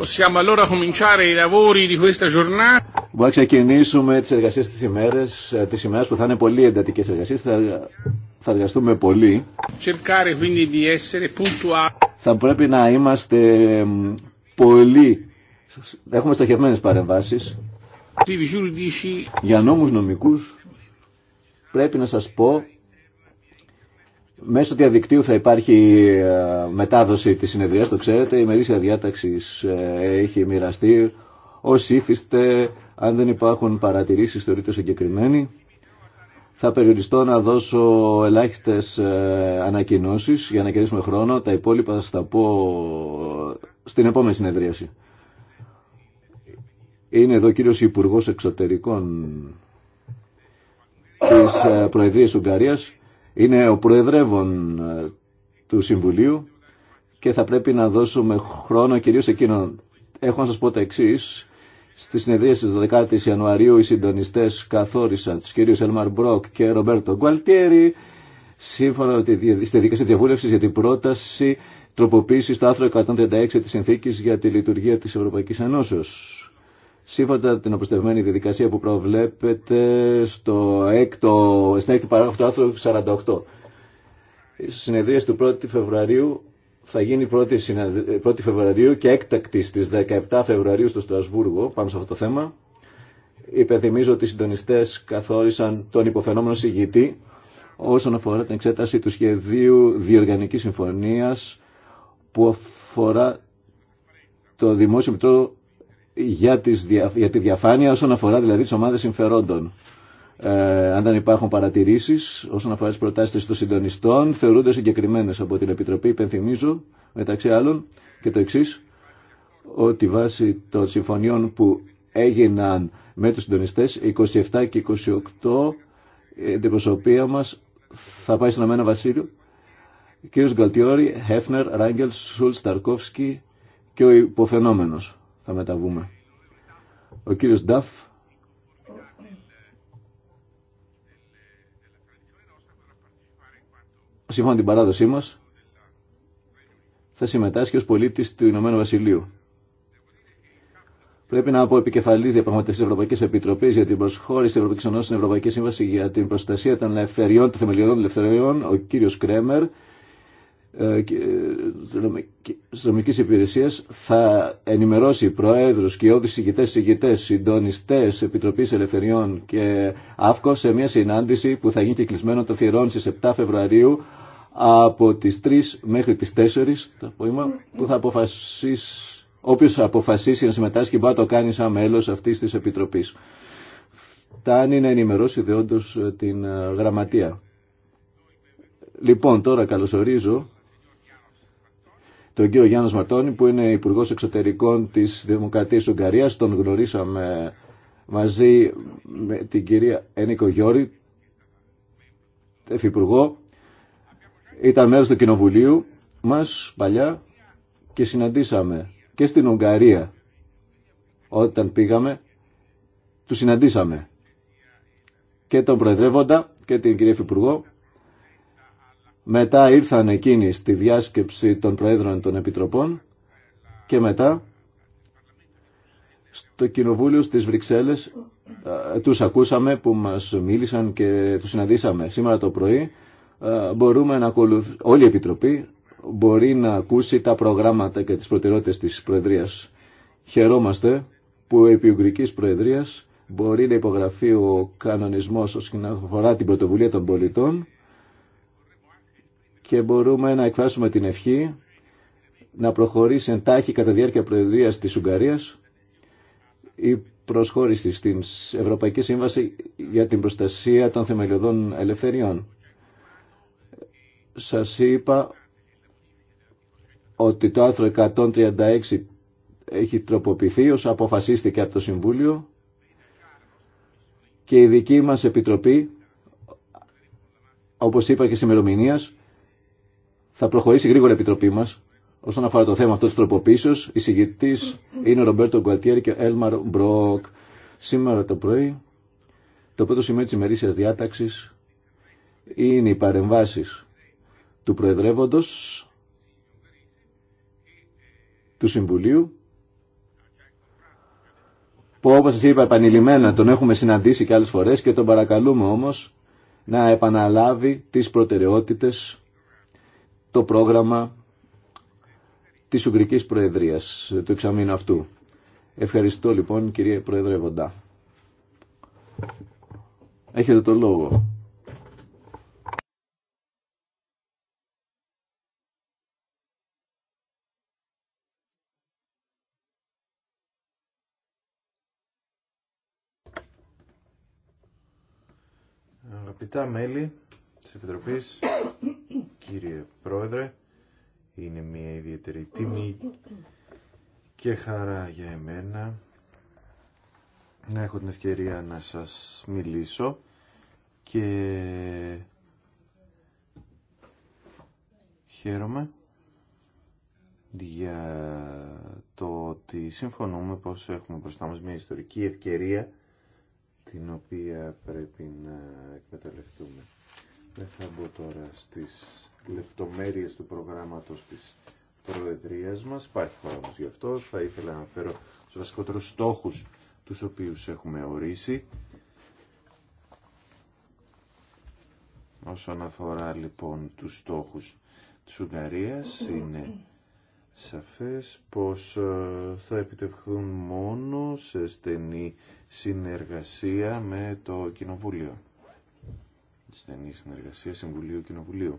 Possiamo Μπορούμε να ξεκινήσουμε τις εργασίες της ημέρας, ε, τις ημέρας που θα είναι πολύ εντατικές εργασίες. Θα, θα εργαστούμε πολύ. Θα πρέπει να είμαστε πολύ... Έχουμε στοχευμένες παρεμβάσεις. Για νόμους νομικούς πρέπει να σας πω Μέσω διαδικτύου θα υπάρχει ε, μετάδοση της συνεδρίας, το ξέρετε. Η μερίσια διάταξη ε, έχει μοιραστεί Όσοι ήθιστε. Αν δεν υπάρχουν παρατηρήσεις, θεωρείται συγκεκριμένοι. Θα περιοριστώ να δώσω ελάχιστες ε, ανακοινώσεις για να κερδίσουμε χρόνο. Τα υπόλοιπα θα τα πω στην επόμενη συνεδρίαση. Είναι εδώ ο κύριος Υπουργός Εξωτερικών της Προεδρίας Ουγγαρίας είναι ο προεδρεύων ε, του Συμβουλίου και θα πρέπει να δώσουμε χρόνο κυρίως εκείνων. Έχω να σας πω τα εξή. Στη συνεδρία της 12 η Ιανουαρίου οι συντονιστές καθόρισαν τους κυρίους Ελμαρ Μπρόκ και Ρομπέρτο Γκουαλτιέρη σύμφωνα με τη διαδικασία διαβούλευση για την πρόταση τροποποίησης του άρθρου 136 της Συνθήκης για τη λειτουργία της Ευρωπαϊκής Ενώσεως. Σύμφωνα την αποστευμένη διαδικασία που προβλέπεται στο έκτο, στην έκτη παράγραφο του άρθρου 48. συνεδρίαση του 1η Φεβρουαρίου θα γίνει 1η, 1 1η Φεβρουαρίου και έκτακτη στις 17 Φεβρουαρίου στο Στρασβούργο. πάνω σε αυτό το θέμα. Υπενθυμίζω ότι οι συντονιστέ καθόρισαν τον υποφαινόμενο συγγητή όσον αφορά την εξέταση του σχεδίου διοργανικής συμφωνίας που αφορά το Δημόσιο Μητρό για, τις, για τη διαφάνεια όσον αφορά δηλαδή τις ομάδες συμφερόντων. Ε, αν δεν υπάρχουν παρατηρήσει όσον αφορά τι προτάσει των συντονιστών, θεωρούνται συγκεκριμένε από την Επιτροπή. Υπενθυμίζω, μεταξύ άλλων, και το εξή, ότι βάσει των συμφωνιών που έγιναν με του συντονιστέ, 27 και 28, ε, την προσωπία μα θα πάει στον Αμένα Βασίλειο. Κ. Γκαλτιόρη, Χέφνερ, Ράγκελ, Σουλ, Σταρκόφσκι και ο υποφαινόμενος θα μεταβούμε. Ο κύριος Νταφ σύμφωνα την παράδοσή μας θα συμμετάσχει ως πολίτης του Ηνωμένου Βασιλείου. Πρέπει να πω επικεφαλή διαπραγματευτή Ευρωπαϊκή Επιτροπή για την προσχώρηση τη Ευρωπαϊκή Ενώση στην Ευρωπαϊκή Σύμβαση για την προστασία των ελευθεριών, των θεμελιωδών ελευθεριών, ο κύριο Κρέμερ, Συνομικής ε, Υπηρεσίας θα ενημερώσει προέδρου και όλοι συγητές, συγκητές συντονιστές Επιτροπής Ελευθεριών και ΑΦΚΟ σε μια συνάντηση που θα γίνει και κλεισμένο το θηρόν στι 7 Φεβρουαρίου από τις 3 μέχρι τις 4 το απόγευμα που θα αποφασίσει όποιος αποφασίσει να συμμετάσχει μπορεί να το κάνει σαν μέλος αυτής της Επιτροπής. Φτάνει να ενημερώσει δεόντως την ε, γραμματεία. Λοιπόν, τώρα καλωσορίζω τον κύριο Γιάννη Ματώνη που είναι Υπουργό Εξωτερικών τη Δημοκρατία Ουγγαρία. Τον γνωρίσαμε μαζί με την κυρία Ένικο Γιώρη, εφυπουργό. Ήταν μέρο του Κοινοβουλίου μα παλιά και συναντήσαμε και στην Ουγγαρία όταν πήγαμε. Του συναντήσαμε και τον Προεδρεύοντα και την κυρία Υφυπουργό μετά ήρθαν εκείνοι στη διάσκεψη των Προέδρων των Επιτροπών και μετά στο Κοινοβούλιο στις Βρυξέλλες τους ακούσαμε που μας μίλησαν και τους συναντήσαμε σήμερα το πρωί. Μπορούμε να ακολουθ... Όλη η Επιτροπή μπορεί να ακούσει τα προγράμματα και τις προτεραιότητες της Προεδρίας. Χαιρόμαστε που επί Ουγγρικής Προεδρίας μπορεί να υπογραφεί ο κανονισμός όσον αφορά την πρωτοβουλία των πολιτών και μπορούμε να εκφράσουμε την ευχή να προχωρήσει εντάχει κατά διάρκεια προεδρία της Ουγγαρίας η προσχώρηση στην Ευρωπαϊκή Σύμβαση για την προστασία των θεμελιωδών ελευθεριών. Σας είπα ότι το άρθρο 136 έχει τροποποιηθεί όσο αποφασίστηκε από το Συμβούλιο και η δική μας Επιτροπή, όπως είπα και σημερομηνίας, θα προχωρήσει γρήγορα η Επιτροπή μα όσον αφορά το θέμα αυτό τη Η Εισηγητή είναι ο Ρομπέρτο Γκουαλτιέρη και ο Έλμαρ Μπροκ. Σήμερα το πρωί, το πρώτο σημείο τη ημερήσια διάταξη είναι οι παρεμβάσει του Προεδρεύοντο του Συμβουλίου που όπως σας είπα επανειλημμένα τον έχουμε συναντήσει και άλλες φορές και τον παρακαλούμε όμως να επαναλάβει τις προτεραιότητες το πρόγραμμα της Ουγγρικής Προεδρίας του εξαμήνου αυτού. Ευχαριστώ λοιπόν κύριε Βοντά. Έχετε το λόγο. Αγαπητά μέλη, της Επιτροπής, κύριε Πρόεδρε. Είναι μια ιδιαίτερη τιμή και χαρά για εμένα να έχω την ευκαιρία να σας μιλήσω και χαίρομαι για το ότι συμφωνούμε πως έχουμε μπροστά μας μια ιστορική ευκαιρία την οποία πρέπει να εκμεταλλευτούμε. Δεν θα μπω τώρα στις λεπτομέρειες του προγράμματος της Προεδρίας μας. Υπάρχει χρόνο γι' αυτό. Θα ήθελα να φέρω τους βασικότερους στόχους τους οποίους έχουμε ορίσει. Όσον αφορά λοιπόν τους στόχους της Ουγγαρίας είναι σαφές πως ε, θα επιτευχθούν μόνο σε στενή συνεργασία με το Κοινοβούλιο στενή συνεργασία Συμβουλίου Κοινοβουλίου.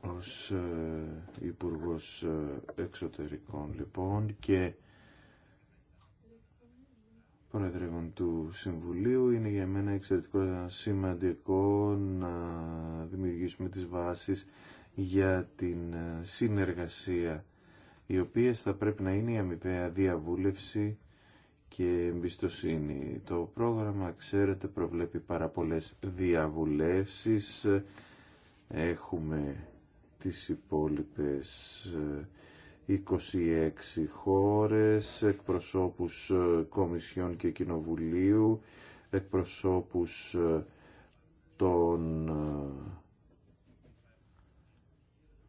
Ως ε, Υπουργός ε, Εξωτερικών λοιπόν και Πρόεδρευον του Συμβουλίου είναι για μένα εξαιρετικό σημαντικό να δημιουργήσουμε τις βάσεις για την ε, συνεργασία οι οποία θα πρέπει να είναι η αμοιβαία διαβούλευση και εμπιστοσύνη. Το πρόγραμμα, ξέρετε, προβλέπει πάρα πολλές διαβουλεύσεις. Έχουμε τις υπόλοιπες 26 ε, χώρες, εκπροσώπους ε, Κομισιών και Κοινοβουλίου, εκπροσώπους ε, των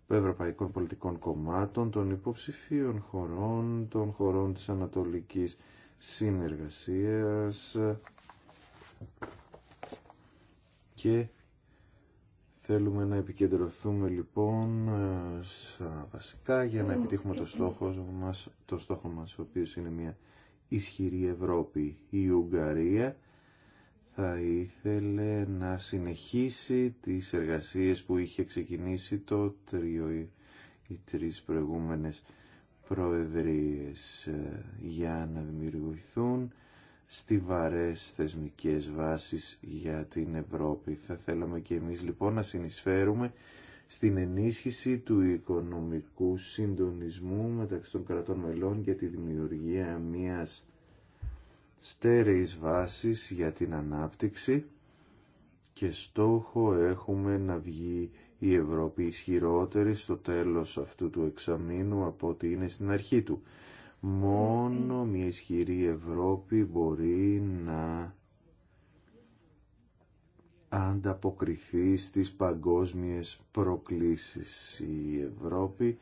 ευρωπαϊκών πολιτικών κομμάτων, των υποψηφίων χωρών, των χωρών της Ανατολικής συνεργασίας και θέλουμε να επικεντρωθούμε λοιπόν βασικά για να επιτύχουμε το στόχο μας, το στόχο μας ο οποίος είναι μια ισχυρή Ευρώπη. Η Ουγγαρία θα ήθελε να συνεχίσει τις εργασίες που είχε ξεκινήσει το τρίο ή τρεις προηγούμενες προεδρίες ε, για να δημιουργηθούν στιβαρές θεσμικές βάσεις για την Ευρώπη. Θα θέλαμε και εμείς λοιπόν να συνεισφέρουμε στην ενίσχυση του οικονομικού συντονισμού μεταξύ των κρατών μελών για τη δημιουργία μιας στέρεης βάσης για την ανάπτυξη και στόχο έχουμε να βγει η Ευρώπη ισχυρότερη στο τέλος αυτού του εξαμήνου από ό,τι είναι στην αρχή του. Μόνο μια ισχυρή Ευρώπη μπορεί να ανταποκριθεί στις παγκόσμιες προκλήσεις. Η Ευρώπη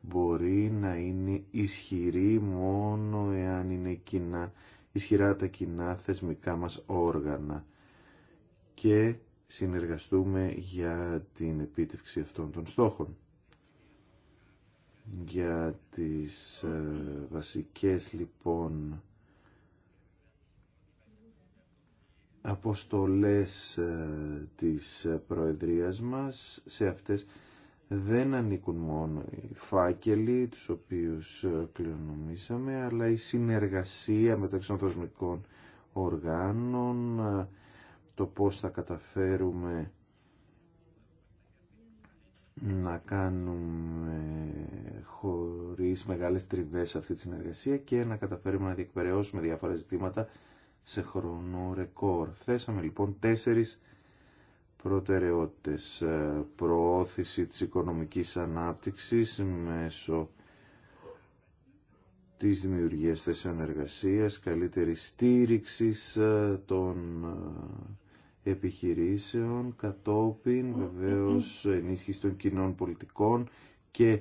μπορεί να είναι ισχυρή μόνο εάν είναι κοινά, ισχυρά τα κοινά θεσμικά μας όργανα και συνεργαστούμε για την επίτευξη αυτών των στόχων. Για τις ε, βασικές λοιπόν αποστολές ε, της Προεδρίας μας, σε αυτές δεν ανήκουν μόνο οι φάκελοι, τους οποίους ε, κληρονομήσαμε, αλλά η συνεργασία μεταξύ των θεσμικών οργάνων, το πώς θα καταφέρουμε να κάνουμε χωρίς μεγάλες τριβές αυτή τη συνεργασία και να καταφέρουμε να διεκπαιρεώσουμε διάφορα ζητήματα σε χρόνο ρεκόρ. Θέσαμε λοιπόν τέσσερις προτεραιότητες. Ε, προώθηση της οικονομικής ανάπτυξης μέσω της δημιουργίας θέσεων εργασίας, καλύτερη στήριξη ε, των ε, επιχειρήσεων, κατόπιν βεβαίως ενίσχυση των κοινών πολιτικών και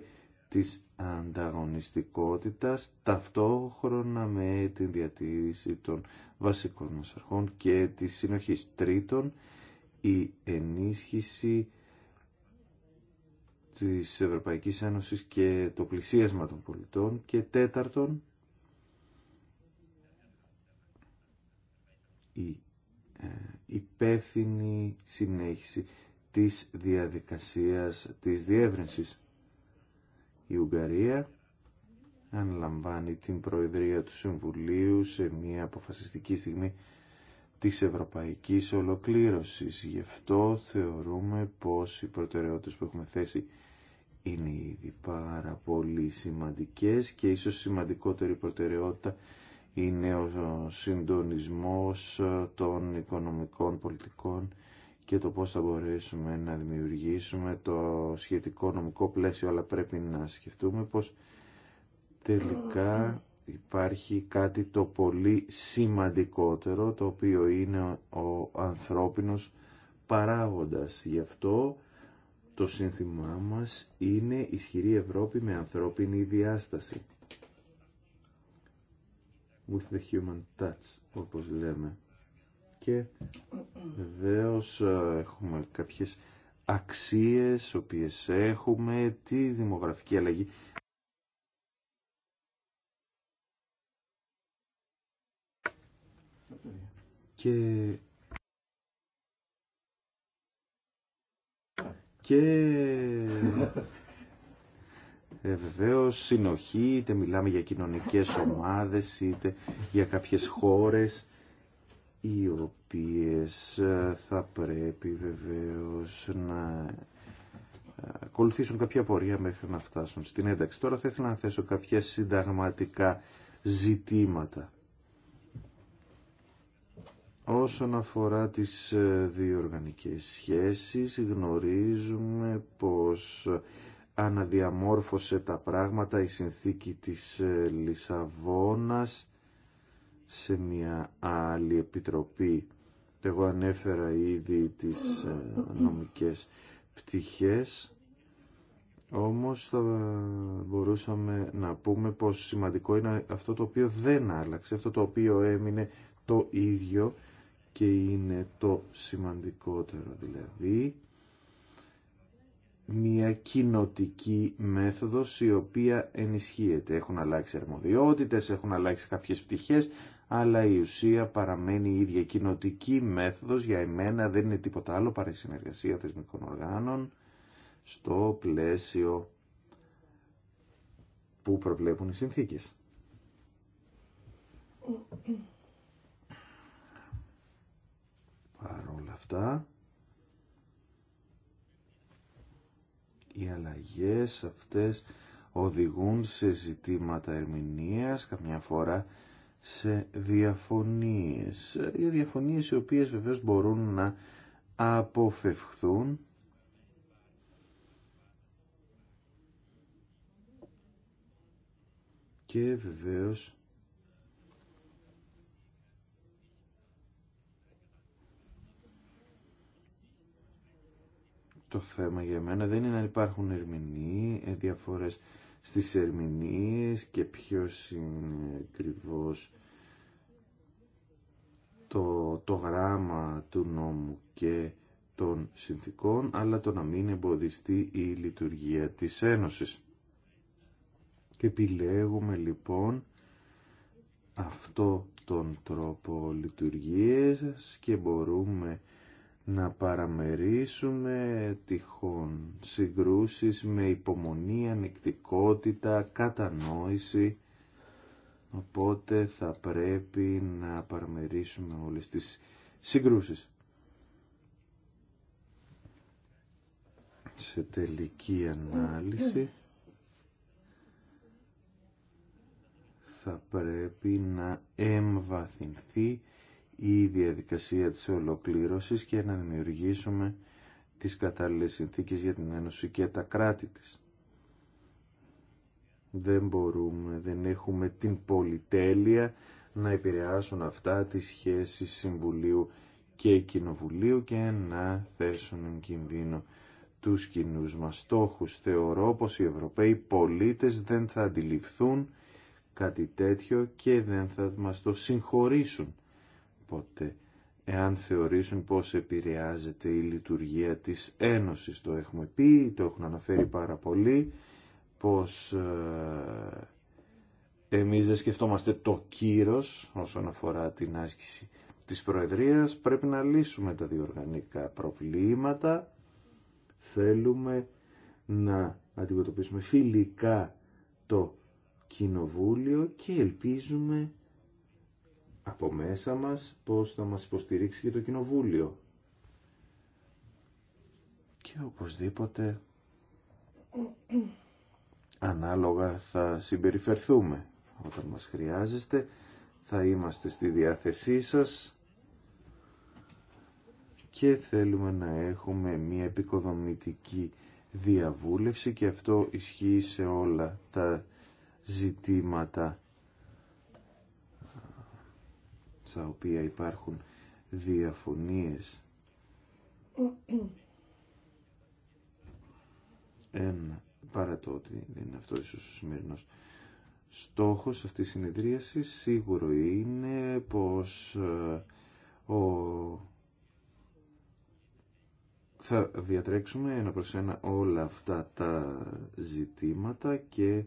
της ανταγωνιστικότητας, ταυτόχρονα με την διατήρηση των βασικών μας αρχών και της συνοχής. τρίτων η ενίσχυση της Ευρωπαϊκής Ένωσης και το πλησίασμα των πολιτών και τέταρτον η ε, υπεύθυνη συνέχιση της διαδικασίας της διεύρυνσης. Η Ουγγαρία αναλαμβάνει την Προεδρία του Συμβουλίου σε μια αποφασιστική στιγμή της ευρωπαϊκής ολοκλήρωσης. Γι' αυτό θεωρούμε πως οι προτεραιότητες που έχουμε θέσει είναι ήδη πάρα πολύ σημαντικές και ίσως σημαντικότερη προτεραιότητα είναι ο συντονισμός των οικονομικών πολιτικών και το πώς θα μπορέσουμε να δημιουργήσουμε το σχετικό νομικό πλαίσιο, αλλά πρέπει να σκεφτούμε πως τελικά υπάρχει κάτι το πολύ σημαντικότερο, το οποίο είναι ο ανθρώπινος παράγοντας. Γι' αυτό το σύνθημά μας είναι ισχυρή Ευρώπη με ανθρώπινη διάσταση with the human touch, όπως λέμε. Και βεβαίω ε, έχουμε κάποιες αξίες, οποίες έχουμε, τη δημογραφική αλλαγή. Και... Και ε, συνοχή, είτε μιλάμε για κοινωνικέ ομάδε, είτε για κάποιες χώρες, οι οποίες ε, θα πρέπει βεβαίως να ε, ακολουθήσουν κάποια πορεία μέχρι να φτάσουν στην ένταξη. Τώρα θα ήθελα να θέσω κάποια συνταγματικά ζητήματα. Όσον αφορά τις ε, διοργανικές σχέσεις, γνωρίζουμε πως αναδιαμόρφωσε τα πράγματα η συνθήκη της ε, Λισαβόνας σε μια άλλη επιτροπή. Εγώ ανέφερα ήδη τις ε, νομικές πτυχές, όμως θα μπορούσαμε να πούμε πως σημαντικό είναι αυτό το οποίο δεν άλλαξε, αυτό το οποίο έμεινε το ίδιο και είναι το σημαντικότερο δηλαδή μια κοινοτική μέθοδος η οποία ενισχύεται. Έχουν αλλάξει αρμοδιότητες, έχουν αλλάξει κάποιες πτυχές, αλλά η ουσία παραμένει η ίδια. Κοινοτική μέθοδος για εμένα δεν είναι τίποτα άλλο παρά η συνεργασία θεσμικών οργάνων στο πλαίσιο που προβλέπουν οι συνθήκες. Παρ' όλα αυτά, οι αλλαγές αυτές οδηγούν σε ζητήματα ερμηνείας, καμιά φορά σε διαφωνίες. Οι διαφωνίες οι οποίες βεβαίως μπορούν να αποφευχθούν και βεβαίως Το θέμα για μένα δεν είναι να υπάρχουν ερμηνεί, ε, διαφορές στις ερμηνείες και ποιος είναι ακριβώ το, το γράμμα του νόμου και των συνθήκων, αλλά το να μην εμποδιστεί η λειτουργία της Ένωσης. Και επιλέγουμε λοιπόν αυτό τον τρόπο λειτουργίας και μπορούμε να παραμερίσουμε τυχόν συγκρούσεις με υπομονή, ανεκτικότητα, κατανόηση. Οπότε θα πρέπει να παραμερίσουμε όλες τις συγκρούσεις. Σε τελική ανάλυση θα πρέπει να εμβαθυνθεί η διαδικασία της ολοκλήρωσης και να δημιουργήσουμε τις κατάλληλες συνθήκες για την Ένωση και τα κράτη της. Δεν μπορούμε, δεν έχουμε την πολυτέλεια να επηρεάσουν αυτά τις σχέσεις Συμβουλίου και Κοινοβουλίου και να θέσουν εν κινδύνο τους κοινού μας στόχους. Θεωρώ πως οι Ευρωπαίοι πολίτες δεν θα αντιληφθούν κάτι τέτοιο και δεν θα μας το συγχωρήσουν Οπότε, εάν θεωρήσουν πώς επηρεάζεται η λειτουργία της Ένωσης, το έχουμε πει, το έχουν αναφέρει πάρα πολύ, πως ε, εμείς δεν σκεφτόμαστε το κύρος όσον αφορά την άσκηση της Προεδρίας, πρέπει να λύσουμε τα διοργανικά προβλήματα, θέλουμε να αντιμετωπίσουμε φιλικά το Κοινοβούλιο και ελπίζουμε από μέσα μας πώς θα μας υποστηρίξει και το Κοινοβούλιο. Και οπωσδήποτε ανάλογα θα συμπεριφερθούμε. Όταν μας χρειάζεστε θα είμαστε στη διάθεσή σας και θέλουμε να έχουμε μια επικοδομητική διαβούλευση και αυτό ισχύει σε όλα τα ζητήματα στα οποία υπάρχουν διαφωνίες. Ένα, παρά το ότι δεν είναι αυτό ίσως ο σημερινός στόχος αυτής της συνεδρίασης, σίγουρο είναι πως ε, ο... θα διατρέξουμε ένα προς ένα όλα αυτά τα ζητήματα και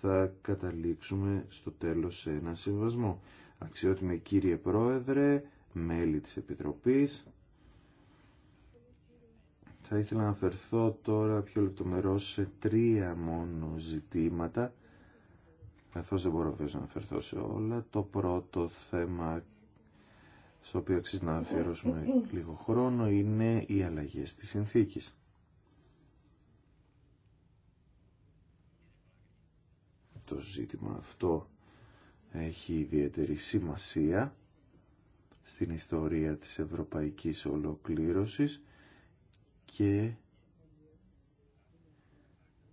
θα καταλήξουμε στο τέλος σε ένα συμβασμό. Αξιότιμε κύριε Πρόεδρε, μέλη της Επιτροπής. Θα ήθελα να αφαιρθώ τώρα πιο λεπτομερώ σε τρία μόνο ζητήματα, καθώς δεν μπορώ να αφαιρθώ σε όλα. Το πρώτο θέμα στο οποίο αξίζει να αφιερώσουμε λίγο χρόνο είναι οι αλλαγές της συνθήκης. Το ζήτημα αυτό έχει ιδιαίτερη σημασία στην ιστορία της ευρωπαϊκής ολοκλήρωσης και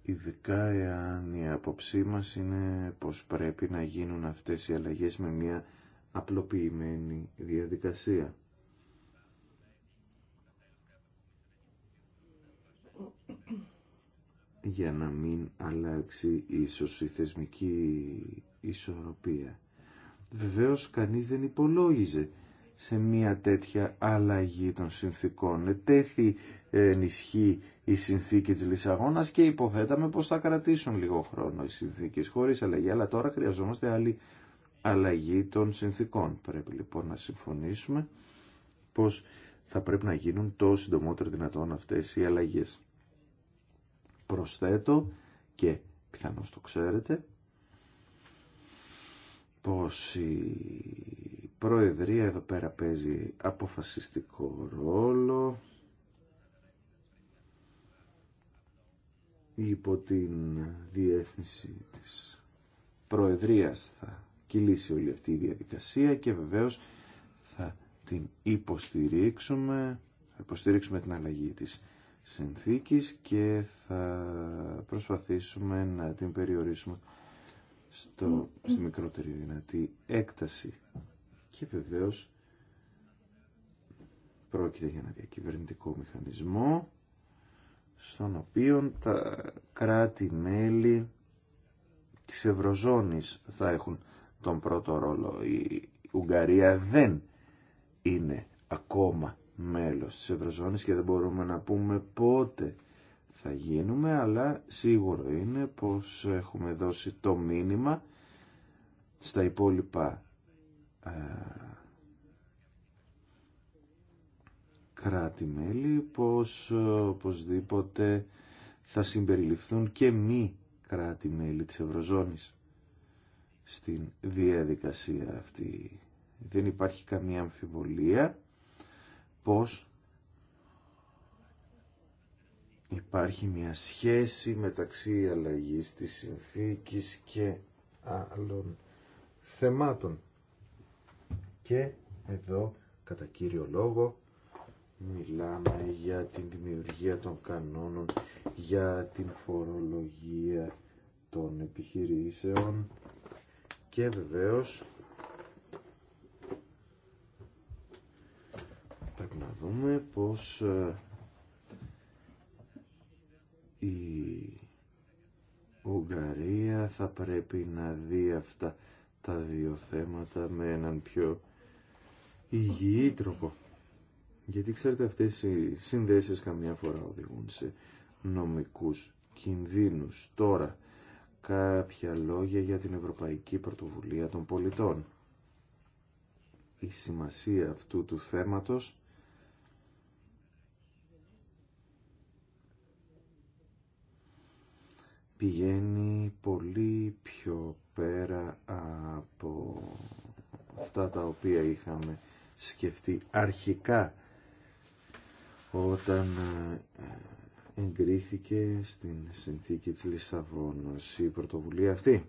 ειδικά εάν η άποψή μας είναι πως πρέπει να γίνουν αυτές οι αλλαγές με μια απλοποιημένη διαδικασία. για να μην αλλάξει ίσως η θεσμική ισορροπία. Βεβαίως κανείς δεν υπολόγιζε σε μια τέτοια αλλαγή των συνθήκων. Ετέθη ε, ενισχύ η συνθήκη της Λισαγώνας και υποθέταμε πως θα κρατήσουν λίγο χρόνο οι συνθήκες χωρίς αλλαγή, αλλά τώρα χρειαζόμαστε άλλη αλλαγή των συνθήκων. Πρέπει λοιπόν να συμφωνήσουμε πως θα πρέπει να γίνουν το συντομότερο δυνατόν αυτές οι αλλαγές. Προσθέτω και πιθανώς το ξέρετε πως η Προεδρία εδώ πέρα παίζει αποφασιστικό ρόλο υπό την διεύθυνση της Προεδρίας θα κυλήσει όλη αυτή η διαδικασία και βεβαίως θα την υποστηρίξουμε, θα υποστηρίξουμε την αλλαγή της συνθήκης και θα προσπαθήσουμε να την περιορίσουμε στο, στη μικρότερη δυνατή έκταση. Και βεβαίως πρόκειται για ένα διακυβερνητικό μηχανισμό στον οποίο τα κράτη-μέλη της Ευρωζώνης θα έχουν τον πρώτο ρόλο. Η Ουγγαρία δεν είναι ακόμα μέλος της Ευρωζώνης και δεν μπορούμε να πούμε πότε θα γίνουμε, αλλά σίγουρο είναι πως έχουμε δώσει το μήνυμα στα υπόλοιπα ε, κράτη-μέλη πως οπωσδήποτε θα συμπεριληφθούν και μη κράτη-μέλη της Ευρωζώνης στην διαδικασία αυτή. Δεν υπάρχει καμία αμφιβολία πως υπάρχει μια σχέση μεταξύ αλλαγής της συνθήκης και άλλων θεμάτων. Και εδώ, κατά κύριο λόγο, μιλάμε για την δημιουργία των κανόνων, για την φορολογία των επιχειρήσεων και βεβαίως πρέπει να δούμε πως ε, η Ουγγαρία θα πρέπει να δει αυτά τα δύο θέματα με έναν πιο υγιή τρόπο. Γιατί ξέρετε αυτές οι συνδέσεις καμιά φορά οδηγούν σε νομικούς κινδύνους. Τώρα κάποια λόγια για την Ευρωπαϊκή Πρωτοβουλία των Πολιτών. Η σημασία αυτού του θέματος πηγαίνει πολύ πιο πέρα από αυτά τα οποία είχαμε σκεφτεί αρχικά όταν ε, εγκρίθηκε στην συνθήκη της Λισαβόνος η πρωτοβουλία αυτή.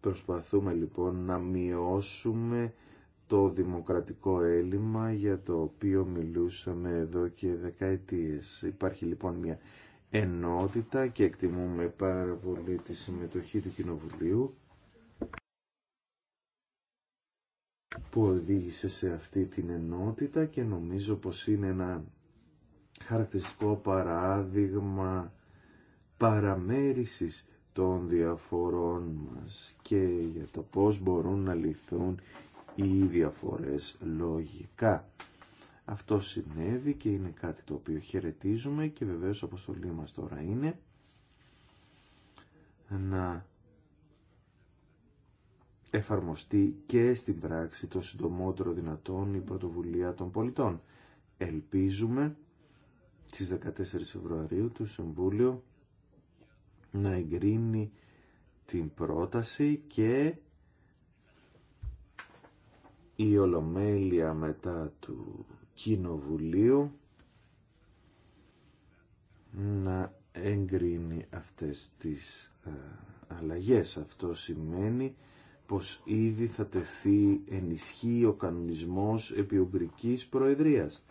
Προσπαθούμε λοιπόν να μειώσουμε το δημοκρατικό έλλειμμα για το οποίο μιλούσαμε εδώ και δεκαετίες. Υπάρχει λοιπόν μια ενότητα και εκτιμούμε πάρα πολύ τη συμμετοχή του Κοινοβουλίου που οδήγησε σε αυτή την ενότητα και νομίζω πως είναι ένα χαρακτηριστικό παράδειγμα παραμέρισης των διαφορών μας και για το πώς μπορούν να λυθούν ή διαφορές λογικά. Αυτό συνέβη και είναι κάτι το οποίο χαιρετίζουμε και βεβαίως η διαφορές λογικά. Αυτό συνέβη και είναι κάτι το οποίο χαιρετίζουμε και βεβαίως αποστολή μας τώρα είναι να εφαρμοστεί και στην πράξη το συντομότερο δυνατόν η πρωτοβουλία των πολιτών. Ελπίζουμε στις 14 Φεβρουαρίου το Συμβούλιο να εγκρίνει την πρόταση και η Ολομέλεια μετά του Κοινοβουλίου να εγκρίνει αυτές τις ε, αλλαγές. Αυτό σημαίνει πως ήδη θα τεθεί ενισχύει ο κανονισμός επί Ουγγρικής Προεδρίας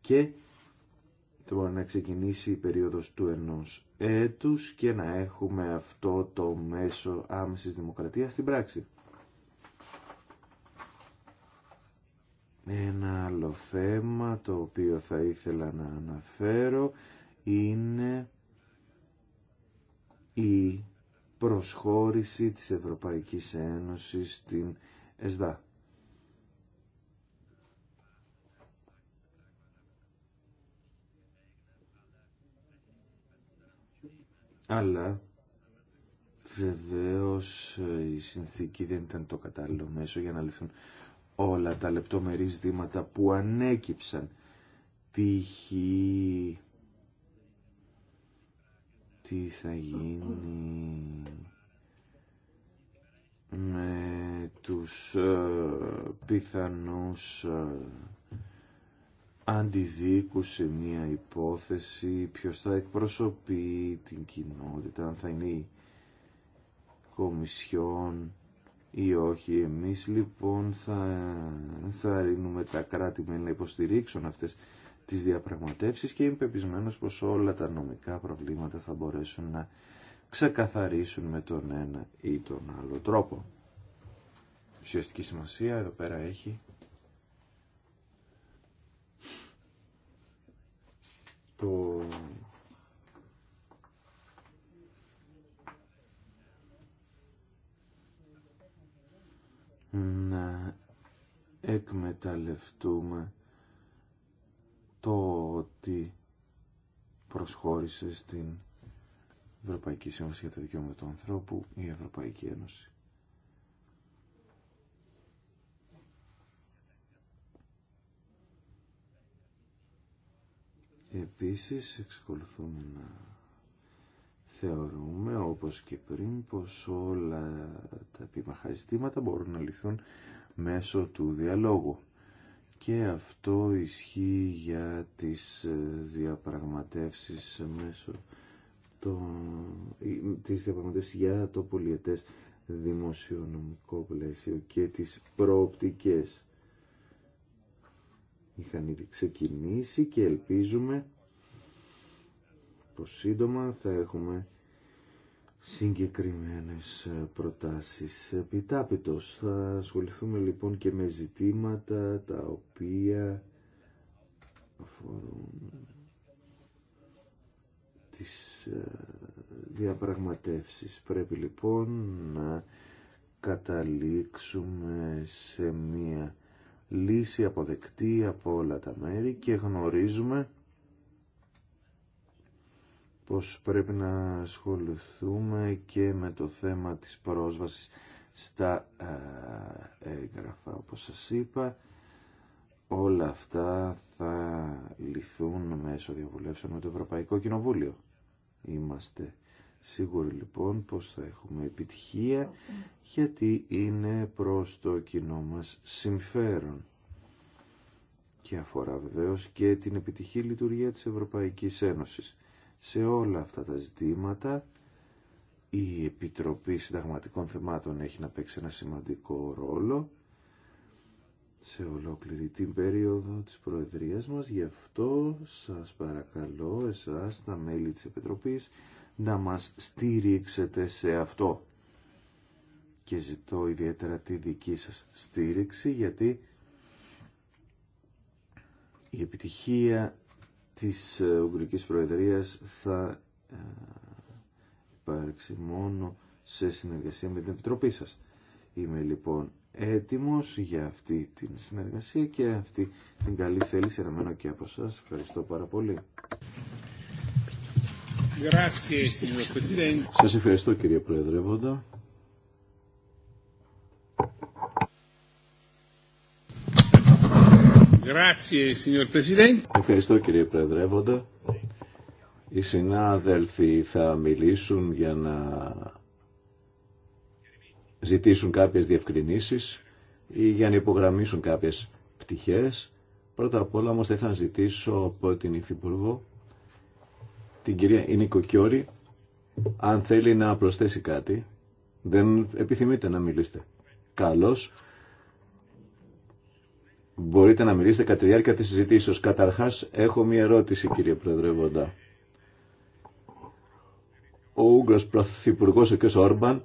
και θα μπορεί να ξεκινήσει η περίοδος του ενός έτους και να έχουμε αυτό το μέσο άμεσης δημοκρατίας στην πράξη. Ένα άλλο θέμα το οποίο θα ήθελα να αναφέρω είναι η προσχώρηση της Ευρωπαϊκής Ένωσης στην ΕΣΔΑ. Αλλά βεβαίω η συνθήκη δεν ήταν το κατάλληλο μέσο για να λυθούν όλα τα λεπτομερή δήματα που ανέκυψαν π.χ. τι θα γίνει με τους ε, πιθανούς ε, αντιδίκους σε μία υπόθεση, ποιος θα εκπροσωπεί την κοινότητα, αν θα είναι η Κομισιόν, ή όχι. Εμείς λοιπόν θα, θα ρίνουμε τα κράτη με να υποστηρίξουν αυτές τις διαπραγματεύσεις και είμαι πεπισμένος πως όλα τα νομικά προβλήματα θα μπορέσουν να ξεκαθαρίσουν με τον ένα ή τον άλλο τρόπο. Ουσιαστική σημασία εδώ πέρα έχει το να εκμεταλλευτούμε το ότι προσχώρησε στην Ευρωπαϊκή Σύμβαση για τα Δικαιώματα του Ανθρώπου η Ευρωπαϊκή Ένωση. Επίσης εξακολουθούμε να Θεωρούμε, όπως και πριν, πως όλα τα επίμαχα μπορούν να λυθούν μέσω του διαλόγου. Και αυτό ισχύει για τις ε, διαπραγματεύσεις μέσω το, ε, τις διαπραγματεύσεις για το πολιετές δημοσιονομικό πλαίσιο και τις προοπτικές. Είχαν ήδη ξεκινήσει και ελπίζουμε πως σύντομα θα έχουμε συγκεκριμένες ε, προτάσεις. Επιτάπητος θα ασχοληθούμε λοιπόν και με ζητήματα τα οποία αφορούν τις ε, διαπραγματεύσεις. Πρέπει λοιπόν να καταλήξουμε σε μία λύση αποδεκτή από όλα τα μέρη και γνωρίζουμε πως πρέπει να ασχοληθούμε και με το θέμα της πρόσβασης στα ε, έγγραφα. Όπως σας είπα, όλα αυτά θα λυθούν μέσω διαβουλεύσεων με το Ευρωπαϊκό Κοινοβούλιο. Είμαστε σίγουροι λοιπόν πως θα έχουμε επιτυχία γιατί είναι προς το κοινό μας συμφέρον και αφορά βεβαίως και την επιτυχή λειτουργία της Ευρωπαϊκής Ένωσης σε όλα αυτά τα ζητήματα. Η Επιτροπή Συνταγματικών Θεμάτων έχει να παίξει ένα σημαντικό ρόλο σε ολόκληρη την περίοδο της Προεδρίας μας. Γι' αυτό σας παρακαλώ εσάς, τα μέλη της Επιτροπής, να μας στήριξετε σε αυτό. Και ζητώ ιδιαίτερα τη δική σας στήριξη, γιατί η επιτυχία της ε, Ουγγρικής Προεδρίας θα ε, υπάρξει μόνο σε συνεργασία με την Επιτροπή σας. Είμαι λοιπόν έτοιμος για αυτή την συνεργασία και αυτή την καλή θέληση εραμένω και από σας. Ευχαριστώ πάρα πολύ. Σας ευχαριστώ κύριε Βόντα. Ευχαριστώ κύριε Πρεδρεύοντα. Οι συνάδελφοι θα μιλήσουν για να ζητήσουν κάποιες διευκρινήσεις ή για να υπογραμμίσουν κάποιες πτυχές. Πρώτα απ' όλα όμως θα ήθελα να ζητήσω από την Υφυπουργό, την κυρία Ινίκο αν θέλει να προσθέσει κάτι. Δεν επιθυμείτε να μιλήσετε. Καλώς μπορείτε να μιλήσετε κατά τη διάρκεια της συζητήσεως. Καταρχάς, έχω μία ερώτηση, κύριε Προεδρεύοντα. Ο Ούγγρος Πρωθυπουργός, ο κ. Όρμπαν,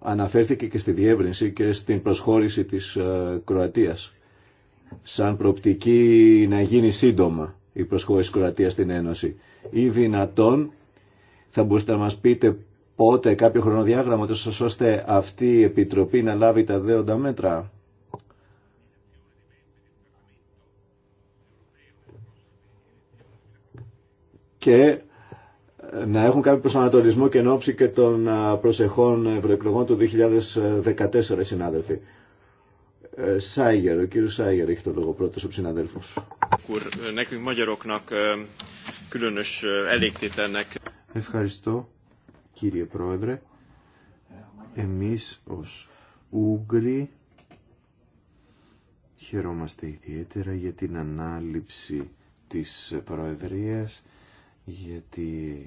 αναφέρθηκε και στη διεύρυνση και στην προσχώρηση της ε, Κροατίας σαν προοπτική να γίνει σύντομα η προσχώρηση της Κροατίας στην Ένωση. Ή δυνατόν θα μπορούσατε να μας πείτε πότε κάποιο χρονοδιάγραμμα ώστε αυτή η Επιτροπή να λάβει τα δέοντα μέτρα. και ε, να έχουν κάποιο προσανατολισμό και ενόψη και των προσεχών ευρωεκλογών του 2014, συνάδελφοι. Ε, Σάιγερ, ο κύριος Σάιγερ έχει το λόγο πρώτος ο συναδέλφος. Ε, Ευχαριστώ κύριε Πρόεδρε. Εμείς ως Ούγγροι χαιρόμαστε ιδιαίτερα για την ανάληψη της Προεδρίας γιατί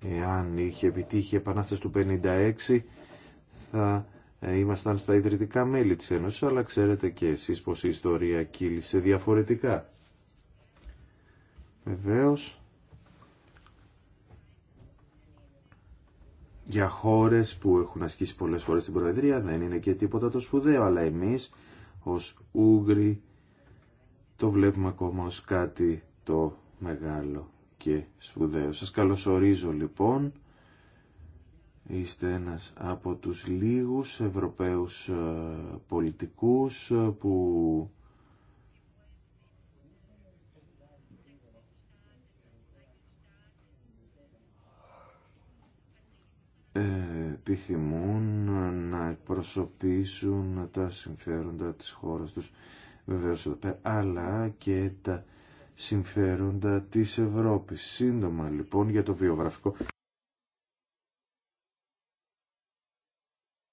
εάν είχε επιτύχει η επανάσταση του 56 θα ε, ήμασταν στα ιδρυτικά μέλη της Ένωσης, αλλά ξέρετε και εσείς πως η ιστορία κύλησε διαφορετικά. Βεβαίως, για χώρες που έχουν ασκήσει πολλές φορές την Προεδρία δεν είναι και τίποτα το σπουδαίο, αλλά εμείς ως Ούγγροι το βλέπουμε ακόμα ως κάτι το μεγάλο και σπουδαίο. Σας καλωσορίζω λοιπόν. Είστε ένας από τους λίγους Ευρωπαίους ε, πολιτικούς ε, που ε, επιθυμούν να εκπροσωπήσουν τα συμφέροντα της χώρας τους βεβαίως αλλά και τα συμφέροντα της Ευρώπης. Σύντομα λοιπόν για το βιογραφικό.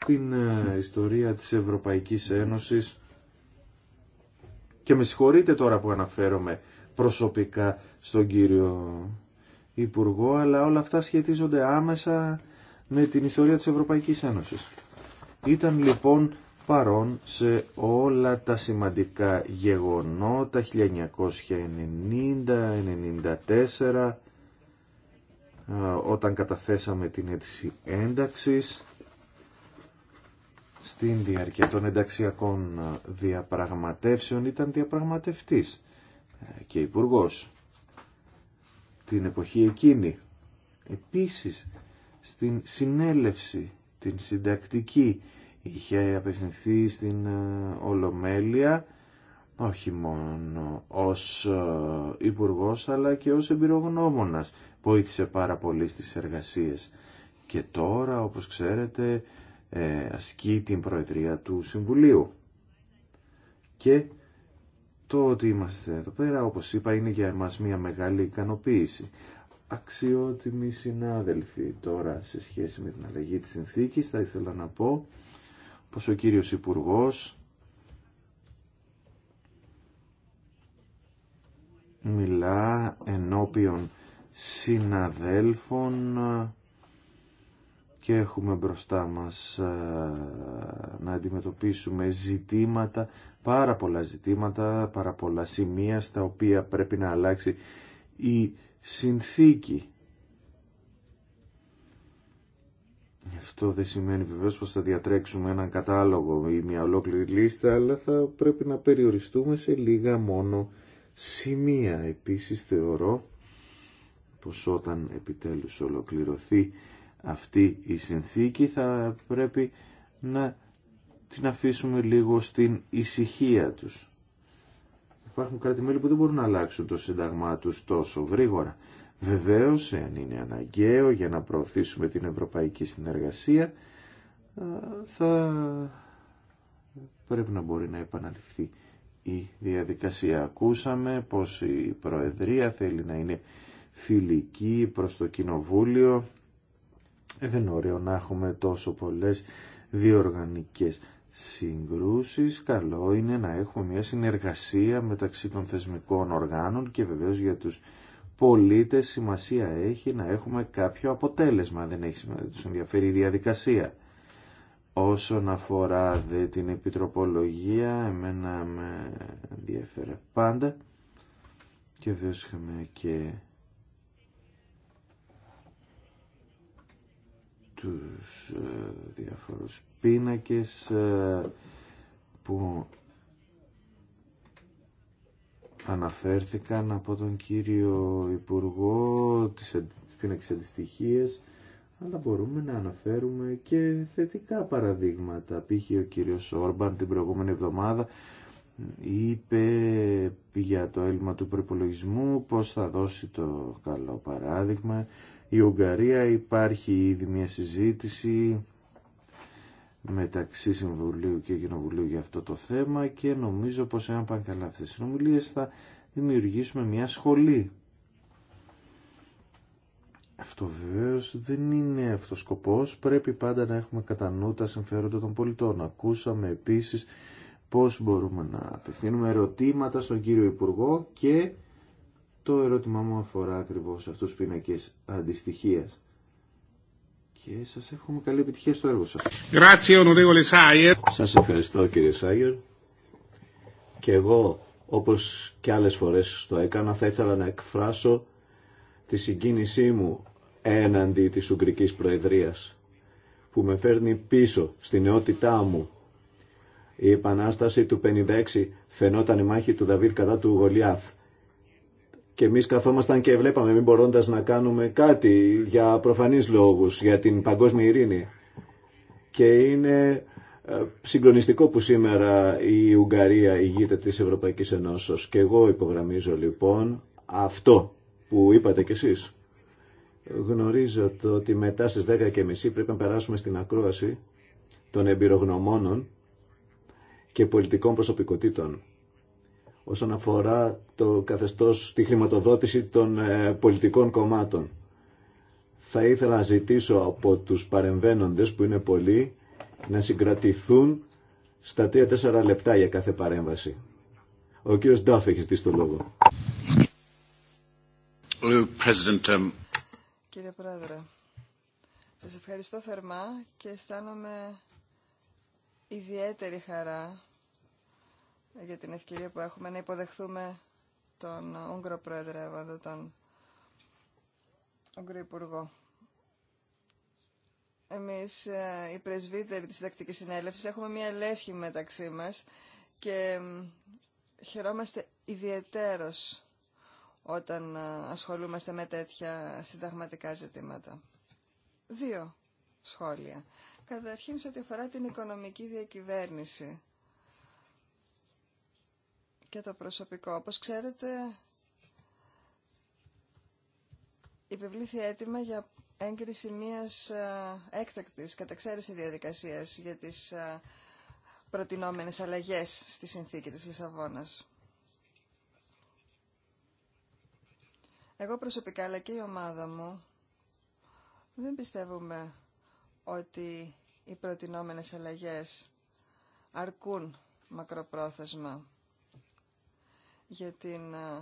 Την ε, ιστορία της Ευρωπαϊκής Ένωσης και με συγχωρείτε τώρα που αναφέρομαι προσωπικά στον κύριο Υπουργό, αλλά όλα αυτά σχετίζονται άμεσα με την ιστορία της Ευρωπαϊκής Ένωσης. Ήταν λοιπόν παρόν σε όλα τα σημαντικά γεγονότα 1990-94 όταν καταθέσαμε την αίτηση ένταξης στην διάρκεια των ενταξιακών διαπραγματεύσεων ήταν διαπραγματευτής ε, και υπουργός την εποχή εκείνη. Επίσης στην συνέλευση, την συντακτική είχε απευθυνθεί στην ε, Ολομέλεια όχι μόνο ως ε, υπουργός αλλά και ως εμπειρογνώμονας. Βοήθησε πάρα πολύ στις εργασίες. Και τώρα, όπως ξέρετε, ε, ασκεί την Προεδρία του Συμβουλίου. Και το ότι είμαστε εδώ πέρα, όπως είπα, είναι για εμάς μια μεγάλη ικανοποίηση. Αξιότιμοι συνάδελφοι, τώρα σε σχέση με την αλλαγή της συνθήκης θα ήθελα να πω πως ο κύριος Υπουργός μιλά ενώπιον συναδέλφων και έχουμε μπροστά μας ε, να αντιμετωπίσουμε ζητήματα, πάρα πολλά ζητήματα, πάρα πολλά σημεία στα οποία πρέπει να αλλάξει η συνθήκη. Αυτό δεν σημαίνει βεβαίως πως θα διατρέξουμε έναν κατάλογο ή μια ολόκληρη λίστα, αλλά θα πρέπει να περιοριστούμε σε λίγα μόνο σημεία. Επίσης θεωρώ πως όταν επιτέλους ολοκληρωθεί αυτή η συνθήκη θα πρέπει να την αφήσουμε λίγο στην ησυχία τους. Υπάρχουν κράτη-μέλη που δεν μπορούν να αλλάξουν το σύνταγμά τους τόσο γρήγορα. Βεβαίως, εάν είναι αναγκαίο για να προωθήσουμε την ευρωπαϊκή συνεργασία, θα πρέπει να μπορεί να επαναληφθεί η διαδικασία. Ακούσαμε πως η Προεδρία θέλει να είναι φιλική προς το Κοινοβούλιο. Ε, δεν είναι ωραίο να έχουμε τόσο πολλές διοργανικές συγκρούσεις. Καλό είναι να έχουμε μια συνεργασία μεταξύ των θεσμικών οργάνων και βεβαίως για τους πολίτες σημασία έχει να έχουμε κάποιο αποτέλεσμα, δεν έχει σημασία, τους ενδιαφέρει η διαδικασία. Όσον αφορά δε την επιτροπολογία, εμένα με ενδιαφέρε πάντα και βέβαια και τους ε, διάφορους πίνακες ε, που αναφέρθηκαν από τον κύριο Υπουργό της πίνακης αντιστοιχίες αλλά μπορούμε να αναφέρουμε και θετικά παραδείγματα. Π.χ. ο κύριος Όρμπαν την προηγούμενη εβδομάδα είπε για το έλλειμμα του προπολογισμού πώς θα δώσει το καλό παράδειγμα. Η Ουγγαρία υπάρχει ήδη μια συζήτηση μεταξύ Συμβουλίου και Κοινοβουλίου για αυτό το θέμα και νομίζω πως εάν πάνε καλά αυτές οι συνομιλίες θα δημιουργήσουμε μια σχολή. Αυτό βεβαίω δεν είναι αυτός ο σκοπός, πρέπει πάντα να έχουμε κατά νου τα συμφέροντα των πολιτών. Ακούσαμε επίσης πώς μπορούμε να απευθύνουμε ερωτήματα στον κύριο Υπουργό και το ερώτημά μου αφορά ακριβώς αυτούς τους πίνακες αντιστοιχίας και σας εύχομαι καλή επιτυχία στο έργο σας. Σας ευχαριστώ κύριε Σάγερ. Και εγώ, όπως και άλλες φορές το έκανα, θα ήθελα να εκφράσω τη συγκίνησή μου έναντι της Ουγγρικής Προεδρίας, που με φέρνει πίσω στη νεότητά μου. Η επανάσταση του 56 φαινόταν η μάχη του Δαβίδ κατά του Γολιάθ και εμεί καθόμασταν και βλέπαμε, μην μπορώντα να κάνουμε κάτι για προφανεί λόγου, για την παγκόσμια ειρήνη. Και είναι ε, συγκλονιστικό που σήμερα η Ουγγαρία ηγείται της Ευρωπαϊκής Ενώσεως και εγώ υπογραμμίζω λοιπόν αυτό που είπατε κι εσείς. Γνωρίζω το ότι μετά στις 10.30 πρέπει να περάσουμε στην ακρόαση των εμπειρογνωμόνων και πολιτικών προσωπικότητων όσον αφορά το καθεστώς, τη χρηματοδότηση των ε, πολιτικών κομμάτων. Θα ήθελα να ζητήσω από τους παρεμβαίνοντες, που είναι πολλοί, να συγκρατηθούν στα τέσσερα 4 λεπτά για κάθε παρέμβαση. Ο κύριος Ντάφ έχει ζητήσει το λόγο. Um, Κύριε Πρόεδρε, σας ευχαριστώ θερμά και αισθάνομαι ιδιαίτερη χαρά για την ευκαιρία που έχουμε να υποδεχθούμε τον Ούγγρο Πρόεδρε, τον Ούγγρο Υπουργό. Εμείς, ε, οι πρεσβύτεροι δηλαδή της συντακτικής συνέλευσης, έχουμε μία λέσχη μεταξύ μας και χαιρόμαστε ιδιαιτέρως όταν ε, ασχολούμαστε με τέτοια συνταγματικά ζητήματα. Δύο σχόλια. Καταρχήν, σε ό,τι αφορά την οικονομική διακυβέρνηση και το προσωπικό. Όπως ξέρετε, υπευλήθη έτοιμα για έγκριση μιας ε, έκτακτης καταξαίρεση διαδικασίας για τις ε, προτινόμενες αλλαγές στη συνθήκη της Λισαβόνας. Εγώ προσωπικά αλλά και η ομάδα μου δεν πιστεύουμε ότι οι προτινόμενες αλλαγές αρκούν μακροπρόθεσμα για την ε,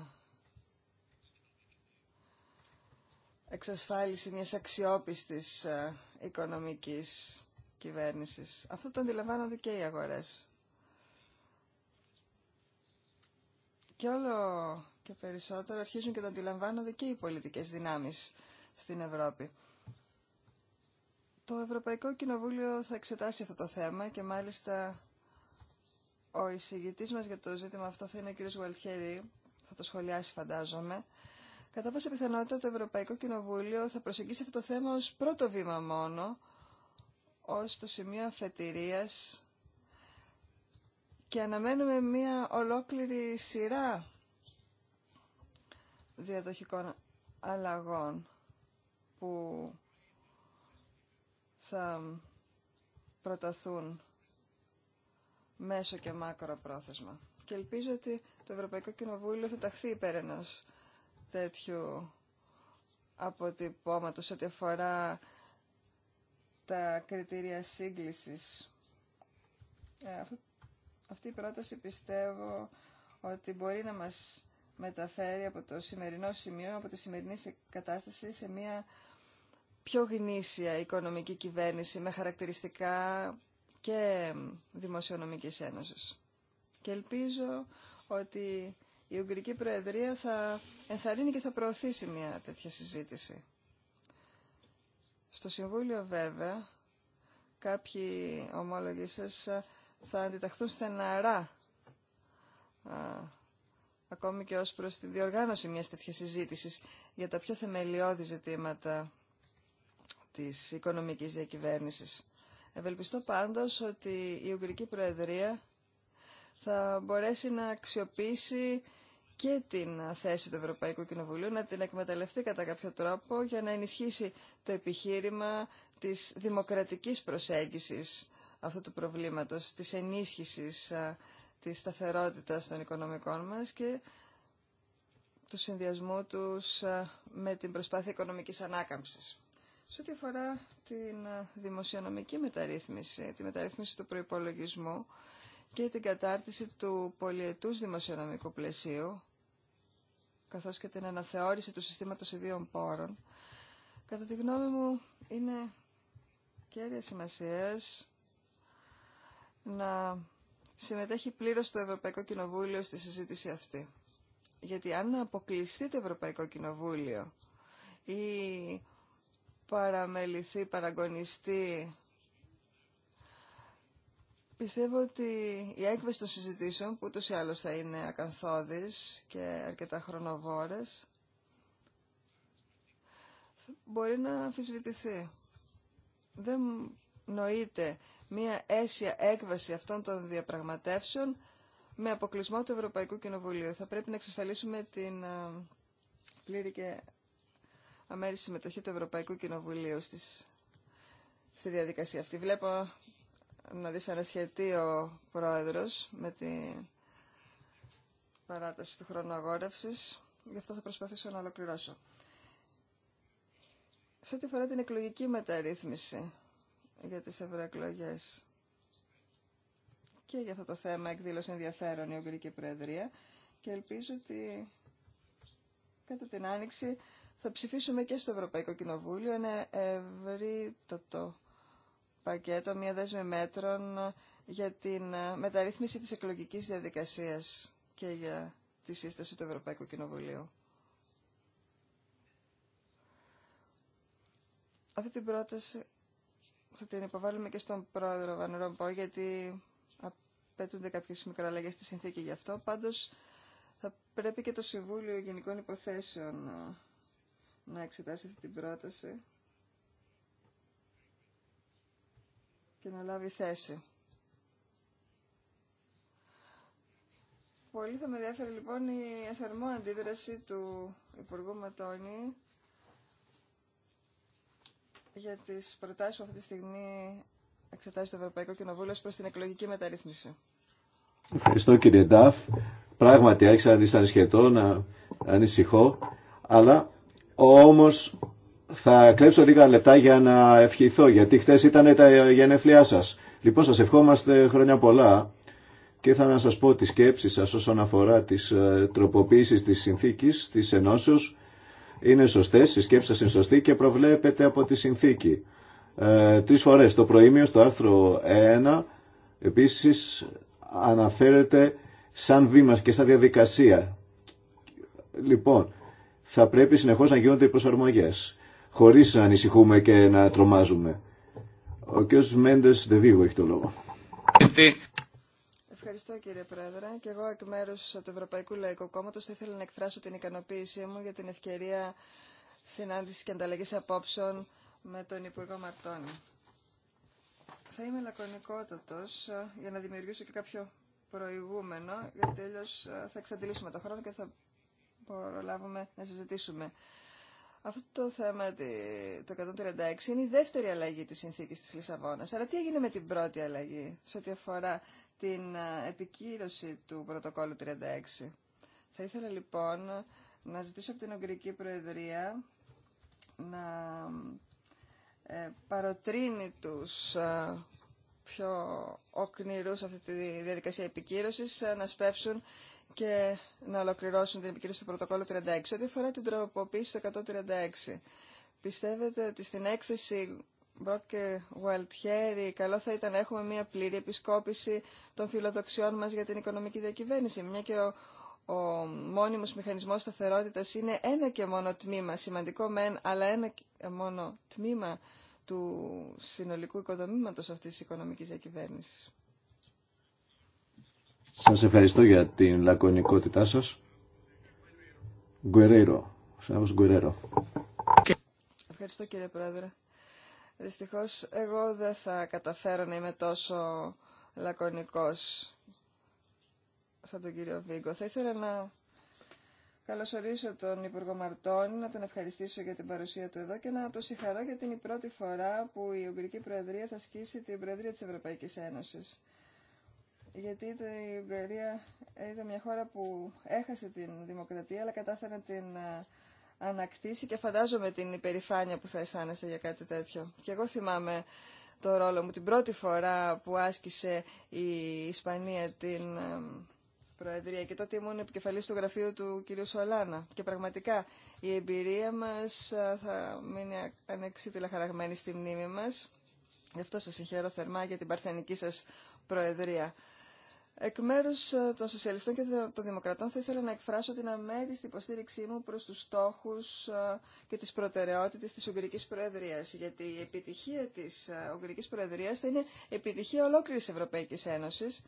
εξασφάλιση μιας αξιόπιστης ε, οικονομικής κυβέρνησης. Αυτό το αντιλαμβάνονται και οι αγορές. Και όλο και περισσότερο αρχίζουν και το αντιλαμβάνονται και οι πολιτικές δυνάμεις στην Ευρώπη. Το Ευρωπαϊκό Κοινοβούλιο θα εξετάσει αυτό το θέμα και μάλιστα ο εισηγητή μας για το ζήτημα αυτό θα είναι ο κ. Γουαλτιέρη, θα το σχολιάσει φαντάζομαι. Κατά πάσα πιθανότητα το Ευρωπαϊκό Κοινοβούλιο θα προσεγγίσει αυτό το θέμα ως πρώτο βήμα μόνο, ως το σημείο αφετηρίας και αναμένουμε μία ολόκληρη σειρά διαδοχικών αλλαγών που θα προταθούν μέσο και μάκρο πρόθεσμα. Και ελπίζω ότι το Ευρωπαϊκό Κοινοβούλιο θα ταχθεί υπέρ ενό τέτοιου αποτυπώματο ό,τι αφορά τα κριτήρια σύγκλησης. Ε, αυτή η πρόταση πιστεύω ότι μπορεί να μας μεταφέρει από το σημερινό σημείο, από τη σημερινή κατάσταση σε μια πιο γνήσια οικονομική κυβέρνηση με χαρακτηριστικά και Δημοσιονομικής Ένωσης. Και ελπίζω ότι η Ουγγρική Προεδρία θα ενθαρρύνει και θα προωθήσει μια τέτοια συζήτηση. Στο Συμβούλιο βέβαια κάποιοι ομόλογοι σας θα αντιταχθούν στεναρά α, ακόμη και ως προς τη διοργάνωση μιας τέτοιας συζήτησης για τα πιο θεμελιώδη ζητήματα της οικονομικής διακυβέρνησης. Ευελπιστώ πάντως ότι η Ουγγρική Προεδρία θα μπορέσει να αξιοποιήσει και την θέση του Ευρωπαϊκού Κοινοβουλίου, να την εκμεταλλευτεί κατά κάποιο τρόπο για να ενισχύσει το επιχείρημα της δημοκρατικής προσέγγισης αυτού του προβλήματος, της ενίσχυσης της σταθερότητας των οικονομικών μας και του συνδυασμού τους με την προσπάθεια οικονομικής ανάκαμψης. Σε ό,τι αφορά την ε, δημοσιονομική μεταρρύθμιση, τη μεταρρύθμιση του προϋπολογισμού και την κατάρτιση του πολιετούς δημοσιονομικού πλαισίου, καθώς και την αναθεώρηση του συστήματος ιδίων πόρων, κατά τη γνώμη μου είναι κέρια σημασία να συμμετέχει πλήρως το Ευρωπαϊκό Κοινοβούλιο στη συζήτηση αυτή. Γιατί αν αποκλειστεί το Ευρωπαϊκό Κοινοβούλιο ή παραμεληθεί, παραγωνιστεί. Πιστεύω ότι η έκβαση των συζητήσεων, που ούτως ή άλλως θα είναι ακαθόδης και αρκετά χρονοβόρες, μπορεί να αμφισβητηθεί. Δεν νοείται μία αίσια έκβαση αυτών των διαπραγματεύσεων με αποκλεισμό του Ευρωπαϊκού Κοινοβουλίου. Θα πρέπει να εξασφαλίσουμε την ε, πλήρη και αμέριστη συμμετοχή του Ευρωπαϊκού Κοινοβουλίου στη διαδικασία αυτή. Βλέπω να δυσανασχετεί ο Πρόεδρος με την παράταση του χρόνου αγόρευσης. Γι' αυτό θα προσπαθήσω να ολοκληρώσω. Σε ό,τι αφορά την εκλογική μεταρρύθμιση για τις ευρωεκλογέ. Και για αυτό το θέμα εκδήλωσε ενδιαφέρον η Ουγγρική Προεδρία και ελπίζω ότι κατά την Άνοιξη θα ψηφίσουμε και στο Ευρωπαϊκό Κοινοβούλιο ένα ευρύτατο πακέτο, μια δέσμη μέτρων για την ε, μεταρρύθμιση της εκλογικής διαδικασίας και για τη σύσταση του Ευρωπαϊκού Κοινοβουλίου. Αυτή την πρόταση θα την υποβάλουμε και στον πρόεδρο Βαν Ρομπό, γιατί απαιτούνται κάποιες μικροαλλαγές στη συνθήκη γι' αυτό. Πάντως θα πρέπει και το Συμβούλιο Γενικών Υποθέσεων ε, να εξετάσει αυτή την πρόταση και να λάβει θέση. Πολύ θα με ενδιαφέρει λοιπόν η εθερμό αντίδραση του Υπουργού Ματώνη για τις προτάσεις που αυτή τη στιγμή εξετάζει το Ευρωπαϊκό Κοινοβούλιο προς την εκλογική μεταρρύθμιση. Ευχαριστώ κύριε Ντάφ. Πράγματι άρχισα να δισταρισχετώ, να ανησυχώ, αλλά όμως θα κλέψω λίγα λεπτά για να ευχηθώ, γιατί χτες ήταν τα γενέθλιά σας. Λοιπόν, σας ευχόμαστε χρόνια πολλά και θα να σας πω τις σκέψεις σας όσον αφορά τις ε, τροποποίησεις της συνθήκης, της ενώσεως. Είναι σωστές, οι σκέψεις σας είναι σωστή και προβλέπεται από τη συνθήκη. Ε, τρεις φορές το προήμιο στο άρθρο 1 επίσης αναφέρεται σαν βήμα και σαν διαδικασία. Λοιπόν, θα πρέπει συνεχώς να γίνονται οι προσαρμογές, χωρίς να ανησυχούμε και να τρομάζουμε. Ο κ. Μέντες Δεβίγου έχει το λόγο. Ευχαριστώ κύριε Πρόεδρε. Και εγώ εκ μέρους του Ευρωπαϊκού Λαϊκού Κόμματος θα ήθελα να εκφράσω την ικανοποίησή μου για την ευκαιρία συνάντησης και ανταλλαγής απόψεων με τον Υπουργό Μαρτώνη. Θα είμαι λακωνικότατος ε, για να δημιουργήσω και κάποιο προηγούμενο, γιατί αλλιώ ε, θα εξαντλήσουμε το χρόνο και θα προλάβουμε να συζητήσουμε. Αυτό το θέμα το 136 είναι η δεύτερη αλλαγή της συνθήκης της Λισαβόνας. Αλλά τι έγινε με την πρώτη αλλαγή σε ό,τι αφορά την επικύρωση του πρωτοκόλλου 36. Θα ήθελα λοιπόν να ζητήσω από την Ουγγρική Προεδρία να ε, παροτρύνει τους πιο οκνηρούς αυτή τη διαδικασία επικύρωσης ε, να σπεύσουν και να ολοκληρώσουν την επικύρωση του πρωτοκόλλου 36. Ό,τι αφορά την τροποποίηση του 136, πιστεύετε ότι στην έκθεση Μπροκ και Γουαλτιέρη, καλό θα ήταν να έχουμε μια πλήρη επισκόπηση των φιλοδοξιών μας για την οικονομική διακυβέρνηση, μια και ο, ο μόνιμος μηχανισμός σταθερότητας είναι ένα και μόνο τμήμα, σημαντικό μεν, αλλά ένα και μόνο τμήμα του συνολικού οικοδομήματος αυτής της οικονομικής διακυβέρνησης. Σας ευχαριστώ για την λακωνικότητά σας. Γκουερέρο. Σας Γκουερέρο. Ευχαριστώ κύριε Πρόεδρε. Δυστυχώς εγώ δεν θα καταφέρω να είμαι τόσο λακωνικός σαν τον κύριο Βίγκο. Θα ήθελα να καλωσορίσω τον Υπουργό Μαρτών, να τον ευχαριστήσω για την παρουσία του εδώ και να τον συγχαρώ για την πρώτη φορά που η Ουγγρική Προεδρία θα σκίσει την Προεδρία της Ευρωπαϊκής Ένωσης γιατί η Ουγγαρία ήταν μια χώρα που έχασε την δημοκρατία αλλά κατάφερε να την ε, ανακτήσει και φαντάζομαι την υπερηφάνεια που θα αισθάνεστε για κάτι τέτοιο. Και εγώ θυμάμαι το ρόλο μου την πρώτη φορά που άσκησε η Ισπανία την ε, Προεδρία και τότε ήμουν επικεφαλής του γραφείου του κ. Σολάνα και πραγματικά η εμπειρία μας ε, θα μείνει ανεξίτηλα χαραγμένη στη μνήμη μας. Γι' αυτό σας συγχαίρω θερμά για την παρθενική σας Προεδρία. Εκ μέρου ε, των Σοσιαλιστών και των Δημοκρατών θα ήθελα να εκφράσω την αμέριστη υποστήριξή μου προς τους στόχους ε, και τις προτεραιότητες της Ουγγρικής Προεδρίας, γιατί η επιτυχία της ε, Ουγγρικής Προεδρίας θα είναι επιτυχία ολόκληρης Ευρωπαϊκής Ένωσης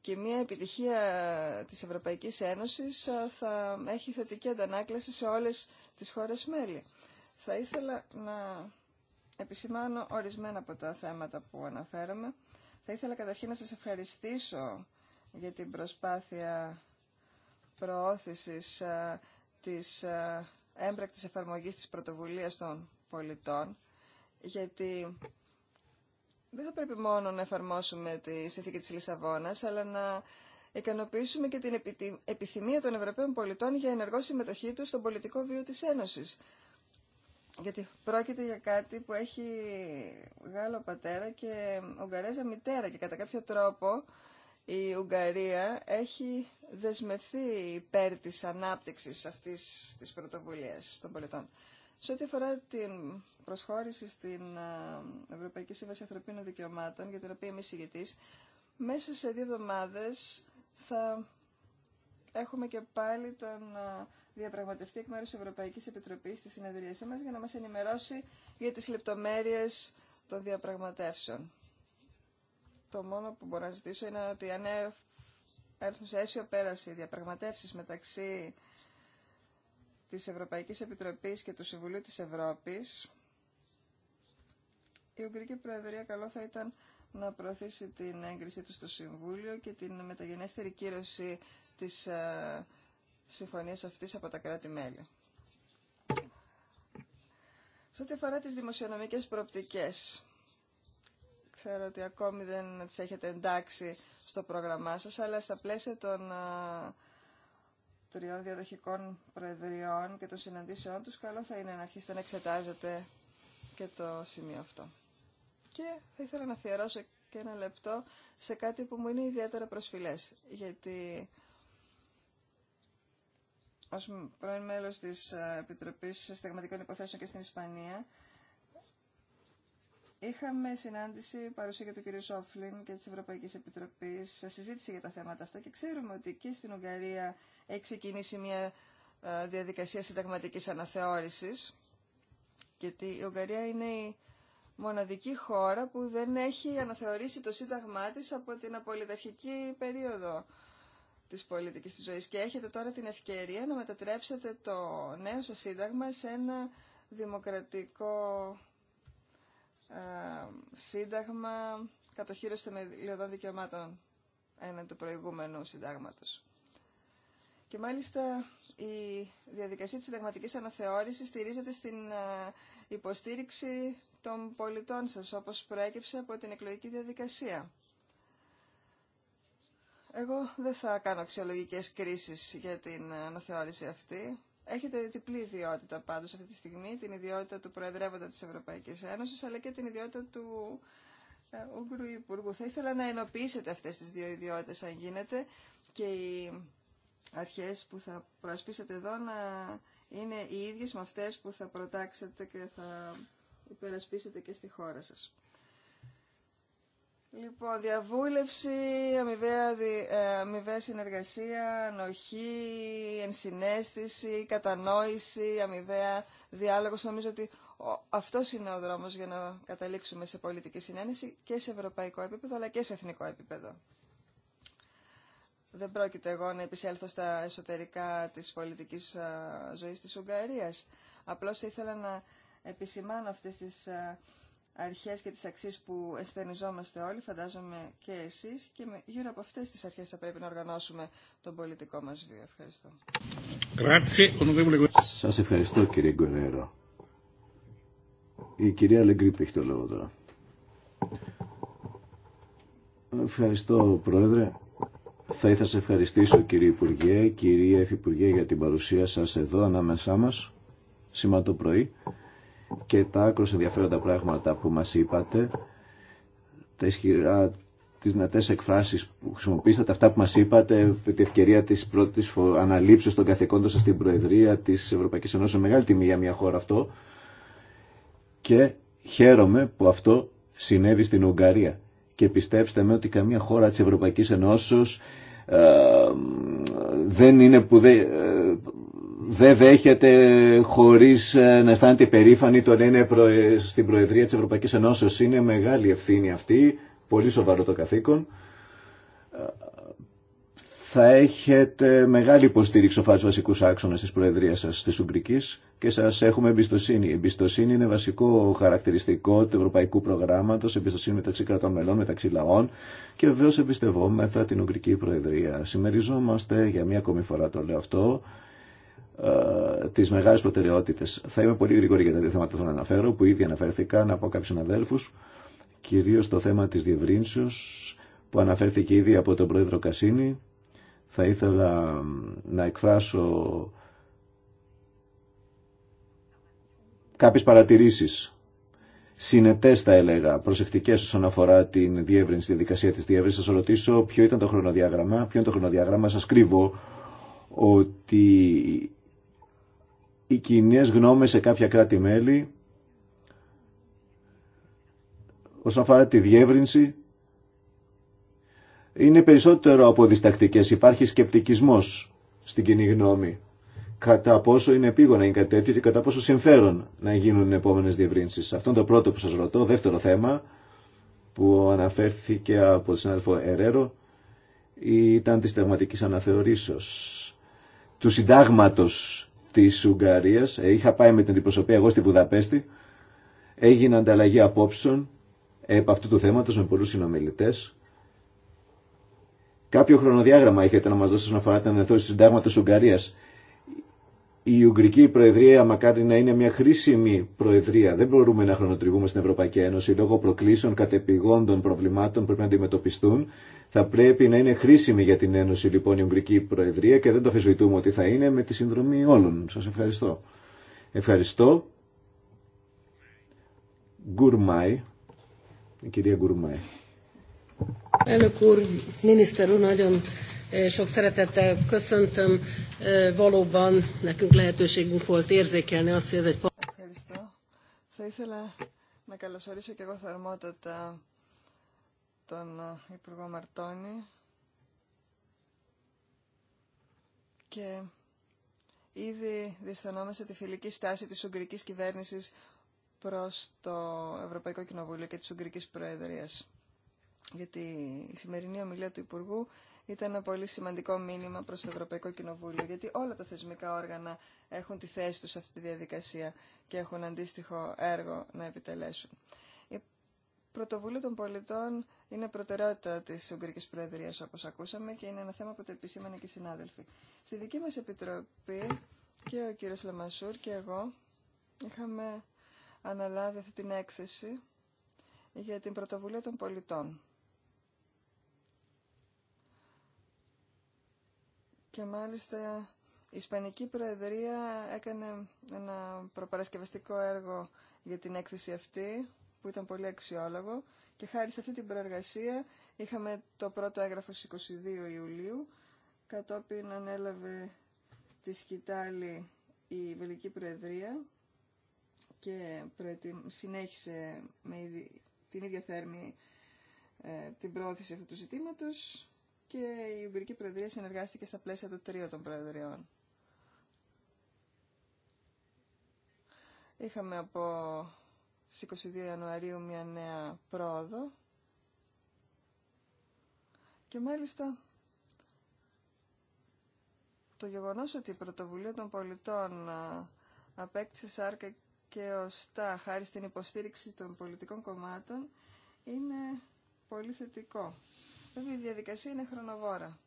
και μια επιτυχία της Ευρωπαϊκής Ένωσης θα έχει θετική αντανάκλαση σε όλες τις χώρες μέλη. Θα ήθελα να επισημάνω ορισμένα από τα θέματα που αναφέρομαι. Θα ήθελα καταρχήν να σας ευχαριστήσω για την προσπάθεια προώθησης ε, της ε, έμπρακτης εφαρμογής της πρωτοβουλίας των πολιτών, γιατί δεν θα πρέπει μόνο να εφαρμόσουμε τη συνθήκη της Λισαβόνας, αλλά να ικανοποιήσουμε και την επιθυμία των Ευρωπαίων πολιτών για ενεργό συμμετοχή τους στον πολιτικό βίο της Ένωσης. Γιατί πρόκειται για κάτι που έχει Γάλλο πατέρα και Ουγγαρέζα μητέρα και κατά κάποιο τρόπο η Ουγγαρία έχει δεσμευθεί υπέρ της ανάπτυξης αυτής της πρωτοβουλίας των πολιτών. Σε ό,τι αφορά την προσχώρηση στην Ευρωπαϊκή Σύμβαση Ανθρωπίνων Δικαιωμάτων, για την οποία είμαι συγγετής, μέσα σε δύο εβδομάδες θα έχουμε και πάλι τον διαπραγματευτή εκ μέρους της Ευρωπαϊκής Επιτροπής στη συνεδρίασή μας για να μας ενημερώσει για τις λεπτομέρειες των διαπραγματεύσεων το μόνο που μπορώ να ζητήσω είναι ότι αν έρθουν σε αίσιο πέραση διαπραγματεύσεις μεταξύ της Ευρωπαϊκής Επιτροπής και του Συμβουλίου της Ευρώπης, η Ουγγρική Προεδρία καλό θα ήταν να προωθήσει την έγκρισή του στο Συμβούλιο και την μεταγενέστερη κύρωση της ε, συμφωνίας αυτής από τα κράτη-μέλη. Σε ό,τι αφορά τις δημοσιονομικές προοπτικές, Ξέρω ότι ακόμη δεν τις έχετε εντάξει στο πρόγραμμά σας, αλλά στα πλαίσια των τριών διαδοχικών προεδριών και των συναντήσεών τους, καλό θα είναι να αρχίσετε να εξετάζετε και το σημείο αυτό. Και θα ήθελα να αφιερώσω και ένα λεπτό σε κάτι που μου είναι ιδιαίτερα προσφυλές, γιατί ως πρώην μέλος της Επιτροπής Στεγματικών Υποθέσεων και στην Ισπανία, Είχαμε συνάντηση παρουσία για τον κύριο Σόφλιν και της Ευρωπαϊκής Επιτροπής, συζήτηση για τα θέματα αυτά και ξέρουμε ότι και στην Ουγγαρία έχει ξεκινήσει μια ε, διαδικασία συνταγματική αναθεώρηση γιατί η Ουγγαρία είναι η μοναδική χώρα που δεν έχει αναθεωρήσει το σύνταγμά τη από την απολυταρχική περίοδο τη πολιτική τη ζωή. και έχετε τώρα την ευκαιρία να μετατρέψετε το νέο σα σύνταγμα σε ένα δημοκρατικό ε, σύνταγμα κατοχύρωση με μελιωδών δικαιωμάτων έναν του προηγούμενου συντάγματος. Και μάλιστα η διαδικασία της συνταγματικής αναθεώρησης στηρίζεται στην ε, υποστήριξη των πολιτών σας, όπως προέκυψε από την εκλογική διαδικασία. Εγώ δεν θα κάνω αξιολογικές κρίσεις για την αναθεώρηση αυτή. Έχετε διπλή ιδιότητα πάντως αυτή τη στιγμή, την ιδιότητα του Προεδρεύοντα της Ευρωπαϊκής Ένωσης, αλλά και την ιδιότητα του ε, Ουγγρου Υπουργού. Θα ήθελα να ενοποιήσετε αυτές τι δύο ιδιότητε αν γίνεται, και οι αρχές που θα προασπίσετε εδώ να είναι οι ίδιες με αυτές που θα προτάξετε και θα υπερασπίσετε και στη χώρα σας. Λοιπόν, διαβούλευση, αμοιβαία, ε, αμοιβαία συνεργασία, ανοχή, ενσυναίσθηση, κατανόηση, αμοιβαία διάλογο. Νομίζω ότι αυτό είναι ο δρόμο για να καταλήξουμε σε πολιτική συνένεση και σε ευρωπαϊκό επίπεδο αλλά και σε εθνικό επίπεδο. Δεν πρόκειται εγώ να επισέλθω στα εσωτερικά της πολιτικής ε, ζωής της Ουγγαρίας. Απλώς ήθελα να επισημάνω αυτές τις ε, αρχές και τις αξίες που αισθενιζόμαστε όλοι, φαντάζομαι και εσείς, και γύρω από αυτές τις αρχές θα πρέπει να οργανώσουμε τον πολιτικό μας βίο. Ευχαριστώ. Σας ευχαριστώ κύριε Γκορέρο. Η κυρία Λεγκρίπ έχει το λόγο τώρα. Ευχαριστώ Πρόεδρε. Θα ήθελα να σε ευχαριστήσω κύριε Υπουργέ, κυρία Υφυπουργέ για την παρουσία σας εδώ ανάμεσά μας σήμερα το πρωί και τα άκρως ενδιαφέροντα πράγματα που μας είπατε, τα ισχυρά, τις δυνατές εκφράσεις που χρησιμοποίησατε, αυτά που μας είπατε, την ευκαιρία της πρώτης αναλήψεως των καθηκόντων σας στην Προεδρία της Ευρωπαϊκής Ενώσης. μεγάλη τιμή για μια χώρα αυτό. Και χαίρομαι που αυτό συνέβη στην Ουγγαρία. Και πιστέψτε με ότι καμία χώρα της Ευρωπαϊκής Ενώσης ε, δεν είναι που δεν δεν δέχεται χωρίς ε, να αισθάνεται περήφανη το να είναι στην Προεδρία της Ευρωπαϊκής Ενώσεως. Είναι μεγάλη ευθύνη αυτή, πολύ σοβαρό το καθήκον. Θα έχετε μεγάλη υποστήριξη ο φάσης βασικού άξονα τη Προεδρία σα τη Ουγγρική και σα έχουμε εμπιστοσύνη. Η εμπιστοσύνη είναι βασικό χαρακτηριστικό του ευρωπαϊκού προγράμματο, εμπιστοσύνη μεταξύ κρατών μελών, μεταξύ λαών και βεβαίω εμπιστευόμεθα την Ουγγρική Προεδρία. Συμμεριζόμαστε, για μία ακόμη φορά το λέω αυτό, ε, Τι μεγάλε προτεραιότητε. Θα είμαι πολύ γρήγορη για τα δύο θέματα που θέλω να αναφέρω, που ήδη αναφέρθηκαν από κάποιου κάποιους Κυρίω κυρίως το θέμα τη διευρύνσεω, που αναφέρθηκε ήδη από τον Πρόεδρο Κασίνη. Θα ήθελα να εκφράσω κάποιες παρατηρήσεις συνετέ, θα έλεγα, προσεκτικέ όσον αφορά την διεύρυνση, τη δικασία τη διεύρυνση. Θα σα ρωτήσω ποιο ήταν το χρονοδιάγραμμα. Ποιο είναι το χρονοδιάγραμμα. Σα κρύβω ότι οι κοινέ γνώμες σε κάποια κράτη-μέλη όσον αφορά τη διεύρυνση είναι περισσότερο από διστακτικές. Υπάρχει σκεπτικισμός στην κοινή γνώμη κατά πόσο είναι επίγονα είναι κάτι και κατά πόσο συμφέρον να γίνουν οι επόμενες διευρύνσεις. Αυτό είναι το πρώτο που σας ρωτώ. Δεύτερο θέμα που αναφέρθηκε από τον συνάδελφο Ερέρο ήταν της θεματικής αναθεωρήσεως του συντάγματος της Ε, είχα πάει με την αντιπροσωπεία εγώ στη Βουδαπέστη, έγινε ανταλλαγή απόψεων επ' αυτού του θέματο με πολλού συνομιλητέ. Κάποιο χρονοδιάγραμμα έχετε να μα δώσετε όσον αφορά την ανεθόρυση Συντάγματο Ουγγαρία η Ουγγρική Προεδρία, μακάρι να είναι μια χρήσιμη Προεδρία, δεν μπορούμε να χρονοτριβούμε στην Ευρωπαϊκή Ένωση λόγω προκλήσεων κατεπηγόντων προβλημάτων που πρέπει να αντιμετωπιστούν. Θα πρέπει να είναι χρήσιμη για την Ένωση λοιπόν η Ουγγρική Προεδρία και δεν το αφισβητούμε ότι θα είναι με τη συνδρομή όλων. Σα ευχαριστώ. Ευχαριστώ. κυρία Sok szeretettel köszöntöm. Valóban nekünk lehetőségünk volt érzékelni azt, hogy ez egy... Ευχαριστώ. Θα ήθελα να καλωσορίσω και εγώ θερμότατα τον Υπουργό Μαρτώνη και ήδη διστανόμαστε τη φιλική στάση της Ουγγρικής κυβέρνησης προς το Ευρωπαϊκό Κοινοβούλιο και της Ουγγρικής Προεδρίας. Γιατί η σημερινή ομιλία του Υπουργού ήταν ένα πολύ σημαντικό μήνυμα προς το Ευρωπαϊκό Κοινοβούλιο, γιατί όλα τα θεσμικά όργανα έχουν τη θέση τους σε αυτή τη διαδικασία και έχουν αντίστοιχο έργο να επιτελέσουν. Η πρωτοβουλία των πολιτών είναι προτεραιότητα της Ουγγρικής Προεδρίας, όπως ακούσαμε, και είναι ένα θέμα που το επισήμανε και οι συνάδελφοι. Στη δική μας επιτροπή και ο κύριος Λαμασούρ και εγώ είχαμε αναλάβει αυτή την έκθεση για την πρωτοβουλία των πολιτών. και μάλιστα η Ισπανική Προεδρία έκανε ένα προπαρασκευαστικό έργο για την έκθεση αυτή που ήταν πολύ αξιόλογο και χάρη σε αυτή την προεργασία είχαμε το πρώτο έγγραφο στις 22 Ιουλίου κατόπιν ανέλαβε τη σκητάλη η Βελική Προεδρία και συνέχισε με την ίδια θέρμη ε, την πρόθεση αυτού του ζητήματος και η Ουγγρική Προεδρία συνεργάστηκε στα πλαίσια του τρίου των Προεδριών. Είχαμε από στις 22 Ιανουαρίου μια νέα πρόοδο και μάλιστα το γεγονός ότι η πρωτοβουλία των πολιτών απέκτησε σάρκα και ωστά χάρη στην υποστήριξη των πολιτικών κομμάτων είναι πολύ θετικό η διαδικασία είναι χρονοβόρα.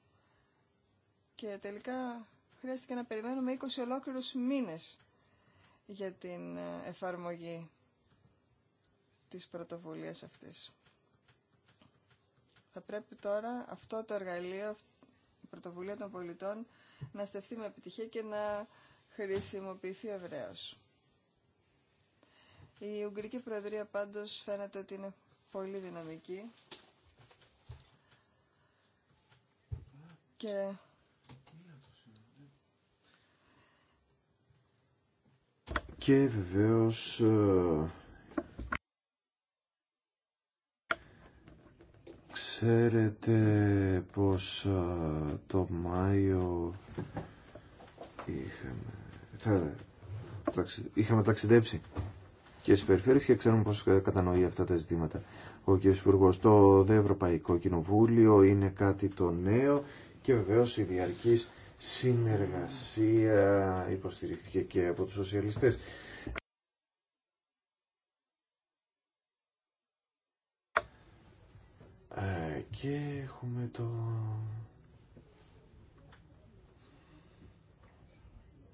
Και τελικά χρειάστηκε να περιμένουμε 20 ολόκληρους μήνες για την ε, εφαρμογή της πρωτοβουλίας αυτής. Θα πρέπει τώρα αυτό το εργαλείο, η πρωτοβουλία των πολιτών, να στεφθεί με επιτυχία και να χρησιμοποιηθεί ευρέως. Η Ουγγρική Προεδρία πάντως φαίνεται ότι είναι πολύ δυναμική Και... Και βεβαίως ε, ξέρετε πως ε, το Μάιο είχαμε, θα, είχαμε ταξιδέψει και στις περιφέρειες και ξέρουμε πως ε, κατανοεί αυτά τα ζητήματα. Ο κ. Υπουργό, το Ευρωπαϊκό Κοινοβούλιο είναι κάτι το νέο και βεβαίως η διαρκής συνεργασία υποστηρίχθηκε και από τους σοσιαλιστές. Ε, και έχουμε το...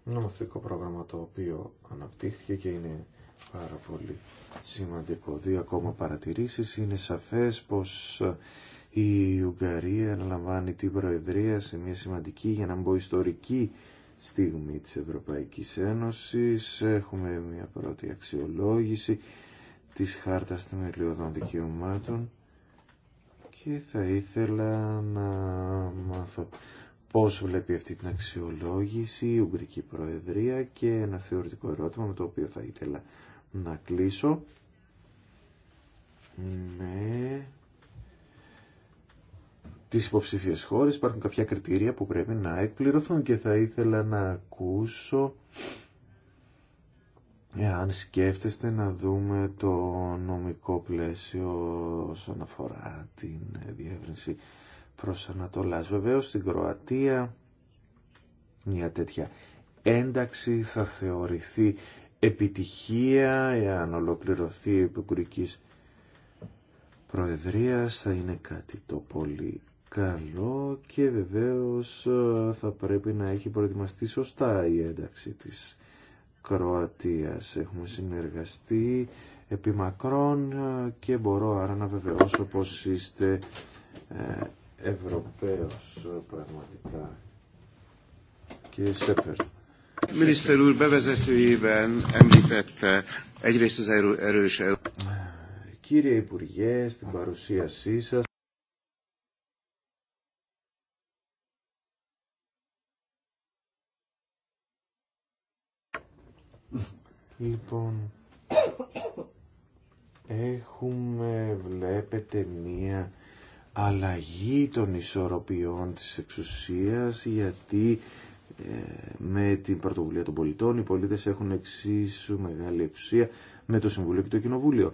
νομοθετικό πρόγραμμα το οποίο αναπτύχθηκε και είναι πάρα πολύ σημαντικό. Δύο ακόμα παρατηρήσεις. Είναι σαφές πως η Ουγγαρία αναλαμβάνει την Προεδρία σε μια σημαντική, για να μπω, ιστορική, στιγμή της Ευρωπαϊκής Ένωσης. Έχουμε μια πρώτη αξιολόγηση της χάρτας θεμελιωδών δικαιωμάτων και θα ήθελα να μάθω πώς βλέπει αυτή την αξιολόγηση η Ουγγρική Προεδρία και ένα θεωρητικό ερώτημα με το οποίο θα ήθελα να κλείσω. Ναι τις υποψήφιες χώρες. Υπάρχουν κάποια κριτήρια που πρέπει να εκπληρωθούν και θα ήθελα να ακούσω εάν σκέφτεστε να δούμε το νομικό πλαίσιο όσον αφορά την διεύρυνση προς Ανατολάς. Βεβαίως στην Κροατία μια τέτοια ένταξη θα θεωρηθεί επιτυχία εάν ολοκληρωθεί η Επικουρικής Προεδρίας θα είναι κάτι το πολύ καλό και βεβαίως ε, θα πρέπει να έχει προετοιμαστεί σωστά η ένταξη της Κροατίας. Έχουμε συνεργαστεί επί μακρόν ε, και μπορώ άρα να βεβαιώσω πως είστε ε, Ευρωπαίος πραγματικά και Κύριε Υπουργέ, στην παρουσίασή σας Λοιπόν, έχουμε, βλέπετε, μία αλλαγή των ισορροπιών της εξουσίας, γιατί ε, με την πρωτοβουλία των πολιτών οι πολίτες έχουν εξίσου μεγάλη εξουσία με το Συμβούλιο και το Κοινοβούλιο.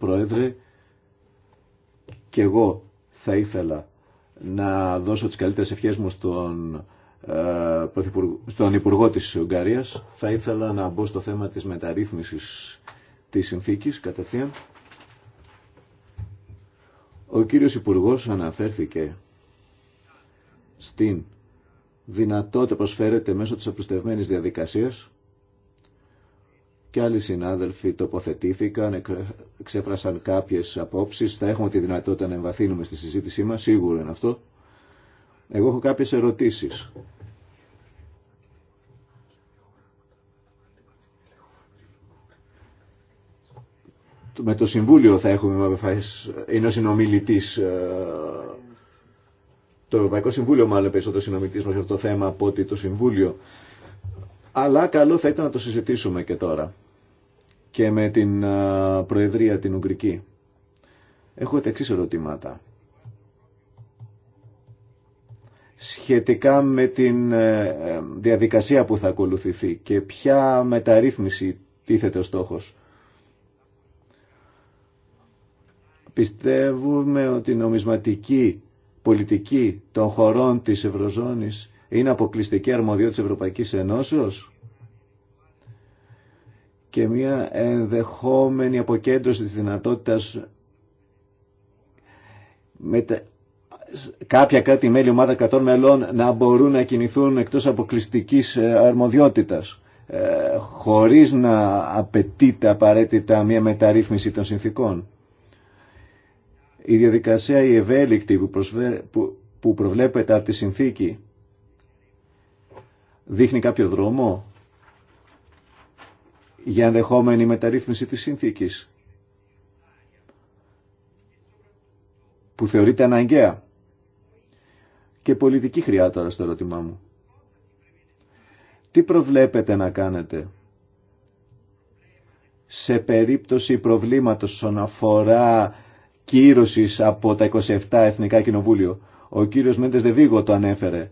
Πρόεδρε, και εγώ θα ήθελα να δώσω τις καλύτερες ευχές μου στον, ε, στον Υπουργό της Ουγγαρίας. Θα ήθελα να μπω στο θέμα της μεταρρύθμισης της συνθήκης κατευθείαν. Ο κύριος Υπουργός αναφέρθηκε στην δυνατότητα προσφέρεται μέσω της απλουστευμένης διαδικασίας και άλλοι συνάδελφοι τοποθετήθηκαν, ξέφρασαν κάποιες απόψεις. Θα έχουμε τη δυνατότητα να εμβαθύνουμε στη συζήτησή μας, σίγουρο είναι αυτό. Εγώ έχω κάποιες ερωτήσεις. Με το Συμβούλιο θα έχουμε αποφάσεις, είναι ο συνομιλητής, ε, το Ευρωπαϊκό Συμβούλιο μάλλον περισσότερο συνομιλητής μας για αυτό το θέμα από ότι το Συμβούλιο αλλά καλό θα ήταν να το συζητήσουμε και τώρα και με την Προεδρία την Ουγγρική. Έχω τα ερωτήματα. Σχετικά με την ε, ε, διαδικασία που θα ακολουθηθεί και ποια μεταρρύθμιση τίθεται ο στόχος. Πιστεύουμε ότι η νομισματική πολιτική των χωρών της Ευρωζώνης είναι αποκλειστική αρμοδιότητα της Ευρωπαϊκής Ενώσεως και μια ενδεχόμενη αποκέντρωση της δυνατότητας με κάποια κράτη-μέλη ομάδα 100 μελών να μπορούν να κινηθούν εκτός αποκλειστικής ε, αρμοδιότητας ε, χωρίς να απαιτείται απαραίτητα μια μεταρρύθμιση των συνθήκων. Η διαδικασία η ευέλικτη που, που προβλέπεται από τη συνθήκη δείχνει κάποιο δρόμο για ενδεχόμενη μεταρρύθμιση της συνθήκης που θεωρείται αναγκαία και πολιτική χρειά τώρα στο ερώτημά μου. Τι προβλέπετε να κάνετε σε περίπτωση προβλήματος όσον αφορά κύρωσης από τα 27 Εθνικά Κοινοβούλιο. Ο κύριος Μέντες Δεβίγο το ανέφερε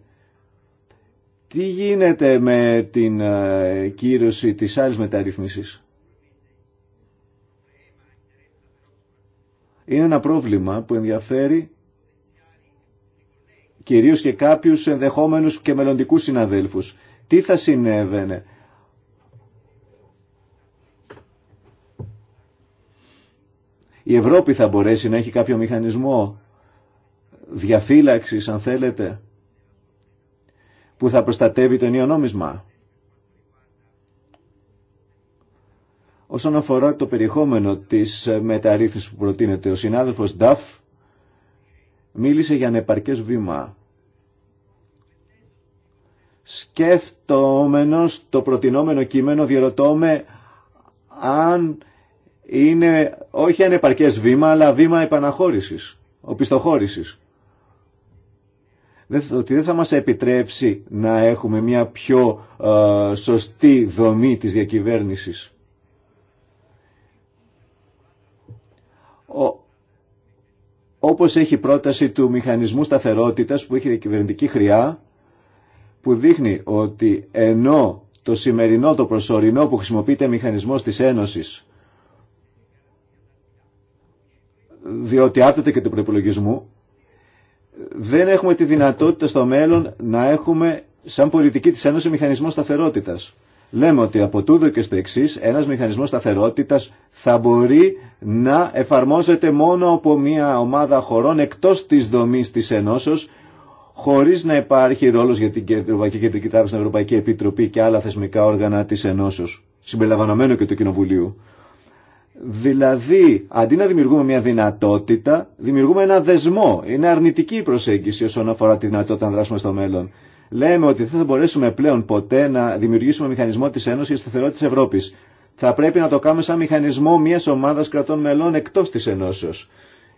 τι γίνεται με την ε, κύρωση της άλλης μεταρρύθμισης. Είναι ένα πρόβλημα που ενδιαφέρει κυρίως και κάποιους ενδεχόμενους και μελλοντικούς συναδέλφους. Τι θα συνέβαινε. Η Ευρώπη θα μπορέσει να έχει κάποιο μηχανισμό διαφύλαξης, αν θέλετε, που θα προστατεύει το ενίο νόμισμα. Όσον αφορά το περιεχόμενο της μεταρρύθμισης που προτείνεται, ο συνάδελφος Νταφ μίλησε για ανεπαρκές βήμα. Σκέφτομενος το προτινόμενο κείμενο διερωτώμε αν είναι όχι ανεπαρκές βήμα, αλλά βήμα επαναχώρησης, οπισθοχώρησης ότι δεν θα μας επιτρέψει να έχουμε μια πιο σωστή δομή της διακυβέρνησης. Ο, όπως έχει πρόταση του μηχανισμού σταθερότητας που έχει διακυβερνητική χρειά, που δείχνει ότι ενώ το σημερινό, το προσωρινό που χρησιμοποιείται μηχανισμός της Ένωσης, διότι άπτεται και του προπολογισμού, δεν έχουμε τη δυνατότητα στο μέλλον να έχουμε σαν πολιτική της Ένωσης μηχανισμό σταθερότητας. Λέμε ότι από τούτο και στο εξή ένας μηχανισμός σταθερότητας θα μπορεί να εφαρμόζεται μόνο από μια ομάδα χωρών εκτός της δομής της Ενώσεως χωρίς να υπάρχει ρόλος για την Ευρωπαϊκή Κεντρική Τράπεζα, την Ευρωπαϊκή Επιτροπή και άλλα θεσμικά όργανα της Ενώσεως, συμπεριλαμβανομένου και του Κοινοβουλίου. Δηλαδή, αντί να δημιουργούμε μια δυνατότητα, δημιουργούμε ένα δεσμό. Είναι αρνητική η προσέγγιση όσον αφορά τη δυνατότητα να δράσουμε στο μέλλον. Λέμε ότι δεν θα μπορέσουμε πλέον ποτέ να δημιουργήσουμε μηχανισμό τη Ένωση για σταθερότητα τη Ευρώπη. Θα πρέπει να το κάνουμε σαν μηχανισμό μια ομάδα κρατών μελών εκτό τη Ενώσεω.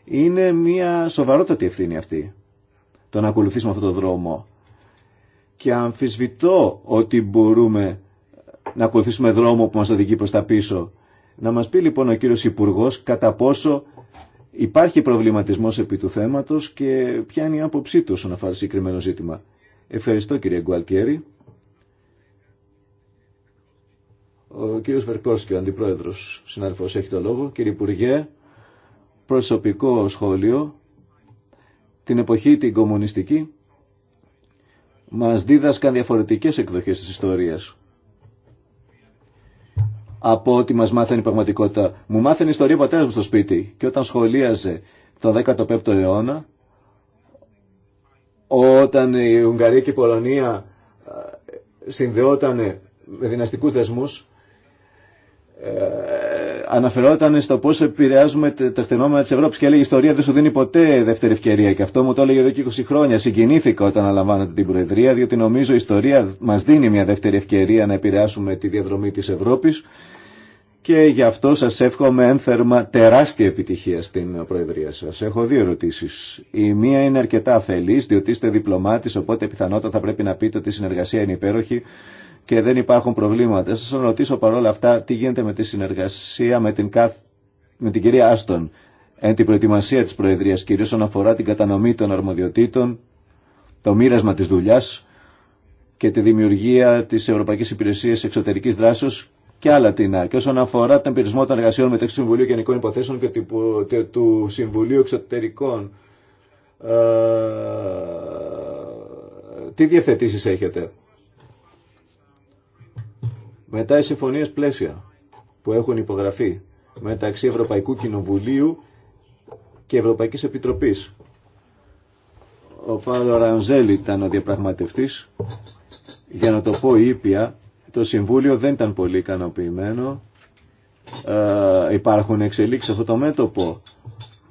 Είναι μια σοβαρότατη ευθύνη αυτή το να ακολουθήσουμε αυτόν τον δρόμο. Και αμφισβητώ ότι μπορούμε να ακολουθήσουμε δρόμο που μας οδηγεί προς τα πίσω να μας πει λοιπόν ο κύριος Υπουργό κατά πόσο υπάρχει προβληματισμός επί του θέματος και ποια είναι η άποψή του όσον αφορά συγκεκριμένο ζήτημα. Ευχαριστώ κύριε Γκουαλτιέρη. Ο κύριος Βερκόσκη, ο αντιπρόεδρος, συνάδελφος, έχει το λόγο. Κύριε Υπουργέ, προσωπικό σχόλιο, την εποχή την κομμουνιστική, μας δίδασκαν διαφορετικές εκδοχές της ιστορίας από ό,τι μας μάθανε η πραγματικότητα. Μου μάθανε ιστορία ο πατέρα μου στο σπίτι και όταν σχολίαζε το 15ο αιώνα, όταν η Ουγγαρία και η Πολωνία ε, συνδεόταν με δυναστικούς δεσμού. Ε, αναφερόταν στο πώ επηρεάζουμε τα χτενόμενα τη Ευρώπη. και έλεγε η ιστορία δεν σου δίνει ποτέ δεύτερη ευκαιρία και αυτό μου το έλεγε εδώ και 20 χρόνια. Συγκινήθηκα όταν αναλαμβάνατε την Προεδρία διότι νομίζω η ιστορία μα δίνει μια δεύτερη ευκαιρία να επηρεάσουμε τη διαδρομή τη Ευρώπη. και γι' αυτό σας εύχομαι ένθερμα τεράστια επιτυχία στην Προεδρία σα. Έχω δύο ερωτήσει. Η μία είναι αρκετά αφελή, διότι είστε διπλωμάτη, οπότε πιθανότατα θα πρέπει να πείτε ότι η συνεργασία είναι υπέροχη και δεν υπάρχουν προβλήματα. Σας ρωτήσω παρόλα αυτά τι γίνεται με τη συνεργασία με την, καθ... με την κυρία Άστον εν την προετοιμασία της Προεδρίας κυρίως όσον αφορά την κατανομή των αρμοδιοτήτων, το μοίρασμα της δουλειάς και τη δημιουργία της Ευρωπαϊκής Υπηρεσίας Εξωτερικής Δράσης και άλλα τεινά. Και όσον αφορά τον πυρισμό των εργασιών μεταξύ του Συμβουλίου Γενικών Υποθέσεων και του Συμβουλίου Εξωτερικών. Ε, τι διευθετήσεις έχετε. Μετά οι συμφωνίε πλαίσια που έχουν υπογραφεί μεταξύ Ευρωπαϊκού Κοινοβουλίου και Ευρωπαϊκή Επιτροπή. Ο Πάολο Ρανζέλη ήταν ο διαπραγματεύτη Για να το πω ήπια, το Συμβούλιο δεν ήταν πολύ ικανοποιημένο. Ε, υπάρχουν εξελίξει σε αυτό το μέτωπο.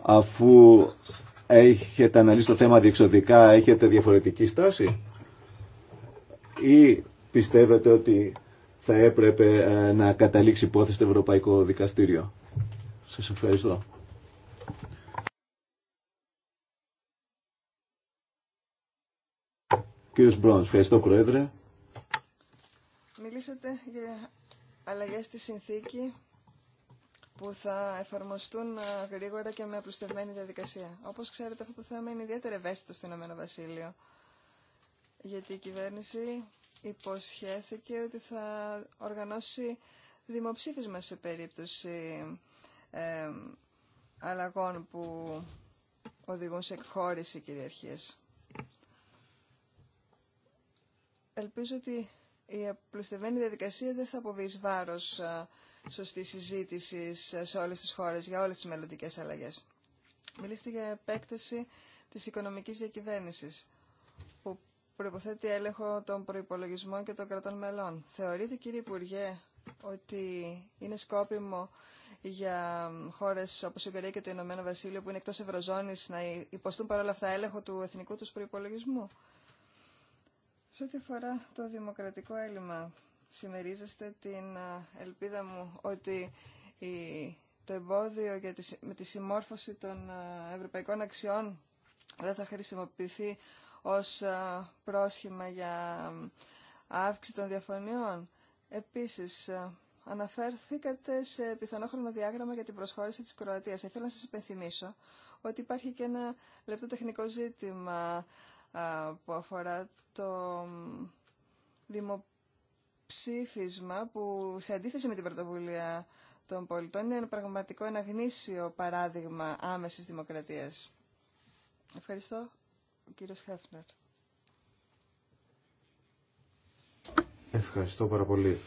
Αφού έχετε αναλύσει το θέμα διεξοδικά, έχετε διαφορετική στάση ή πιστεύετε ότι θα έπρεπε ε, να καταλήξει υπόθεση στο Ευρωπαϊκό Δικαστήριο. Σας ευχαριστώ. Κύριος Μπρόνς, ευχαριστώ Πρόεδρε. Μιλήσατε για αλλαγές στη συνθήκη που θα εφαρμοστούν ε, γρήγορα και με απλουστευμένη διαδικασία. Όπως ξέρετε αυτό το θέμα είναι ιδιαίτερα ευαίσθητο στο Ηνωμένο Βασίλειο, γιατί η κυβέρνηση υποσχέθηκε ότι θα οργανώσει δημοψήφισμα σε περίπτωση αλλαγών που οδηγούν σε εκχώρηση κυριαρχίες. Ελπίζω ότι η απλουστευμένη διαδικασία δεν θα αποβεί βάρος σωστή συζήτηση σε όλες τις χώρες για όλες τις μελλοντικέ αλλαγές. Μιλήστε για επέκταση της οικονομικής διακυβέρνησης. Προποθέτει έλεγχο των προϋπολογισμών και των κρατών μελών. Θεωρείτε κύριε Υπουργέ ότι είναι σκόπιμο για χώρες όπως η Ουγγαρία και το Ηνωμένο Βασίλειο που είναι εκτός Ευρωζώνης να υποστούν παρόλα αυτά έλεγχο του εθνικού τους προϋπολογισμού. Σε ό,τι αφορά το δημοκρατικό έλλειμμα, συμμερίζεστε την ελπίδα μου ότι το εμπόδιο για τη, με τη συμμόρφωση των ευρωπαϊκών αξιών δεν θα χρησιμοποιηθεί ως ε, πρόσχημα για ε, αύξηση των διαφωνιών. Επίσης, ε, αναφέρθηκατε σε πιθανό χρονοδιάγραμμα για την προσχώρηση της Κροατίας. Θέλω να σας υπενθυμίσω ότι υπάρχει και ένα λεπτό τεχνικό ζήτημα που αφορά το δημοψήφισμα που σε αντίθεση με την πρωτοβουλία των πολιτών είναι ένα πραγματικό, ένα γνήσιο παράδειγμα άμεσης δημοκρατίας. Ευχαριστώ. Ο Ευχαριστώ πάρα πολύ.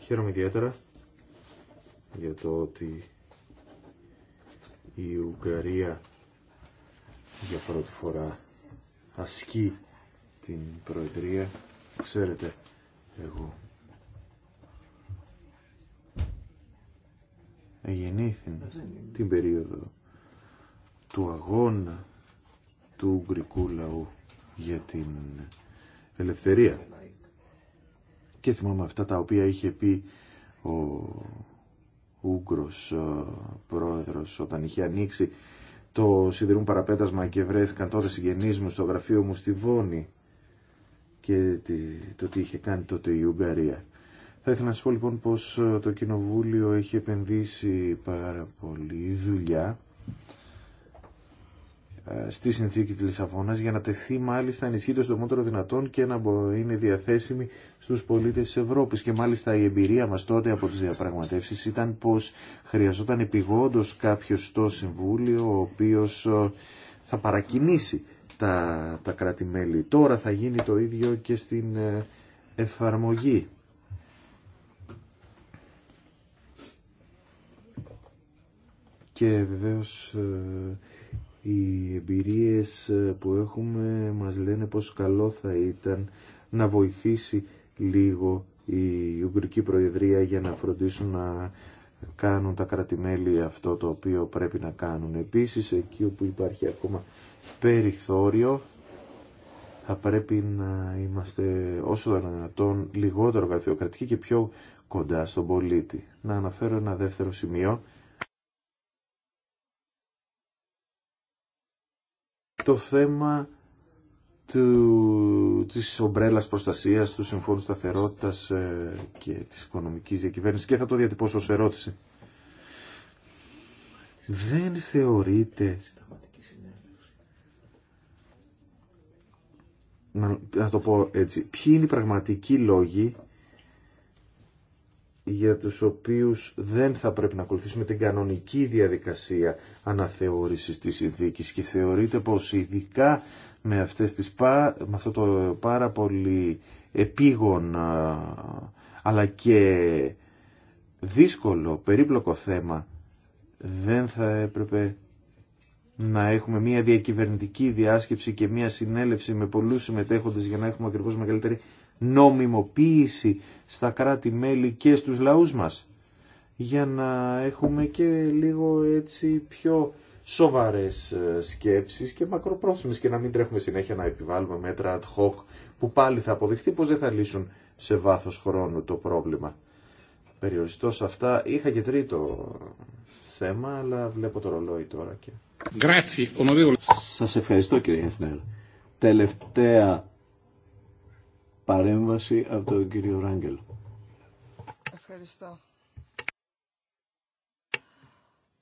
Χαίρομαι ιδιαίτερα για το ότι η Ουγγαρία για πρώτη φορά ασκεί την Προεδρία. Ξέρετε, εγώ γεννήθηκα την περίοδο του αγώνα του Ουγγρικού λαού για την ελευθερία. Και θυμάμαι αυτά τα οποία είχε πει ο Ούγκρος πρόεδρος όταν είχε ανοίξει το σιδηρούν παραπέτασμα και βρέθηκαν τότε συγγενείς μου στο γραφείο μου στη Βόνη και το τι είχε κάνει τότε η Ουγγαρία. Θα ήθελα να σας πω λοιπόν πως το Κοινοβούλιο έχει επενδύσει πάρα πολύ δουλειά ε, στη συνθήκη της Λισαβόνας για να τεθεί μάλιστα ενισχύτως το μόνο δυνατόν και να είναι διαθέσιμη στους πολίτες της Ευρώπης και μάλιστα η εμπειρία μας τότε από τις διαπραγματεύσεις ήταν πως χρειαζόταν επιγόντως κάποιο στο Συμβούλιο ο οποίος ε, θα παρακινήσει τα, τα κράτη-μέλη. Τώρα θα γίνει το ίδιο και στην ε, εφαρμογή. Και βεβαίως οι εμπειρίες ε, που έχουμε μας λένε πως καλό θα ήταν να βοηθήσει λίγο η Ουγγρική Προεδρία για να φροντίσουν να κάνουν τα κρατημέλη αυτό το οποίο πρέπει να κάνουν. Επίσης εκεί όπου υπάρχει ακόμα περιθώριο θα πρέπει να είμαστε όσο δυνατόν λιγότερο γραφειοκρατικοί και πιο κοντά στον πολίτη. Να αναφέρω ένα δεύτερο σημείο το θέμα του, της ομπρέλας προστασίας, του Συμφώνου Σταθερότητας ε, και της οικονομικής διακυβέρνησης και θα το διατυπώσω ως ερώτηση. Δεν θεωρείτε... Να, να το πω έτσι. Ποιοι είναι οι πραγματικοί λόγοι για τους οποίους δεν θα πρέπει να ακολουθήσουμε την κανονική διαδικασία αναθεώρησης της συνθήκη και θεωρείται πως ειδικά με, αυτές τις, με αυτό το πάρα πολύ επίγον αλλά και δύσκολο, περίπλοκο θέμα δεν θα έπρεπε να έχουμε μια διακυβερνητική διάσκεψη και μια συνέλευση με πολλούς συμμετέχοντες για να έχουμε ακριβώς μεγαλύτερη νομιμοποίηση στα κράτη-μέλη και στους λαούς μας για να έχουμε και λίγο έτσι πιο σοβαρές ε, σκέψεις και μακροπρόθεσμες και να μην τρέχουμε συνέχεια να επιβάλλουμε μέτρα ad hoc που πάλι θα αποδειχθεί πως δεν θα λύσουν σε βάθος χρόνου το πρόβλημα. Περιοριστώ σε αυτά. Είχα και τρίτο θέμα, αλλά βλέπω το ρολόι τώρα και... Σας ευχαριστώ κύριε Χεφνέρ. Τελευταία παρέμβαση από τον κύριο Ράγκελ. Ευχαριστώ.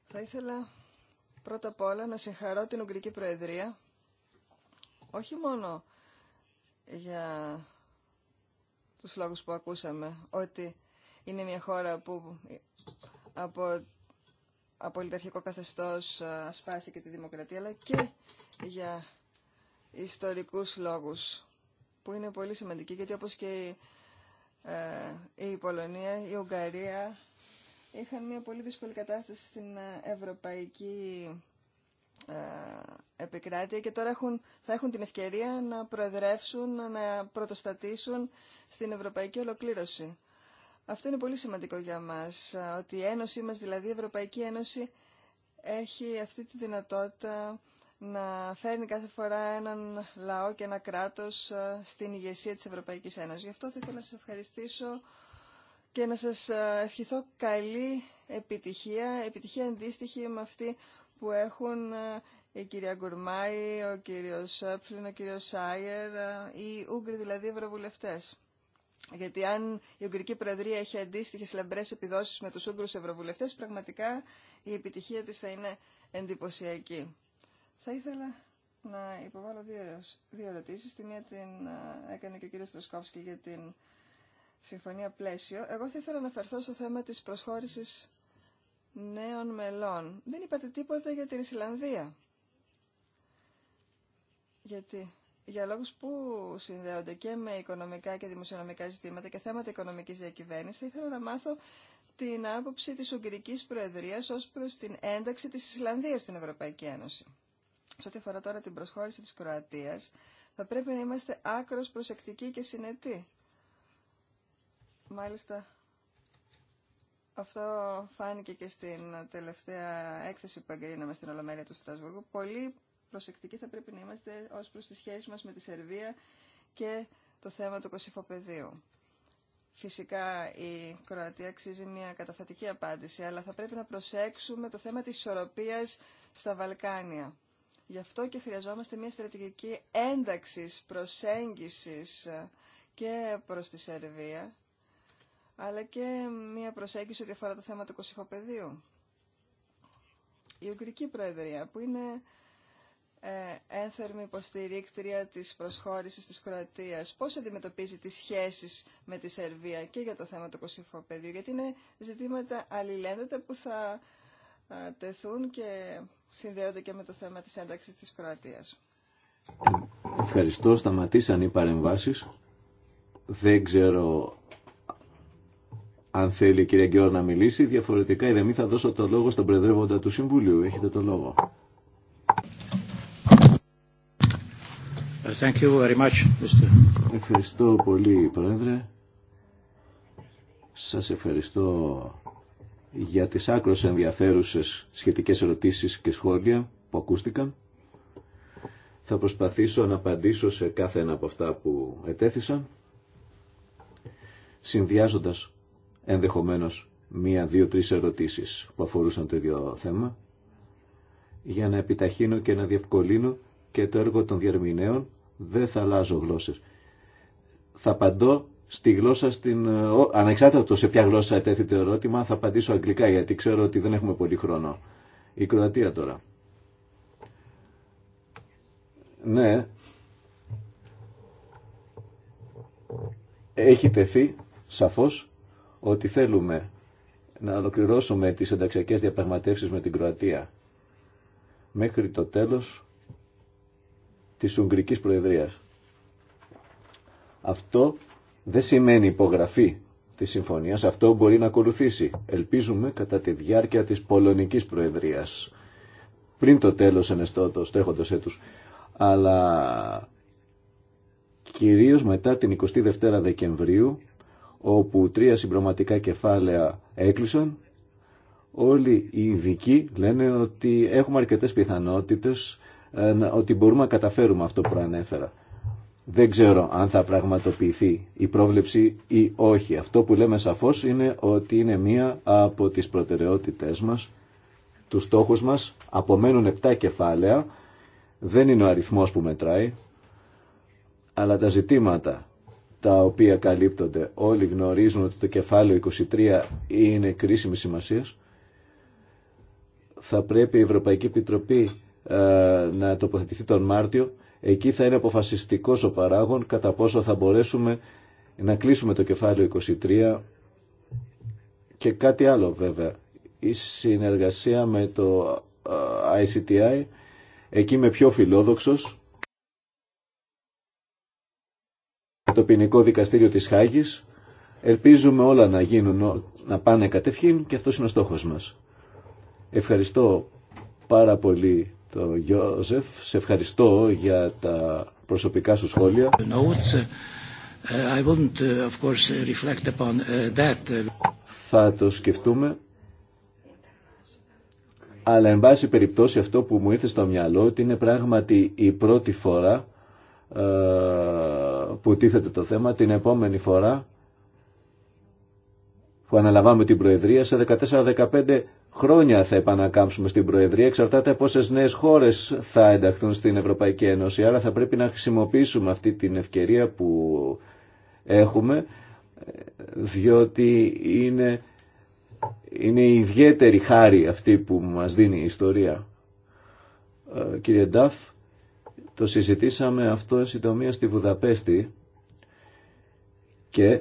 Θα ήθελα πρώτα απ' όλα να συγχαρώ την Ουγγρική Προεδρία όχι μόνο για τους λόγους που ακούσαμε ότι είναι μια χώρα που από απολυταρχικό καθεστώς ασπάστηκε ε, τη δημοκρατία αλλά και για ιστορικούς λόγους που είναι πολύ σημαντική γιατί όπως και η, ε, η Πολωνία, η Ουγγαρία είχαν μια πολύ δύσκολη κατάσταση στην ε, ευρωπαϊκή ε, επικράτεια και τώρα θα έχουν την ευκαιρία να προεδρεύσουν, να πρωτοστατήσουν στην ευρωπαϊκή ολοκλήρωση. Αυτό είναι πολύ σημαντικό για μας, ε, ότι η Ένωση μας, δηλαδή η Ευρωπαϊκή Ένωση, έχει αυτή τη δυνατότητα να φέρνει κάθε φορά έναν λαό και ένα κράτος ε, στην ηγεσία της Ευρωπαϊκής Ένωσης. Γι' αυτό θα ήθελα να σας ευχαριστήσω και να σας ε, ευχηθώ καλή επιτυχία, επιτυχία αντίστοιχη με αυτή που έχουν ε, η κυρία Γκουρμάη, ο κύριος Σέπφλιν, ο κύριος Σάιερ, οι Ούγγροι δηλαδή ευρωβουλευτές. Γιατί αν η Ουγγρική Προεδρία έχει αντίστοιχε λαμπρέ επιδόσει με του Ούγγρου Ευρωβουλευτέ, πραγματικά η επιτυχία τη θα είναι εντυπωσιακή. Θα ήθελα να υποβάλω δύο, δύο ερωτήσεις. Τη μία την ε, έκανε και ο κύριος Τροσκόφσκι για την συμφωνία πλαίσιο. Εγώ θα ήθελα να αναφερθώ στο θέμα της προσχώρησης νέων μελών. Δεν είπατε τίποτα για την Ισλανδία. Γιατί για λόγους που συνδέονται και με οικονομικά και δημοσιονομικά ζητήματα και θέματα οικονομικής διακυβέρνησης, θα ήθελα να μάθω την άποψη της Ουγγρικής Προεδρίας ως προς την ένταξη της Ισλανδίας στην Ευρωπαϊκή Ένωση. Σε ό,τι αφορά τώρα την προσχώρηση της Κροατίας, θα πρέπει να είμαστε άκρος προσεκτικοί και συνετοί. Μάλιστα, αυτό φάνηκε και στην τελευταία έκθεση που εγκρίναμε στην Ολομέλεια του Στρασβούργου. Πολύ προσεκτικοί θα πρέπει να είμαστε ως προς τη σχέση μας με τη Σερβία και το θέμα του κοσυφοπεδίου. Φυσικά η Κροατία αξίζει μια καταφατική απάντηση, αλλά θα πρέπει να προσέξουμε το θέμα της ισορροπίας στα Βαλκάνια. Γι' αυτό και χρειαζόμαστε μια στρατηγική ένταξης, προσέγγισης ε, και προς τη Σερβία, αλλά και μια προσέγγιση ότι αφορά το θέμα του κοσυχοπεδίου. Η Ουγγρική Προεδρία, που είναι ε, ένθερμη υποστηρίκτρια της προσχώρησης της Κροατίας. Πώς αντιμετωπίζει τις σχέσεις με τη Σερβία και για το θέμα του κοσυφοπαιδίου, γιατί είναι ζητήματα αλληλένδετα που θα ε, τεθούν και συνδέονται και με το θέμα της ένταξης της Κροατίας. Ευχαριστώ. Σταματήσαν οι παρεμβάσεις. Δεν ξέρω αν θέλει η κυρία Γκέωρ να μιλήσει. Διαφορετικά, η θα δώσω το λόγο στον Προεδρεύοντα του Συμβουλίου. Έχετε το λόγο. Thank you very much, Mr. Ευχαριστώ πολύ, Πρόεδρε. Σας ευχαριστώ για τις άκρως ενδιαφέρουσες σχετικές ερωτήσεις και σχόλια που ακούστηκαν. Θα προσπαθήσω να απαντήσω σε κάθε ένα από αυτά που ετέθησαν, συνδυάζοντας ενδεχομένως μία, δύο, τρεις ερωτήσεις που αφορούσαν το ίδιο θέμα, για να επιταχύνω και να διευκολύνω και το έργο των διαρμηνέων δεν θα αλλάζω γλώσσες. Θα απαντώ στη γλώσσα, στην... Ε, ανεξάρτητα το σε ποια γλώσσα το ερώτημα, θα απαντήσω αγγλικά γιατί ξέρω ότι δεν έχουμε πολύ χρόνο. Η Κροατία τώρα. Ναι. Έχει τεθεί σαφώς ότι θέλουμε να ολοκληρώσουμε τις ενταξιακές διαπραγματεύσεις με την Κροατία μέχρι το τέλος της Ουγγρικής Προεδρίας. Αυτό δεν σημαίνει υπογραφή τη συμφωνίας. Αυτό μπορεί να ακολουθήσει. Ελπίζουμε κατά τη διάρκεια της Πολωνικής Προεδρίας. Πριν το τέλος ενεστώτος τρέχοντος έτου. Αλλά κυρίω μετά την 22 Δεκεμβρίου όπου τρία συμπροματικά κεφάλαια έκλεισαν όλοι οι ειδικοί λένε ότι έχουμε αρκετές πιθανότητες ε, ότι μπορούμε να καταφέρουμε αυτό που προανέφερα. Δεν ξέρω αν θα πραγματοποιηθεί η πρόβλεψη ή όχι. Αυτό που λέμε σαφώς είναι ότι είναι μία από τις προτεραιότητές μας, τους στόχους μας. Απομένουν επτά κεφάλαια, δεν είναι ο αριθμός που μετράει, αλλά τα ζητήματα τα οποία καλύπτονται. Όλοι γνωρίζουν ότι το κεφάλαιο 23 είναι κρίσιμη σημασία. Θα πρέπει η Ευρωπαϊκή Επιτροπή ε, να τοποθετηθεί τον Μάρτιο Εκεί θα είναι αποφασιστικός ο παράγων κατά πόσο θα μπορέσουμε να κλείσουμε το κεφάλαιο 23 και κάτι άλλο βέβαια. Η συνεργασία με το ICTI, εκεί είμαι πιο φιλόδοξος. Το ποινικό δικαστήριο της Χάγης, ελπίζουμε όλα να γίνουν, να πάνε κατευχήν και αυτός είναι ο στόχος μας. Ευχαριστώ πάρα πολύ το Γιώζεφ. Σε ευχαριστώ για τα προσωπικά σου σχόλια. Uh, I uh, of course, uh, reflect upon that. Θα το σκεφτούμε. Αλλά εν πάση περιπτώσει αυτό που μου ήρθε στο μυαλό ότι είναι πράγματι η πρώτη φορά που τίθεται το θέμα. Την επόμενη φορά που αναλαμβάνουμε την Προεδρία, σε 14-15 χρόνια θα επανακάμψουμε στην Προεδρία. Εξαρτάται πόσες νέες χώρες θα ενταχθούν στην Ευρωπαϊκή Ένωση. Άρα θα πρέπει να χρησιμοποιήσουμε αυτή την ευκαιρία που έχουμε, διότι είναι, είναι ιδιαίτερη χάρη αυτή που μας δίνει η ιστορία. Ε, κύριε Νταφ, το συζητήσαμε αυτό συντομία στη Βουδαπέστη και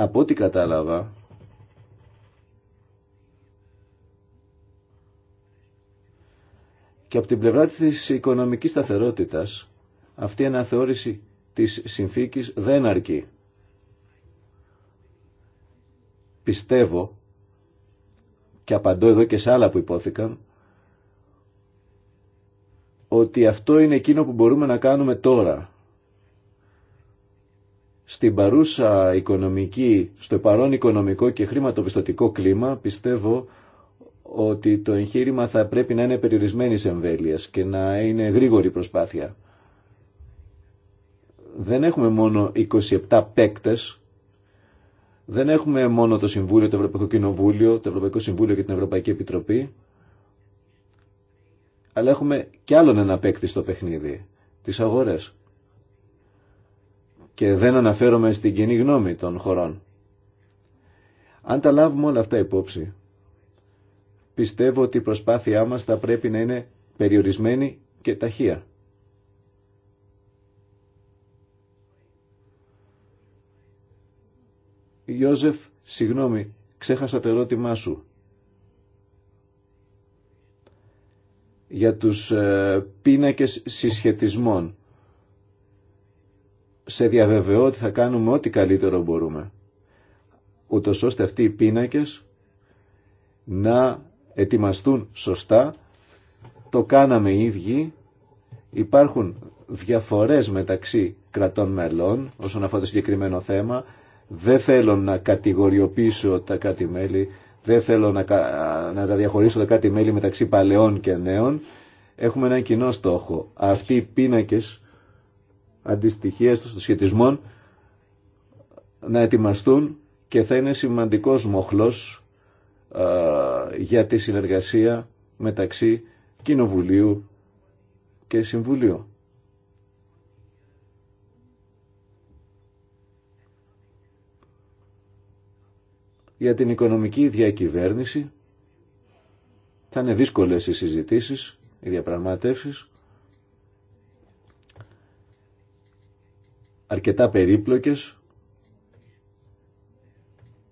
Από ό,τι κατάλαβα, και από την πλευρά της οικονομικής σταθερότητας, αυτή η αναθεώρηση της συνθήκης δεν αρκεί. Πιστεύω, και απαντώ εδώ και σε άλλα που υπόθηκαν, ότι αυτό είναι εκείνο που μπορούμε να κάνουμε τώρα. Στην παρούσα οικονομική, στο παρόν οικονομικό και χρηματοπιστωτικό κλίμα πιστεύω ότι το εγχείρημα θα πρέπει να είναι περιορισμένη εμβέλεια και να είναι γρήγορη προσπάθεια. Δεν έχουμε μόνο 27 παίκτε. δεν έχουμε μόνο το Συμβούλιο, το Ευρωπαϊκό Κοινοβούλιο, το Ευρωπαϊκό Συμβούλιο και την Ευρωπαϊκή Επιτροπή, αλλά έχουμε κι άλλον ένα παίκτη στο παιχνίδι, τις αγορές και δεν αναφέρομαι στην κοινή γνώμη των χωρών. Αν τα λάβουμε όλα αυτά υπόψη, πιστεύω ότι η προσπάθειά μας θα πρέπει να είναι περιορισμένη και ταχεία. Ιώζεφ, συγγνώμη, ξέχασα το ερώτημά σου. Για τους ε, πίνακες συσχετισμών σε διαβεβαιώ ότι θα κάνουμε ό,τι καλύτερο μπορούμε, ούτω ώστε αυτοί οι πίνακες να ετοιμαστούν σωστά. Το κάναμε οι ίδιοι. Υπάρχουν διαφορές μεταξύ κρατών μελών όσον αφορά το συγκεκριμένο θέμα. Δεν θέλω να κατηγοριοποιήσω τα κάτι μελη δεν θέλω να, να τα διαχωρίσω τα κάτι μελη μεταξύ παλαιών και νέων. Έχουμε ένα κοινό στόχο. Αυτοί οι πίνακες αντιστοιχίες των σχετισμών να ετοιμαστούν και θα είναι σημαντικός μοχλός για τη συνεργασία μεταξύ Κοινοβουλίου και Συμβουλίου. Για την οικονομική διακυβέρνηση θα είναι δύσκολες οι συζητήσεις, οι διαπραγματεύσεις. αρκετά περίπλοκες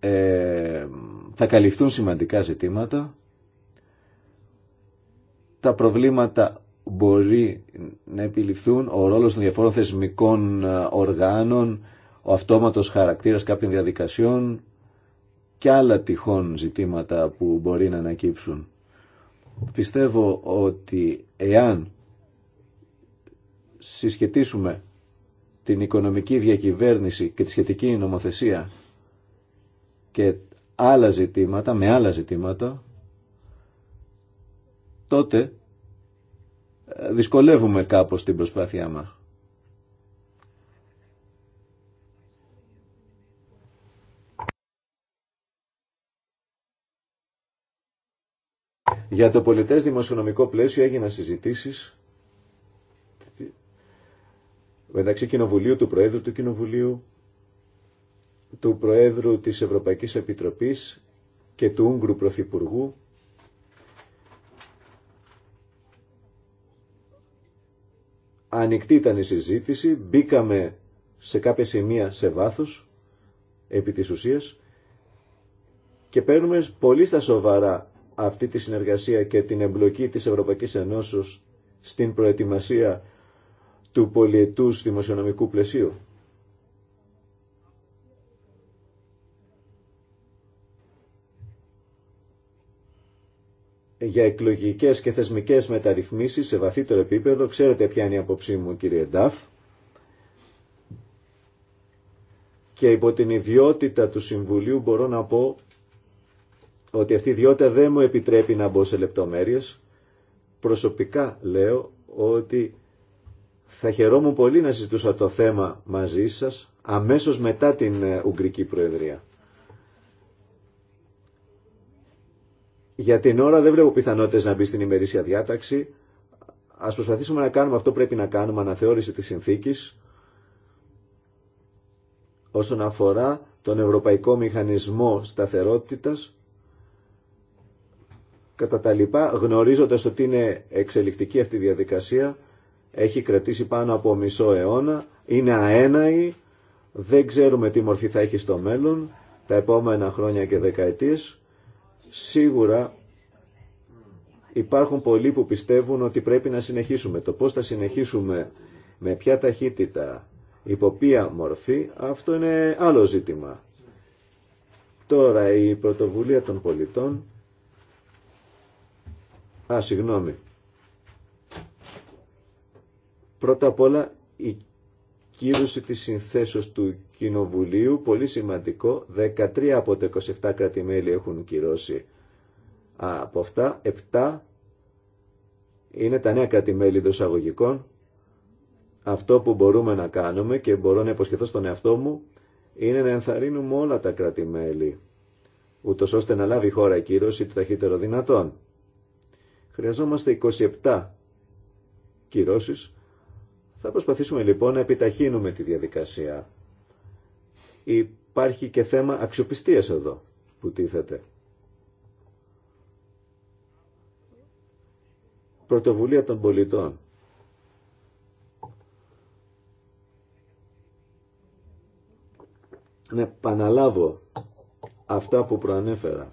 ε, θα καλυφθούν σημαντικά ζητήματα τα προβλήματα μπορεί να επιληφθούν ο ρόλος των διαφόρων θεσμικών ε, οργάνων ο αυτόματος χαρακτήρας κάποιων διαδικασιών και άλλα τυχόν ζητήματα που μπορεί να ανακύψουν. Πιστεύω ότι εάν συσχετίσουμε την οικονομική διακυβέρνηση και τη σχετική νομοθεσία και άλλα ζητήματα, με άλλα ζητήματα, τότε ε, δυσκολεύουμε κάπως την προσπάθειά μας. Για το πολιτές δημοσιονομικό πλαίσιο έγιναν συζητήσεις μεταξύ Κοινοβουλίου, του Προέδρου του Κοινοβουλίου, του Προέδρου της Ευρωπαϊκής Επιτροπής και του Ούγγρου Πρωθυπουργού Ανοιχτή ήταν η συζήτηση, μπήκαμε σε κάποια σημεία σε βάθος, επί της ουσίας, και παίρνουμε πολύ στα σοβαρά αυτή τη συνεργασία και την εμπλοκή της Ευρωπαϊκής Ενώσεως στην προετοιμασία του πολιετούς δημοσιονομικού πλαισίου. για εκλογικές και θεσμικές μεταρρυθμίσεις σε βαθύτερο επίπεδο. Ξέρετε ποια είναι η απόψή μου κύριε Νταφ. Και υπό την ιδιότητα του Συμβουλίου μπορώ να πω ότι αυτή η ιδιότητα δεν μου επιτρέπει να μπω σε λεπτομέρειες. Προσωπικά λέω ότι θα χαιρόμουν πολύ να συζητούσα το θέμα μαζί σας αμέσως μετά την ε, Ουγγρική Προεδρία. Για την ώρα δεν βλέπω πιθανότητες να μπει στην ημερήσια διάταξη. Ας προσπαθήσουμε να κάνουμε αυτό πρέπει να κάνουμε, αναθεώρηση της συνθήκης όσον αφορά τον Ευρωπαϊκό Μηχανισμό Σταθερότητας κατά τα λοιπά, γνωρίζοντας ότι είναι εξελικτική αυτή η διαδικασία, έχει κρατήσει πάνω από μισό αιώνα, είναι αέναη, δεν ξέρουμε τι μορφή θα έχει στο μέλλον, τα επόμενα χρόνια και δεκαετίες. Σίγουρα υπάρχουν πολλοί που πιστεύουν ότι πρέπει να συνεχίσουμε. Το πώς θα συνεχίσουμε, με ποια ταχύτητα, υπό ποια μορφή, αυτό είναι άλλο ζήτημα. Τώρα η πρωτοβουλία των πολιτών... Α, συγγνώμη. Πρώτα απ' όλα η κύρωση της συνθέσεως του Κοινοβουλίου, πολύ σημαντικό, 13 από τα 27 κρατημέλη έχουν κυρώσει. Από αυτά, 7 είναι τα νέα των εισαγωγικών. Αυτό που μπορούμε να κάνουμε και μπορώ να υποσχεθώ στον εαυτό μου είναι να ενθαρρύνουμε όλα τα κρατημέλη μελη ώστε να λάβει η χώρα η κύρωση του ταχύτερο δυνατόν. Χρειαζόμαστε 27 κυρώσεις θα προσπαθήσουμε λοιπόν να επιταχύνουμε τη διαδικασία. Υπάρχει και θέμα αξιοπιστίας εδώ που τίθεται. Πρωτοβουλία των πολιτών. Να επαναλάβω αυτά που προανέφερα.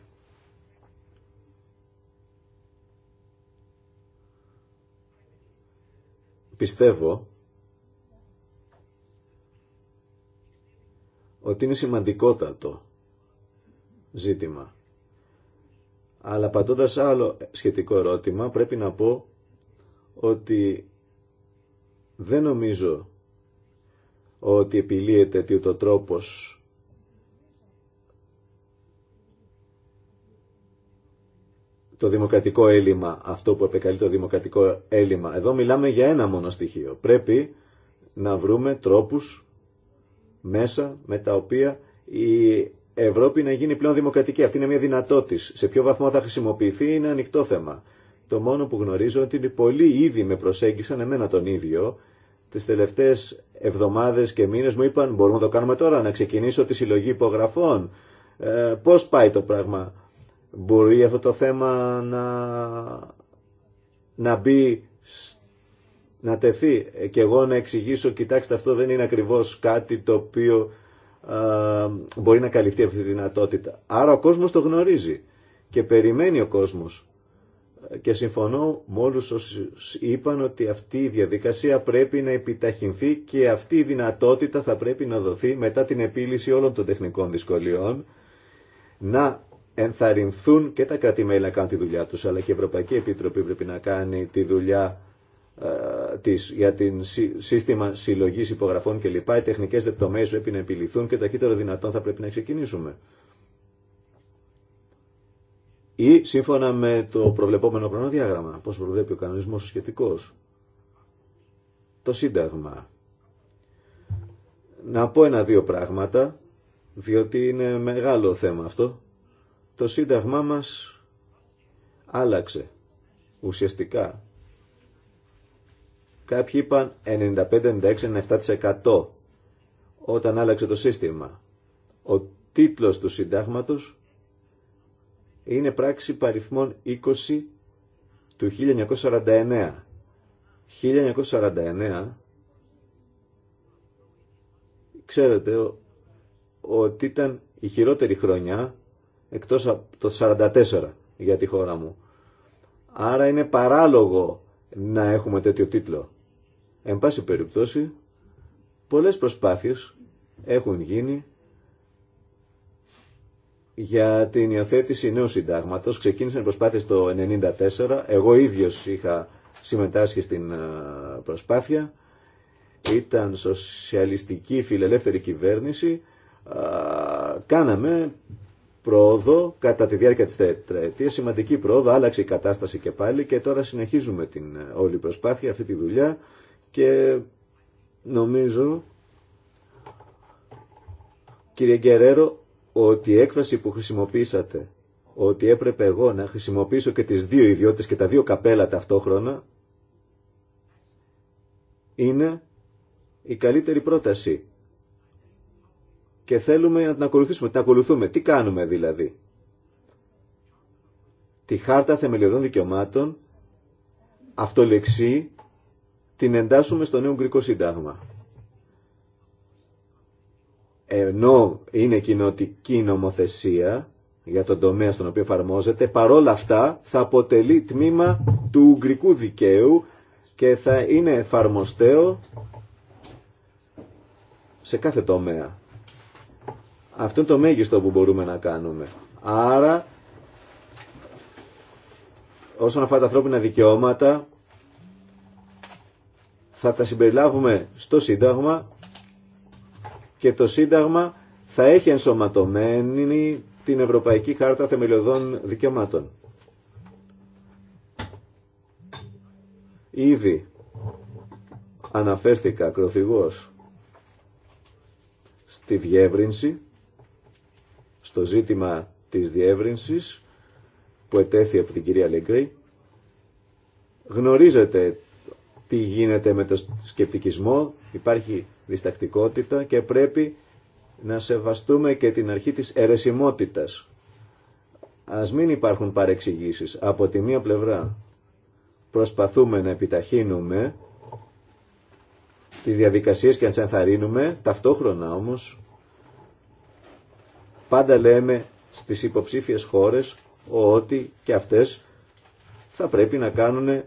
Πιστεύω ότι είναι σημαντικότατο ζήτημα. Αλλά πατώντα άλλο σχετικό ερώτημα πρέπει να πω ότι δεν νομίζω ότι επιλύεται ο τρόπος το δημοκρατικό έλλειμμα, αυτό που επεκαλεί το δημοκρατικό έλλειμμα. Εδώ μιλάμε για ένα μόνο στοιχείο. Πρέπει να βρούμε τρόπους μέσα με τα οποία η Ευρώπη να γίνει πλέον δημοκρατική. Αυτή είναι μια δυνατότητα. Σε ποιο βαθμό θα χρησιμοποιηθεί είναι ανοιχτό θέμα. Το μόνο που γνωρίζω είναι ότι πολλοί ήδη με προσέγγισαν εμένα τον ίδιο. Τι τελευταίε εβδομάδε και μήνε μου είπαν μπορούμε να το κάνουμε τώρα, να ξεκινήσω τη συλλογή υπογραφών. Ε, Πώ πάει το πράγμα. Μπορεί αυτό το θέμα να, να μπει να τεθεί και εγώ να εξηγήσω, κοιτάξτε αυτό δεν είναι ακριβώς κάτι το οποίο μπορεί να καλυφθεί αυτή τη δυνατότητα. Άρα ο κόσμος το γνωρίζει και περιμένει ο κόσμος. Και συμφωνώ με όλου όσοι είπαν ότι αυτή η διαδικασία πρέπει να επιταχυνθεί και αυτή η δυνατότητα θα πρέπει να δοθεί μετά την επίλυση όλων των τεχνικών δυσκολιών να ενθαρρυνθούν και τα κρατημέλη να κάνουν τη δουλειά τους αλλά και η Ευρωπαϊκή Επιτροπή πρέπει να κάνει τη δουλειά ε, της, για την σύστημα συλλογής υπογραφών κλπ. Οι τεχνικέ δεπτομέρειε πρέπει να επιληθούν και ταχύτερο δυνατόν θα πρέπει να ξεκινήσουμε. Ή σύμφωνα με το προβλεπόμενο χρονοδιάγραμμα, πώς προβλέπει ο κανονισμός ο σχετικός. Το Σύνταγμα. Να πω ένα-δύο πράγματα, διότι είναι μεγάλο θέμα αυτό. Το Σύνταγμά μας άλλαξε ουσιαστικά Κάποιοι είπαν 95-96-97% όταν άλλαξε το σύστημα. Ο τίτλος του συντάγματος είναι πράξη παριθμών 20 του 1949. 1949 ξέρετε ότι ήταν η χειρότερη χρονιά εκτός από το 44 για τη χώρα μου. Άρα είναι παράλογο να έχουμε τέτοιο τίτλο. Εν πάση περιπτώσει, πολλές προσπάθειες έχουν γίνει για την υιοθέτηση νέου συντάγματος. Ξεκίνησαν οι προσπάθειες το 1994. Εγώ ίδιος είχα συμμετάσχει στην ε, προσπάθεια. Ήταν σοσιαλιστική φιλελεύθερη κυβέρνηση. Κάναμε πρόοδο κατά τη διάρκεια της τετραετίας, σημαντική πρόοδο, άλλαξε η κατάσταση και πάλι και τώρα συνεχίζουμε την ε, όλη προσπάθεια, αυτή τη δουλειά και νομίζω κύριε Γκερέρο ότι η έκφραση που χρησιμοποίησατε ότι έπρεπε εγώ να χρησιμοποιήσω και τις δύο ιδιότητες και τα δύο καπέλα ταυτόχρονα είναι η καλύτερη πρόταση και θέλουμε να την ακολουθήσουμε. Την ακολουθούμε. Τι κάνουμε δηλαδή. Τη χάρτα θεμελιωδών δικαιωμάτων αυτολεξεί την εντάσσουμε στο νέο Ουγγρικό Σύνταγμα. Ενώ είναι κοινοτική νομοθεσία για τον τομέα στον οποίο εφαρμόζεται, παρόλα αυτά θα αποτελεί τμήμα του Ουγγρικού δικαίου και θα είναι εφαρμοστέο σε κάθε τομέα. Αυτό είναι το μέγιστο που μπορούμε να κάνουμε. Άρα, όσον αφορά τα ανθρώπινα δικαιώματα, θα τα συμπεριλάβουμε στο Σύνταγμα και το Σύνταγμα θα έχει ενσωματωμένη την Ευρωπαϊκή Χάρτα Θεμελιωδών Δικαιωμάτων. Ήδη αναφέρθηκα ακροθυγός στη διεύρυνση, στο ζήτημα της διεύρυνσης που ετέθη από την κυρία Λεγκρή. Γνωρίζετε τι γίνεται με το σκεπτικισμό, υπάρχει διστακτικότητα και πρέπει να σεβαστούμε και την αρχή της αιρεσιμότητας. Ας μην υπάρχουν παρεξηγήσεις. Από τη μία πλευρά προσπαθούμε να επιταχύνουμε τις διαδικασίες και να τις ενθαρρύνουμε, ταυτόχρονα όμως πάντα λέμε στις υποψήφιες χώρες ότι και αυτές θα πρέπει να κάνουν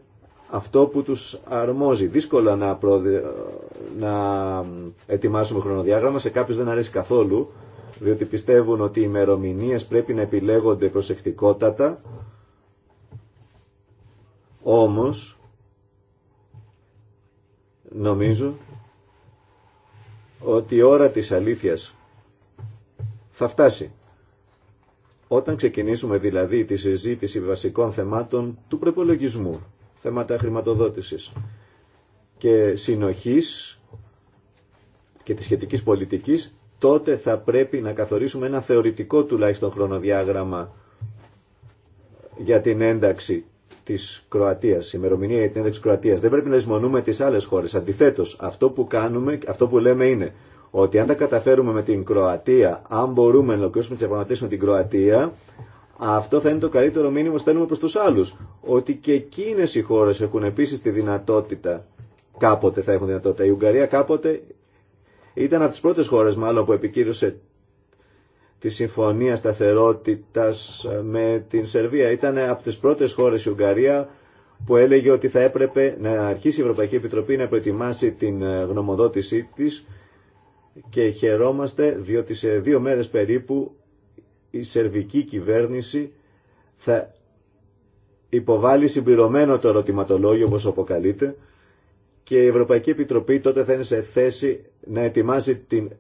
αυτό που τους αρμόζει. Δύσκολα να, να ετοιμάσουμε χρονοδιάγραμμα, σε κάποιους δεν αρέσει καθόλου, διότι πιστεύουν ότι οι ημερομηνίε πρέπει να επιλέγονται προσεκτικότατα, όμως νομίζω ότι η ώρα της αλήθειας θα φτάσει. Όταν ξεκινήσουμε δηλαδή τη συζήτηση βασικών θεμάτων του προπολογισμού θέματα χρηματοδότησης και συνοχής και της σχετικής πολιτικής, τότε θα πρέπει να καθορίσουμε ένα θεωρητικό τουλάχιστον χρονοδιάγραμμα για την ένταξη της Κροατίας, η ημερομηνία για την ένταξη της Κροατίας. Δεν πρέπει να λησμονούμε τις άλλες χώρες. Αντιθέτως, αυτό που κάνουμε, αυτό που λέμε είναι ότι αν τα καταφέρουμε με την Κροατία, αν μπορούμε να ολοκληρώσουμε τι διαπραγματεύσεις με την Κροατία, αυτό θα είναι το καλύτερο μήνυμα που στέλνουμε προ του άλλου. Ότι και εκείνε οι χώρε έχουν επίση τη δυνατότητα, κάποτε θα έχουν δυνατότητα. Η Ουγγαρία κάποτε ήταν από τι πρώτε χώρε, μάλλον που επικύρωσε τη Συμφωνία σταθερότητα με την Σερβία. Ήταν από τι πρώτε χώρε η Ουγγαρία που έλεγε ότι θα έπρεπε να αρχίσει η Ευρωπαϊκή Επιτροπή να προετοιμάσει την ε, γνωμοδότησή της και χαιρόμαστε διότι σε δύο μέρες περίπου η σερβική κυβέρνηση θα υποβάλει συμπληρωμένο το ερωτηματολόγιο όπως αποκαλείται και η Ευρωπαϊκή Επιτροπή τότε θα είναι σε θέση να ετοιμάζει την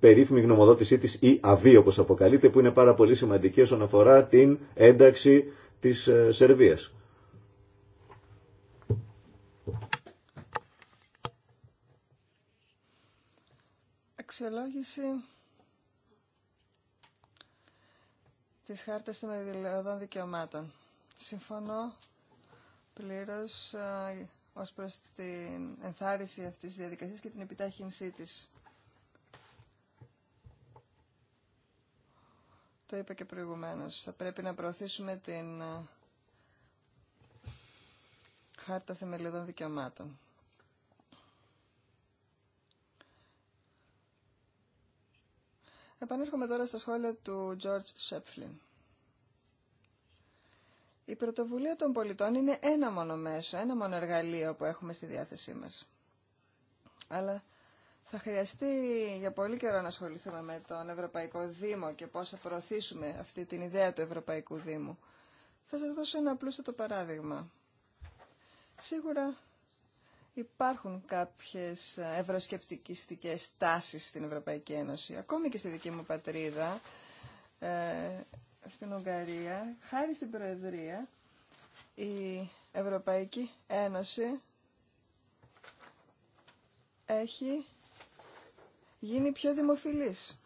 περίφημη γνωμοδότησή της ή αβή όπως αποκαλείται που είναι πάρα πολύ σημαντική όσον αφορά την ένταξη της ε, Σερβίας. Αξιολόγηση της Χάρτας Θεμελιωδών Δικαιωμάτων. Συμφωνώ πλήρως ως προς την ενθάρρυνση αυτής της διαδικασίας και την επιτάχυνσή της. Το είπα και προηγουμένως. Θα πρέπει να προωθήσουμε την Χάρτα Θεμελιωδών Δικαιωμάτων. Επανέρχομαι τώρα στα σχόλια του George Shepflin. Η πρωτοβουλία των πολιτών είναι ένα μόνο μέσο, ένα μόνο εργαλείο που έχουμε στη διάθεσή μας. Αλλά θα χρειαστεί για πολύ καιρό να ασχοληθούμε με τον Ευρωπαϊκό Δήμο και πώς θα προωθήσουμε αυτή την ιδέα του Ευρωπαϊκού Δήμου. Θα σας δώσω ένα απλούστατο παράδειγμα. Σίγουρα υπάρχουν κάποιες ευρωσκεπτικιστικές τάσεις στην Ευρωπαϊκή Ένωση. Ακόμη και στη δική μου πατρίδα, ε, στην Ουγγαρία, χάρη στην Προεδρία, η Ευρωπαϊκή Ένωση έχει γίνει πιο δημοφιλής.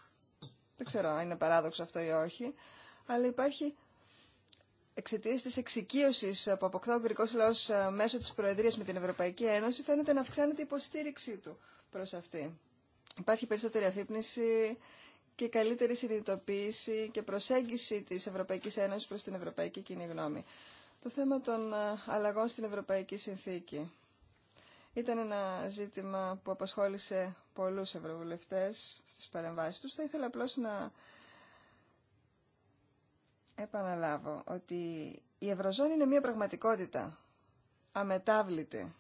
Δεν ξέρω αν είναι παράδοξο αυτό ή όχι, αλλά υπάρχει εξαιτία τη εξοικείωση ε, που αποκτά ο Ουγγρικό λαό ε, μέσω τη Προεδρία με την Ευρωπαϊκή Ένωση, φαίνεται να αυξάνεται η υποστήριξή του προ αυτή. Υπάρχει περισσότερη αφύπνιση και καλύτερη συνειδητοποίηση και προσέγγιση τη Ευρωπαϊκή Ένωση προ την Ευρωπαϊκή Κοινή Γνώμη. Το θέμα των ε, αλλαγών στην Ευρωπαϊκή Συνθήκη. Ήταν ένα ζήτημα που απασχόλησε πολλούς ευρωβουλευτές στις παρεμβάσει του Θα ήθελα απλώ να επαναλάβω ότι η Ευρωζώνη είναι μια πραγματικότητα, αμετάβλητη.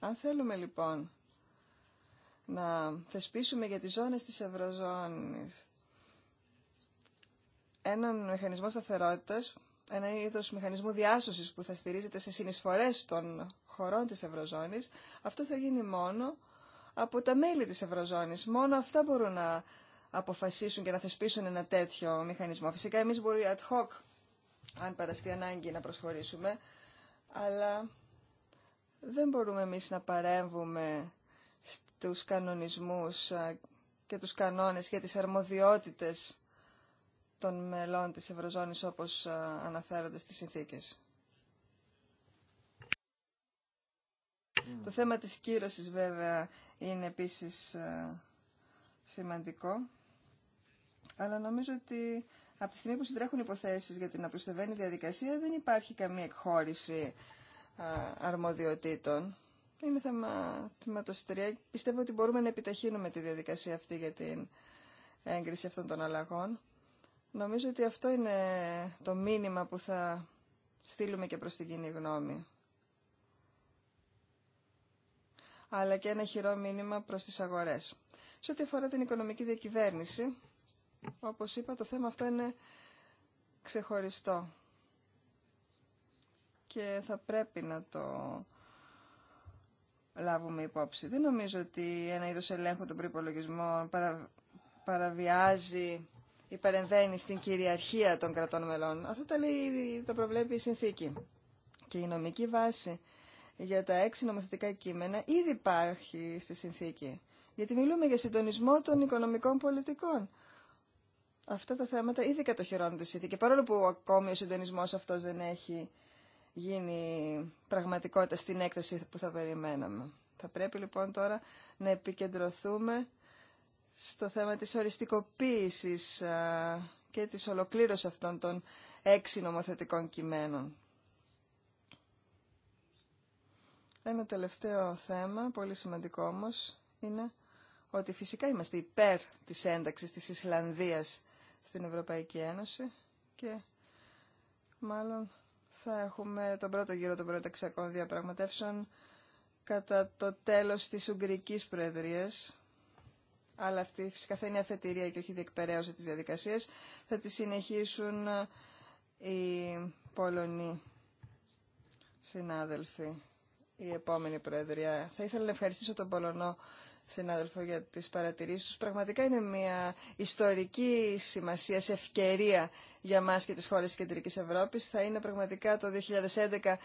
Αν θέλουμε λοιπόν να θεσπίσουμε για τις ζώνες της Ευρωζώνης έναν μηχανισμό σταθερότητας, ένα είδος μηχανισμού διάσωσης που θα στηρίζεται σε συνεισφορές των χωρών της Ευρωζώνης, αυτό θα γίνει μόνο από τα μέλη της Ευρωζώνης. Μόνο αυτά μπορούν να αποφασίσουν και να θεσπίσουν ένα τέτοιο μηχανισμό. Φυσικά εμείς μπορεί ad hoc, αν παραστεί ανάγκη, να προσχωρήσουμε, αλλά δεν μπορούμε εμείς να παρέμβουμε στους κανονισμούς και τους κανόνες για τις αρμοδιότητες των μελών της Ευρωζώνης όπως αναφέρονται στις συνθήκες. Το θέμα της κύρωσης βέβαια είναι επίσης σημαντικό. Αλλά νομίζω ότι από τη στιγμή που συντρέχουν υποθέσεις για την απλουστευμένη διαδικασία δεν υπάρχει καμία εκχώρηση αρμοδιοτήτων. Είναι θέμα 3. Πιστεύω ότι μπορούμε να επιταχύνουμε τη διαδικασία αυτή για την έγκριση αυτών των αλλαγών. Νομίζω ότι αυτό είναι το μήνυμα που θα στείλουμε και προς την κοινή γνώμη. Αλλά και ένα χειρό μήνυμα προς τις αγορές. Σε ό,τι αφορά την οικονομική διακυβέρνηση, όπως είπα, το θέμα αυτό είναι ξεχωριστό και θα πρέπει να το λάβουμε υπόψη. Δεν νομίζω ότι ένα είδος ελέγχου των προϋπολογισμών παραβιάζει ή παρεμβαίνει στην κυριαρχία των κρατών μελών. Αυτό τα λέει, το προβλέπει η συνθήκη. Και η νομική βάση για τα έξι νομοθετικά κείμενα ήδη υπάρχει στη συνθήκη. Γιατί μιλούμε για συντονισμό των οικονομικών πολιτικών αυτά τα θέματα ήδη κατοχυρώνονται ήδη και Παρόλο που ακόμη ο συντονισμό αυτό δεν έχει γίνει πραγματικότητα στην έκταση που θα περιμέναμε. Θα πρέπει λοιπόν τώρα να επικεντρωθούμε στο θέμα της οριστικοποίησης και της ολοκλήρωσης αυτών των έξι νομοθετικών κειμένων. Ένα τελευταίο θέμα, πολύ σημαντικό όμως, είναι ότι φυσικά είμαστε υπέρ της ένταξης της Ισλανδίας στην Ευρωπαϊκή Ένωση και μάλλον θα έχουμε τον πρώτο γύρο των πρωταξιακών διαπραγματεύσεων κατά το τέλος της Ουγγρικής Προεδρίας αλλά αυτή φυσικά θα είναι αφετηρία και όχι διεκπαιρέωση της διαδικασίας θα τη συνεχίσουν ε, οι Πολωνοί συνάδελφοι η επόμενη Προεδρία. Θα ήθελα να ευχαριστήσω τον Πολωνό συνάδελφο για τις παρατηρήσεις τους. Πραγματικά είναι μια ιστορική σημασία, σε ευκαιρία για μας και τις χώρες της Κεντρικής Ευρώπης. Θα είναι πραγματικά το 2011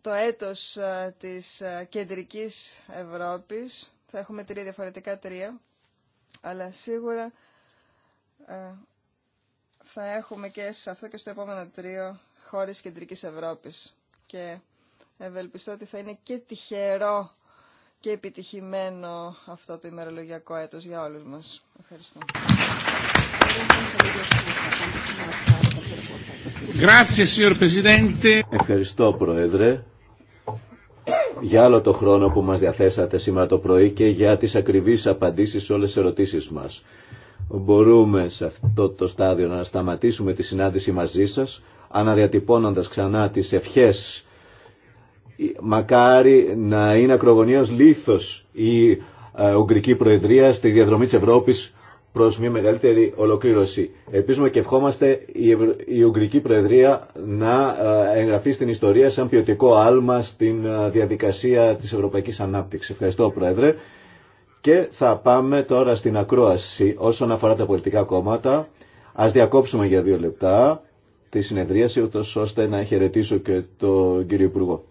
το έτος της Κεντρικής Ευρώπης. Θα έχουμε τρία διαφορετικά τρία, αλλά σίγουρα θα έχουμε και σε αυτό και στο επόμενο τρίο χώρες Κεντρικής Ευρώπης. Και ευελπιστώ ότι θα είναι και τυχερό και επιτυχημένο αυτό το ημερολογιακό έτος για όλους μας. Ευχαριστώ. Ευχαριστώ, Πρόεδρε, για άλλο το χρόνο που μας διαθέσατε σήμερα το πρωί και για τις ακριβείς απαντήσεις σε όλες τις ερωτήσεις μας. Μπορούμε σε αυτό το στάδιο να σταματήσουμε τη συνάντηση μαζί σας, αναδιατυπώνοντας ξανά τις ευχές μακάρι να είναι ακρογωνίως λήθος η ε, Ουγγρική Προεδρία στη διαδρομή της Ευρώπης προς μια μεγαλύτερη ολοκλήρωση. Ελπίζουμε και ευχόμαστε η Ουγγρική Προεδρία να ε, εγγραφεί στην ιστορία σαν ποιοτικό άλμα στην ε, διαδικασία της Ευρωπαϊκής Ανάπτυξης. Ευχαριστώ Πρόεδρε. Και θα πάμε τώρα στην ακρόαση όσον αφορά τα πολιτικά κόμματα. Ας διακόψουμε για δύο λεπτά τη συνεδρίαση, ώστε να χαιρετήσω και τον κύριο Υπουργό.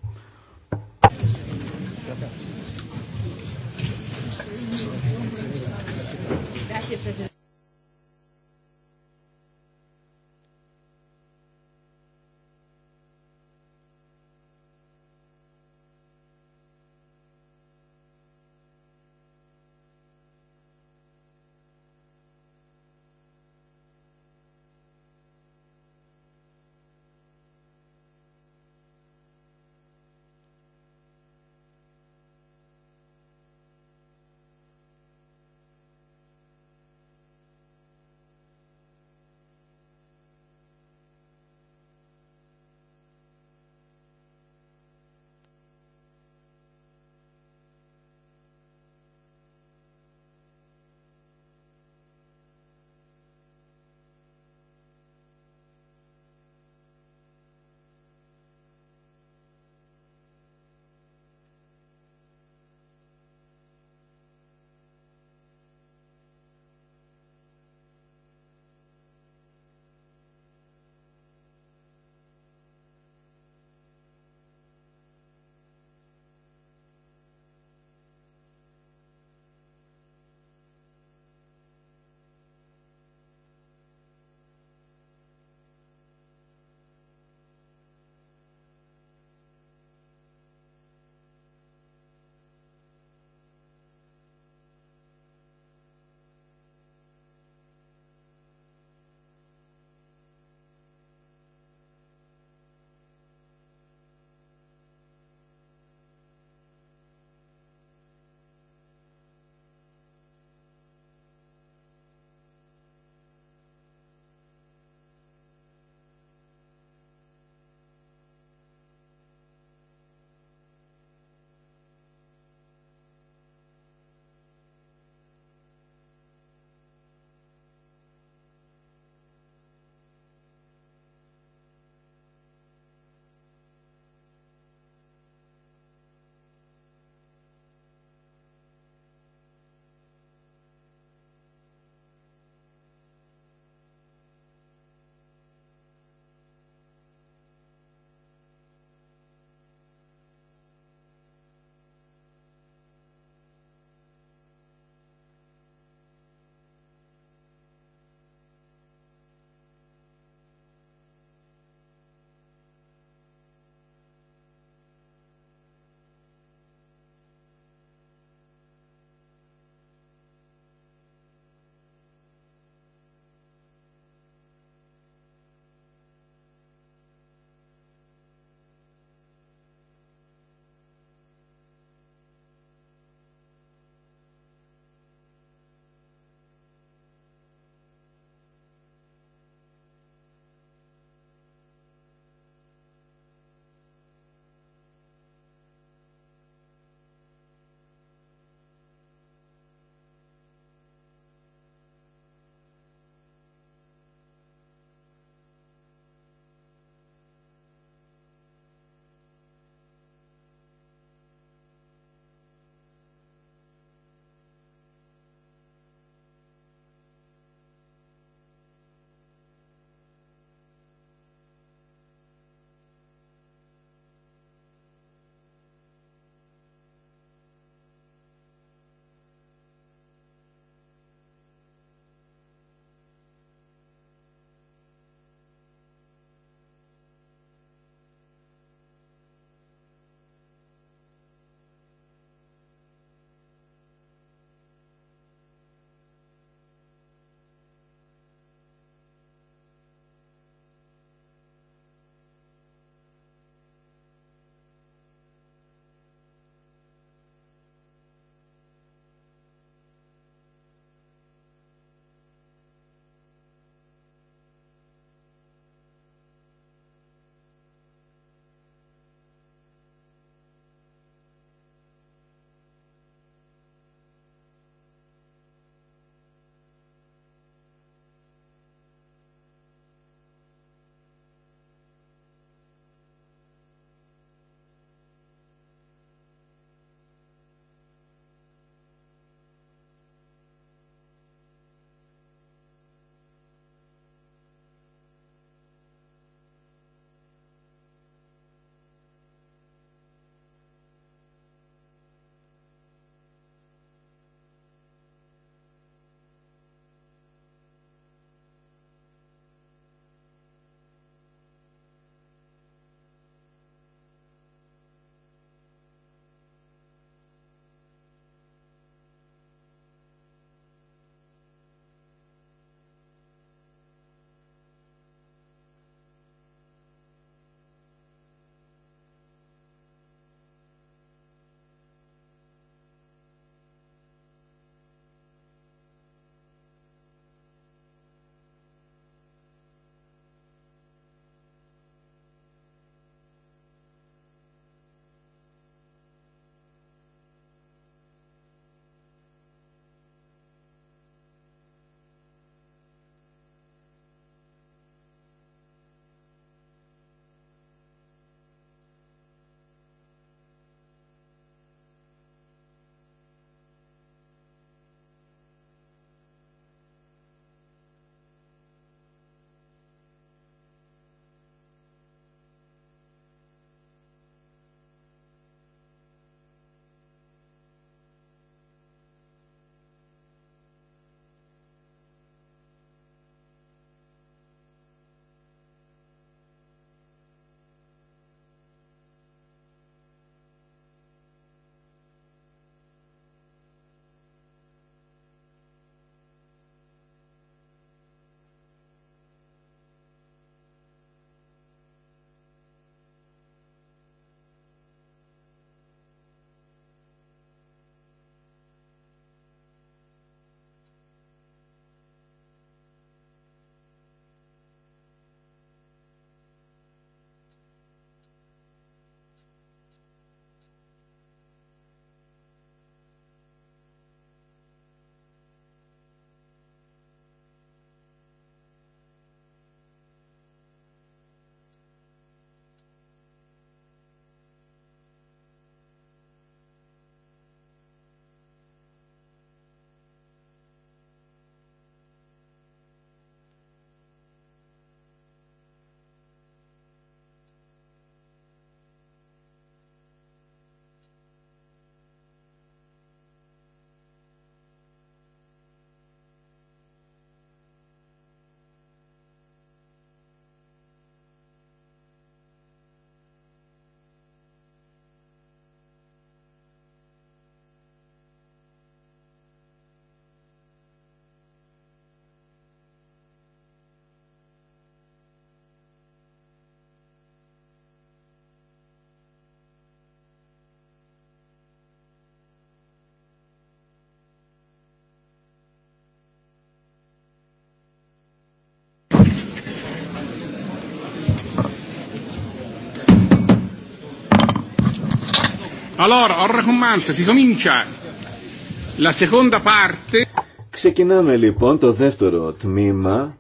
Ξεκινάμε λοιπόν το δεύτερο τμήμα.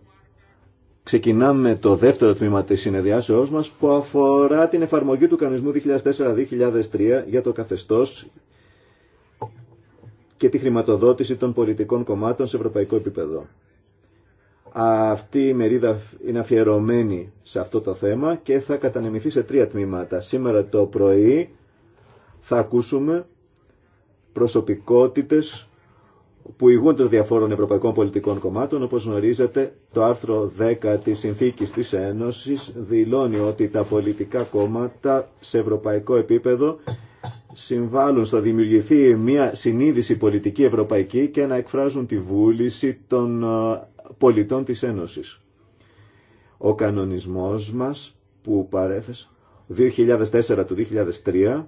Ξεκινάμε το δεύτερο τμήμα της συνεδιάσεώς μας που αφορά την εφαρμογή του κανονισμού 2004-2003 για το καθεστώς και τη χρηματοδότηση των πολιτικών κομμάτων σε ευρωπαϊκό επίπεδο. Αυτή η μερίδα είναι αφιερωμένη σε αυτό το θέμα και θα κατανεμηθεί σε τρία τμήματα. Σήμερα το πρωί θα ακούσουμε προσωπικότητες που ηγούν των διαφόρων ευρωπαϊκών πολιτικών κομμάτων. Όπως γνωρίζετε, το άρθρο 10 της Συνθήκης της Ένωσης δηλώνει ότι τα πολιτικά κόμματα σε ευρωπαϊκό επίπεδο συμβάλλουν στο δημιουργηθεί μια συνείδηση πολιτική ευρωπαϊκή και να εκφράζουν τη βούληση των ε, πολιτών της Ένωσης. Ο κανονισμός μας που παρέθεσε 2004 του 2003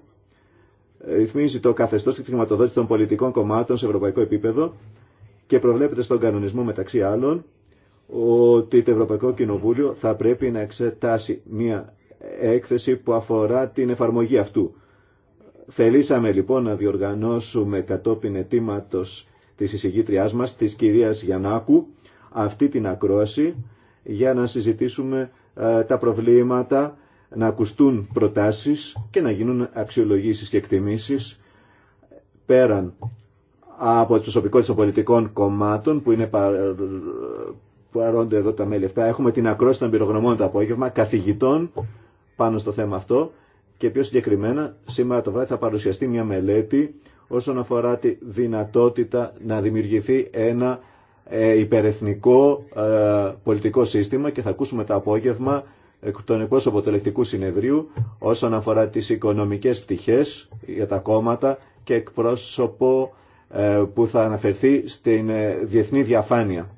ρυθμίζει το καθεστώ και τη χρηματοδότηση των πολιτικών κομμάτων σε ευρωπαϊκό επίπεδο και προβλέπεται στον κανονισμό μεταξύ άλλων ότι το Ευρωπαϊκό Κοινοβούλιο θα πρέπει να εξετάσει μια έκθεση που αφορά την εφαρμογή αυτού. Θελήσαμε λοιπόν να διοργανώσουμε κατόπιν ετήματος τη εισηγήτριάς μα, τη κυρία Γιαννάκου, αυτή την ακρόαση για να συζητήσουμε ε, τα προβλήματα να ακουστούν προτάσεις και να γίνουν αξιολογήσεις και εκτιμήσεις πέραν από το προσωπικό των πολιτικών κομμάτων που είναι παρόντα εδώ τα μέλη αυτά. Έχουμε την ακρόση των πυρογνωμών το απόγευμα, καθηγητών πάνω στο θέμα αυτό και πιο συγκεκριμένα σήμερα το βράδυ θα παρουσιαστεί μια μελέτη όσον αφορά τη δυνατότητα να δημιουργηθεί ένα ε, υπερεθνικό ε, πολιτικό σύστημα και θα ακούσουμε το απόγευμα τον εκπρόσωπο του ελεκτικού συνεδρίου όσον αφορά τις οικονομικές πτυχές για τα κόμματα και εκπρόσωπο ε, που θα αναφερθεί στην ε, διεθνή διαφάνεια.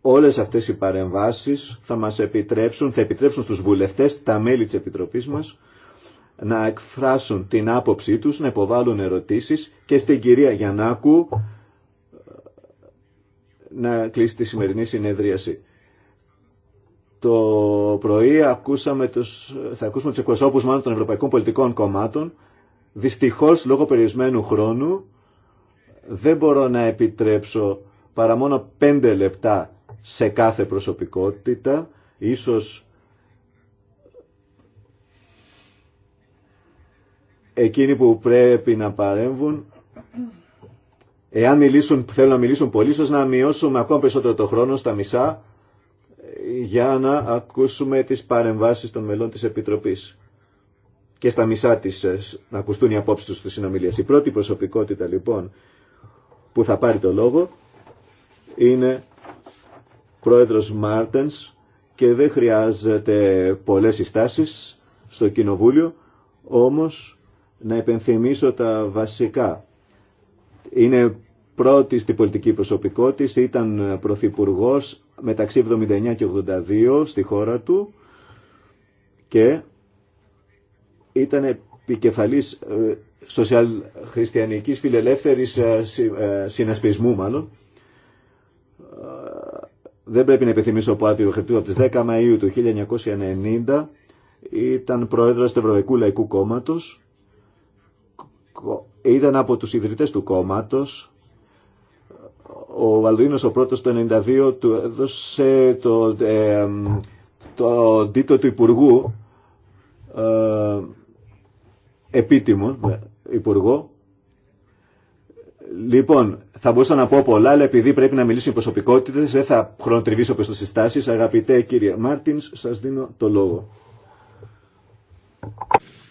Όλες αυτές οι παρεμβάσεις θα μας επιτρέψουν, θα επιτρέψουν στους βουλευτές, τα μέλη της Επιτροπής μας, να εκφράσουν την άποψή τους, να υποβάλουν ερωτήσεις και στην κυρία Γιαννάκου να κλείσει τη σημερινή συνεδρίαση. Το πρωί ακούσαμε τους, θα ακούσουμε τους εκπροσώπους μάλλον των Ευρωπαϊκών Πολιτικών Κομμάτων. Δυστυχώς, λόγω περιορισμένου χρόνου, δεν μπορώ να επιτρέψω παρά μόνο πέντε λεπτά σε κάθε προσωπικότητα. Ίσως εκείνοι που πρέπει να παρέμβουν Εάν μιλήσουν, θέλουν να μιλήσουν πολύ, ίσως να μειώσουμε ακόμα περισσότερο το χρόνο στα μισά ε, για να ακούσουμε τις παρεμβάσεις των μελών της Επιτροπής. Και στα μισά της ε, να ακουστούν οι απόψεις τους στις συνομιλίες. Η πρώτη προσωπικότητα λοιπόν που θα πάρει το λόγο είναι πρόεδρος Μάρτενς και δεν χρειάζεται πολλές συστάσεις στο Κοινοβούλιο, όμως να επενθυμίσω τα βασικά είναι πρώτη στην πολιτική προσωπικότητα, ήταν πρωθυπουργό μεταξύ 79 και 82 στη χώρα του και ήταν επικεφαλής ε, σοσιαλχριστιανικής φιλελεύθερης ε, ε, συνασπισμού μάλλον. Δεν πρέπει να επιθυμήσω που ο από τις 10 Μαΐου του 1990 ήταν πρόεδρος του Ευρωπαϊκού Λαϊκού Κόμματος ήταν από τους ιδρυτές του κόμματος. Ο Βαλδουίνος ο πρώτος το 1992 του έδωσε το, ε, τίτλο του Υπουργού ε, επίτιμο ε, Υπουργό. Λοιπόν, θα μπορούσα να πω πολλά, αλλά επειδή πρέπει να μιλήσουν οι προσωπικότητε, δεν θα χρονοτριβήσω προ τι συστάσει. Αγαπητέ κύριε Μάρτιν, σα δίνω το λόγο.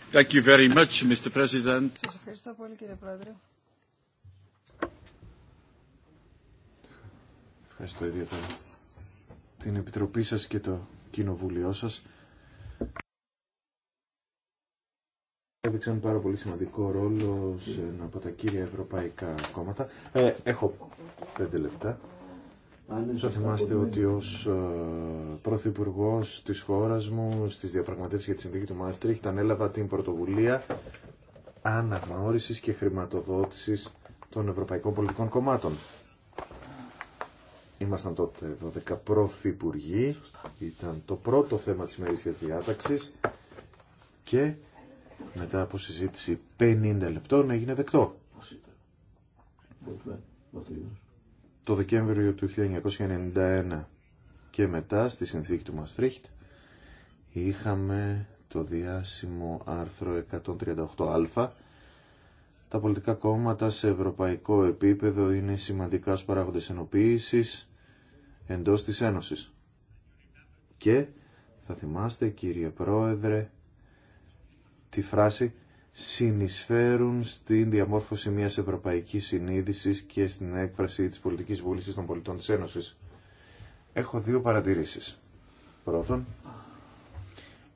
Thank you very much, Mr. President. Σας ευχαριστώ πολύ κύριε Πρόεδρε. Ευχαριστώ ιδιαίτερα την Επιτροπή σας και το Κοινοβούλιο σας. Έδειξαν πάρα πολύ σημαντικό ρόλο σε ένα από τα κύρια ευρωπαϊκά κόμματα. Ε, έχω πέντε λεπτά. Θα θυμάστε ότι ως ε, Πρωθυπουργό της χώρα μου στι διαπραγματεύσει για τη συνθήκη του Μάστριχτ ανέλαβα την πρωτοβουλία αναγνώρισης και χρηματοδότησης των Ευρωπαϊκών Πολιτικών Κομμάτων. Ήμασταν τότε 12 πρωθυπουργοί, ήταν το πρώτο θέμα της μερίσιας διάταξη. και μετά από συζήτηση 50 λεπτών έγινε δεκτό το Δεκέμβριο του 1991 και μετά στη συνθήκη του Μαστρίχτ είχαμε το διάσημο άρθρο 138α τα πολιτικά κόμματα σε ευρωπαϊκό επίπεδο είναι σημαντικά ως παράγοντες ενοποίησης εντός της Ένωσης. Και θα θυμάστε κύριε Πρόεδρε τη φράση συνεισφέρουν στην διαμόρφωση μιας ευρωπαϊκής συνείδησης και στην έκφραση της πολιτικής βούλησης των πολιτών της Ένωσης. Έχω δύο παρατηρήσεις. Πρώτον,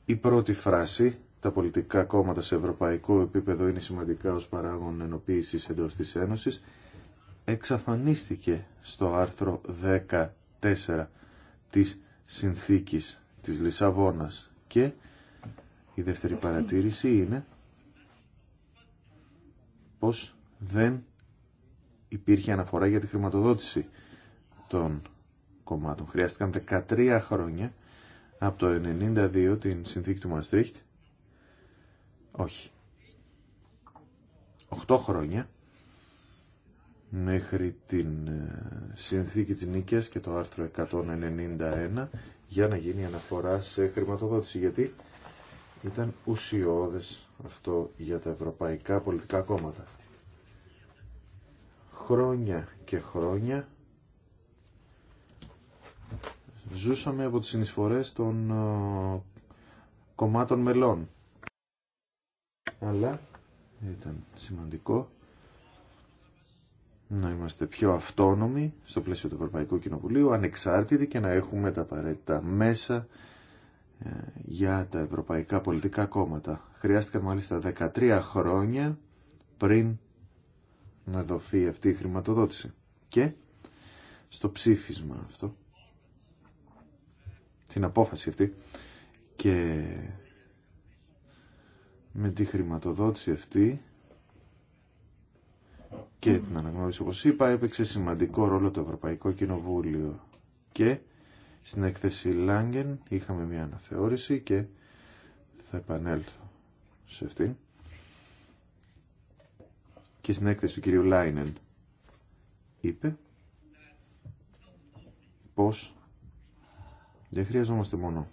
η πρώτη φράση, τα πολιτικά κόμματα σε ευρωπαϊκό επίπεδο είναι σημαντικά ως παράγον ενοποίησης εντός της Ένωσης, εξαφανίστηκε στο άρθρο 14 της Συνθήκης της Λισαβόνας και η δεύτερη παρατήρηση είναι πως δεν υπήρχε αναφορά για τη χρηματοδότηση των κομμάτων. Χρειάστηκαν 13 χρόνια από το 1992 την συνθήκη του Μαστρίχτ. Όχι. 8 χρόνια μέχρι την ε, συνθήκη της Νίκαιας και το άρθρο 191 για να γίνει αναφορά σε χρηματοδότηση. Γιατί ήταν ουσιώδες αυτό για τα ευρωπαϊκά πολιτικά κόμματα. Χρόνια και χρόνια ζούσαμε από τις συνεισφορές των ε, κομμάτων μελών. Αλλά ήταν σημαντικό να είμαστε πιο αυτόνομοι στο πλαίσιο του Ευρωπαϊκού Κοινοβουλίου, ανεξάρτητοι και να έχουμε τα απαραίτητα μέσα για τα ευρωπαϊκά πολιτικά κόμματα. Χρειάστηκαν μάλιστα 13 χρόνια πριν να δοθεί αυτή η χρηματοδότηση. Και στο ψήφισμα αυτό, την απόφαση αυτή και με τη χρηματοδότηση αυτή και την αναγνώριση όπως είπα έπαιξε σημαντικό ρόλο το Ευρωπαϊκό Κοινοβούλιο και στην έκθεση Λάγκεν είχαμε μια αναθεώρηση και θα επανέλθω σε αυτή. Και στην έκθεση του κυρίου Λάινεν είπε πως δεν χρειαζόμαστε μόνο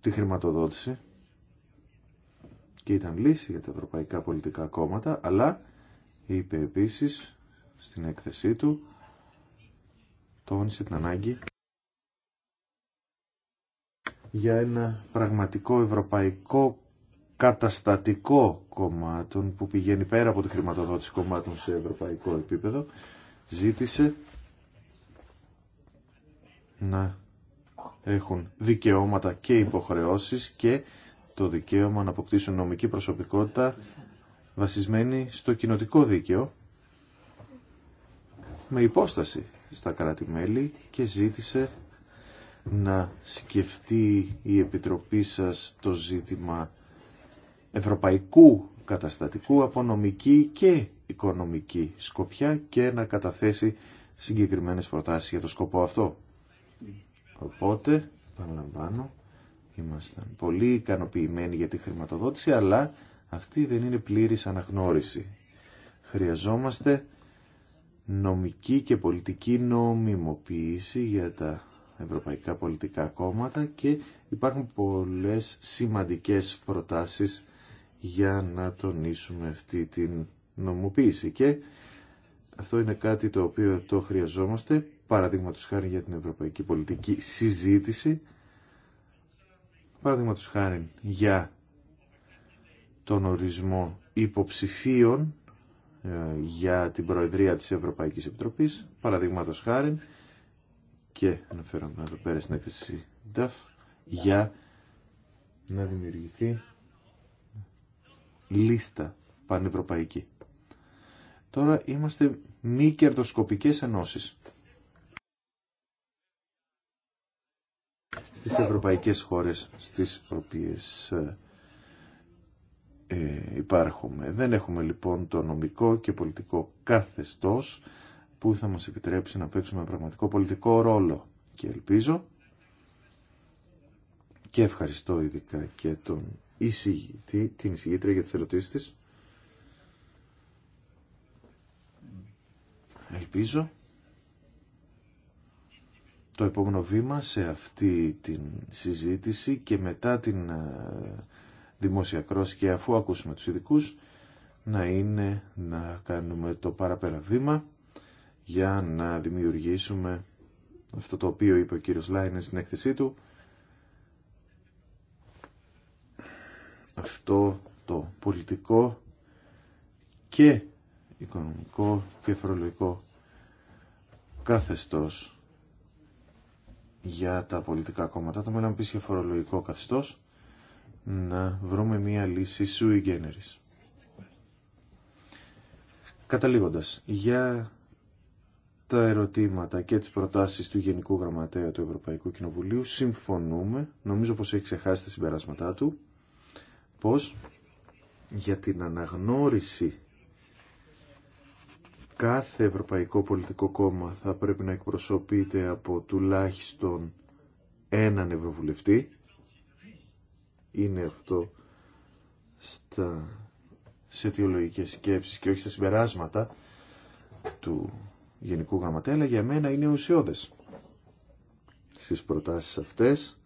τη χρηματοδότηση και ήταν λύση για τα ευρωπαϊκά πολιτικά κόμματα αλλά είπε επίσης στην έκθεσή του τόνισε την ανάγκη για ένα πραγματικό ευρωπαϊκό καταστατικό κομμάτων που πηγαίνει πέρα από τη χρηματοδότηση κομμάτων σε ευρωπαϊκό επίπεδο ζήτησε να έχουν δικαιώματα και υποχρεώσεις και το δικαίωμα να αποκτήσουν νομική προσωπικότητα βασισμένη στο κοινοτικό δίκαιο με υπόσταση στα κράτη-μέλη και ζήτησε να σκεφτεί η Επιτροπή σας το ζήτημα ευρωπαϊκού καταστατικού από και οικονομική σκοπιά και να καταθέσει συγκεκριμένες προτάσεις για το σκοπό αυτό. Οπότε, παραλαμβάνω, είμαστε πολύ ικανοποιημένοι για τη χρηματοδότηση, αλλά αυτή δεν είναι πλήρης αναγνώριση. Χρειαζόμαστε νομική και πολιτική νομιμοποίηση για τα ευρωπαϊκά πολιτικά κόμματα και υπάρχουν πολλές σημαντικές προτάσεις για να τονίσουμε αυτή την νομοποίηση και αυτό είναι κάτι το οποίο το χρειαζόμαστε παραδείγματος χάρη για την ευρωπαϊκή πολιτική συζήτηση παραδείγματος χάρη για τον ορισμό υποψηφίων ε, για την Προεδρία της Ευρωπαϊκής Επιτροπής, παραδείγματο χάρη, και αναφέρομαι εδώ πέρα στην έκθεση DAF, για να δημιουργηθεί λίστα πανευρωπαϊκή. Τώρα είμαστε μη κερδοσκοπικές ενώσεις. Στις ευρωπαϊκές χώρες στις οποίες ε, ε, υπάρχουμε. Δεν έχουμε λοιπόν το νομικό και πολιτικό καθεστώς που θα μας επιτρέψει να παίξουμε πραγματικό πολιτικό ρόλο. Και ελπίζω και ευχαριστώ ειδικά και τον εισηγητή, την εισηγήτρια για τις ερωτήσεις της. Ελπίζω το επόμενο βήμα σε αυτή την συζήτηση και μετά την ε, δημόσια κρόση και αφού ακούσουμε τους ειδικού να είναι να κάνουμε το παραπέρα βήμα για να δημιουργήσουμε αυτό το οποίο είπε ο κύριος Λάινε στην έκθεσή του αυτό το πολιτικό και οικονομικό και φορολογικό καθεστώς για τα πολιτικά κόμματα. Το μέλλον επίσης και φορολογικό καθεστώς να βρούμε μία λύση η generis. Καταλήγοντας, για τα ερωτήματα και τις προτάσεις του Γενικού Γραμματέα του Ευρωπαϊκού Κοινοβουλίου συμφωνούμε, νομίζω πως έχει ξεχάσει τα συμπεράσματά του, πως για την αναγνώριση κάθε Ευρωπαϊκό Πολιτικό Κόμμα θα πρέπει να εκπροσωπείται από τουλάχιστον έναν Ευρωβουλευτή είναι αυτό στα, σε σκέψεις και όχι στα συμπεράσματα του Γενικού Γραμματέα, αλλά για μένα είναι ουσιώδες. Στις προτάσεις αυτές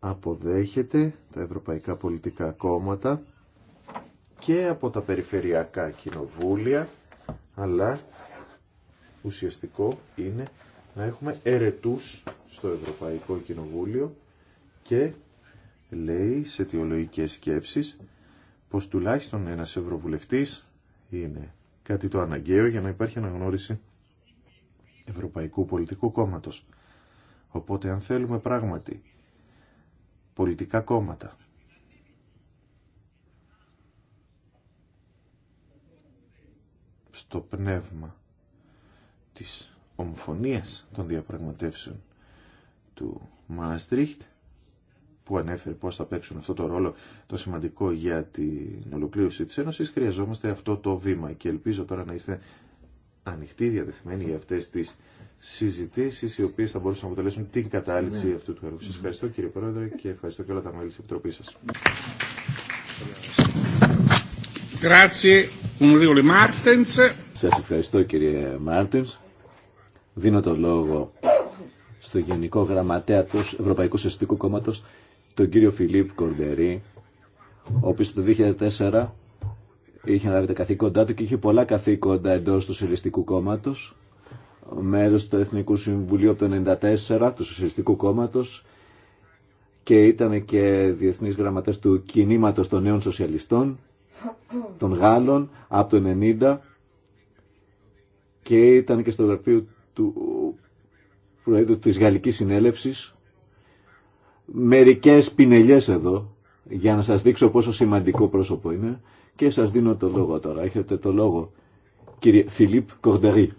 αποδέχεται τα ευρωπαϊκά πολιτικά κόμματα και από τα περιφερειακά κοινοβούλια, αλλά ουσιαστικό είναι να έχουμε ερετούς στο Ευρωπαϊκό Κοινοβούλιο και λέει σε αιτιολογικές σκέψεις πως τουλάχιστον ένας ευρωβουλευτής είναι κάτι το αναγκαίο για να υπάρχει αναγνώριση Ευρωπαϊκού Πολιτικού Κόμματος. Οπότε αν θέλουμε πράγματι πολιτικά κόμματα στο πνεύμα της ομοφωνίας των διαπραγματεύσεων του Μάστριχτ που ανέφερε πώς θα παίξουν αυτό το ρόλο το σημαντικό για την ολοκλήρωση της Ένωσης, χρειαζόμαστε αυτό το βήμα και ελπίζω τώρα να είστε ανοιχτοί, διατεθειμένοι για αυτές τις συζητήσεις οι οποίες θα μπορούσαν να αποτελέσουν την κατάληξη ναι. αυτού του έργου. Σας ευχαριστώ κύριε Πρόεδρε και ευχαριστώ και όλα τα μέλη της Επιτροπής σας. Σας ευχαριστώ κύριε Μάρτινς. Δίνω το λόγο στο Γενικό Γραμματέα του Ευρωπαϊκού Συστικού Κόμματος τον κύριο Φιλίπ Κορντερή, ο οποίος το 2004 είχε αναλάβει τα καθήκοντά του και είχε πολλά καθήκοντα εντός του Σοσιαλιστικού Κόμματος, μέλος του Εθνικού Συμβουλίου από το 1994 του Σοσιαλιστικού Κόμματος και ήταν και διεθνής γραμματέας του Κινήματος των Νέων Σοσιαλιστών, των Γάλλων, από το 1990 και ήταν και στο γραφείο του Προέδρου της Γαλλικής Συνέλευσης μερικές πινελιές εδώ για να σας δείξω πόσο σημαντικό πρόσωπο είναι και σας δίνω το λόγο τώρα. Έχετε το λόγο κύριε Φιλίπ Κορντερή.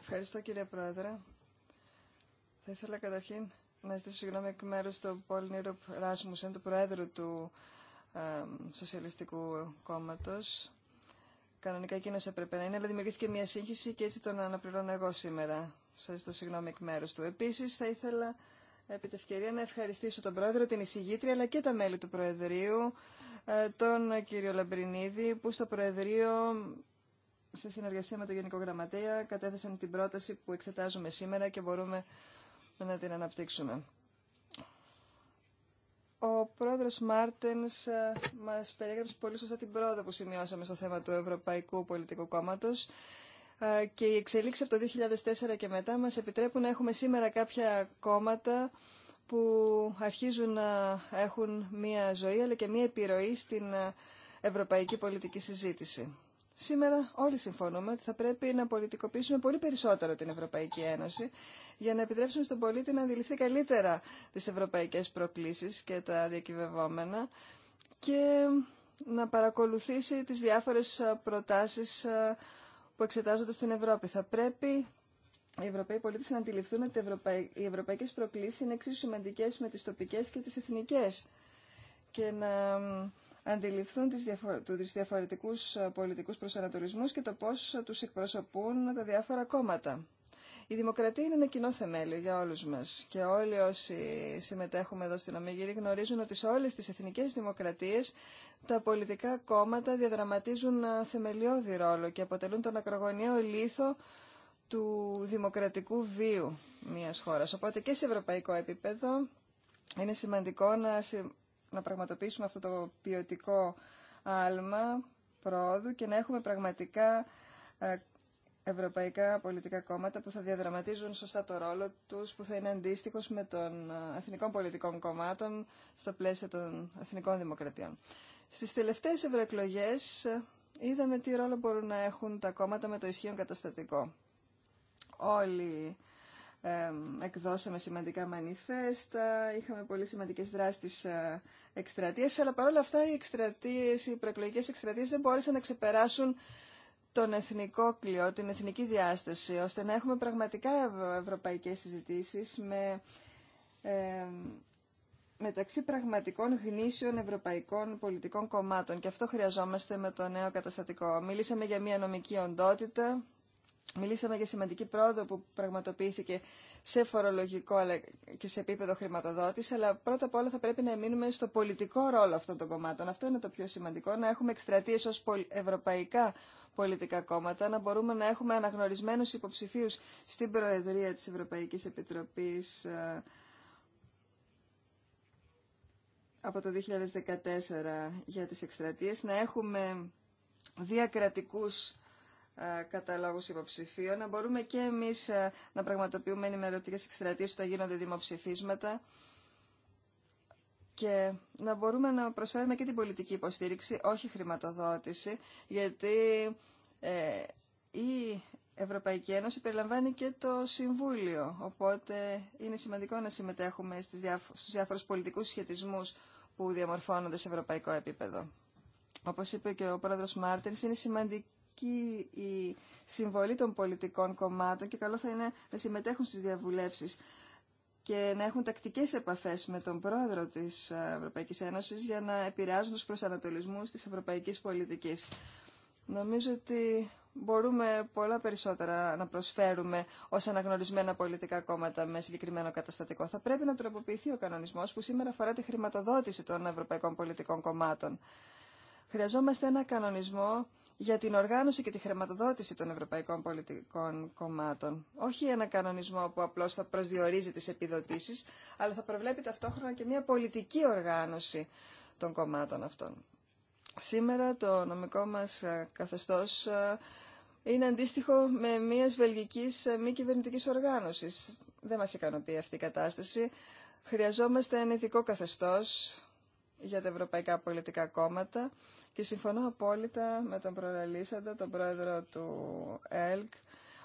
Ευχαριστώ κύριε Πρόεδρε. Θα ήθελα καταρχήν να ζητήσω συγγνώμη εκ μέρου του Πολ Νίροπ Ράσμουσεν, του Προέδρου του ε, Σοσιαλιστικού Κόμματο. Κανονικά εκείνο έπρεπε να είναι, αλλά δημιουργήθηκε μια σύγχυση και έτσι τον αναπληρώνω εγώ σήμερα. Σα ζητώ συγγνώμη εκ μέρου του. Επίση, θα ήθελα επί ευκαιρία να ευχαριστήσω τον Πρόεδρο, την εισηγήτρια, αλλά και τα μέλη του Προεδρείου, ε, τον κύριο Λαμπρινίδη, που στο Προεδρείο, σε συνεργασία με τον Γενικό Γραμματέα, κατέθεσαν την πρόταση που εξετάζουμε σήμερα και μπορούμε να την αναπτύξουμε. Ο πρόεδρος Μάρτενς ε, μας περιέγραψε πολύ σωστά την πρόοδο που σημειώσαμε στο θέμα του Ευρωπαϊκού Πολιτικού Κόμματος ε, και οι εξελίξει από το 2004 και μετά μας επιτρέπουν να έχουμε σήμερα κάποια κόμματα που αρχίζουν να έχουν μία ζωή αλλά και μία επιρροή στην ε, ευρωπαϊκή πολιτική συζήτηση. Σήμερα όλοι συμφωνούμε ότι θα πρέπει να πολιτικοποιήσουμε πολύ περισσότερο την Ευρωπαϊκή Ένωση για να επιτρέψουμε στον πολίτη να αντιληφθεί καλύτερα τις ευρωπαϊκές προκλήσεις και τα διακυβευόμενα και να παρακολουθήσει τις διάφορες ε, προτάσεις που εξετάζονται στην Ευρώπη. Θα πρέπει οι Ευρωπαίοι πολίτε να αντιληφθούν ότι οι ευρωπαϊκέ προκλήσει είναι εξίσου σημαντικέ με τις τοπικές και τις εθνικές και να αντιληφθούν του διαφορετικούς πολιτικούς προσανατολισμούς και το πώς τους εκπροσωπούν τα διάφορα κόμματα. Η δημοκρατία είναι ένα κοινό θεμέλιο για όλους μας και όλοι όσοι συμμετέχουμε εδώ στην Ομίγυρη γνωρίζουν ότι σε όλες τις εθνικές δημοκρατίες τα πολιτικά κόμματα διαδραματίζουν θεμελιώδη ρόλο και αποτελούν τον ακρογωνιαίο λίθο του δημοκρατικού βίου μιας χώρας. Οπότε και σε ευρωπαϊκό επίπεδο είναι σημαντικό να, να πραγματοποιήσουμε αυτό το ποιοτικό άλμα πρόοδου και να έχουμε πραγματικά ε, ευρωπαϊκά πολιτικά κόμματα που θα διαδραματίζουν σωστά το ρόλο τους, που θα είναι αντίστοιχο με των ε, εθνικών πολιτικών κομμάτων στα πλαίσιο των εθνικών δημοκρατιών. Στις τελευταίες ευρωεκλογέ ε, είδαμε τι ρόλο μπορούν να έχουν τα κόμματα με το ισχύον καταστατικό. Όλοι ε, εκδώσαμε σημαντικά μανιφέστα, είχαμε πολύ σημαντικές δράσεις της ε, εκστρατείας, αλλά παρόλα αυτά οι, εκστρατείες, οι προεκλογικές εκστρατείες δεν μπόρεσαν να ξεπεράσουν τον εθνικό κλειό, την εθνική διάσταση, ώστε να έχουμε πραγματικά ευρωπαϊκές συζητήσεις με, ε, μεταξύ πραγματικών γνήσιων ευρωπαϊκών πολιτικών κομμάτων. Και αυτό χρειαζόμαστε με το νέο καταστατικό. Μιλήσαμε για μια νομική οντότητα, Μιλήσαμε για σημαντική πρόοδο που πραγματοποιήθηκε σε φορολογικό αλλά και σε επίπεδο χρηματοδότηση, αλλά πρώτα απ' όλα θα πρέπει να μείνουμε στο πολιτικό ρόλο αυτών των κομμάτων. Αυτό είναι το πιο σημαντικό, να έχουμε εκστρατείε ω ευρωπαϊκά πολιτικά κόμματα, να μπορούμε να έχουμε αναγνωρισμένους υποψηφίους στην Προεδρία της Ευρωπαϊκής Επιτροπής ε, από το 2014 για τις εκστρατείες, να έχουμε διακρατικούς ε, καταλόγους υποψηφίων, να μπορούμε και εμείς ε, να πραγματοποιούμε ενημερωτικές εκστρατείες όταν γίνονται δημοψηφίσματα και να μπορούμε να προσφέρουμε και την πολιτική υποστήριξη, όχι χρηματοδότηση, γιατί ε, η Ευρωπαϊκή Ένωση περιλαμβάνει και το Συμβούλιο, οπότε είναι σημαντικό να συμμετέχουμε στις στους διάφορους πολιτικούς σχετισμούς που διαμορφώνονται σε ευρωπαϊκό επίπεδο. Όπως είπε και ο πρόεδρος Μάρτινς, είναι σημαντική η συμβολή των πολιτικών κομμάτων και καλό θα είναι να συμμετέχουν στις διαβουλεύσεις και να έχουν τακτικές επαφές με τον πρόεδρο της Ευρωπαϊκής Ένωσης για να επηρεάζουν τους προσανατολισμούς της ευρωπαϊκής πολιτικής. Νομίζω ότι μπορούμε πολλά περισσότερα να προσφέρουμε ως αναγνωρισμένα πολιτικά κόμματα με συγκεκριμένο καταστατικό. Θα πρέπει να τροποποιηθεί ο κανονισμός που σήμερα αφορά τη χρηματοδότηση των ευρωπαϊκών πολιτικών κομμάτων. Χρειαζόμαστε ένα κανονισμό για την οργάνωση και τη χρηματοδότηση των ευρωπαϊκών πολιτικών κομμάτων. Όχι ένα κανονισμό που απλώς θα προσδιορίζει τις επιδοτήσεις, αλλά θα προβλέπει ταυτόχρονα και μια πολιτική οργάνωση των κομμάτων αυτών. Σήμερα το νομικό μας ε, καθεστώς ε, είναι αντίστοιχο με μιας βελγικής ε, μη Κυβερνητική οργάνωσης. Δεν μας ικανοποιεί αυτή η κατάσταση. Χρειαζόμαστε ένα ειδικό καθεστώς για τα ευρωπαϊκά πολιτικά κόμματα και συμφωνώ απόλυτα με τον προλαλήσαντα, τον πρόεδρο του ΕΛΚ,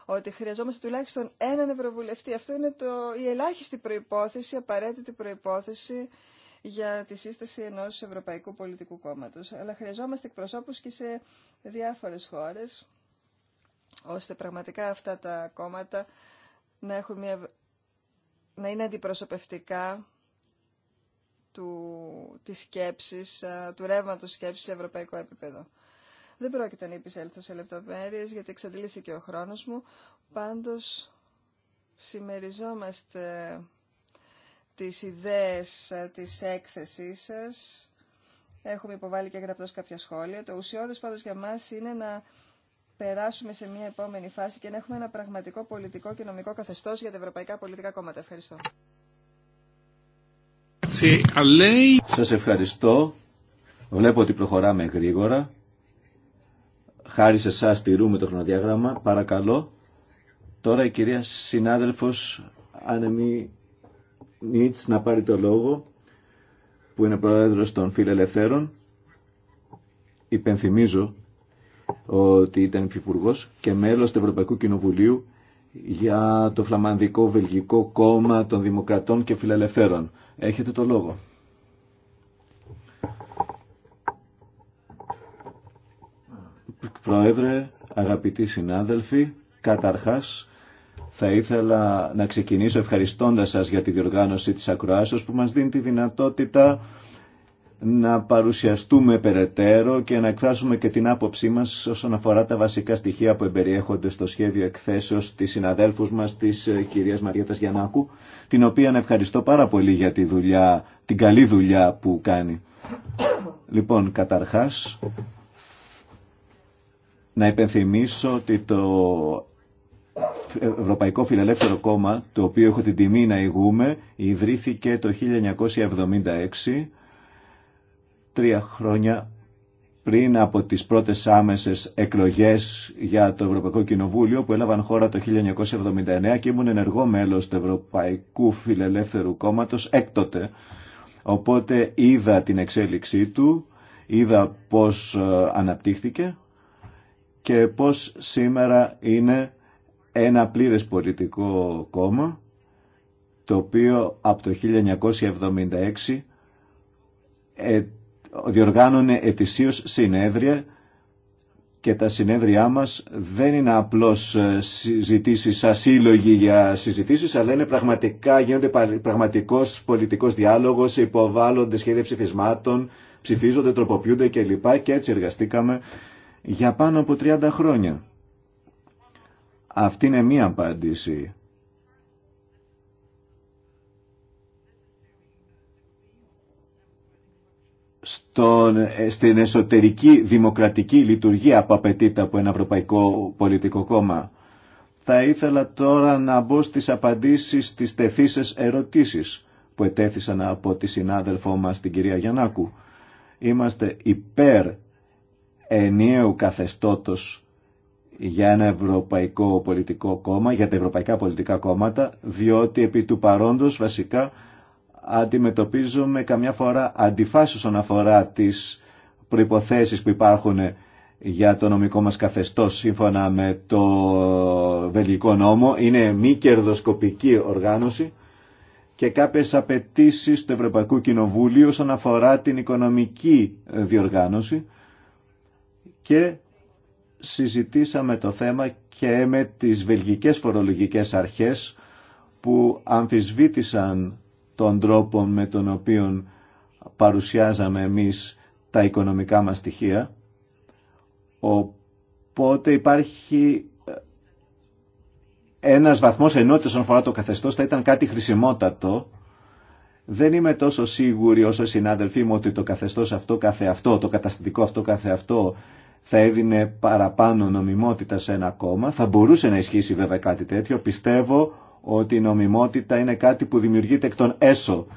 ότι χρειαζόμαστε τουλάχιστον έναν ευρωβουλευτή. Αυτό είναι το, η ελάχιστη προϋπόθεση, απαραίτητη προϋπόθεση για τη σύσταση ενός Ευρωπαϊκού Πολιτικού Κόμματος. Αλλά χρειαζόμαστε εκπροσώπους και σε διάφορες χώρες, ώστε πραγματικά αυτά τα κόμματα να, να είναι αντιπροσωπευτικά του, της σκέψης, του ρεύματος σκέψης σε ευρωπαϊκό επίπεδο. Δεν πρόκειται να επισέλθω σε λεπτομέρειες γιατί εξαντλήθηκε ο χρόνος μου. Πάντως, συμμεριζόμαστε τις ιδέες της έκθεσής σας. Έχουμε υποβάλει και γραπτό κάποια σχόλια. Το ουσιώδες πάντως για μας είναι να περάσουμε σε μια επόμενη φάση και να έχουμε ένα πραγματικό πολιτικό και νομικό καθεστώς για τα ευρωπαϊκά πολιτικά κόμματα. Ευχαριστώ. Σας ευχαριστώ. Βλέπω ότι προχωράμε γρήγορα. Χάρη σε εσά τηρούμε το χρονοδιάγραμμα. Παρακαλώ. Τώρα η κυρία συνάδελφος Άνεμι Νίτς να πάρει το λόγο που είναι πρόεδρος των Φιλελευθέρων. Υπενθυμίζω ότι ήταν υφυπουργός και μέλος του Ευρωπαϊκού Κοινοβουλίου για το Φλαμανδικό Βελγικό Κόμμα των Δημοκρατών και Φιλελευθέρων. Έχετε το λόγο. Πρόεδρε, αγαπητοί συνάδελφοι, καταρχάς θα ήθελα να ξεκινήσω ευχαριστώντας σας για τη διοργάνωση της ακροάσεως που μας δίνει τη δυνατότητα να παρουσιαστούμε περαιτέρω και να εκφράσουμε και την άποψή μας όσον αφορά τα βασικά στοιχεία που εμπεριέχονται στο σχέδιο εκθέσεως της συναδέλφους μας, της ε, κυρίας Μαριέτας Γιαννάκου, την οποία να ευχαριστώ πάρα πολύ για τη δουλειά, την καλή δουλειά που κάνει. Λοιπόν, καταρχάς, να υπενθυμίσω ότι το Ευρωπαϊκό Φιλελεύθερο Κόμμα, το οποίο έχω την τιμή να ηγούμε, ιδρύθηκε το 1976 τρία χρόνια πριν από τις πρώτες άμεσες εκλογές για το Ευρωπαϊκό Κοινοβούλιο που έλαβαν χώρα το 1979 και ήμουν ενεργό μέλος του Ευρωπαϊκού Φιλελεύθερου Κόμματος έκτοτε. Οπότε είδα την εξέλιξή του, είδα πώς ε, αναπτύχθηκε και πώς σήμερα είναι ένα πλήρες πολιτικό κόμμα το οποίο από το 1976 διοργάνωνε ετησίως συνέδρια και τα συνέδριά μας δεν είναι απλώς ε, συζητήσεις ασύλλογοι για συζητήσεις, αλλά είναι πραγματικά, γίνονται πραγματικός πολιτικός διάλογος, υποβάλλονται σχέδια ψηφισμάτων, ψηφίζονται, τροποποιούνται κλπ. Και έτσι εργαστήκαμε για πάνω από 30 χρόνια. Αυτή είναι μία απάντηση στον, στην εσωτερική δημοκρατική λειτουργία που απαιτείται από ένα ευρωπαϊκό πολιτικό κόμμα. Θα ήθελα τώρα να μπω στις απαντήσεις στις τεθήσεις ερωτήσεις που ετέθησαν από τη συνάδελφό μας την κυρία Γιαννάκου. Είμαστε υπέρ ενιαίου καθεστώτος για ένα ευρωπαϊκό πολιτικό κόμμα, για τα ευρωπαϊκά πολιτικά κόμματα, διότι επί του παρόντος βασικά αντιμετωπίζουμε καμιά φορά αντιφάσεις όσον αφορά τις προϋποθέσεις που υπάρχουν για το νομικό μας καθεστώς σύμφωνα με το βελγικό νόμο. Είναι μη κερδοσκοπική οργάνωση και κάποιες απαιτήσει του Ευρωπαϊκού Κοινοβουλίου όσον αφορά την οικονομική διοργάνωση και συζητήσαμε το θέμα και με τις βελγικές φορολογικές αρχές που αμφισβήτησαν των τρόπων με τον οποίο παρουσιάζαμε εμείς τα οικονομικά μας στοιχεία. Οπότε υπάρχει ε, ένας βαθμός ενότητας όσον αφορά το καθεστώς θα ήταν κάτι χρησιμότατο. Δεν είμαι τόσο σίγουροι όσο συνάδελφοί μου ότι το καθεστώς αυτό καθεαυτό, το καταστατικό αυτό καθεαυτό θα έδινε παραπάνω νομιμότητα σε ένα κόμμα. Θα μπορούσε να ισχύσει βέβαια κάτι τέτοιο. Πιστεύω ότι η νομιμότητα είναι κάτι που δημιουργείται εκ των έσω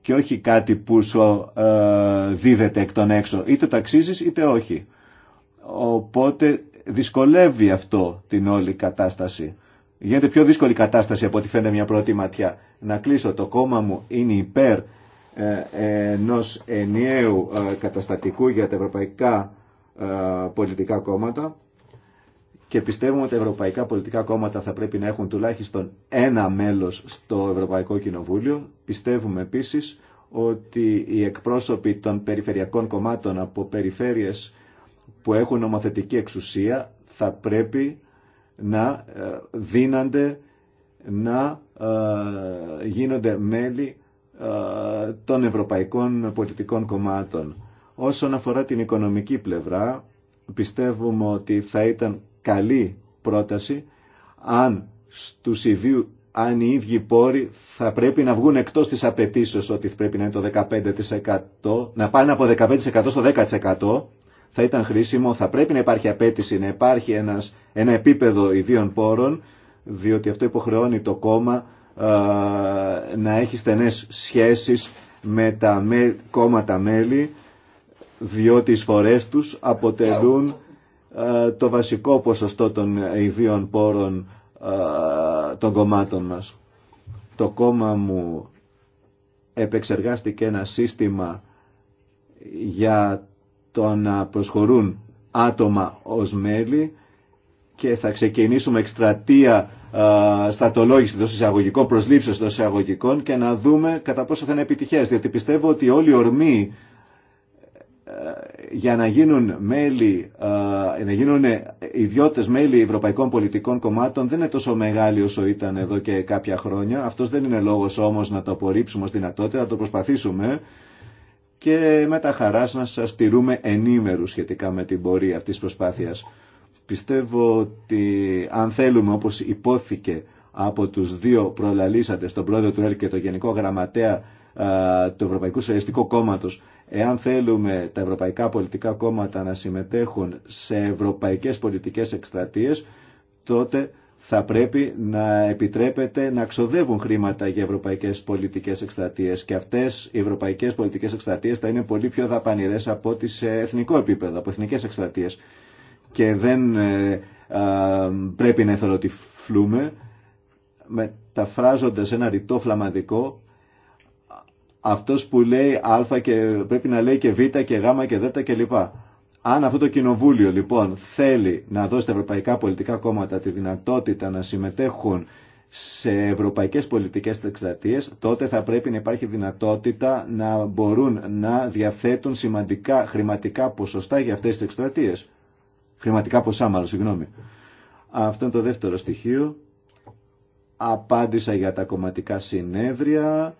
και όχι κάτι που σου ε, δίδεται εκ των έξω. Είτε το αξίζεις είτε όχι. Οπότε δυσκολεύει αυτό την όλη κατάσταση. Γίνεται πιο δύσκολη κατάσταση από ό,τι φαίνεται μια πρώτη ματιά. Να κλείσω, το κόμμα μου είναι υπέρ ε, ενός ενιαίου ε, καταστατικού για τα ευρωπαϊκά ε, πολιτικά κόμματα και πιστεύουμε ότι τα ευρωπαϊκά πολιτικά κόμματα θα πρέπει να έχουν τουλάχιστον ένα μέλος στο Ευρωπαϊκό Κοινοβούλιο. Πιστεύουμε επίσης ότι οι εκπρόσωποι των περιφερειακών κομμάτων από περιφέρειες που έχουν νομοθετική εξουσία θα πρέπει να ε, δίνονται, να ε, γίνονται μέλη ε, των ευρωπαϊκών πολιτικών κομμάτων. Όσον αφορά την οικονομική πλευρά, πιστεύουμε ότι θα ήταν καλή πρόταση αν στους ιδίου αν οι ίδιοι πόροι θα πρέπει να βγουν εκτός της απαιτήσεω ότι πρέπει να είναι το 15%, να πάνε από 15% στο 10%, θα ήταν χρήσιμο, θα πρέπει να υπάρχει απέτηση, να υπάρχει ένας, ένα επίπεδο ιδίων πόρων, διότι αυτό υποχρεώνει το κόμμα να έχει στενές σχέσεις με τα κόμματα μέλη, διότι οι σφορές τους αποτελούν ε, το βασικό ποσοστό των ιδίων πόρων ε, των κομμάτων μας. Το κόμμα μου επεξεργάστηκε ένα σύστημα για το να προσχωρούν άτομα ως μέλη και θα ξεκινήσουμε εκστρατεία ε, στατολόγηση των εισαγωγικών, προσλήψεως των εισαγωγικών και να δούμε κατά πόσο θα είναι επιτυχές, διότι πιστεύω ότι όλοι οι ορμοί για να γίνουν μέλη, να γίνουν ιδιώτες μέλη ευρωπαϊκών πολιτικών κομμάτων δεν είναι τόσο μεγάλη όσο ήταν εδώ και κάποια χρόνια. Αυτός δεν είναι λόγος όμως να το απορρίψουμε ως δυνατότητα, να το προσπαθήσουμε και με τα χαράς να σας τηρούμε ενήμερους σχετικά με την πορεία αυτής της προσπάθειας. Πιστεύω ότι αν θέλουμε όπως υπόθηκε από τους δύο προλαλήσατες, τον πρόεδρο του ΕΡΚ και τον Γενικό Γραμματέα του Ευρωπαϊκού Σοσιαλιστικού Κόμματος, Εάν θέλουμε τα ευρωπαϊκά πολιτικά κόμματα να συμμετέχουν σε ευρωπαϊκές πολιτικές εκστρατείες, τότε θα πρέπει να επιτρέπεται να ξοδεύουν χρήματα για ευρωπαϊκές πολιτικές εκστρατείες και αυτές οι ευρωπαϊκές πολιτικές εκστρατείες θα είναι πολύ πιο δαπανηρές από ό,τι σε εθνικό επίπεδο, από εθνικές εκστρατείες. Και δεν ε, πρέπει να εθελοτυφλούμε μεταφράζοντας ένα ρητό φλαμαδικό αυτός που λέει α και πρέπει να λέει και β και γ και δ και λοιπά. Αν αυτό το κοινοβούλιο λοιπόν θέλει να δώσει τα ευρωπαϊκά πολιτικά κόμματα τη δυνατότητα να συμμετέχουν σε ευρωπαϊκές πολιτικές εκστρατείες, τότε θα πρέπει να υπάρχει δυνατότητα να μπορούν να διαθέτουν σημαντικά χρηματικά ποσοστά για αυτές τις εκστρατείες. Χρηματικά ποσά μάλλον, συγγνώμη. Αυτό είναι το δεύτερο στοιχείο. Απάντησα για τα κομματικά συνέδρια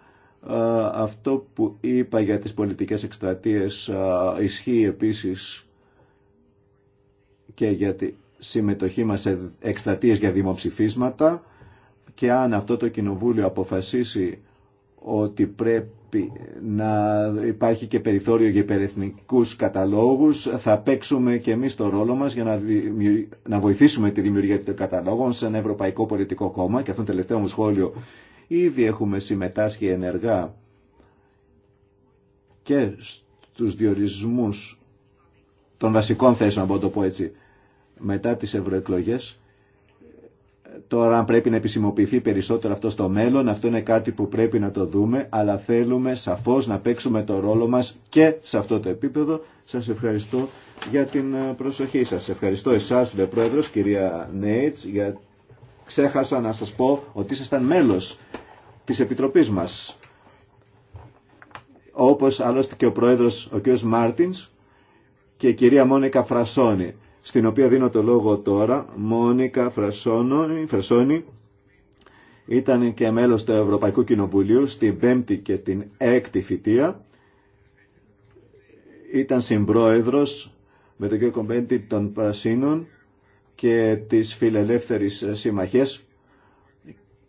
αυτό που είπα για τις πολιτικές εκστρατείες ισχύει επίσης και για τη συμμετοχή μας σε εκστρατείες για δημοψηφίσματα και αν αυτό το κοινοβούλιο αποφασίσει ότι πρέπει να υπάρχει και περιθώριο για υπερεθνικούς καταλόγους θα παίξουμε και εμείς το ρόλο μας για να, να βοηθήσουμε τη δημιουργία των καταλόγων σε ένα ευρωπαϊκό πολιτικό κόμμα και αυτό το τελευταίο μου σχόλιο Ήδη έχουμε συμμετάσχει ενεργά και στους διορισμούς των βασικών θέσεων, να το πω έτσι, μετά τις ευρωεκλογέ. Τώρα αν πρέπει να επισημοποιηθεί περισσότερο αυτό στο μέλλον, αυτό είναι κάτι που πρέπει να το δούμε, αλλά θέλουμε σαφώς να παίξουμε το ρόλο μας και σε αυτό το επίπεδο. Σας ευχαριστώ για την ε, προσοχή σας. Ευχαριστώ εσάς, δε Πρόεδρος, κυρία Νέιτς, για... ξέχασα να σας πω ότι ήσασταν μέλος της Επιτροπής μας. Όπως άλλωστε και ο Πρόεδρος ο κ. Μάρτινς και η κυρία Μόνικα Φρασόνη, στην οποία δίνω το λόγο τώρα. Μόνικα Φρασόνη, Φρασόνη ήταν και μέλος του Ευρωπαϊκού Κοινοβουλίου στην 5η και την 6η θητεία. Ήταν συμπρόεδρος με τον κ. Κομπέντη των Πρασίνων και της Φιλελεύθερης Συμμαχίας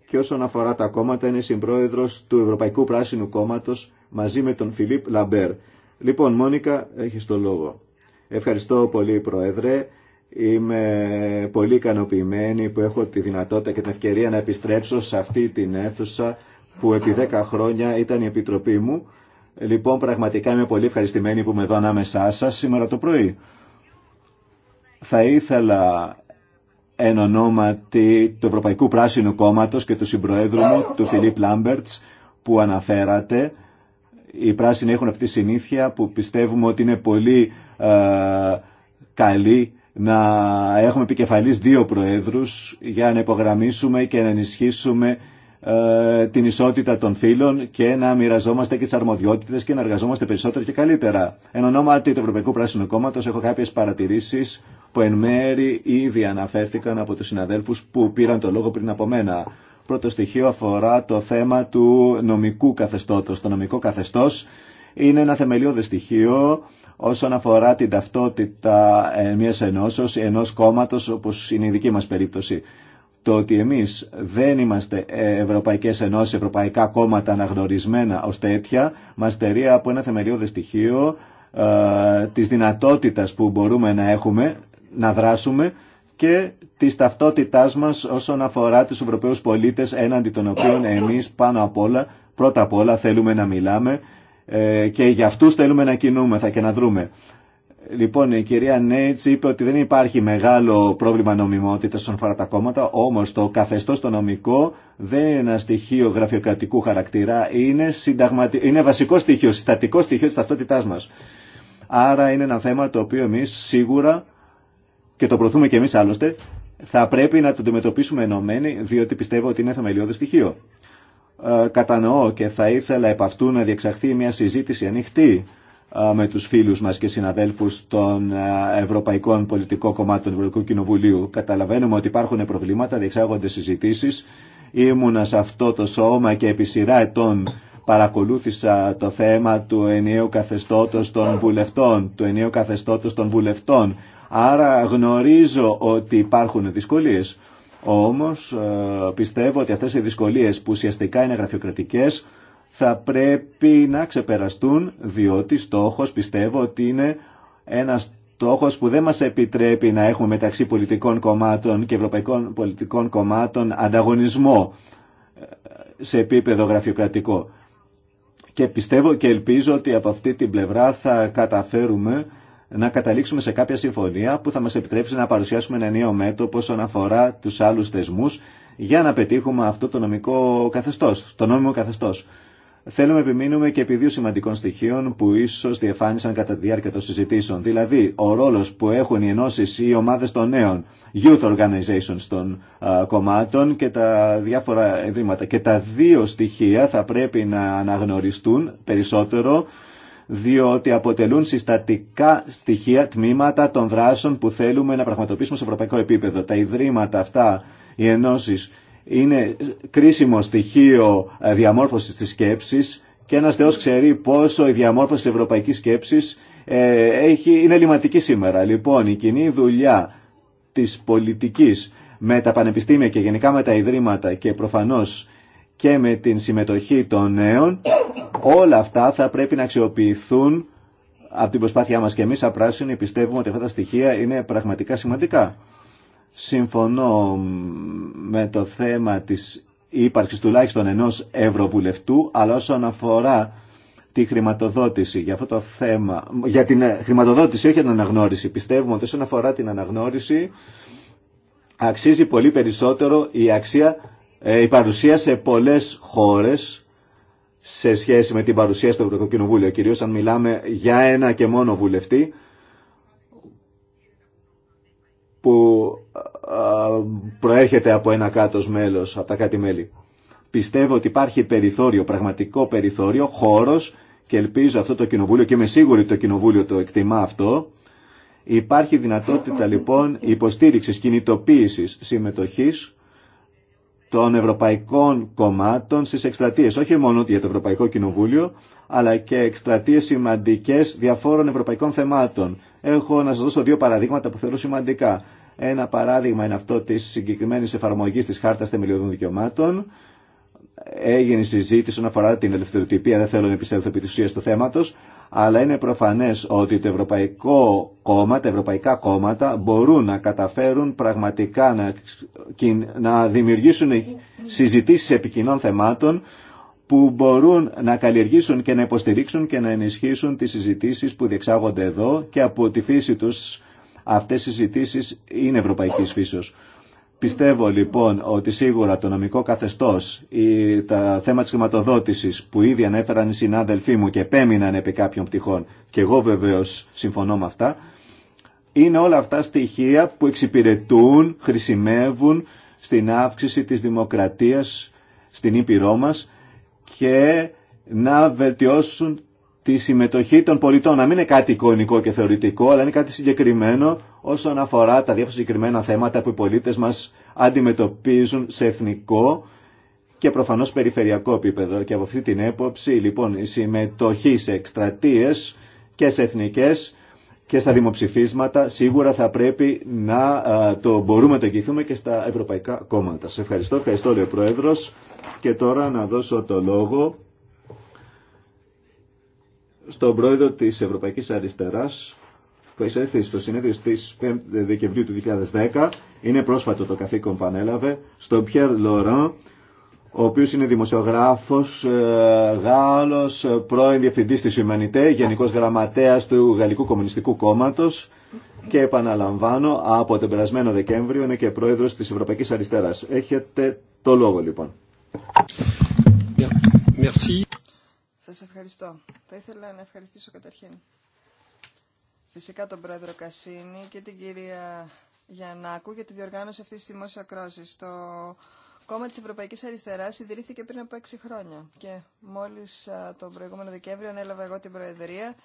και όσον αφορά τα κόμματα, είναι συμπρόεδρος του Ευρωπαϊκού Πράσινου Κόμματος μαζί με τον Φιλίπ Λαμπέρ. Λοιπόν, Μόνικα, έχει το λόγο. Ευχαριστώ πολύ, Πρόεδρε. Είμαι πολύ ικανοποιημένη που έχω τη δυνατότητα και την ευκαιρία να επιστρέψω σε αυτή την αίθουσα που επί 10 χρόνια ήταν η επιτροπή μου. Λοιπόν, πραγματικά είμαι πολύ ευχαριστημένη που είμαι εδώ ανάμεσά σας σήμερα το πρωί. Θα ήθελα εν ονόματι του Ευρωπαϊκού Πράσινου Κόμματος και του συμπροέδρου μου, του Φιλίπ Λάμπερτς, που αναφέρατε. Οι πράσινοι έχουν αυτή τη συνήθεια που πιστεύουμε ότι είναι πολύ ε, καλή να έχουμε επικεφαλής δύο προέδρους για να υπογραμμίσουμε και να ενισχύσουμε ε, την ισότητα των φύλων και να μοιραζόμαστε και τις αρμοδιότητες και να εργαζόμαστε περισσότερο και καλύτερα. Εν ονόματι του Ευρωπαϊκού Πράσινου Κόμματος έχω κάποιες παρατηρήσεις που εν μέρη ήδη αναφέρθηκαν από τους συναδέλφους που πήραν το λόγο πριν από μένα. Πρώτο στοιχείο αφορά το θέμα του νομικού καθεστώτος. Το νομικό καθεστώς είναι ένα θεμελιώδη στοιχείο όσον αφορά την ταυτότητα μιας ενώσεως, ενός κόμματος όπως είναι η δική μας περίπτωση. Το ότι εμείς δεν είμαστε ευρωπαϊκές ενώσεις, ευρωπαϊκά κόμματα αναγνωρισμένα ως τέτοια, μας στερεί από ένα θεμελιώδη στοιχείο ε, της δυνατότητας που μπορούμε να έχουμε να δράσουμε και τη ταυτότητά μα όσον αφορά του Ευρωπαίου πολίτε, έναντι των οποίων εμεί πάνω απ' όλα, πρώτα απ' όλα θέλουμε να μιλάμε ε, και για αυτού θέλουμε να κινούμεθα και να δρούμε. Λοιπόν, η κυρία Νέιτ είπε ότι δεν υπάρχει μεγάλο πρόβλημα νομιμότητα όσον αφορά τα κόμματα, όμω το καθεστώ το νομικό δεν είναι ένα στοιχείο γραφειοκρατικού χαρακτήρα, είναι, συνταγματι... είναι βασικό στοιχείο, συστατικό στοιχείο τη ταυτότητά μα. Άρα είναι ένα θέμα το οποίο εμεί σίγουρα και το προωθούμε κι εμεί άλλωστε, θα πρέπει να το αντιμετωπίσουμε ενωμένοι, διότι πιστεύω ότι είναι θεμελιώδε στοιχείο. Ε, κατανοώ και θα ήθελα επ' αυτού να διεξαχθεί μια συζήτηση ανοιχτή ε, με του φίλου μα και συναδέλφου των ε, Ευρωπαϊκών Πολιτικών Κομμάτων του Ευρωπαϊκού Κοινοβουλίου. Καταλαβαίνουμε ότι υπάρχουν προβλήματα, διεξάγονται συζητήσει. Ήμουνα σε αυτό το σώμα και επί σειρά ετών παρακολούθησα το θέμα του ενιαίου καθεστώτος των βουλευτών, του ενιαίου καθεστώτος των βουλευτών Άρα γνωρίζω ότι υπάρχουν δυσκολίες. Όμως ε, πιστεύω ότι αυτές οι δυσκολίες που ουσιαστικά είναι γραφειοκρατικές θα πρέπει να ξεπεραστούν διότι στόχος πιστεύω ότι είναι ένας στόχος που δεν μας επιτρέπει να έχουμε μεταξύ πολιτικών κομμάτων και ευρωπαϊκών πολιτικών κομμάτων ανταγωνισμό ε, σε επίπεδο γραφειοκρατικό. Και πιστεύω και ελπίζω ότι από αυτή την πλευρά θα καταφέρουμε να καταλήξουμε σε κάποια συμφωνία που θα μας επιτρέψει να παρουσιάσουμε ένα νέο μέτωπο όσον αφορά τους άλλους θεσμούς για να πετύχουμε αυτό το νομικό καθεστώς, το νόμιμο καθεστώς. Θέλουμε επιμείνουμε και επί δύο σημαντικών στοιχείων που ίσω διεφάνισαν κατά τη διάρκεια των συζητήσεων. Δηλαδή, ο ρόλο που έχουν οι ενώσει ή οι ομάδε των νέων, youth organizations των κομμάτων και τα διάφορα ιδρύματα. Και τα δύο στοιχεία θα πρέπει να αναγνωριστούν περισσότερο διότι αποτελούν συστατικά στοιχεία τμήματα των δράσεων που θέλουμε να πραγματοποιήσουμε σε ευρωπαϊκό επίπεδο. Τα ιδρύματα αυτά, οι ενώσεις, είναι κρίσιμο στοιχείο ε, διαμόρφωσης της σκέψης και ένας θεός ξέρει πόσο η διαμόρφωση της ευρωπαϊκής σκέψης ε, έχει, είναι λιματική σήμερα. Λοιπόν, η κοινή δουλειά της πολιτικής με τα πανεπιστήμια και γενικά με τα ιδρύματα και προφανώς και με την συμμετοχή των νέων Όλα αυτά θα πρέπει να αξιοποιηθούν από την προσπάθειά μας και εμείς απράσινοι, πιστεύουμε ότι αυτά τα στοιχεία είναι πραγματικά σημαντικά. Συμφωνώ με το θέμα της ύπαρξης τουλάχιστον ενός ευρωβουλευτού, αλλά όσον αφορά τη χρηματοδότηση για αυτό το θέμα, για την χρηματοδότηση, όχι την αναγνώριση. Πιστεύουμε ότι όσον αφορά την αναγνώριση, αξίζει πολύ περισσότερο η αξία, ε, η παρουσία σε πολλές χώρες σε σχέση με την παρουσία στο Ευρωπαϊκό κυρίως αν μιλάμε για ένα και μόνο βουλευτή που προέρχεται από ένα κάτος μέλος, από τα κάτι μέλη. Πιστεύω ότι υπάρχει περιθώριο, πραγματικό περιθώριο, χώρος και ελπίζω αυτό το Κοινοβούλιο και είμαι σίγουρη ότι το Κοινοβούλιο το εκτιμά αυτό. Υπάρχει δυνατότητα λοιπόν υποστήριξης, κινητοποίησης, συμμετοχής των ευρωπαϊκών κομμάτων στις εκστρατείες, όχι μόνο για το Ευρωπαϊκό Κοινοβούλιο, αλλά και εκστρατείες σημαντικές διαφόρων ευρωπαϊκών θεμάτων. Έχω να σας δώσω δύο παραδείγματα που θεωρώ σημαντικά. Ένα παράδειγμα είναι αυτό της συγκεκριμένης εφαρμογής της Χάρτας Θεμελιωδών Δικαιωμάτων. Έγινε συζήτηση όσον αφορά την ελευθεροτυπία, δεν θέλω να επισέλθω επί της του θέματος, αλλά είναι προφανές ότι το Ευρωπαϊκό Κόμμα, τα ευρωπαϊκά κόμματα μπορούν να καταφέρουν πραγματικά να, να δημιουργήσουν συζητήσεις επικοινών θεμάτων που μπορούν να καλλιεργήσουν και να υποστηρίξουν και να ενισχύσουν τις συζητήσεις που διεξάγονται εδώ και από τη φύση τους αυτές οι συζητήσεις είναι ευρωπαϊκής φύσεως. Πιστεύω λοιπόν ότι σίγουρα το νομικό καθεστώς ή τα θέματα της χρηματοδότησης που ήδη ανέφεραν οι συνάδελφοί μου και επέμειναν επί κάποιων πτυχών και εγώ βεβαίως συμφωνώ με αυτά είναι όλα αυτά στοιχεία που εξυπηρετούν, χρησιμεύουν στην αύξηση της δημοκρατίας στην Ήπειρό μας και να βελτιώσουν τη συμμετοχή των πολιτών. Να μην είναι κάτι εικονικό και θεωρητικό, αλλά είναι κάτι συγκεκριμένο όσον αφορά τα διάφορα συγκεκριμένα θέματα που οι πολίτες μας αντιμετωπίζουν σε εθνικό και προφανώς περιφερειακό επίπεδο. Και από αυτή την έποψη, λοιπόν, η συμμετοχή σε εκστρατείε και σε εθνικές και στα δημοψηφίσματα σίγουρα θα πρέπει να το μπορούμε να το εγγυηθούμε και στα ευρωπαϊκά κόμματα. Σε ευχαριστώ, ευχαριστώ λέει Πρόεδρος και τώρα να δώσω το λόγο στον Πρόεδρο της Ευρωπαϊκής Αριστεράς που εισέλθει στο συνέδριο τη 5 Δεκεμβρίου του 2010, είναι πρόσφατο το καθήκον που ανέλαβε, στον Πιέρ Λοράν, ο οποίο είναι δημοσιογράφος, ε, γάλλο, ε, πρώην διευθυντή της Humanité, γενικός γραμματέας του Γαλλικού Κομμουνιστικού Κόμματος και επαναλαμβάνω από τον περασμένο Δεκέμβριο είναι και πρόεδρο τη Ευρωπαϊκή Αριστερά. Έχετε το λόγο λοιπόν. Σα ευχαριστώ. Θα ήθελα να ευχαριστήσω καταρχήν φυσικά τον πρόεδρο Κασίνη και την κυρία Γιαννάκου για τη διοργάνωση αυτής της δημόσια ακρόσης. Το κόμμα της Ευρωπαϊκής Αριστεράς ιδρύθηκε πριν από έξι χρόνια και μόλις τον προηγούμενο Δεκέμβριο ανέλαβα εγώ την Προεδρία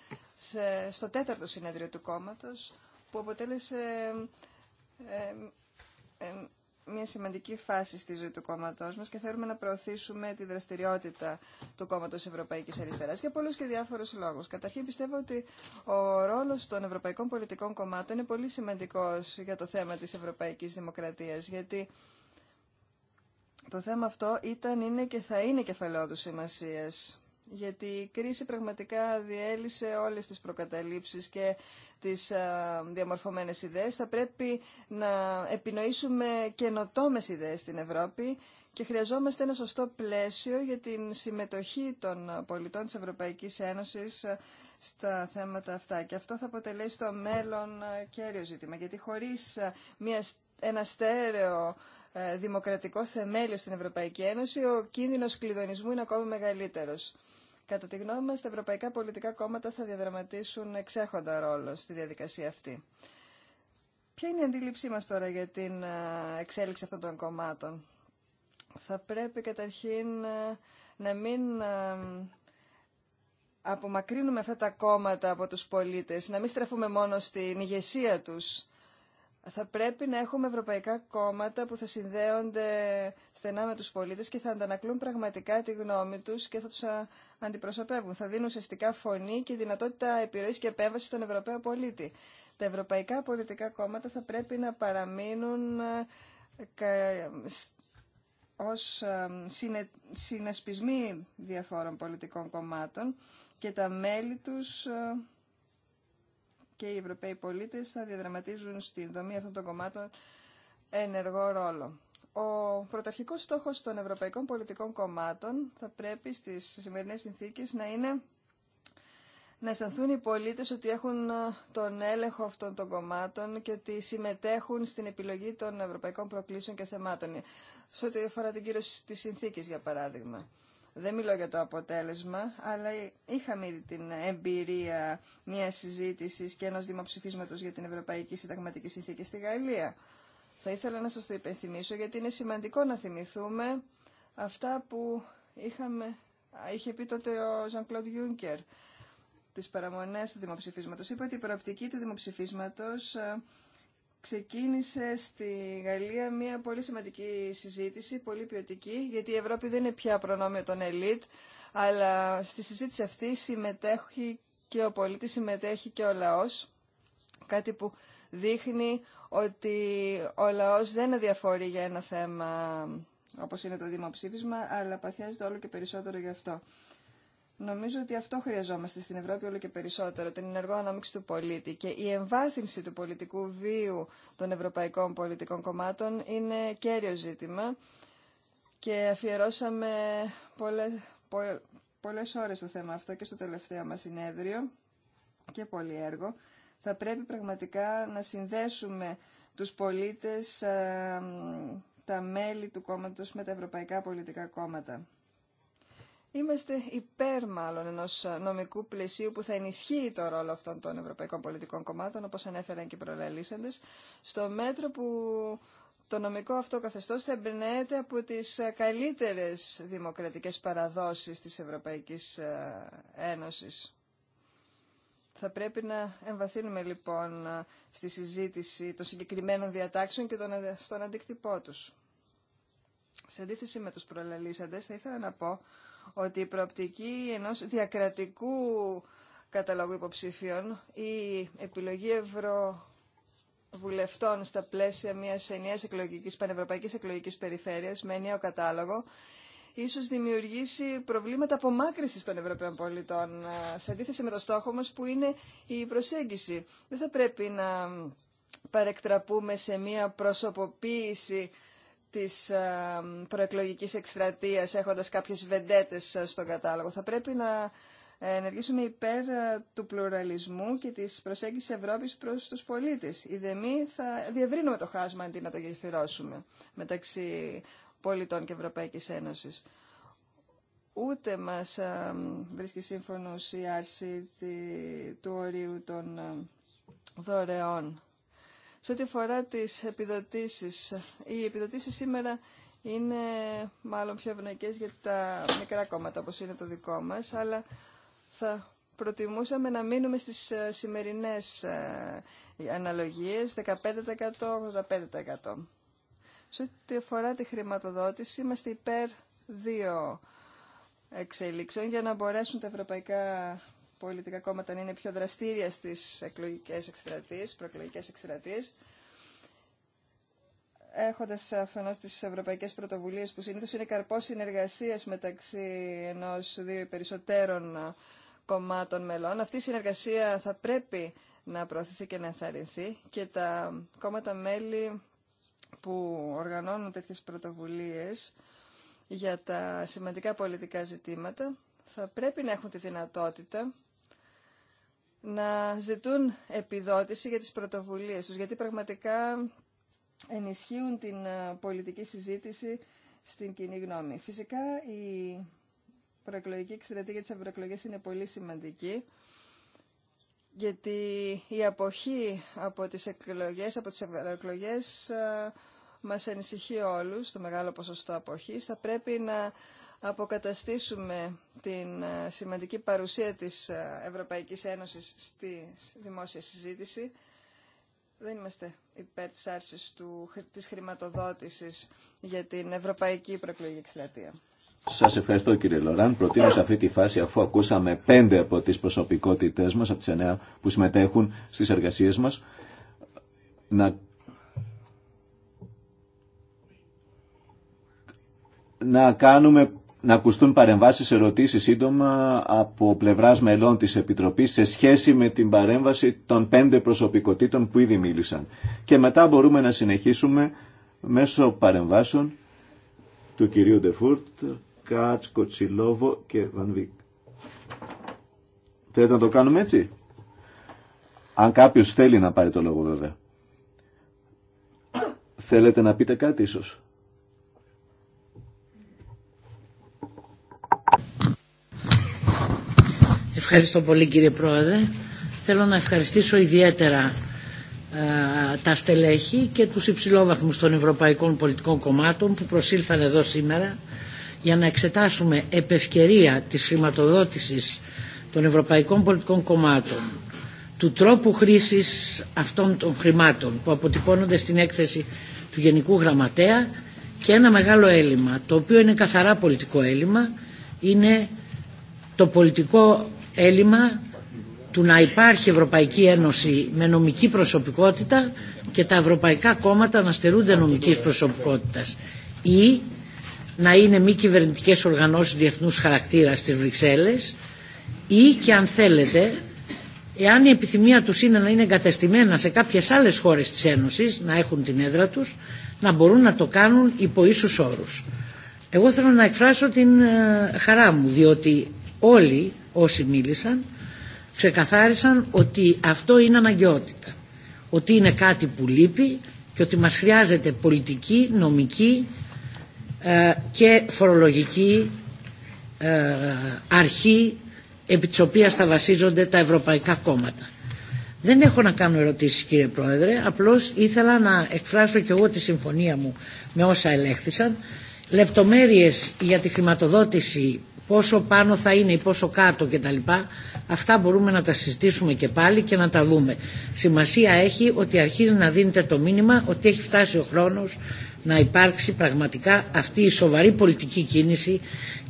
στο τέταρτο συνέδριο του κόμματος που αποτέλεσε μια σημαντική φάση στη ζωή του κόμματό μα και θέλουμε να προωθήσουμε τη δραστηριότητα του κόμματο Ευρωπαϊκή Αριστερά για πολλού και διάφορου λόγου. Καταρχήν, πιστεύω ότι ο ρόλο των ευρωπαϊκών πολιτικών κομμάτων είναι πολύ σημαντικό για το θέμα τη ευρωπαϊκή δημοκρατία, γιατί το θέμα αυτό ήταν, είναι και θα είναι κεφαλαιόδου σημασία γιατί η κρίση πραγματικά διέλυσε όλες τις προκαταλήψεις και τις διαμορφωμένες ιδέες. Θα πρέπει να επινοήσουμε καινοτόμες ιδέες στην Ευρώπη και χρειαζόμαστε ένα σωστό πλαίσιο για την συμμετοχή των πολιτών της Ευρωπαϊκής Ένωσης στα θέματα αυτά. Και αυτό θα αποτελέσει το μέλλον κέριο ζήτημα, γιατί χωρίς μια, ένα στέρεο ε, δημοκρατικό θεμέλιο στην Ευρωπαϊκή Ένωση, ο κίνδυνος κλειδονισμού είναι ακόμα μεγαλύτερος. Κατά τη γνώμη μας, τα ευρωπαϊκά πολιτικά κόμματα θα διαδραματίσουν εξέχοντα ρόλο στη διαδικασία αυτή. Ποια είναι η αντίληψή μας τώρα για την εξέλιξη αυτών των κομμάτων. Θα πρέπει καταρχήν να μην απομακρύνουμε αυτά τα κόμματα από τους πολίτες, να μην στραφούμε μόνο στην ηγεσία τους, θα πρέπει να έχουμε ευρωπαϊκά κόμματα που θα συνδέονται στενά με τους πολίτες και θα αντανακλούν πραγματικά τη γνώμη τους και θα τους αντιπροσωπεύουν. Θα δίνουν ουσιαστικά φωνή και δυνατότητα επιρροής και επέμβαση στον Ευρωπαίο πολίτη. Τα ευρωπαϊκά πολιτικά κόμματα θα πρέπει να παραμείνουν ε, ως ε, συνασπισμοί διαφόρων πολιτικών κομμάτων και τα μέλη τους ε, και οι Ευρωπαίοι πολίτες θα διαδραματίζουν στην δομή αυτών των κομμάτων ενεργό ρόλο. Ο πρωταρχικός στόχος των ευρωπαϊκών πολιτικών κομμάτων θα πρέπει στις σημερινές συνθήκες να είναι να αισθανθούν οι πολίτες ότι έχουν ε, τον έλεγχο αυτών των κομμάτων και ότι συμμετέχουν στην επιλογή των ευρωπαϊκών προκλήσεων και θεμάτων. Σε ό,τι αφορά την κύρωση της συνθήκης, για παράδειγμα. Δεν μιλώ για το αποτέλεσμα, αλλά είχαμε ήδη την εμπειρία μια συζήτηση και ενό δημοψηφίσματο για την Ευρωπαϊκή Συνταγματική Συνθήκη στη Γαλλία. Θα ήθελα να σας το υπενθυμίσω γιατί είναι σημαντικό να θυμηθούμε αυτά που είχαμε, είχε πει τότε ο ζαν κλοντ Γιούνκερ τις παραμονές του δημοψηφίσματο. Είπε ότι η προοπτική του δημοψηφίσματος ε, ξεκίνησε στη Γαλλία μια πολύ σημαντική συζήτηση, πολύ ποιοτική, γιατί η Ευρώπη δεν είναι πια προνόμιο των ελίτ, αλλά στη συζήτηση αυτή συμμετέχει και ο πολίτης, συμμετέχει και ο λαός, κάτι που δείχνει ότι ο λαός δεν αδιαφορεί για ένα θέμα όπως είναι το δημοψήφισμα, αλλά παθιάζεται όλο και περισσότερο γι' αυτό. Νομίζω ότι αυτό χρειαζόμαστε στην Ευρώπη όλο και περισσότερο, την ενεργό ανάμειξη του πολίτη και η εμβάθυνση του πολιτικού βίου των ευρωπαϊκών πολιτικών κομμάτων είναι κέριο ζήτημα και αφιερώσαμε πολλές, πολλές ώρες στο θέμα αυτό και στο τελευταίο μας συνέδριο και πολύ έργο. Θα πρέπει πραγματικά να συνδέσουμε τους πολίτες, ε, τα μέλη του κόμματος με τα ευρωπαϊκά πολιτικά κόμματα. Είμαστε υπέρ μάλλον ενός νομικού πλαισίου που θα ενισχύει το ρόλο αυτών των ευρωπαϊκών πολιτικών κομμάτων, όπως ανέφεραν και οι προλαλήσαντε, στο μέτρο που το νομικό αυτό καθεστώ θα εμπνέεται από τις καλύτερε δημοκρατικές παραδόσεις της Ευρωπαϊκής ε, Ένωσης. Θα πρέπει να εμβαθύνουμε λοιπόν ε, στη συζήτηση των συγκεκριμένων διατάξεων και ε, στον αντίκτυπό Σε αντίθεση με τους προλαλήσαντες, θα ήθελα να πω ότι η προοπτική ενός διακρατικού καταλόγου υποψήφιων ή επιλογή ευρωβουλευτών στα πλαίσια μιας ενιαίας εκλογικής, πανευρωπαϊκής εκλογικής περιφέρειας με ενιαίο κατάλογο ίσως δημιουργήσει προβλήματα απομάκρυσης των Ευρωπαίων πολιτών ε, σε αντίθεση με το στόχο μας που είναι η προσέγγιση. Δεν θα πρέπει να παρεκτραπούμε σε μια προσωποποίηση της ε, προεκλογικής εκστρατείας έχοντας κάποιες βεντέτες ε, στον κατάλογο. Θα πρέπει να ε, ενεργήσουμε υπέρ του πλουραλισμού και της προσέγγισης Ευρώπης προς τους πολίτες. Η θα διευρύνουμε το χάσμα αντί να το γεφυρώσουμε μεταξύ πολιτών και Ευρωπαϊκής Ένωσης. Ούτε μας βρίσκει σύμφωνος η άρση του ορίου των δωρεών σε ό,τι αφορά τις επιδοτήσεις, οι επιδοτήσεις σήμερα είναι μάλλον πιο ευνοϊκέ για τα μικρά κόμματα όπως είναι το δικό μας, αλλά θα προτιμούσαμε να μείνουμε στις ε, σημερινές ε, αναλογίες 15%-85%. Σε ό,τι αφορά τη χρηματοδότηση, είμαστε υπέρ δύο εξελίξεων για να μπορέσουν τα ευρωπαϊκά πολιτικά κόμματα να είναι πιο δραστήρια στις εκλογικές εκστρατείες, προεκλογικές εκστρατείες, έχοντας αφενός τις ευρωπαϊκές πρωτοβουλίες που συνήθως είναι καρπός συνεργασίας μεταξύ ενός δύο περισσότερων κομμάτων μελών. Αυτή η συνεργασία θα πρέπει να προωθηθεί και να ενθαρρυνθεί και τα κόμματα μέλη που οργανώνουν τέτοιες πρωτοβουλίες για τα σημαντικά πολιτικά ζητήματα θα πρέπει να έχουν τη δυνατότητα να ζητούν επιδότηση για τις πρωτοβουλίες τους, γιατί πραγματικά ενισχύουν την ε, πολιτική συζήτηση στην κοινή γνώμη. Φυσικά η προεκλογική εξαιρετή για τις ευρωεκλογές είναι πολύ σημαντική, γιατί η αποχή από τις εκλογές, από τις ευρωεκλογές ε, μας ενισχύει όλους, το μεγάλο ποσοστό αποχής. Θα πρέπει να αποκαταστήσουμε την ε, σημαντική παρουσία της ε, Ευρωπαϊκής Ένωσης στη δημόσια συζήτηση. Δεν είμαστε υπέρ της άρσης του, της χρηματοδότησης για την Ευρωπαϊκή Προεκλογική Εξηλατεία. Σας ευχαριστώ κύριε Λοράν. Προτείνω σε αυτή τη φάση αφού ακούσαμε πέντε από τις προσωπικότητές μας, από τις εννέα που συμμετέχουν στις εργασίες μας, να να κάνουμε να ακουστούν παρεμβάσεις, ερωτήσεις σύντομα από πλευράς μελών της Επιτροπής σε σχέση με την παρέμβαση των πέντε προσωπικότητων που ήδη μίλησαν. Και μετά μπορούμε να συνεχίσουμε μέσω παρεμβάσεων του κυρίου Ντεφούρτ, Κάτς, Κοτσιλόβο και Βανβίκ. Θέλετε να το κάνουμε έτσι. Αν κάποιος θέλει να πάρει το λόγο βέβαια. Θέλετε να πείτε κάτι ίσως. Ευχαριστώ πολύ κύριε Πρόεδρε. Θέλω να ευχαριστήσω ιδιαίτερα ε, τα στελέχη και τους υψηλόβαθμους των Ευρωπαϊκών Πολιτικών Κομμάτων που προσήλθαν εδώ σήμερα για να εξετάσουμε επευκαιρία της χρηματοδότησης των Ευρωπαϊκών Πολιτικών Κομμάτων του τρόπου χρήσης αυτών των χρημάτων που αποτυπώνονται στην έκθεση του Γενικού Γραμματέα και ένα μεγάλο έλλειμμα το οποίο είναι καθαρά πολιτικό έλλειμμα είναι το πολιτικό έλλειμμα του να υπάρχει Ευρωπαϊκή Ένωση με νομική προσωπικότητα και τα ευρωπαϊκά κόμματα να στερούνται νομικής προσωπικότητας ή να είναι μη κυβερνητικέ οργανώσεις διεθνούς χαρακτήρα στις Βρυξέλλες ή και αν θέλετε εάν η επιθυμία τους είναι να είναι εγκατεστημένα σε κάποιες άλλες χώρες της Ένωσης να έχουν την έδρα τους να μπορούν να το κάνουν υπό ίσους όρους. Εγώ θέλω να εκφράσω την ε, χαρά μου διότι όλοι όσοι μίλησαν ξεκαθάρισαν ότι αυτό είναι αναγκαιότητα ότι είναι κάτι που λείπει και ότι μας χρειάζεται πολιτική, νομική ε, και φορολογική ε, αρχή επί της οποίας θα βασίζονται τα ευρωπαϊκά κόμματα. Δεν έχω να κάνω ερωτήσεις κύριε Πρόεδρε, απλώς ήθελα να εκφράσω κι εγώ τη συμφωνία μου με όσα ελέγχθησαν λεπτομέρειες για τη χρηματοδότηση πόσο πάνω θα είναι ή πόσο κάτω κτλ. Αυτά μπορούμε να τα συζητήσουμε και πάλι και να τα δούμε. Σημασία έχει ότι αρχίζει να δίνεται το μήνυμα ότι έχει φτάσει ο χρόνος να υπάρξει πραγματικά αυτή η σοβαρή πολιτική κίνηση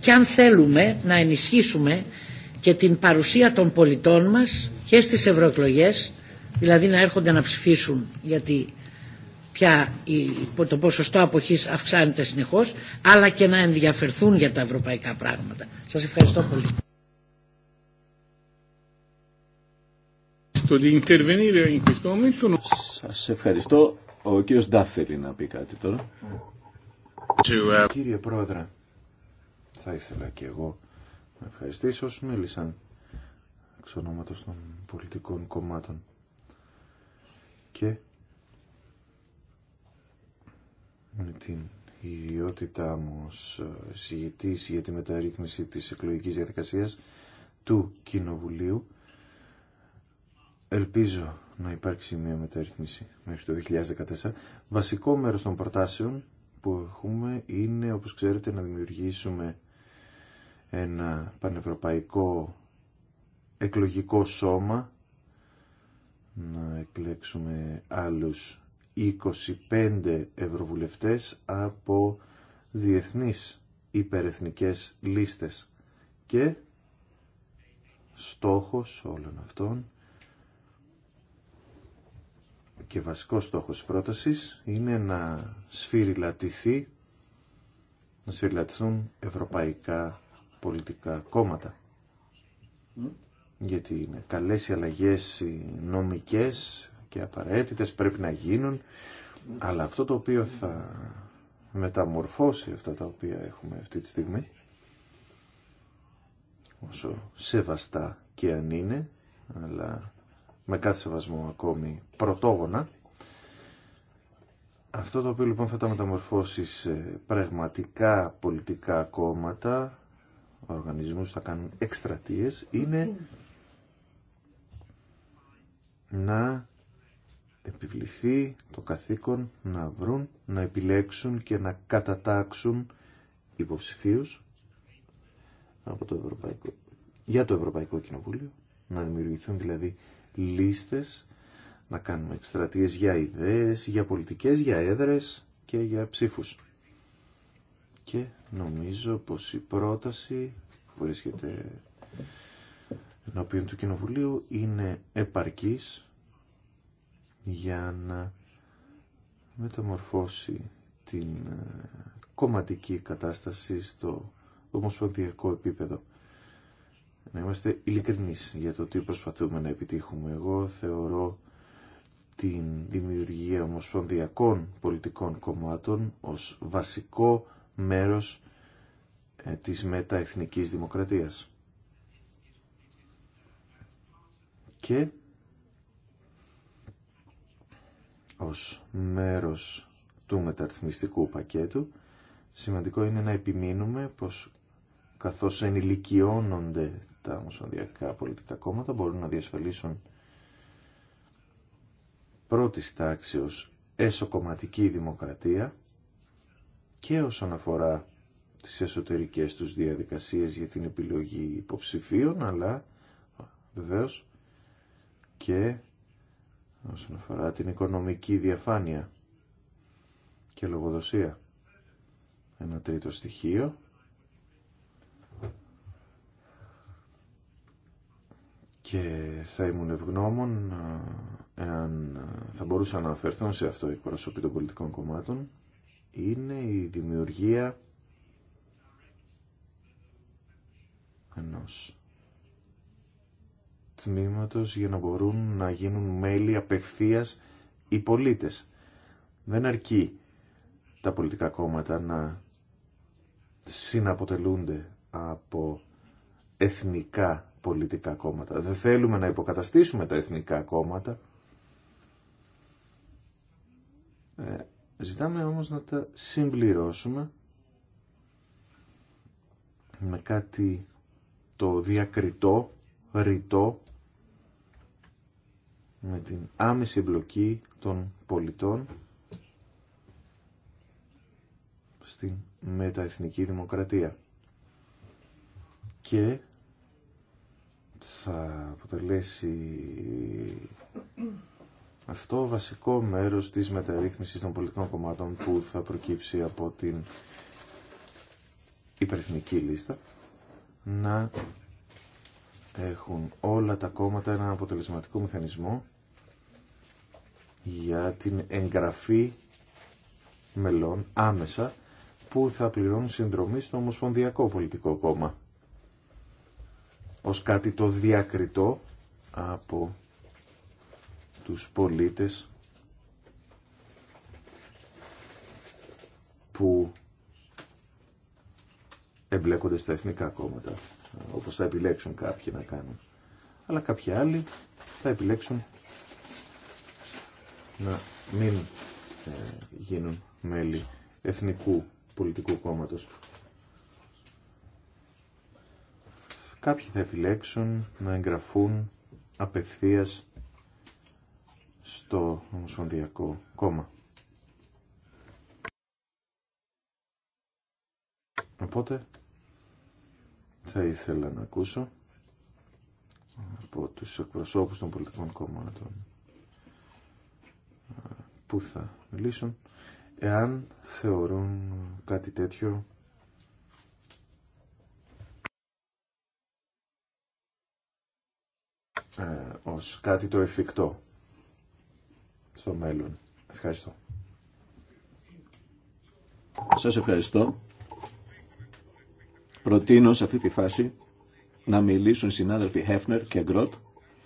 και αν θέλουμε να ενισχύσουμε και την παρουσία των πολιτών μας και στις ευρωεκλογέ, δηλαδή να έρχονται να ψηφίσουν γιατί πια το ποσοστό αποχής αυξάνεται συνεχώς αλλά και να ενδιαφερθούν για τα ευρωπαϊκά πράγματα. Σας ευχαριστώ πολύ. Σας ευχαριστώ. Ο κύριος Ντάφελη να πει κάτι τώρα. Κύριε Πρόεδρε, θα ήθελα και εγώ να ευχαριστήσω όσους μίλησαν εξ των πολιτικών κομμάτων και με την ιδιότητά μου ως ε, συγητής για τη μεταρρύθμιση της εκλογικής διαδικασίας του Κοινοβουλίου. Ελπίζω να υπάρξει μια μεταρρύθμιση μέχρι το 2014. Βασικό μέρος των προτάσεων που έχουμε είναι, όπως ξέρετε, να δημιουργήσουμε ένα πανευρωπαϊκό εκλογικό σώμα, να εκλέξουμε άλλους 25 ευρωβουλευτές από διεθνείς υπερεθνικές λίστες και στόχος όλων αυτών και βασικός στόχος πρότασης είναι να σφυριλατηθεί να σφυριλατηθούν ευρωπαϊκά πολιτικά κόμματα γιατί είναι καλές οι αλλαγές νομικές και απαραίτητες, πρέπει να γίνουν, αλλά αυτό το οποίο θα μεταμορφώσει αυτά τα οποία έχουμε αυτή τη στιγμή, όσο σεβαστά και αν είναι, αλλά με κάθε σεβασμό ακόμη πρωτόγωνα, αυτό το οποίο λοιπόν θα τα μεταμορφώσει σε πραγματικά πολιτικά κόμματα, οργανισμούς που θα κάνουν εκστρατείες, είναι να επιβληθεί το καθήκον να βρουν, να επιλέξουν και να κατατάξουν υποψηφίους από το Ευρωπαϊκό, για το Ευρωπαϊκό Κοινοβούλιο, να δημιουργηθούν δηλαδή λίστες, να κάνουμε εκστρατείες για ιδέες, για πολιτικές, για έδρες και για ψήφους. Και νομίζω πως η πρόταση που βρίσκεται ενώπιον του Κοινοβουλίου είναι επαρκής για να μεταμορφώσει την ε, κομματική κατάσταση στο ομοσπονδιακό επίπεδο. Να είμαστε ειλικρινεί για το τι προσπαθούμε να επιτύχουμε. Εγώ θεωρώ την δημιουργία ομοσπονδιακών πολιτικών κομμάτων ως βασικό μέρος ε, της μεταεθνικής δημοκρατίας. Και ως μέρος του μεταρρυθμιστικού πακέτου. Σημαντικό είναι να επιμείνουμε πως καθώς ενηλικιώνονται τα ομοσπονδιακά πολιτικά κόμματα μπορούν να διασφαλίσουν πρώτης τάξεως εσωκομματική δημοκρατία και όσον αφορά τις εσωτερικές τους διαδικασίες για την επιλογή υποψηφίων αλλά βεβαίως και όσον αφορά την οικονομική διαφάνεια και λογοδοσία. Ένα τρίτο στοιχείο. Και θα ήμουν ευγνώμων ε, εάν θα μπορούσα να αναφερθώ σε αυτό προσωπή των πολιτικών κομμάτων. Είναι η δημιουργία ενός τμήματος για να μπορούν να γίνουν μέλη απευθείας οι πολίτες. Δεν αρκεί τα πολιτικά κόμματα να συναποτελούνται από εθνικά πολιτικά κόμματα. Δεν θέλουμε να υποκαταστήσουμε τα εθνικά κόμματα. Ε, ζητάμε όμως να τα συμπληρώσουμε με κάτι το διακριτό, ρητό με την άμεση εμπλοκή των πολιτών στην μεταεθνική δημοκρατία. Και θα αποτελέσει αυτό βασικό μέρος της μεταρρύθμισης των πολιτικών κομμάτων που θα προκύψει από την υπερεθνική λίστα να έχουν όλα τα κόμματα ένα αποτελεσματικό μηχανισμό για την εγγραφή μελών άμεσα που θα πληρώνουν συνδρομή στο Ομοσπονδιακό Πολιτικό Κόμμα ως κάτι το διακριτό από τους πολίτες που εμπλέκονται στα εθνικά κόμματα όπως θα επιλέξουν κάποιοι να κάνουν. Αλλά κάποιοι άλλοι θα επιλέξουν να μην ε, γίνουν μέλη εθνικού πολιτικού κόμματος. Κάποιοι θα επιλέξουν να εγγραφούν απευθείας στο Ομοσπονδιακό Κόμμα. Οπότε θα ήθελα να ακούσω από τους εκπροσώπους των πολιτικών κομμάτων ε, που θα μιλήσουν εάν θεωρούν κάτι τέτοιο ε, ως κάτι το εφικτό στο μέλλον. Ευχαριστώ. Σας ευχαριστώ. Προτείνω σε αυτή τη φάση να μιλήσουν οι συνάδελφοι Χέφνερ και Γκρότ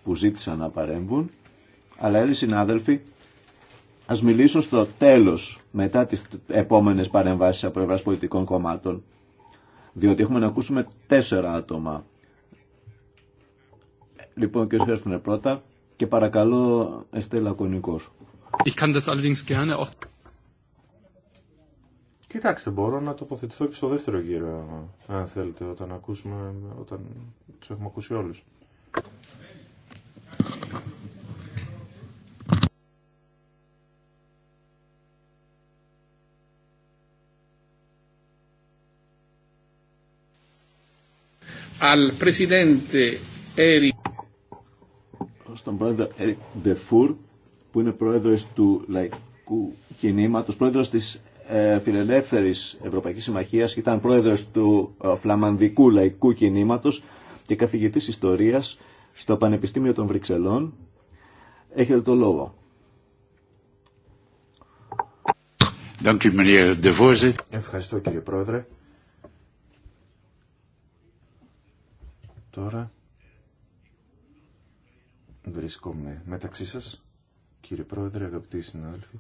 που ζήτησαν να παρέμβουν, αλλά άλλοι συνάδελφοι ας μιλήσουν στο τέλος μετά τις επόμενες παρεμβάσεις από πλευρά πολιτικών κομμάτων, διότι έχουμε να ακούσουμε τέσσερα άτομα. Λοιπόν, και ο Χέφνερ πρώτα και παρακαλώ Εστέλα Κονικός. Ich kann das allerdings gerne auch... Κοιτάξτε, μπορώ να τοποθετηθώ και στο δεύτερο γύρο, αν θέλετε, όταν ακούσουμε, όταν τους έχουμε ακούσει όλους. Al presidente στον πρόεδρο Ερικ Ντεφούρ, που είναι πρόεδρος του Λαϊκού κινήματο, πρόεδρος της Φιλελεύθερης Ευρωπαϊκής Συμμαχίας, ήταν πρόεδρος του ε, φλαμανδικού λαϊκού κινήματος και καθηγητής ιστορίας στο Πανεπιστήμιο των Βρυξελών. Έχετε το λόγο. Ευχαριστώ κύριε Πρόεδρε. Τώρα βρισκόμαι μεταξύ σας, κύριε Πρόεδρε, αγαπητοί συνάδελφοι.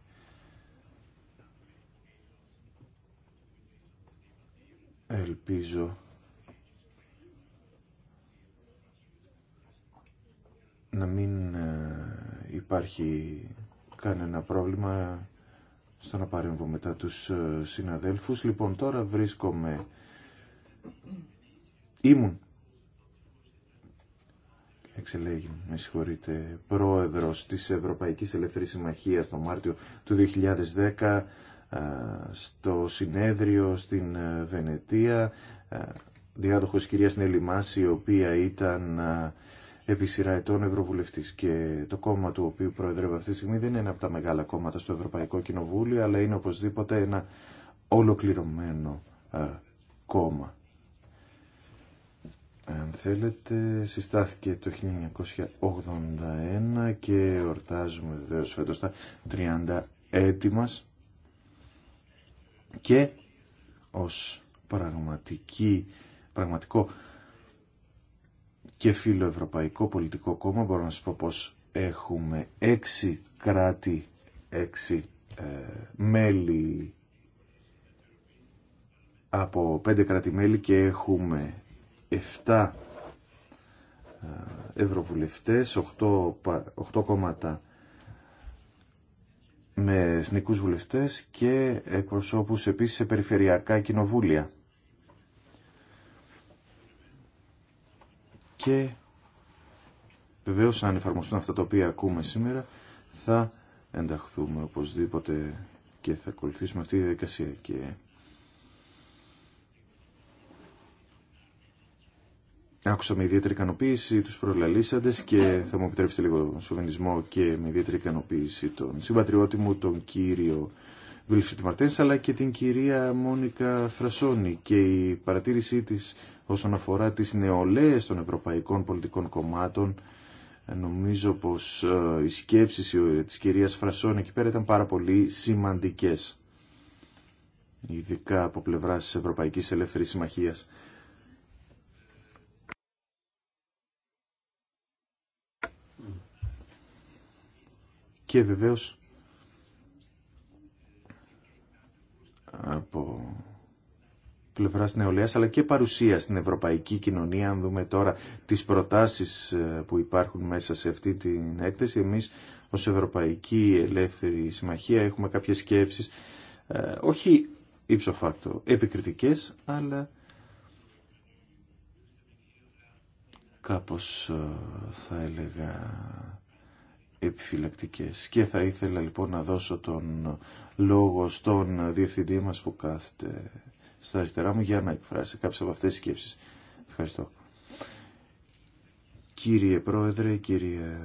ελπίζω να μην ε, υπάρχει κανένα πρόβλημα στο να παρέμβω μετά τους ε, συναδέλφους. Λοιπόν, τώρα βρίσκομαι... Ήμουν. Εξελέγει, με συγχωρείτε, πρόεδρος της Ευρωπαϊκής Ελευθερής Συμμαχίας το Μάρτιο του 2010 στο συνέδριο στην ε, Βενετία διάδοχος κυρίας Νέλη Μάση η οποία ήταν επί σειρά ετών Ευρωβουλευτής και το κόμμα του οποίου προεδρεύω αυτή τη στιγμή δεν είναι από τα μεγάλα κόμματα στο Ευρωπαϊκό Κοινοβούλιο αλλά είναι οπωσδήποτε ένα ολοκληρωμένο κόμμα. Αν θέλετε, συστάθηκε το 1981 και ορτάζουμε βεβαίως φέτος τα 30 έτη μας και ως πραγματική, πραγματικό και φιλοευρωπαϊκό πολιτικό κόμμα μπορώ να σας πω πως έχουμε έξι κράτη, έξι ε, μέλη από πέντε κράτη-μέλη και έχουμε 7 ε, ευρωβουλευτές, 8, 8 κόμματα με εθνικούς βουλευτές και εκπροσώπους επίσης σε περιφερειακά κοινοβούλια. Και βεβαίω αν εφαρμοστούν αυτά τα οποία ακούμε σήμερα θα ενταχθούμε οπωσδήποτε και θα ακολουθήσουμε αυτή τη διαδικασία Άκουσα με ιδιαίτερη ικανοποίηση τους προλαλήσαντε και θα μου επιτρέψετε λίγο σοβενισμό και με ιδιαίτερη ικανοποίηση τον συμπατριώτη μου, τον κύριο Βίλφρυντ Μαρτέν, αλλά και την κυρία Μόνικα Φρασόνη και η παρατήρησή της όσον αφορά τι νεολαίε των ευρωπαϊκών πολιτικών κομμάτων. Νομίζω πως ε, οι σκέψει ε, της κυρία Φρασόνη εκεί πέρα ήταν πάρα πολύ σημαντικέ, ειδικά από πλευρά τη Ευρωπαϊκή Ελεύθερη Συμμαχία. και βεβαίως από πλευράς νεολαίας αλλά και παρουσία στην ευρωπαϊκή κοινωνία αν δούμε τώρα τις προτάσεις ε, που υπάρχουν μέσα σε αυτή την έκθεση εμείς ως Ευρωπαϊκή Ελεύθερη Συμμαχία έχουμε κάποιες σκέψεις ε, όχι ύψο φακτο επικριτικές αλλά κάπως ε, θα έλεγα επιφυλακτικές. Και θα ήθελα λοιπόν να δώσω τον λόγο στον διευθυντή μας που κάθεται στα αριστερά μου για να εκφράσει κάποιες από αυτές τις σκέψεις. Ευχαριστώ. Κύριε Πρόεδρε, κύριε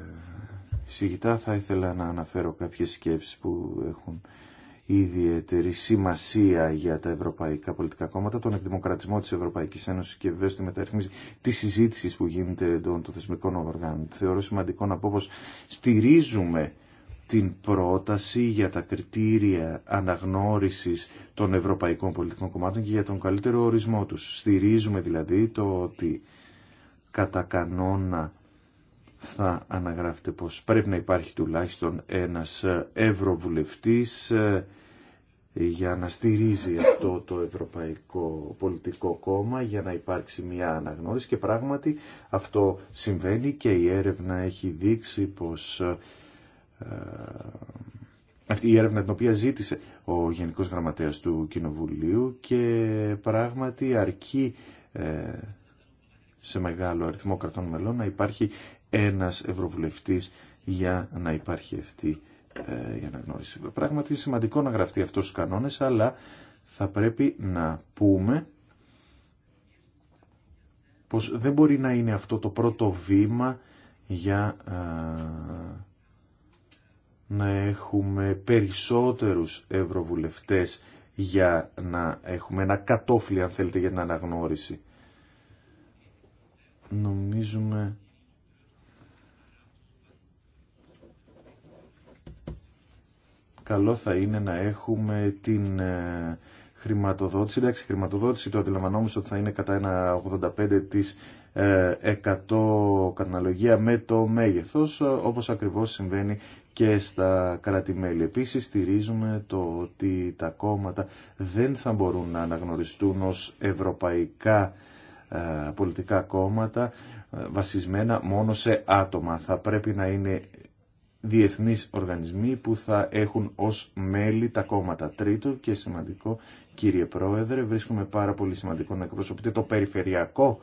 Συγητά, θα ήθελα να αναφέρω κάποιες σκέψεις που έχουν ιδιαίτερη σημασία για τα ευρωπαϊκά πολιτικά κόμματα, τον εκδημοκρατισμό της Ευρωπαϊκής Ένωσης και βέβαια τη μεταρρύθμιση της συζήτησης που γίνεται των θεσμικών οργάνων. Θεωρώ σημαντικό να πω πως στηρίζουμε την πρόταση για τα κριτήρια αναγνώρισης των ευρωπαϊκών πολιτικών κομμάτων και για τον καλύτερο ορισμό τους. Στηρίζουμε δηλαδή το ότι κατά κανόνα θα αναγράφεται πως πρέπει να υπάρχει τουλάχιστον ένας ευρωβουλευτής ε, για να στηρίζει αυτό το Ευρωπαϊκό Πολιτικό Κόμμα για να υπάρξει μια αναγνώριση και πράγματι αυτό συμβαίνει και η έρευνα έχει δείξει πως ε, αυτή η έρευνα την οποία ζήτησε ο Γενικός Γραμματέας του Κοινοβουλίου και πράγματι αρκεί ε, σε μεγάλο αριθμό κρατών μελών να υπάρχει ένας ευρωβουλευτής για να υπάρχει αυτή η ε, αναγνώριση. Πράγματι είναι σημαντικό να γραφτεί αυτός ο κανόνες, αλλά θα πρέπει να πούμε πως δεν μπορεί να είναι αυτό το πρώτο βήμα για ε, να έχουμε περισσότερους ευρωβουλευτές για να έχουμε ένα κατόφλι αν θέλετε για την αναγνώριση. Νομίζουμε καλό θα είναι να έχουμε την ε, χρηματοδότηση. Εντάξει, η χρηματοδότηση το αντιλαμβανόμαστε ότι θα είναι κατά ένα 85% της 100 καταναλογία με το μέγεθος, ε, όπως ακριβώς συμβαίνει και στα κρατημέλη. Επίσης στηρίζουμε το ότι τα κόμματα δεν θα μπορούν να αναγνωριστούν ως ευρωπαϊκά ε, πολιτικά κόμματα βασισμένα μόνο σε άτομα. Θα πρέπει να είναι διεθνείς οργανισμοί που θα έχουν ως μέλη τα κόμματα. Τρίτο και σημαντικό, κύριε Πρόεδρε, βρίσκουμε πάρα πολύ σημαντικό να εκπροσωπείτε το περιφερειακό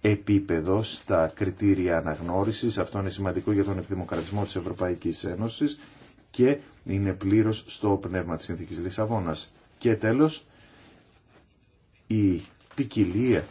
επίπεδο στα κριτήρια αναγνώρισης. Αυτό είναι σημαντικό για τον εκδημοκρατισμό της Ευρωπαϊκής Ένωσης και είναι πλήρως στο πνεύμα της Συνθήκης Λισαβόνας. Και τέλος, η ποικιλία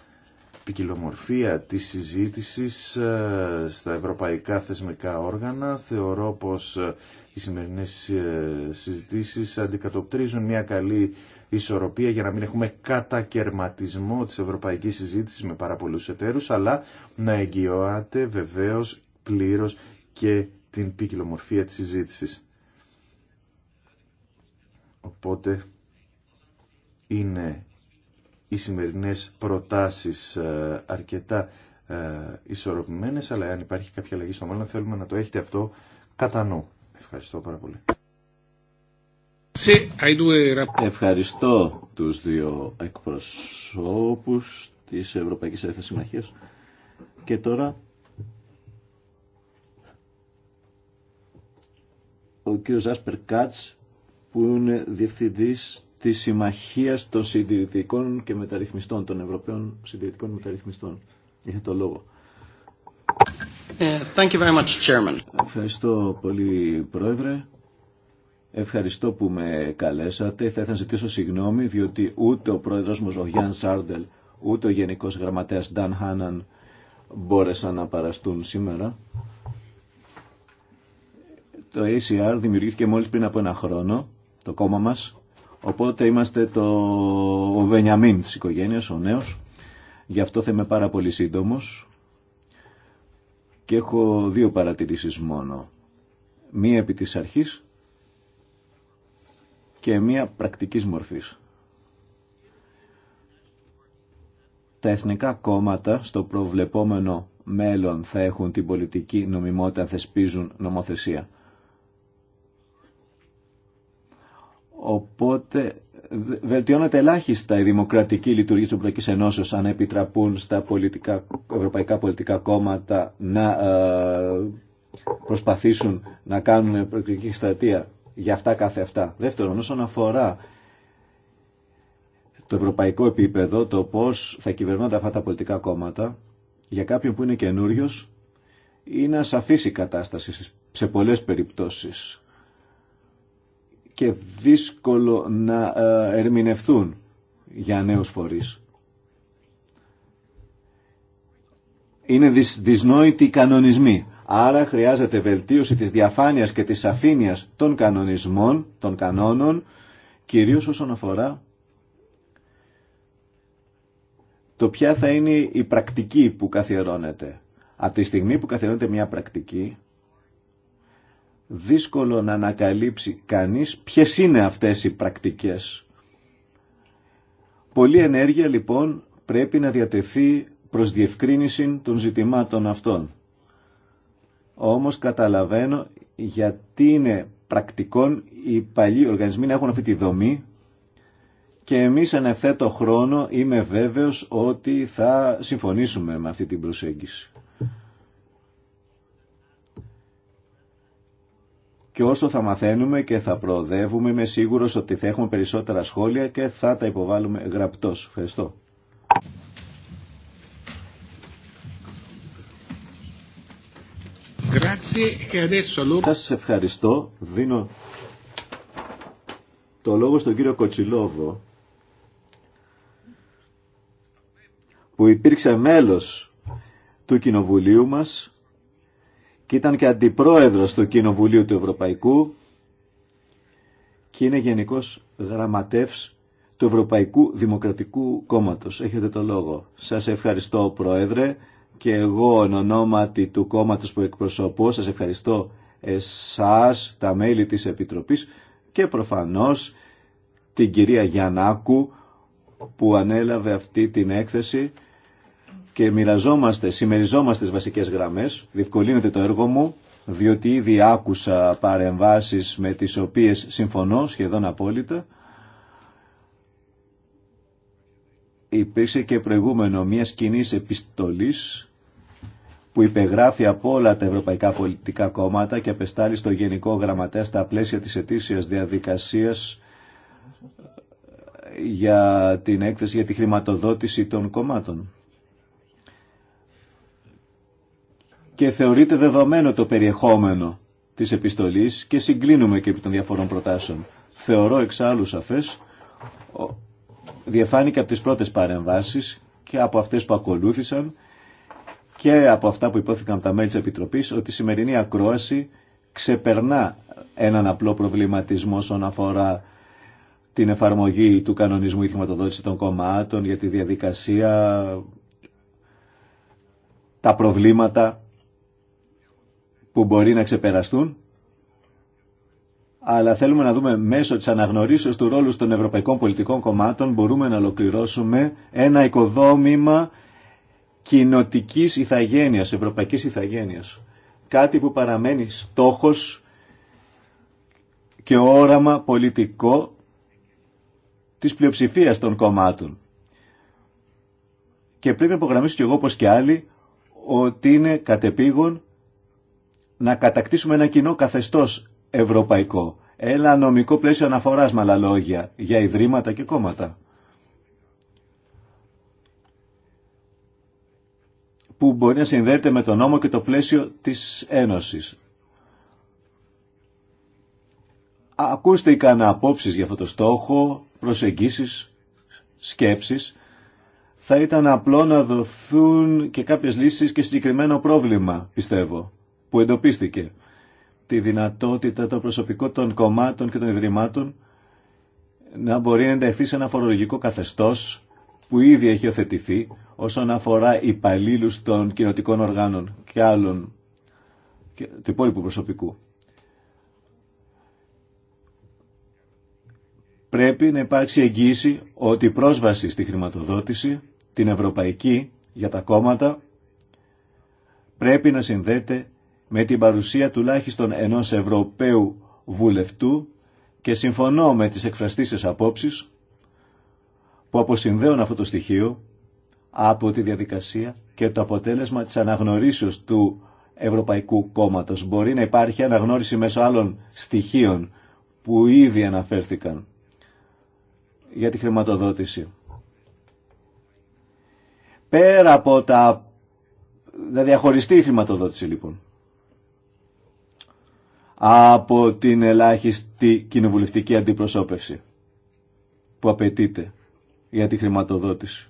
ποικιλομορφία της συζήτησης ε, στα ευρωπαϊκά θεσμικά όργανα. Θεωρώ πως ε, οι σημερινές ε, συζητήσεις αντικατοπτρίζουν μια καλή ισορροπία για να μην έχουμε κατακαιρματισμό της ευρωπαϊκής συζήτησης με πάρα πολλούς εταίρους, αλλά να εγγυώνεται βεβαίως πλήρως και την ποικιλομορφία της συζήτησης. Οπότε είναι οι σημερινές προτάσεις ε, αρκετά ε, ισορροπημένες, αλλά αν υπάρχει κάποια αλλαγή στο μέλλον θέλουμε να το έχετε αυτό κατά νου. Ευχαριστώ πάρα πολύ. Ευχαριστώ τους δύο εκπροσώπους της Ευρωπαϊκής Ένωσης Συμμαχίας και τώρα ο κύριος Άσπερ Κάτς που είναι διευθυντής τη Συμμαχία των Συντηρητικών και Μεταρρυθμιστών, των Ευρωπαίων Συντηρητικών Μεταρρυθμιστών. Είχε το λόγο. Ε, thank you very much, Chairman. Ευχαριστώ πολύ, Πρόεδρε. Ευχαριστώ που με καλέσατε. Θα ήθελα να ζητήσω συγγνώμη, διότι ούτε ο Πρόεδρος μου, ο Γιάν Σάρντελ, ούτε ο Γενικός Γραμματέας Νταν Χάναν μπόρεσαν να παραστούν σήμερα. Το ACR δημιουργήθηκε μόλις πριν από ένα χρόνο, το κόμμα μας, Οπότε είμαστε το... ο Βενιαμίν της οικογένειας, ο νέος. Γι' αυτό θα είμαι πάρα πολύ σύντομος. Και έχω δύο παρατηρήσεις μόνο. Μία επί της αρχής και μία πρακτικής μορφής. Τα εθνικά κόμματα στο προβλεπόμενο μέλλον θα έχουν την πολιτική νομιμότητα αν θεσπίζουν νομοθεσία. Οπότε βελτιώνεται ελάχιστα η δημοκρατική λειτουργία της Ευρωπαϊκής Ενώσεως αν επιτραπούν στα πολιτικά, ευρωπαϊκά πολιτικά κόμματα να ε, προσπαθήσουν να κάνουν προεκλογική στρατεία για αυτά κάθε αυτά. Δεύτερον, όσον αφορά το ευρωπαϊκό επίπεδο, το πώς θα κυβερνώνται αυτά τα πολιτικά κόμματα, για κάποιον που είναι καινούριο, είναι ασαφής η κατάσταση σε πολλές περιπτώσεις και δύσκολο να ε, ερμηνευθούν για νέους φορείς. Είναι δυσ, δυσνόητοι οι κανονισμοί. Άρα χρειάζεται βελτίωση της διαφάνειας και της αφήνειας των κανονισμών, των κανόνων, κυρίως όσον αφορά το ποια θα είναι η πρακτική που καθιερώνεται. Από τη στιγμή που καθιερώνεται μια πρακτική, δύσκολο να ανακαλύψει κανείς ποιες είναι αυτές οι πρακτικές. πολλή ενέργεια λοιπόν πρέπει να διατεθεί προς διευκρίνηση των ζητημάτων αυτών. Όμως καταλαβαίνω γιατί είναι πρακτικόν οι παλιοί οργανισμοί να έχουν αυτή τη δομή και εμείς ανεφέ το χρόνο είμαι βέβαιος ότι θα συμφωνήσουμε με αυτή την προσέγγιση. Και όσο θα μαθαίνουμε και θα προοδεύουμε, είμαι σίγουρος ότι θα έχουμε περισσότερα σχόλια και θα τα υποβάλουμε γραπτός. Ευχαριστώ. Σας ευχαριστώ. Δίνω το λόγο στον κύριο Κοτσιλόβο που υπήρξε μέλος του κοινοβουλίου μας και ήταν και αντιπρόεδρος του Κοινοβουλίου του Ευρωπαϊκού και είναι γενικός γραμματεύς του Ευρωπαϊκού Δημοκρατικού Κόμματος. Έχετε το λόγο. Σας ευχαριστώ Πρόεδρε και εγώ εν ονόματι του κόμματος που εκπροσωπώ σας ευχαριστώ εσάς, τα μέλη της Επιτροπής και προφανώς την κυρία Γιαννάκου που ανέλαβε αυτή την έκθεση και μοιραζόμαστε, συμμεριζόμαστε τις βασικές γραμμές. Διευκολύνεται το έργο μου, διότι ήδη άκουσα παρεμβάσεις με τις οποίες συμφωνώ σχεδόν απόλυτα. Υπήρξε και προηγούμενο μια κοινή επιστολής που υπεγράφει από όλα τα ευρωπαϊκά πολιτικά κόμματα και απεστάλλει στο Γενικό Γραμματέα στα πλαίσια της ετήσιας διαδικασίας ε, για την έκθεση για τη χρηματοδότηση των κομμάτων. και θεωρείται δεδομένο το περιεχόμενο της επιστολής και συγκλίνουμε και επί των διαφορών προτάσεων. Θεωρώ εξάλλου σαφές, διαφάνηκε από τις πρώτες παρεμβάσεις και από αυτές που ακολούθησαν και από αυτά που υπόθηκαν από τα μέλη της Επιτροπής ότι η σημερινή ακρόαση ξεπερνά έναν απλό προβληματισμό όσον αφορά την εφαρμογή του κανονισμού η χρηματοδότηση των κομμάτων για τη διαδικασία, τα προβλήματα που μπορεί να ξεπεραστούν, αλλά θέλουμε να δούμε μέσω της αναγνωρίσεως του ρόλου των ευρωπαϊκών πολιτικών κομμάτων μπορούμε να ολοκληρώσουμε ένα οικοδόμημα κοινοτικής ηθαγένειας, ευρωπαϊκής ηθαγένειας. Κάτι που παραμένει στόχος και όραμα πολιτικό της πλειοψηφίας των κομμάτων. Και πρέπει να υπογραμμίσω κι εγώ όπως και άλλοι ότι είναι κατεπήγον να κατακτήσουμε ένα κοινό καθεστώς ευρωπαϊκό. Ένα νομικό πλαίσιο αναφοράς με άλλα λόγια για ιδρύματα και κόμματα. που μπορεί να συνδέεται με το νόμο και το πλαίσιο της Ένωσης. Ακούστε ικανά απόψεις για αυτό το στόχο, προσεγγίσεις, σκέψεις. Θα ήταν απλό να δοθούν και κάποιες λύσεις και συγκεκριμένο πρόβλημα, πιστεύω που εντοπίστηκε. Τη δυνατότητα το προσωπικό των κομμάτων και των ιδρυμάτων να μπορεί να ενταχθεί σε ένα φορολογικό καθεστώς που ήδη έχει οθετηθεί όσον αφορά υπαλλήλου των κοινοτικών οργάνων και άλλων και του υπόλοιπου προσωπικού. Πρέπει να υπάρξει εγγύηση ότι η πρόσβαση στη χρηματοδότηση, την ευρωπαϊκή για τα κόμματα, πρέπει να συνδέεται με την παρουσία τουλάχιστον ενός Ευρωπαίου βουλευτού και συμφωνώ με τις εκφραστήσεις απόψεις που αποσυνδέουν αυτό το στοιχείο από τη διαδικασία και το αποτέλεσμα της αναγνωρίσεως του Ευρωπαϊκού Κόμματος. Μπορεί να υπάρχει αναγνώριση μέσω άλλων στοιχείων που ήδη αναφέρθηκαν για τη χρηματοδότηση. Πέρα από τα... Δηλαδή, διαχωριστή η χρηματοδότηση λοιπόν από την ελάχιστη κοινοβουλευτική αντιπροσώπευση που απαιτείται για τη χρηματοδότηση.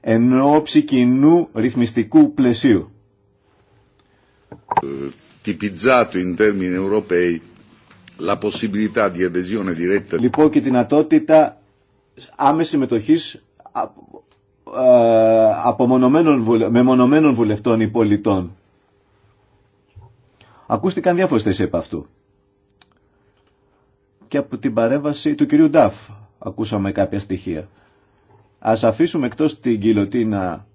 Εν ώψη κοινού ρυθμιστικού πλαισίου. la possibilità di adesione diretta. Λοιπόν και την δυνατότητα άμεση συμμετοχή ε, απομονωμένων, μεμονωμένων βουλευτών ή πολιτών Ακούστηκαν διάφορες θέσει επ' αυτού. Και από την παρέμβαση του κυρίου Νταφ ακούσαμε κάποια στοιχεία. Ας αφήσουμε εκτός την κοιλωτίνα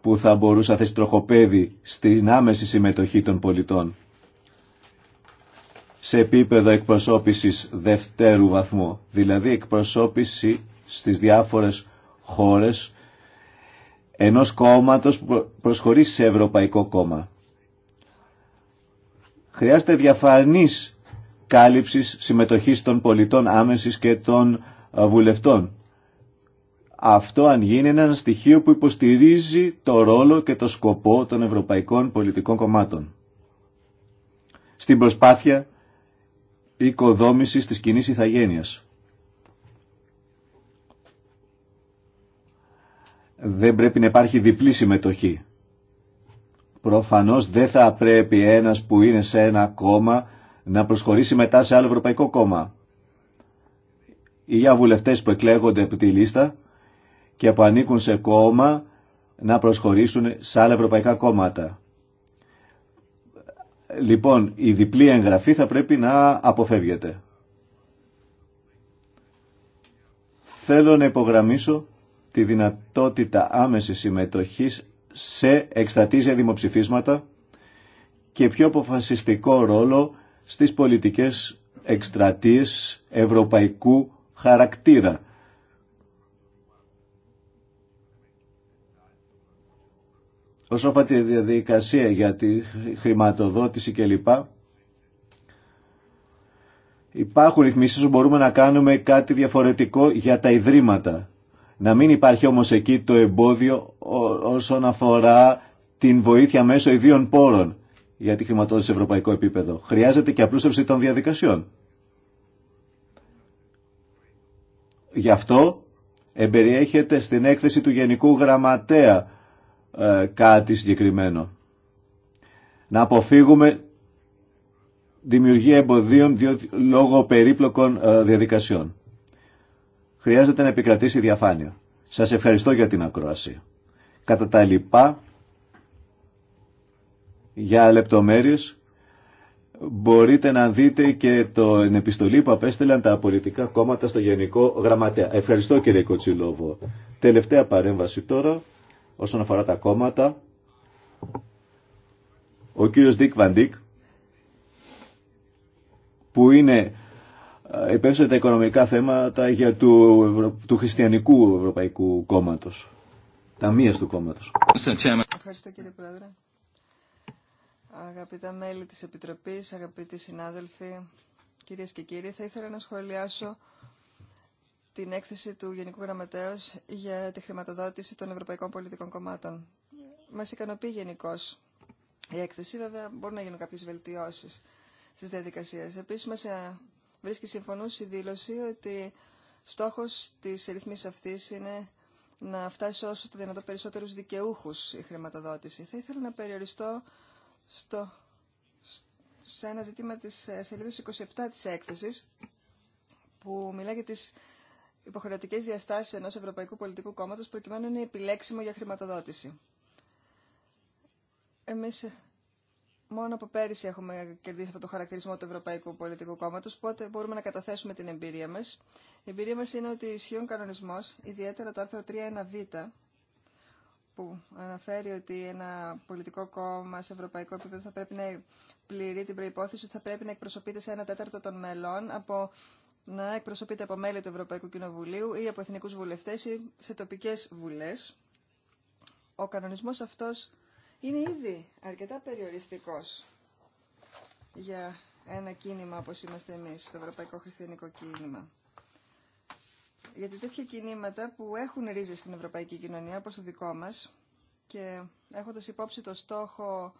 που θα μπορούσε να θέσει τροχοπέδι στην άμεση συμμετοχή των πολιτών σε επίπεδο εκπροσώπησης δευτέρου βαθμού, δηλαδή εκπροσώπηση στις διάφορες χώρες ενός κόμματος που προσχωρεί σε Ευρωπαϊκό Κόμμα. Χρειάζεται διαφανής κάλυψης συμμετοχής των πολιτών άμεσης και των βουλευτών. Αυτό αν γίνει είναι ένα στοιχείο που υποστηρίζει το ρόλο και το σκοπό των ευρωπαϊκών πολιτικών κομμάτων. Στην προσπάθεια οικοδόμησης της κοινής ηθαγένειας. Δεν πρέπει να υπάρχει διπλή συμμετοχή Προφανώς δεν θα πρέπει ένας που είναι σε ένα κόμμα να προσχωρήσει μετά σε άλλο ευρωπαϊκό κόμμα. Ή για βουλευτές που εκλέγονται από τη λίστα και που ανήκουν σε κόμμα να προσχωρήσουν σε άλλα ευρωπαϊκά κόμματα. Λοιπόν, η διπλή εγγραφή θα πρέπει να αποφεύγεται. Θέλω να υπογραμμίσω τη δυνατότητα άμεσης συμμετοχής σε εκστατήσια δημοψηφίσματα και πιο αποφασιστικό ρόλο στις πολιτικές εκστρατείες ευρωπαϊκού χαρακτήρα. Όσο αφορά τη διαδικασία για τη χρηματοδότηση κλπ. Υπάρχουν ρυθμίσεις που μπορούμε να κάνουμε κάτι διαφορετικό για τα ιδρύματα να μην υπάρχει όμως εκεί το εμπόδιο όσον αφορά την βοήθεια μέσω ιδίων πόρων για τη χρηματοδότηση σε ευρωπαϊκό επίπεδο. Χρειάζεται και απλούστευση των διαδικασιών. Γι' αυτό εμπεριέχεται στην έκθεση του Γενικού Γραμματέα ε, κάτι συγκεκριμένο. Να αποφύγουμε δημιουργία εμποδίων διότι, λόγω περίπλοκων ε, διαδικασιών χρειάζεται να επικρατήσει διαφάνεια. Σας ευχαριστώ για την ακρόαση. Κατά τα λοιπά, για λεπτομέρειες, μπορείτε να δείτε και την επιστολή που απέστελαν τα πολιτικά κόμματα στο Γενικό Γραμματέα. Ευχαριστώ κύριε Κοτσιλόβο. Τελευταία παρέμβαση τώρα, όσον αφορά τα κόμματα. Ο κύριος Δίκ Βαντίκ, που είναι ε, υπεύθυνο τα οικονομικά θέματα για του, του χριστιανικού Ευρωπαϊκού Κόμματο. Ταμεία του κόμματο. Ευχαριστώ κύριε Πρόεδρε. Αγαπητά μέλη τη Επιτροπή, αγαπητοί συνάδελφοι, κυρίε και κύριοι, θα ήθελα να σχολιάσω την έκθεση του Γενικού Γραμματέα για τη χρηματοδότηση των Ευρωπαϊκών Πολιτικών Κομμάτων. Μα ικανοποιεί γενικώ η έκθεση, βέβαια μπορούν να γίνουν κάποιε βελτιώσει στι διαδικασίε. Επίση μα. Ε, βρίσκει η δήλωση ότι στόχος της ρυθμής αυτής είναι να φτάσει όσο το δυνατό περισσότερους δικαιούχους η χρηματοδότηση. Θα ήθελα να περιοριστώ στο, σε ένα ζήτημα της ε, σελίδας 27 της έκθεσης που μιλάει για τις υποχρεωτικές διαστάσεις ενός Ευρωπαϊκού Πολιτικού Κόμματος προκειμένου να είναι επιλέξιμο για χρηματοδότηση. Εμείς Μόνο από πέρυσι έχουμε κερδίσει αυτό το χαρακτηρισμό του Ευρωπαϊκού Πολιτικού Κόμματο, οπότε μπορούμε να καταθέσουμε την εμπειρία μα. Η εμπειρία μα είναι ότι ισχύουν κανονισμό, ιδιαίτερα το άρθρο 3.1β, που αναφέρει ότι ένα πολιτικό κόμμα σε ευρωπαϊκό επίπεδο θα πρέπει να πληρεί την προπόθεση ότι θα πρέπει να εκπροσωπείται σε ένα τέταρτο των μελών, από, να εκπροσωπείται από μέλη του Ευρωπαϊκού Κοινοβουλίου ή από εθνικού βουλευτέ ή σε τοπικέ βουλέ. Ο κανονισμό αυτό είναι ήδη αρκετά περιοριστικός για ένα κίνημα όπως είμαστε εμείς, το Ευρωπαϊκό Χριστιανικό Κίνημα. Γιατί τέτοια κινήματα που έχουν ρίζες στην ευρωπαϊκή κοινωνία, όπως το δικό μας, και έχοντας υπόψη το στόχο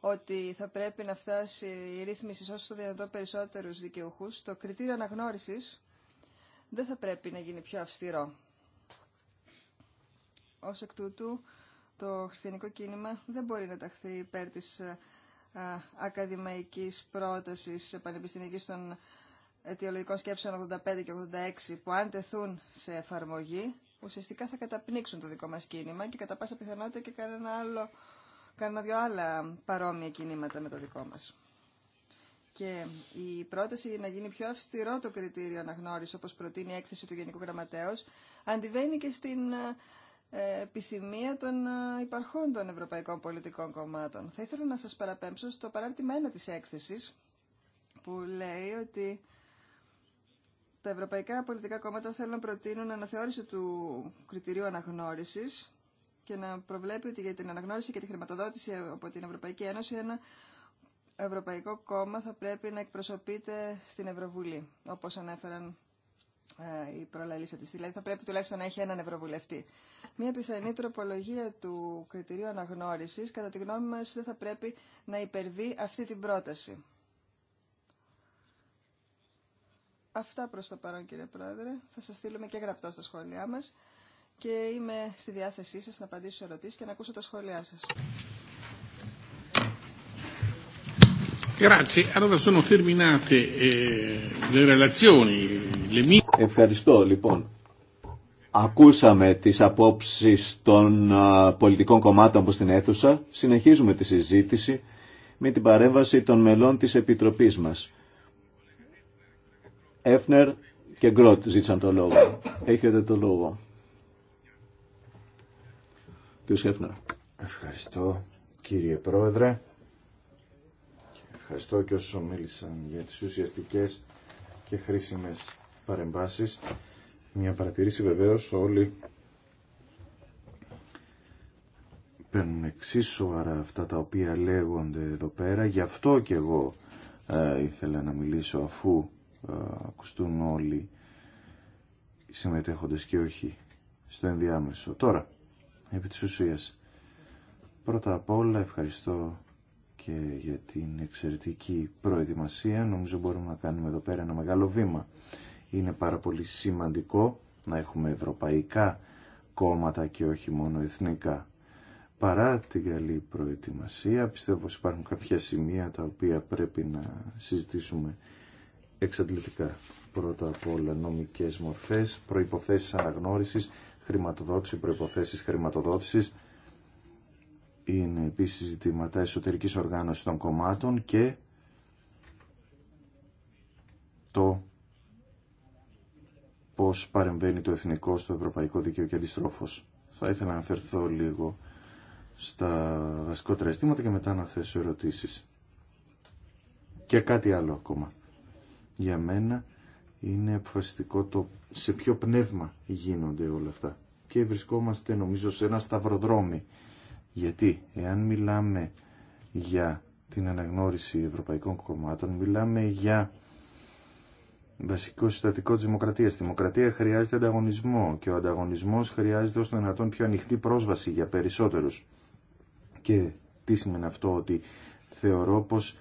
ότι θα πρέπει να φτάσει η ρύθμιση όσο το δυνατό περισσότερους δικαιούχους, το κριτήριο αναγνώρισης δεν θα πρέπει να γίνει πιο αυστηρό. Ως εκ τούτου, το χριστιανικό κίνημα δεν μπορεί να ταχθεί υπέρ της ε, ακαδημαϊκής πρότασης πανεπιστημιακής των αιτιολογικών σκέψεων 85 και 86 που αν τεθούν σε εφαρμογή ουσιαστικά θα καταπνίξουν το δικό μας κίνημα και κατά πάσα πιθανότητα και κανένα άλλο κανένα δυο άλλα παρόμοια κινήματα με το δικό μας. Και η πρόταση να γίνει πιο αυστηρό το κριτήριο αναγνώριση, όπως προτείνει η έκθεση του Γενικού Γραμματέως, αντιβαίνει και στην ε, ε, επιθυμία των ε, υπαρχών των ευρωπαϊκών πολιτικών κομμάτων. Θα ήθελα να σας παραπέμψω στο παράρτημα 1 της έκθεσης που λέει ότι τα ευρωπαϊκά πολιτικά κόμματα θέλουν να προτείνουν αναθεώρηση του κριτηρίου αναγνώρισης και να προβλέπει ότι για την αναγνώριση και τη χρηματοδότηση από την Ευρωπαϊκή Ένωση ένα ευρωπαϊκό κόμμα θα πρέπει να εκπροσωπείται στην Ευρωβουλή, όπως ανέφεραν ε, η προλαλήσα της. Δηλαδή θα πρέπει τουλάχιστον να έχει έναν ευρωβουλευτή. Μία πιθανή τροπολογία του κριτηρίου αναγνώρισης, κατά τη γνώμη μας, δεν θα πρέπει να υπερβεί αυτή την πρόταση. Αυτά προς το παρόν κύριε Πρόεδρε. Θα σας στείλουμε και γραπτό στα σχόλιά μας και είμαι στη διάθεσή σας να απαντήσω σε ερωτήσεις και να ακούσω τα σχόλιά σας. Grazie. Allora sono terminate eh, le relazioni. Le... Ευχαριστώ λοιπόν. Ακούσαμε τις απόψεις των πολιτικών κομμάτων που στην αίθουσα. Συνεχίζουμε τη συζήτηση με την παρέμβαση των μελών της Επιτροπής μας. Έφνερ και Γκρότ ζήτησαν το λόγο. Έχετε το λόγο. Κύριε Έφνερ. Ευχαριστώ κύριε Πρόεδρε. Ευχαριστώ και όσους μίλησαν για τις ουσιαστικές και χρήσιμες παρεμβάσεις. Μια παρατηρήση βεβαίως όλοι παίρνουν εξίσου αρά αυτά τα οποία λέγονται εδώ πέρα. Γι' αυτό και εγώ ε, ήθελα να μιλήσω αφού ε, ακουστούν όλοι οι συμμετέχοντες και όχι στο ενδιάμεσο. Τώρα, επί της ουσίας, πρώτα απ' όλα ευχαριστώ και για την εξαιρετική προετοιμασία. Νομίζω μπορούμε να κάνουμε εδώ πέρα ένα μεγάλο βήμα. Είναι πάρα πολύ σημαντικό να έχουμε ευρωπαϊκά κόμματα και όχι μόνο εθνικά. Παρά την καλή προετοιμασία, πιστεύω πως υπάρχουν κάποια σημεία τα οποία πρέπει να συζητήσουμε εξαντλητικά. Πρώτα απ' όλα νομικές μορφές, προϋποθέσεις αναγνώρισης, χρηματοδότηση, προϋποθέσεις χρηματοδότησης, είναι επίσης ζητήματα εσωτερικής οργάνωσης των κομμάτων και το πώς παρεμβαίνει το εθνικό στο ευρωπαϊκό δίκαιο και αντιστρόφως. Θα ήθελα να αναφερθώ λίγο στα βασικότερα αισθήματα και μετά να θέσω ερωτήσεις. Και κάτι άλλο ακόμα. Για μένα είναι αποφασιστικό το σε ποιο πνεύμα γίνονται όλα αυτά. Και βρισκόμαστε νομίζω σε ένα σταυροδρόμι γιατί εάν μιλάμε για την αναγνώριση ευρωπαϊκών κομμάτων, μιλάμε για βασικό συστατικό της δημοκρατίας. Η δημοκρατία χρειάζεται ανταγωνισμό και ο ανταγωνισμός χρειάζεται ως να δυνατόν πιο ανοιχτή πρόσβαση για περισσότερους. Και τι σημαίνει αυτό ότι θεωρώ πως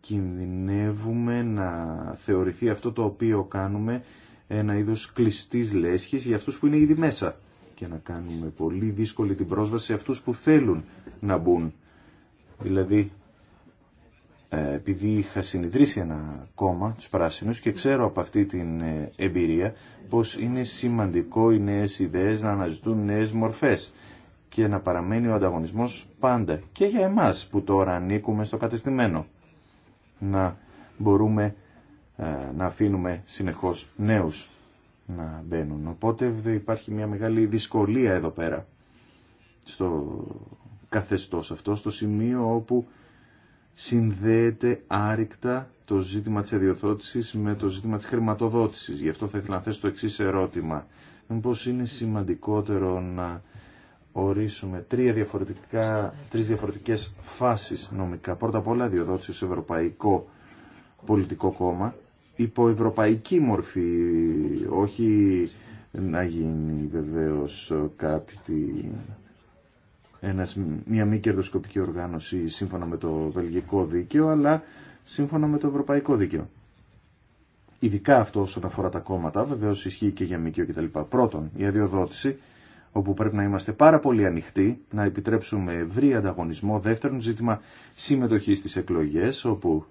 κινδυνεύουμε να θεωρηθεί αυτό το οποίο κάνουμε ένα είδος κλειστής λέσχης για αυτούς που είναι ήδη μέσα και να κάνουμε πολύ δύσκολη την πρόσβαση σε αυτούς που θέλουν να μπουν. Δηλαδή, ε, επειδή είχα συνειδρήσει ένα κόμμα, τους πράσινους, και ξέρω από αυτή την ε, εμπειρία πως είναι σημαντικό οι νέες ιδέες να αναζητούν νέες μορφές και να παραμένει ο ανταγωνισμός πάντα και για εμάς που τώρα ανήκουμε στο κατεστημένο. Να μπορούμε ε, να αφήνουμε συνεχώς νέους να μπαίνουν. Οπότε υπάρχει μια μεγάλη δυσκολία εδώ πέρα στο καθεστώς αυτό, στο σημείο όπου συνδέεται άρρηκτα το ζήτημα της αδειοδότησης με το ζήτημα της χρηματοδότησης. Γι' αυτό θα ήθελα να θέσω το εξής ερώτημα. Μήπως είναι σημαντικότερο να ορίσουμε τρία διαφορετικά, τρεις διαφορετικές φάσεις νομικά. Πρώτα απ' όλα αδειοδότηση ως Ευρωπαϊκό Πολιτικό Κόμμα υποευρωπαϊκή μορφή, όχι να γίνει βεβαίως ένας, μια μη κερδοσκοπική οργάνωση σύμφωνα με το βελγικό δίκαιο, αλλά σύμφωνα με το ευρωπαϊκό δίκαιο. Ειδικά αυτό όσον αφορά τα κόμματα, βεβαίω ισχύει και για ΜΚΟ κτλ. Πρώτον, η αδειοδότηση, όπου πρέπει να είμαστε πάρα πολύ ανοιχτοί, να επιτρέψουμε ευρύ ανταγωνισμό. Δεύτερον, ζήτημα συμμετοχή στι εκλογέ, όπου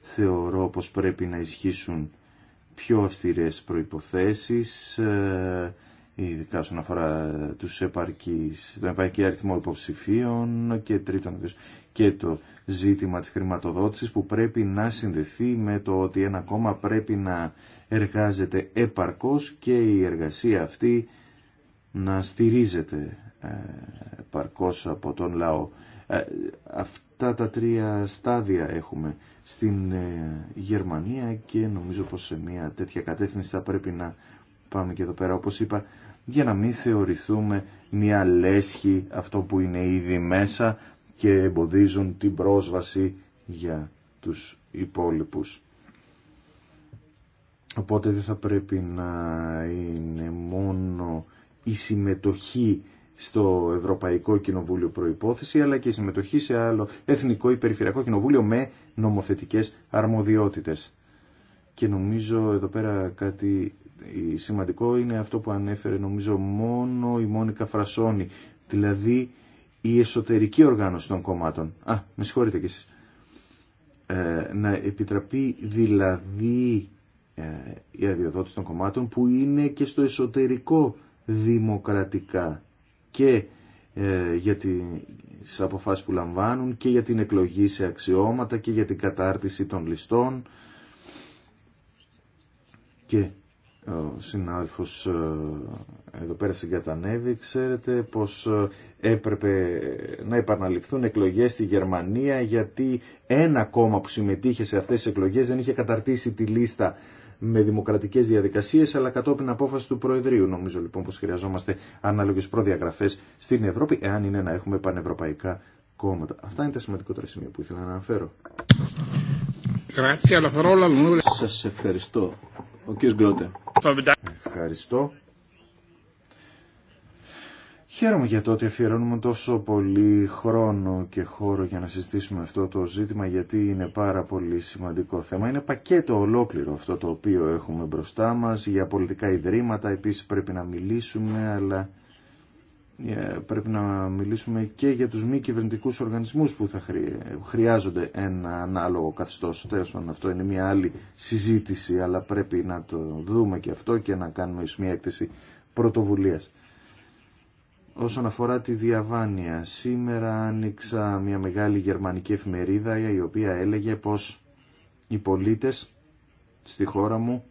θεωρώ πως πρέπει να ισχύσουν πιο αυστηρές προϋποθέσεις, ε, ειδικά όσον αφορά τους επαρκείς, τον επαρκή αριθμό υποψηφίων και τρίτον και το ζήτημα της χρηματοδότησης που πρέπει να συνδεθεί με το ότι ένα κόμμα πρέπει να εργάζεται επαρκώς και η εργασία αυτή να στηρίζεται ε, επαρκώς από τον λαό. Ε, αυτά τα τρία στάδια έχουμε στην ε, Γερμανία και νομίζω πως σε μια τέτοια κατεύθυνση θα πρέπει να πάμε και εδώ πέρα όπως είπα για να μην θεωρηθούμε μια λέσχη αυτό που είναι ήδη μέσα και εμποδίζουν την πρόσβαση για τους υπόλοιπους. Οπότε δεν θα πρέπει να είναι μόνο η συμμετοχή στο Ευρωπαϊκό Κοινοβούλιο προϋπόθεση, αλλά και συμμετοχή σε άλλο Εθνικό ή Περιφερειακό Κοινοβούλιο με νομοθετικές αρμοδιότητες. Και νομίζω εδώ πέρα κάτι σημαντικό είναι αυτό που ανέφερε νομίζω μόνο η Μόνικα Φρασόνη, δηλαδή η εσωτερική οργάνωση των κομμάτων. Α, με συγχωρείτε κι εσείς. Ε, να επιτραπεί δηλαδή ε, η αδειοδότηση των κομμάτων που είναι και στο εσωτερικό δημοκρατικά και ε, για τις αποφάσεις που λαμβάνουν και για την εκλογή σε αξιώματα και για την κατάρτιση των ληστών και ε, ο συνάδελφος ε, εδώ πέρα συγκατανεύει, ξέρετε πως έπρεπε να επαναληφθούν εκλογές στη Γερμανία γιατί ένα κόμμα που συμμετείχε σε αυτές τις εκλογές δεν είχε καταρτήσει τη λίστα με δημοκρατικές διαδικασίες αλλά κατόπιν απόφαση του Προεδρείου. Νομίζω λοιπόν πως χρειαζόμαστε ανάλογες προδιαγραφές στην Ευρώπη εάν είναι να έχουμε πανευρωπαϊκά κόμματα. Αυτά είναι τα σημαντικότερα σημεία που ήθελα να αναφέρω. Σας ευχαριστώ. Ο κ. Γκρότε. Ευχαριστώ. Χαίρομαι για το ότι αφιερώνουμε τόσο πολύ χρόνο και χώρο για να συζητήσουμε αυτό το ζήτημα γιατί είναι πάρα πολύ σημαντικό θέμα. Είναι πακέτο ολόκληρο αυτό το οποίο έχουμε μπροστά μας για πολιτικά ιδρύματα. Επίσης πρέπει να μιλήσουμε αλλά ε, πρέπει να μιλήσουμε και για τους μη κυβερνητικού οργανισμούς που θα χρειάζονται ένα ανάλογο καθεστώς. Τέλος αυτό είναι μια άλλη συζήτηση αλλά πρέπει να το δούμε και αυτό και να κάνουμε μια έκθεση πρωτοβουλίας. Όσον αφορά τη διαβάνεια, σήμερα άνοιξα μια μεγάλη γερμανική εφημερίδα η οποία έλεγε πως οι πολίτες στη χώρα μου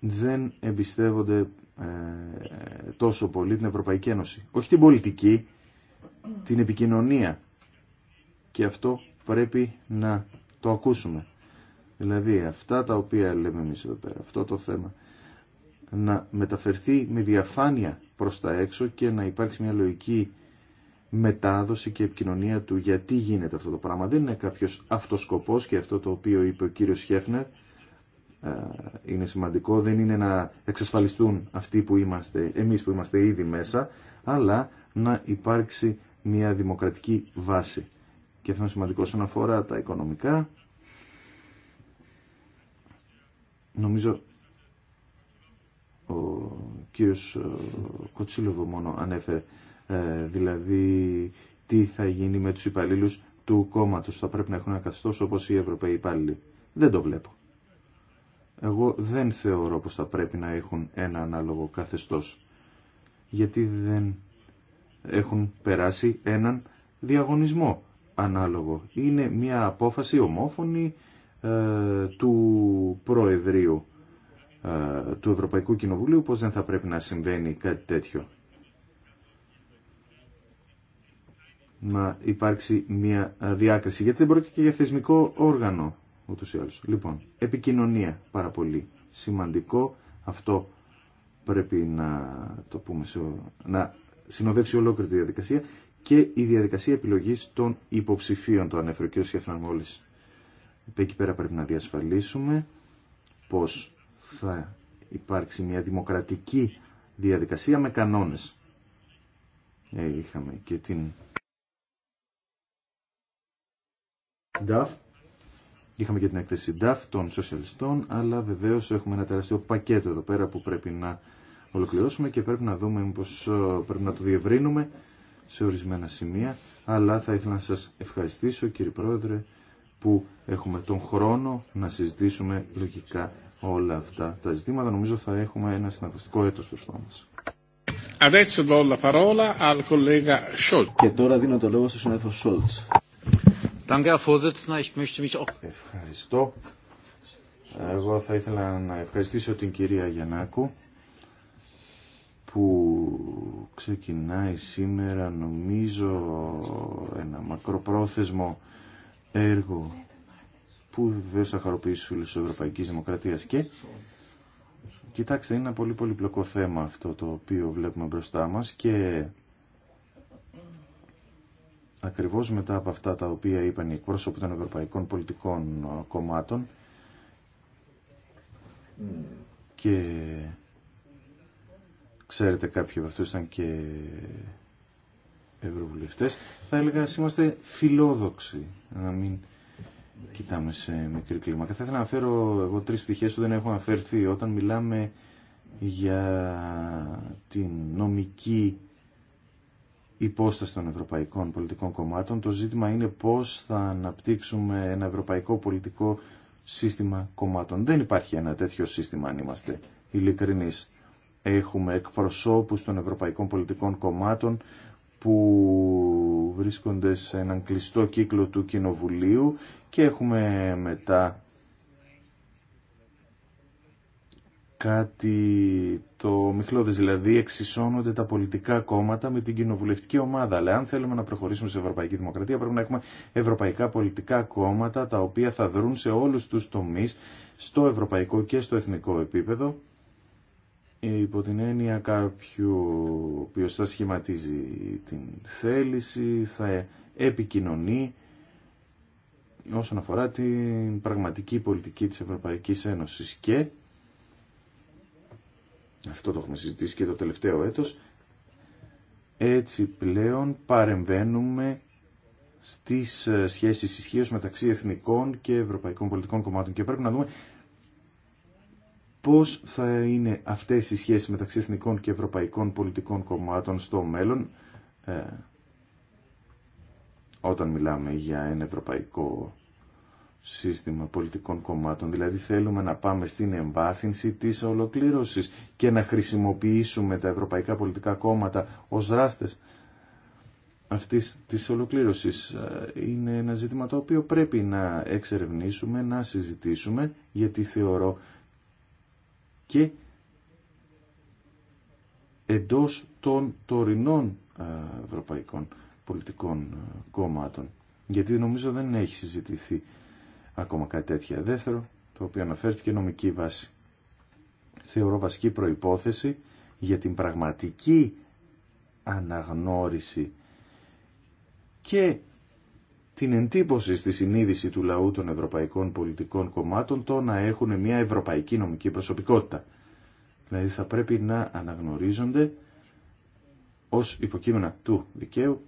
δεν εμπιστεύονται ε, τόσο πολύ την Ευρωπαϊκή Ένωση. Όχι την πολιτική, την επικοινωνία. Και αυτό πρέπει να το ακούσουμε. Δηλαδή αυτά τα οποία λέμε εμείς εδώ πέρα, αυτό το θέμα, να μεταφερθεί με διαφάνεια προς τα έξω και να υπάρξει μια λογική μετάδοση και επικοινωνία του γιατί γίνεται αυτό το πράγμα. Δεν είναι κάποιος αυτοσκοπός και αυτό το οποίο είπε ο κύριος Χέφνερ ε, είναι σημαντικό, δεν είναι να εξασφαλιστούν αυτοί που είμαστε, εμείς που είμαστε ήδη μέσα, αλλά να υπάρξει μια δημοκρατική βάση. Και αυτό είναι σημαντικό όσον αφορά τα οικονομικά. Νομίζω κύριος ε, Κοτσίλοβο μόνο ανέφερε, ε, δηλαδή τι θα γίνει με τους υπαλλήλου του κόμματος. Θα πρέπει να έχουν ένα καθεστώς όπως οι Ευρωπαίοι υπάλληλοι. Δεν το βλέπω. Εγώ δεν θεωρώ πως θα πρέπει να έχουν ένα ανάλογο καθεστώς. Γιατί δεν έχουν περάσει έναν διαγωνισμό ανάλογο. Είναι μια απόφαση ομόφωνη ε, του προεδρίου. Ε, του Ευρωπαϊκού Κοινοβουλίου πως δεν θα πρέπει να συμβαίνει κάτι τέτοιο. Να υπάρξει μια διάκριση. Γιατί δεν πρόκειται και για θεσμικό όργανο ούτως ή άλλως. Λοιπόν, επικοινωνία πάρα πολύ σημαντικό. Αυτό πρέπει να το πούμε, σε, να συνοδεύσει ολόκληρη τη διαδικασία και η διαδικασία επιλογής των υποψηφίων, το ανέφερε ο κ. μόλις. Εκεί πέρα πρέπει να διασφαλίσουμε πως θα υπάρξει μια δημοκρατική διαδικασία με κανόνες. Ε, είχαμε και την DAF. Είχαμε και την έκθεση DAF των σοσιαλιστών, αλλά βεβαίως έχουμε ένα τεράστιο πακέτο εδώ πέρα που πρέπει να ολοκληρώσουμε και πρέπει να δούμε πως ε, πρέπει να το διευρύνουμε σε ορισμένα σημεία, αλλά θα ήθελα να σας ευχαριστήσω κύριε Πρόεδρε που έχουμε τον χρόνο να συζητήσουμε λογικά όλα αυτά τα ζητήματα. Νομίζω θα έχουμε ένα συναρπαστικό έτος μπροστά μας. Και τώρα δίνω το λόγο στον συνάδελφο Σόλτς. Ευχαριστώ. Εγώ θα ήθελα να ευχαριστήσω την κυρία Γιαννάκου που ξεκινάει σήμερα νομίζω ένα μακροπρόθεσμο έργο που βεβαίω θα χαροποιήσει του φίλους της Ευρωπαϊκής Δημοκρατίας. Και κοιτάξτε, είναι ένα πολύ πολυπλοκό θέμα αυτό το οποίο βλέπουμε μπροστά μας και ακριβώς μετά από αυτά τα οποία είπαν οι εκπρόσωποι των ευρωπαϊκών πολιτικών κομμάτων και ξέρετε κάποιοι από αυτούς ήταν και ευρωβουλευτές, θα έλεγα είμαστε φιλόδοξοι να μην κοιτάμε σε μικρή κλίμακα. Θα ήθελα να φέρω εγώ τρεις πτυχές που δεν έχω αναφέρθει όταν μιλάμε για την νομική υπόσταση των ευρωπαϊκών πολιτικών κομμάτων. Το ζήτημα είναι πώς θα αναπτύξουμε ένα ευρωπαϊκό πολιτικό σύστημα κομμάτων. Δεν υπάρχει ένα τέτοιο σύστημα αν είμαστε ειλικρινείς. Έχουμε εκπροσώπους των ευρωπαϊκών πολιτικών κομμάτων που βρίσκονται σε έναν κλειστό κύκλο του Κοινοβουλίου και έχουμε μετά κάτι το μιχλώδες, δηλαδή εξισώνονται τα πολιτικά κόμματα με την κοινοβουλευτική ομάδα. Αλλά αν θέλουμε να προχωρήσουμε σε ευρωπαϊκή δημοκρατία πρέπει να έχουμε ευρωπαϊκά πολιτικά κόμματα τα οποία θα δρουν σε όλους τους τομείς στο ευρωπαϊκό και στο εθνικό επίπεδο υπό την έννοια κάποιου ο οποίος θα σχηματίζει την θέληση, θα επικοινωνεί όσον αφορά την πραγματική πολιτική της Ευρωπαϊκής Ένωσης και αυτό το έχουμε συζητήσει και το τελευταίο έτος έτσι πλέον παρεμβαίνουμε στις ε, σχέσεις ισχύω μεταξύ εθνικών και ευρωπαϊκών πολιτικών κομμάτων και πρέπει να δούμε πώς θα είναι αυτές οι σχέσεις μεταξύ εθνικών και ευρωπαϊκών πολιτικών κομμάτων στο μέλλον ε, όταν μιλάμε για ένα ευρωπαϊκό σύστημα πολιτικών κομμάτων. Δηλαδή θέλουμε να πάμε στην εμβάθυνση της ολοκλήρωσης και να χρησιμοποιήσουμε τα ευρωπαϊκά πολιτικά κόμματα ως δράστες αυτής της ολοκλήρωσης. Ε, είναι ένα ζήτημα το οποίο πρέπει να εξερευνήσουμε, να συζητήσουμε, γιατί θεωρώ και εντός των τωρινών ευρωπαϊκών πολιτικών κόμματων. Γιατί νομίζω δεν έχει συζητηθεί ακόμα κάτι τέτοια. Δεύτερο, το οποίο αναφέρθηκε νομική βάση. Θεωρώ βασική προϋπόθεση για την πραγματική αναγνώριση και την εντύπωση στη συνείδηση του λαού των ευρωπαϊκών πολιτικών κομμάτων το να έχουν μια ευρωπαϊκή νομική προσωπικότητα. Δηλαδή θα πρέπει να αναγνωρίζονται ως υποκείμενα του δικαίου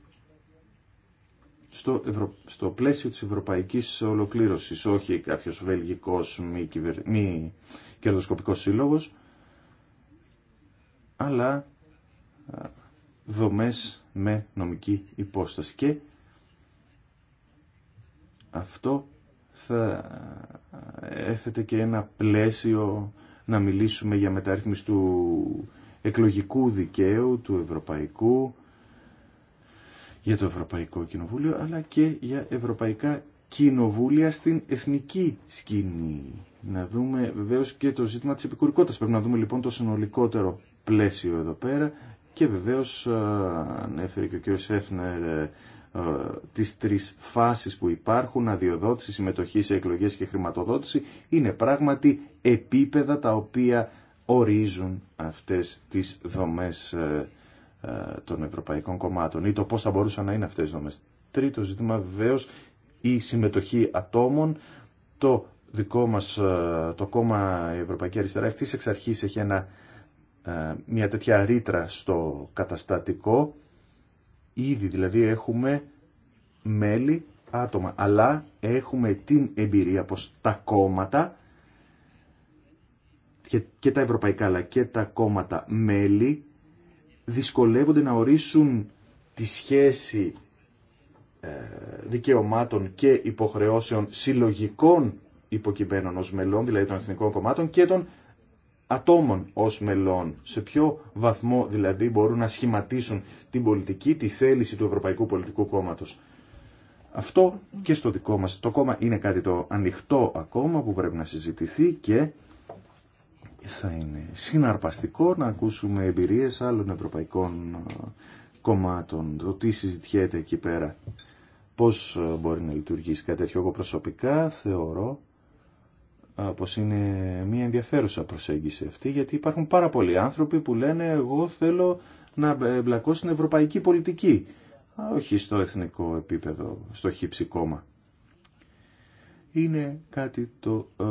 στο, ευρω... στο πλαίσιο της ευρωπαϊκής ολοκλήρωσης, όχι κάποιος βελγικός μη, κυβερ... μη κερδοσκοπικός σύλλογος, αλλά δομές με νομική υπόσταση. Και αυτό θα έθετε και ένα πλαίσιο να μιλήσουμε για μεταρρύθμιση του εκλογικού δικαίου, του ευρωπαϊκού, για το Ευρωπαϊκό Κοινοβούλιο, αλλά και για ευρωπαϊκά κοινοβούλια στην εθνική σκηνή. Να δούμε βεβαίως και το ζήτημα της επικουρικότητας. Πρέπει να δούμε λοιπόν το συνολικότερο πλαίσιο εδώ πέρα και βεβαίως ανέφερε και ο κ. Σέφνερ ε, ε, τις τρεις φάσεις που υπάρχουν, αδειοδότηση, συμμετοχή σε εκλογές και χρηματοδότηση, είναι πράγματι επίπεδα τα οποία ορίζουν αυτές τις δομές ε, ε, των ευρωπαϊκών κομμάτων ή το πώς θα μπορούσαν να είναι αυτές οι δομές. Τρίτο ζήτημα βεβαίως η συμμετοχή ατόμων. Το πως θα μπορουσαν να ειναι αυτες οι δομες τριτο ζητημα βεβαιω η συμμετοχη ατομων το δικο μας το κόμμα η Ευρωπαϊκή Αριστερά εχθής εξ αρχής έχει μια τέτοια ρήτρα στο καταστατικό Ήδη δηλαδή έχουμε μέλη άτομα, αλλά έχουμε την εμπειρία πως τα κόμματα και, τα ευρωπαϊκά αλλά και τα κόμματα μέλη δυσκολεύονται να ορίσουν τη σχέση ε, δικαιωμάτων και υποχρεώσεων συλλογικών υποκειμένων ως μελών, δηλαδή των εθνικών κομμάτων και των ατόμων ως μελών. Σε ποιο βαθμό δηλαδή μπορούν να σχηματίσουν την πολιτική, τη θέληση του Ευρωπαϊκού Πολιτικού Κόμματος. Αυτό και στο δικό μας το κόμμα είναι κάτι το ανοιχτό ακόμα που πρέπει να συζητηθεί και θα είναι συναρπαστικό να ακούσουμε εμπειρίες άλλων ευρωπαϊκών ε, κομμάτων, το τι συζητιέται εκεί πέρα, πώς ε, μπορεί να λειτουργήσει κάτι τέτοιο. Εγώ προσωπικά θεωρώ πως είναι μια ενδιαφέρουσα προσέγγιση αυτή, γιατί υπάρχουν πάρα πολλοί άνθρωποι που λένε εγώ θέλω να εμπλακώ στην ευρωπαϊκή πολιτική, όχι στο εθνικό επίπεδο, στο χύψη κόμμα. Είναι κάτι το ε,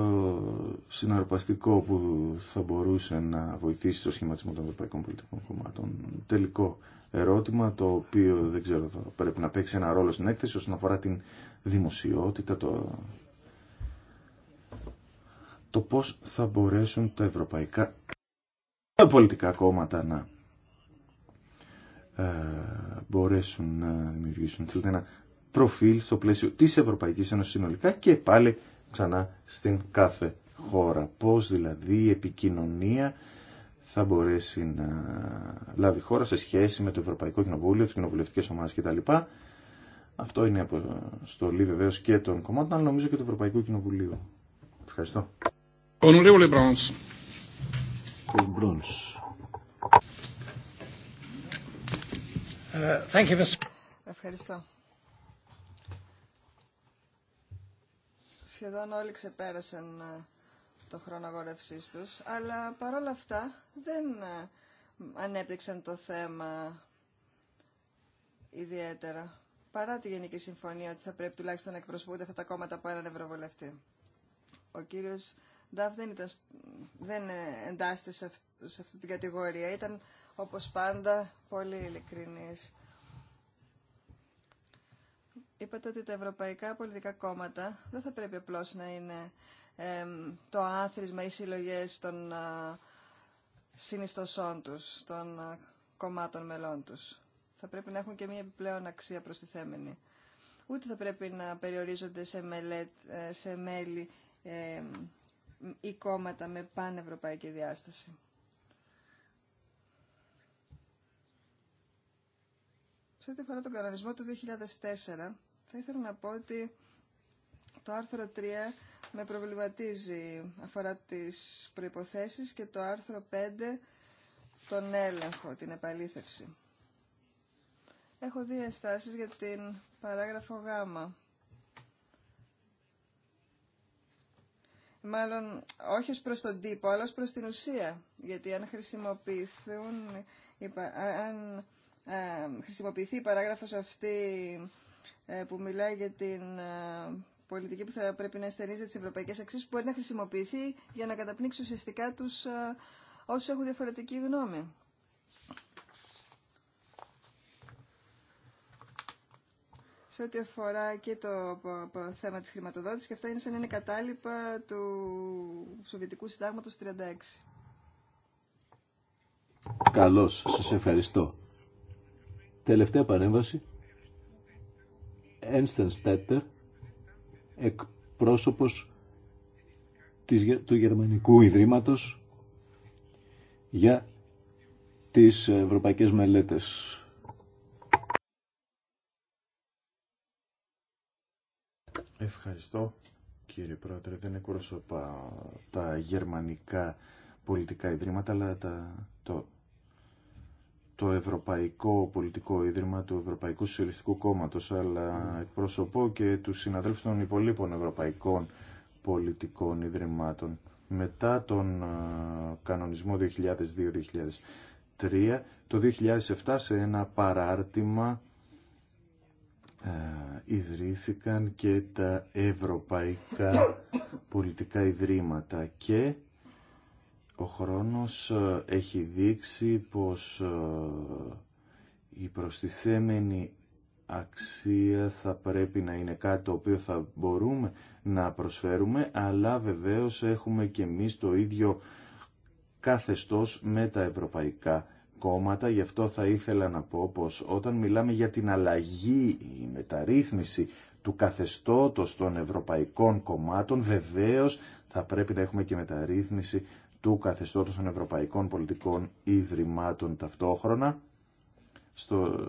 συναρπαστικό που θα μπορούσε να βοηθήσει στο σχηματισμό των ευρωπαϊκών πολιτικών κομμάτων. Τελικό ερώτημα, το οποίο δεν ξέρω, θα πρέπει να παίξει ένα ρόλο στην έκθεση όσον αφορά την δημοσιότητα, το το πώς θα μπορέσουν τα ευρωπαϊκά πολιτικά κόμματα να ε, μπορέσουν να δημιουργήσουν θέλετε ένα προφίλ στο πλαίσιο της Ευρωπαϊκής Ένωσης συνολικά και πάλι ξανά στην κάθε χώρα. Πώς δηλαδή η επικοινωνία θα μπορέσει να λάβει χώρα σε σχέση με το Ευρωπαϊκό Κοινοβούλιο, τις κοινοβουλευτικές ομάδες κτλ. Αυτό είναι αποστολή βεβαίως και των κομμάτων, αλλά νομίζω και του Ευρωπαϊκού Κοινοβουλίου. Ευχαριστώ. Uh, Ευχαριστώ. Σχεδόν όλοι ξεπέρασαν ε, το χρόνο αγορευσής τους, αλλά παρόλα αυτά δεν ε, ανέπτυξαν το θέμα ιδιαίτερα. Παρά τη Γενική Συμφωνία ότι θα πρέπει τουλάχιστον να εκπροσωπούνται αυτά τα κόμματα από έναν Ευρωβουλευτή. Ο κύριος Νταφ δεν, ήταν, δεν ε, εντάσσεται σε, αυτή, την κατηγορία. Ήταν, όπως πάντα, πολύ ειλικρινής. Είπατε ότι τα ευρωπαϊκά πολιτικά κόμματα δεν θα πρέπει απλώς να είναι το άθροισμα ή συλλογέ των ε, συνιστοσών τους, των κομμάτων μελών τους. Θα πρέπει να έχουν και μια επιπλέον αξία θέμενη. Ούτε θα πρέπει να περιορίζονται σε, μελέ, ε, σε μέλη ή κόμματα με πανευρωπαϊκή διάσταση. Σε ό,τι αφορά τον κανονισμό του 2004, θα ήθελα να πω ότι το άρθρο 3 με προβληματίζει αφορά τις προϋποθέσεις και το άρθρο 5 τον έλεγχο, την επαλήθευση. Έχω δύο ενστάσεις για την παράγραφο γάμα. μάλλον όχι ως προς τον τύπο, αλλά ως προς την ουσία. Γιατί αν χρησιμοποιηθούν, αν χρησιμοποιηθεί η παράγραφος αυτή ε, που μιλάει για την ε, πολιτική που θα πρέπει να αισθενίζεται τις ευρωπαϊκές αξίες, μπορεί να χρησιμοποιηθεί για να καταπνίξει ουσιαστικά τους ε, όσους έχουν διαφορετική γνώμη. σε ό,τι αφορά και το θέμα της χρηματοδότησης και αυτά είναι σαν ένα κατάλοιπα του Σοβιετικού Συντάγματος 36. Καλώς, σας ευχαριστώ. Τελευταία παρέμβαση. Ένστεν Στέτερ, εκπρόσωπος της, του Γερμανικού Ιδρύματος για τις Ευρωπαϊκές Μελέτες. Ευχαριστώ κύριε Πρόεδρε. Δεν εκπροσωπά τα γερμανικά πολιτικά ιδρύματα, αλλά τα, το, το Ευρωπαϊκό Πολιτικό Ίδρυμα του Ευρωπαϊκού Σοσιαλιστικού Κόμματος, αλλά εκπροσωπώ και τους συναδέλφους των υπολείπων Ευρωπαϊκών Πολιτικών Ιδρυμάτων. Μετά τον κανονισμό 2002-2003, το 2007 σε ένα παράρτημα ιδρύθηκαν και τα ευρωπαϊκά πολιτικά ιδρύματα και ο χρόνος έχει δείξει πως η προστιθέμενη αξία θα πρέπει να είναι κάτι το οποίο θα μπορούμε να προσφέρουμε αλλά βεβαίως έχουμε και εμείς το ίδιο καθεστώς με τα ευρωπαϊκά κόμματα, γι' αυτό θα ήθελα να πω πως όταν μιλάμε για την αλλαγή, η μεταρρύθμιση του καθεστώτος των ευρωπαϊκών κομμάτων, βεβαίως θα πρέπει να έχουμε και μεταρρύθμιση του καθεστώτος των ευρωπαϊκών πολιτικών ιδρυμάτων ταυτόχρονα, στο,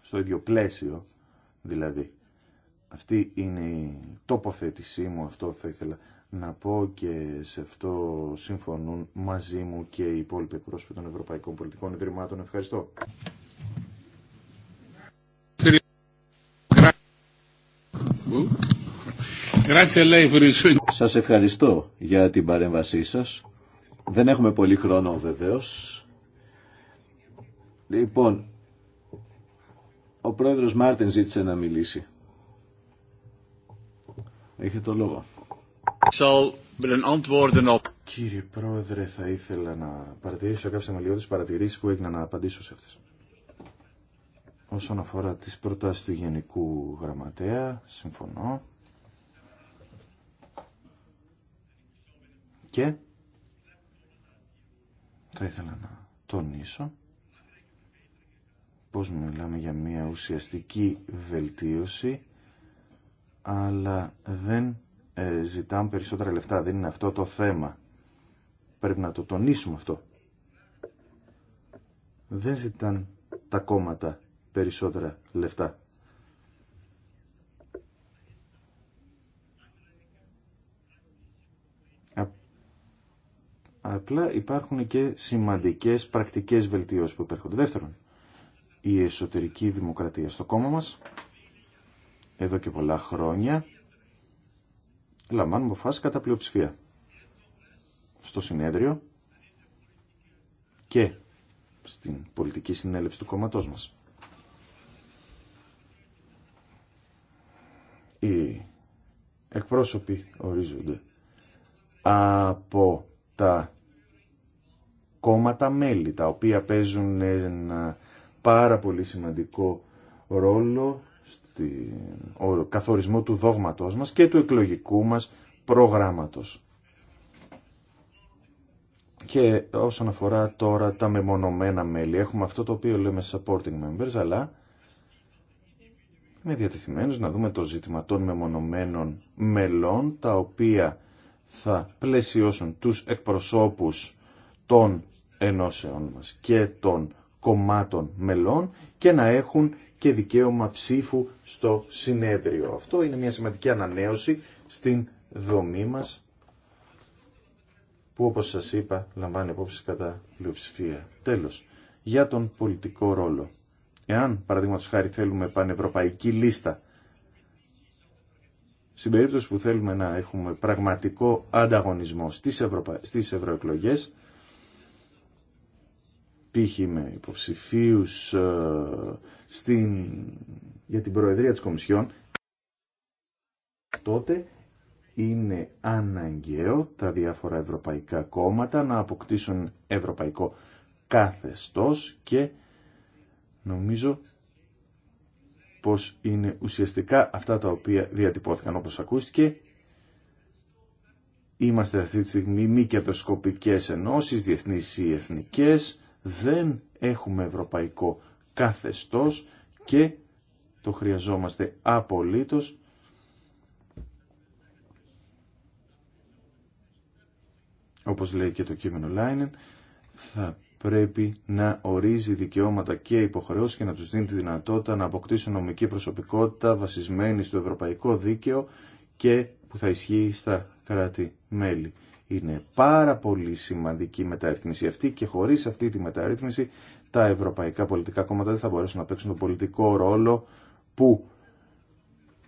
στο ίδιο πλαίσιο δηλαδή. Αυτή είναι η τοποθέτησή μου, αυτό θα ήθελα να πω και σε αυτό συμφωνούν μαζί μου και οι υπόλοιποι εκπρόσωποι των Ευρωπαϊκών Πολιτικών Ιδρυμάτων. Ευχαριστώ. Σας ευχαριστώ για την παρέμβασή σας. Δεν έχουμε πολύ χρόνο βεβαίως. Λοιπόν, ο πρόεδρος Μάρτιν ζήτησε να μιλήσει. Έχει το λόγο. Κύριε Πρόεδρε, θα ήθελα να παρατηρήσω κάποιες αμελιώδεις παρατηρήσεις που έγιναν να απαντήσω σε αυτές. Όσον αφορά τι προτάσει του Γενικού Γραμματέα, συμφωνώ. Και θα ήθελα να τονίσω πώς μιλάμε για μια ουσιαστική βελτίωση αλλά δεν ε, ζητάμε περισσότερα λεφτά. Δεν είναι αυτό το θέμα. Πρέπει να το τονίσουμε αυτό. Δεν ζητάν τα κόμματα περισσότερα λεφτά. Απλά υπάρχουν και σημαντικές πρακτικές βελτιώσεις που υπέρχονται. Δεύτερον, η εσωτερική δημοκρατία στο κόμμα μας, εδώ και πολλά χρόνια, λαμβάνουμε αποφάσει κατά πλειοψηφία. Στο συνέδριο και στην πολιτική συνέλευση του κόμματός μας. Οι εκπρόσωποι ορίζονται από τα κόμματα μέλη, τα οποία παίζουν ένα πάρα πολύ σημαντικό ρόλο στην ο καθορισμό του δόγματός μας και του εκλογικού μας προγράμματος. Και όσον αφορά τώρα τα μεμονωμένα μέλη, έχουμε αυτό το οποίο λέμε supporting members, αλλά είμαι διατεθειμένος να δούμε το ζήτημα των μεμονωμένων μελών, τα οποία θα πλαισιώσουν τους εκπροσώπους των ενώσεων μας και των κομμάτων μελών και να έχουν και δικαίωμα ψήφου στο συνέδριο. Αυτό είναι μια σημαντική ανανέωση στην δομή μας που όπως σας είπα λαμβάνει υπόψη κατά πλειοψηφία. Τέλος, για τον πολιτικό ρόλο. Εάν, παραδείγματος χάρη, θέλουμε πανευρωπαϊκή λίστα, στην περίπτωση που θέλουμε να έχουμε πραγματικό ανταγωνισμό στις, Ευρωπα... στις ευρωεκλογές, π.χ. με υποψηφίους ε, στην, για την Προεδρία της Κομισιόν, τότε είναι αναγκαίο τα διάφορα ευρωπαϊκά κόμματα να αποκτήσουν ευρωπαϊκό καθεστώς και νομίζω πως είναι ουσιαστικά αυτά τα οποία διατυπώθηκαν όπως ακούστηκε. Είμαστε αυτή τη στιγμή μη κερδοσκοπικές ενώσεις, διεθνείς ή εθνικές δεν έχουμε ευρωπαϊκό καθεστώς και το χρειαζόμαστε απολύτως όπως λέει και το κείμενο Λάινεν, θα πρέπει να ορίζει δικαιώματα και υποχρεώσεις και να τους δίνει τη δυνατότητα να αποκτήσουν νομική προσωπικότητα βασισμένη στο ευρωπαϊκό δίκαιο και που θα ισχύει στα κράτη-μέλη. Είναι πάρα πολύ σημαντική μεταρρύθμιση αυτή και χωρίς αυτή τη μεταρρύθμιση τα ευρωπαϊκά πολιτικά κόμματα δεν θα μπορέσουν να παίξουν τον πολιτικό ρόλο που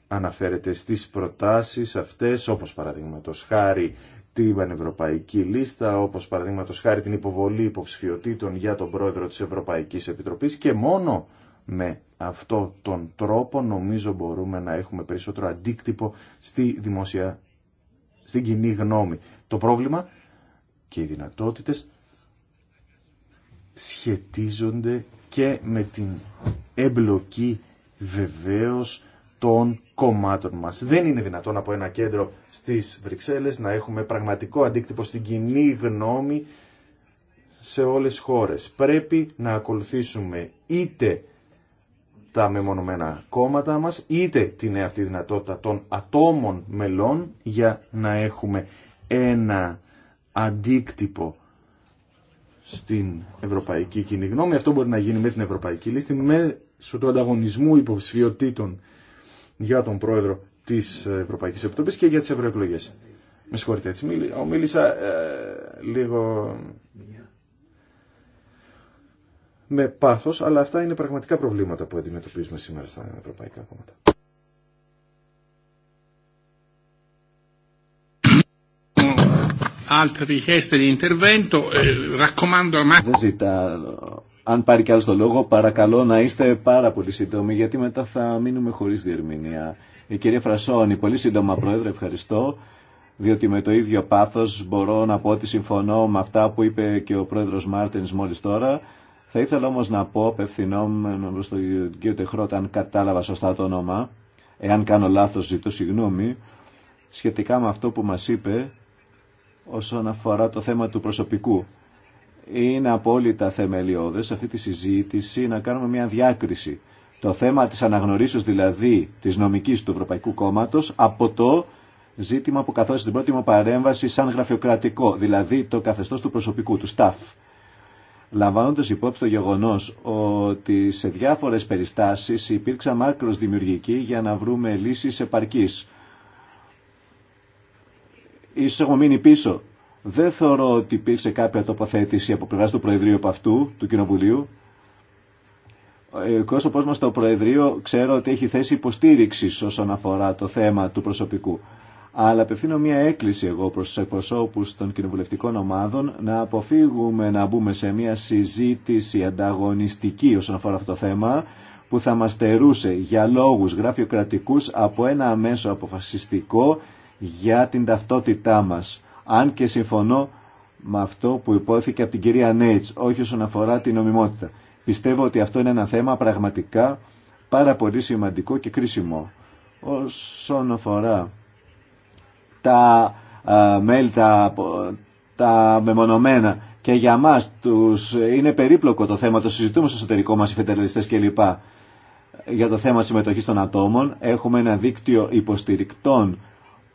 αναφέρεται στις προτάσεις αυτές, όπως παραδείγματος χάρη την Πανευρωπαϊκή Λίστα, όπως παραδείγματος χάρη την υποβολή υποψηφιωτήτων για τον πρόεδρο της Ευρωπαϊκής Επιτροπής και μόνο με αυτόν τον τρόπο νομίζω μπορούμε να έχουμε περισσότερο αντίκτυπο στη δημόσια στην κοινή γνώμη. Το πρόβλημα και οι δυνατότητες σχετίζονται και με την εμπλοκή βεβαίως των κομμάτων μας. Δεν είναι δυνατόν από ένα κέντρο στις Βρυξέλλες να έχουμε πραγματικό αντίκτυπο στην κοινή γνώμη σε όλες τις χώρες. Πρέπει να ακολουθήσουμε είτε τα μεμονωμένα κόμματα μας, είτε την αυτή δυνατότητα των ατόμων μελών για να έχουμε ένα αντίκτυπο στην ευρωπαϊκή κοινή γνώμη. Αυτό μπορεί να γίνει με την ευρωπαϊκή λίστη, με του ανταγωνισμού υποψηφιωτήτων για τον πρόεδρο της Ευρωπαϊκής Επιτροπής και για τις ευρωεκλογές. Με συγχωρείτε, έτσι μίλησα ε, λίγο με πάθο, αλλά αυτά είναι πραγματικά προβλήματα που αντιμετωπίζουμε σήμερα στα ευρωπαϊκά κόμματα. Eh, Δεν ζητάω. Αν πάρει κι άλλο το λόγο, παρακαλώ να είστε πάρα πολύ σύντομοι, γιατί μετά θα μείνουμε χωρί διερμηνία. Η κυρία Φρασόνη, πολύ σύντομα πρόεδρε, ευχαριστώ, διότι με το ίδιο πάθο μπορώ να πω ότι συμφωνώ με αυτά που είπε και ο πρόεδρο Μάρτιν μόλι τώρα. Θα ήθελα όμως να πω, απευθυνόμενο προς τον κύριο Τεχρότα, αν κατάλαβα σωστά το όνομα, εάν κάνω λάθος ζητώ συγγνώμη, σχετικά με αυτό που μας είπε όσον αφορά το θέμα του προσωπικού. Είναι απόλυτα θεμελιώδες αυτή τη συζήτηση να κάνουμε μια διάκριση. Το θέμα της αναγνωρίσεως δηλαδή της νομικής του Ευρωπαϊκού Κόμματος από το ζήτημα που καθόρισε την πρώτη μου παρέμβαση σαν γραφειοκρατικό, δηλαδή το καθεστώς του προσωπικού, του staff λαμβάνοντας υπόψη το γεγονός ότι σε διάφορες περιστάσεις υπήρξαν μάκρος δημιουργικοί για να βρούμε λύσεις επαρκής. Ίσως έχουμε μείνει πίσω. Δεν θεωρώ ότι υπήρξε κάποια τοποθέτηση από πλευρά του Προεδρείου από αυτού, του Κοινοβουλίου. Ε, ο κόσμος το στο Προεδρείο ξέρω ότι έχει θέση υποστήριξη όσον αφορά το θέμα του προσωπικού αλλά απευθύνω μια έκκληση εγώ προς τους εκπροσώπους των κοινοβουλευτικών ομάδων να αποφύγουμε να μπούμε σε μια συζήτηση ανταγωνιστική όσον αφορά αυτό το θέμα που θα μας στερούσε για λόγους γραφειοκρατικούς από ένα αμέσο αποφασιστικό για την ταυτότητά μας. Αν και συμφωνώ με αυτό που υπόθηκε από την κυρία Νέιτς, όχι όσον αφορά την νομιμότητα. Πιστεύω ότι αυτό είναι ένα θέμα πραγματικά πάρα πολύ σημαντικό και κρίσιμο. Όσον αφορά τα ε, mail, τα, τα μεμονωμένα. Και για μας τους είναι περίπλοκο το θέμα, το συζητούμε στο εσωτερικό μας οι κλπ. Για το θέμα συμμετοχής των ατόμων έχουμε ένα δίκτυο υποστηρικτών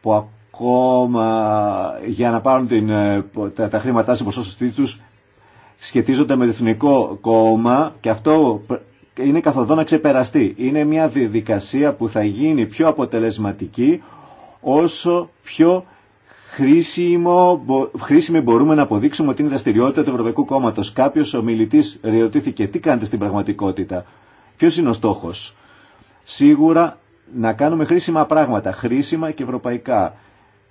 που ακόμα για να πάρουν την, ε, τα, τα χρήματά σε ποσό τους σχετίζονται με το Εθνικό Κόμμα και αυτό είναι καθοδόν να ξεπεραστεί. Είναι μια διαδικασία που θα γίνει πιο αποτελεσματική όσο πιο χρήσιμο, χρήσιμη μπορούμε να αποδείξουμε ότι είναι δραστηριότητα του Ευρωπαϊκού Κόμματο. Κάποιο ομιλητή ρωτήθηκε τι κάνετε στην πραγματικότητα, ποιο είναι ο στόχο. Σίγουρα να κάνουμε χρήσιμα πράγματα, χρήσιμα και ευρωπαϊκά.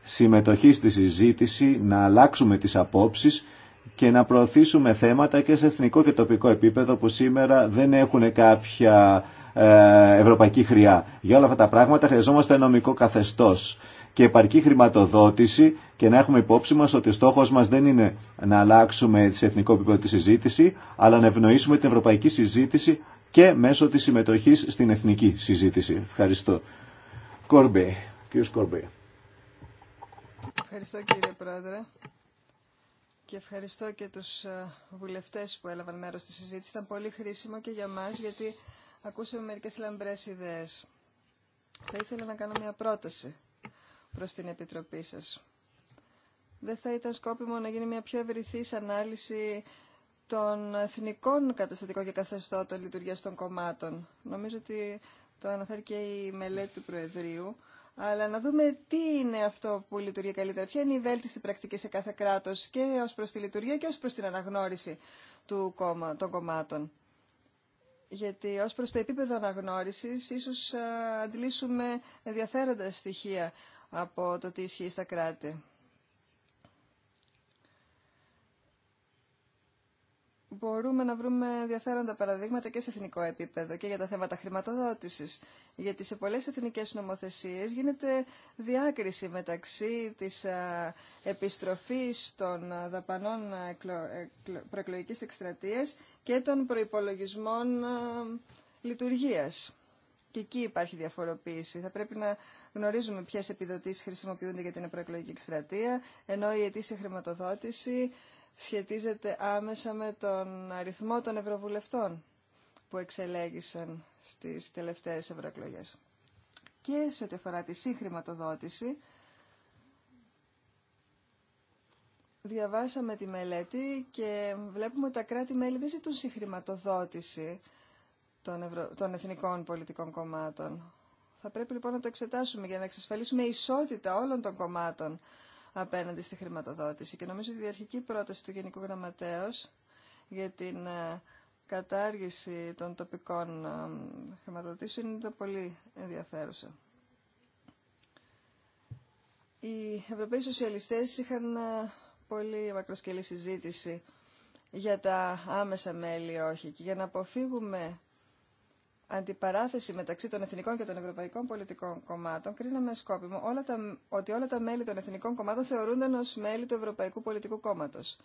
Συμμετοχή στη συζήτηση, να αλλάξουμε τις απόψεις και να προωθήσουμε θέματα και σε εθνικό και τοπικό επίπεδο που σήμερα δεν έχουν κάποια ε, ευρωπαϊκή χρειά. Για όλα αυτά τα πράγματα χρειαζόμαστε νομικό καθεστώ και επαρκή χρηματοδότηση και να έχουμε υπόψη μα ότι ο στόχος μας δεν είναι να αλλάξουμε σε εθνικό επίπεδο τη συζήτηση, αλλά να ευνοήσουμε την ευρωπαϊκή συζήτηση και μέσω τη συμμετοχή στην εθνική συζήτηση. Ευχαριστώ. Κόρμπε, κύριο Κόρμπε. Ευχαριστώ κύριε Πρόεδρε και ευχαριστώ και τους ε, βουλευτές που έλαβαν μέρος στη συζήτηση. Ήταν πολύ χρήσιμο και για μας γιατί ακούσαμε μερικές λαμπρές ιδέες. Θα ήθελα να κάνω μια πρόταση προς την Επιτροπή σας. Δεν θα ήταν σκόπιμο να γίνει μια πιο ευρυθής ανάλυση των εθνικών καταστατικών και καθεστώτων λειτουργίας των κομμάτων. Νομίζω ότι το αναφέρει και η μελέτη του Προεδρίου, Αλλά να δούμε τι είναι αυτό που λειτουργεί καλύτερα. Ποια είναι η βέλτιστη πρακτική σε κάθε κράτο και ως προς τη λειτουργία και ως προς την αναγνώριση του κόμμα, των κομμάτων γιατί ως προς το επίπεδο αναγνώρισης ίσως ε, αντιλήσουμε ενδιαφέροντα στοιχεία από το τι ισχύει στα κράτη. μπορούμε να βρούμε ενδιαφέροντα παραδείγματα και σε εθνικό επίπεδο και για τα θέματα χρηματοδότησης. Γιατί σε πολλές εθνικές νομοθεσίες γίνεται διάκριση μεταξύ της επιστροφής των δαπανών προεκλογικής εκστρατείας και των προϋπολογισμών λειτουργίας. Και εκεί υπάρχει διαφοροποίηση. Θα πρέπει να γνωρίζουμε ποιε επιδοτήσει χρησιμοποιούνται για την προεκλογική εκστρατεία, ενώ η αιτήσια χρηματοδότηση σχετίζεται άμεσα με τον αριθμό των ευρωβουλευτών που εξελέγησαν στις τελευταίες ευρωεκλογέ. Και σε ό,τι αφορά τη συγχρηματοδότηση, διαβάσαμε τη μελέτη και βλέπουμε ότι τα κράτη-μέλη δεν ζητούν συγχρηματοδότηση των, των εθνικών πολιτικών κομμάτων. Θα πρέπει λοιπόν να το εξετάσουμε για να εξασφαλίσουμε ισότητα όλων των κομμάτων απέναντι στη χρηματοδότηση. Και νομίζω ότι η αρχική πρόταση του Γενικού Γραμματέως για την ε, κατάργηση των τοπικών ε, χρηματοδοτήσεων είναι πολύ ενδιαφέρουσα. Οι Ευρωπαίοι Σοσιαλιστές είχαν ε, πολύ μακροσκελή συζήτηση για τα άμεσα μέλη όχι και για να αποφύγουμε αντιπαράθεση μεταξύ των εθνικών και των ευρωπαϊκών πολιτικών κομμάτων, κρίναμε σκόπιμο όλα τα, ότι όλα τα μέλη των εθνικών κομμάτων θεωρούνταν ω μέλη του Ευρωπαϊκού Πολιτικού Κόμματος.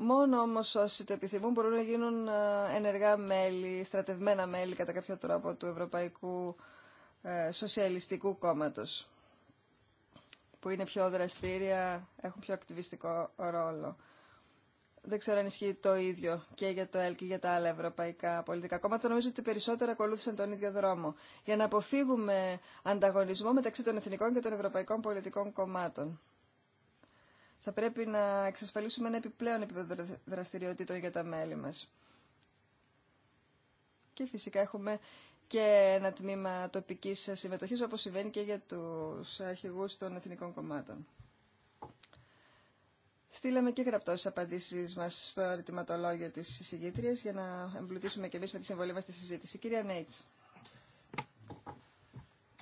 Μόνο όμω όσοι το επιθυμούν μπορούν να γίνουν ε, ενεργά μέλη, στρατευμένα μέλη κατά κάποιο τρόπο του Ευρωπαϊκού ε, Σοσιαλιστικού Κόμματο, που είναι πιο δραστήρια, έχουν πιο ακτιβιστικό ρόλο. Δεν ξέρω αν ισχύει το ίδιο και για το ΕΛ και για τα άλλα ευρωπαϊκά πολιτικά κόμματα. Νομίζω ότι περισσότερα ακολούθησαν τον ίδιο δρόμο. Για να αποφύγουμε ανταγωνισμό μεταξύ των εθνικών και των ευρωπαϊκών πολιτικών κομμάτων. Θα πρέπει να εξασφαλίσουμε ένα επιπλέον επίπεδο δραστηριοτήτων για τα μέλη μας. Και φυσικά έχουμε και ένα τμήμα τοπική συμμετοχή, όπω συμβαίνει και για του αρχηγού των εθνικών κομμάτων. Στείλαμε και γραπτό στι απαντήσει μα στο ερωτηματολόγιο τη συζήτηρια για να εμπλουτίσουμε και εμεί με τη συμβολή μα στη συζήτηση. Κυρία Νέιτ.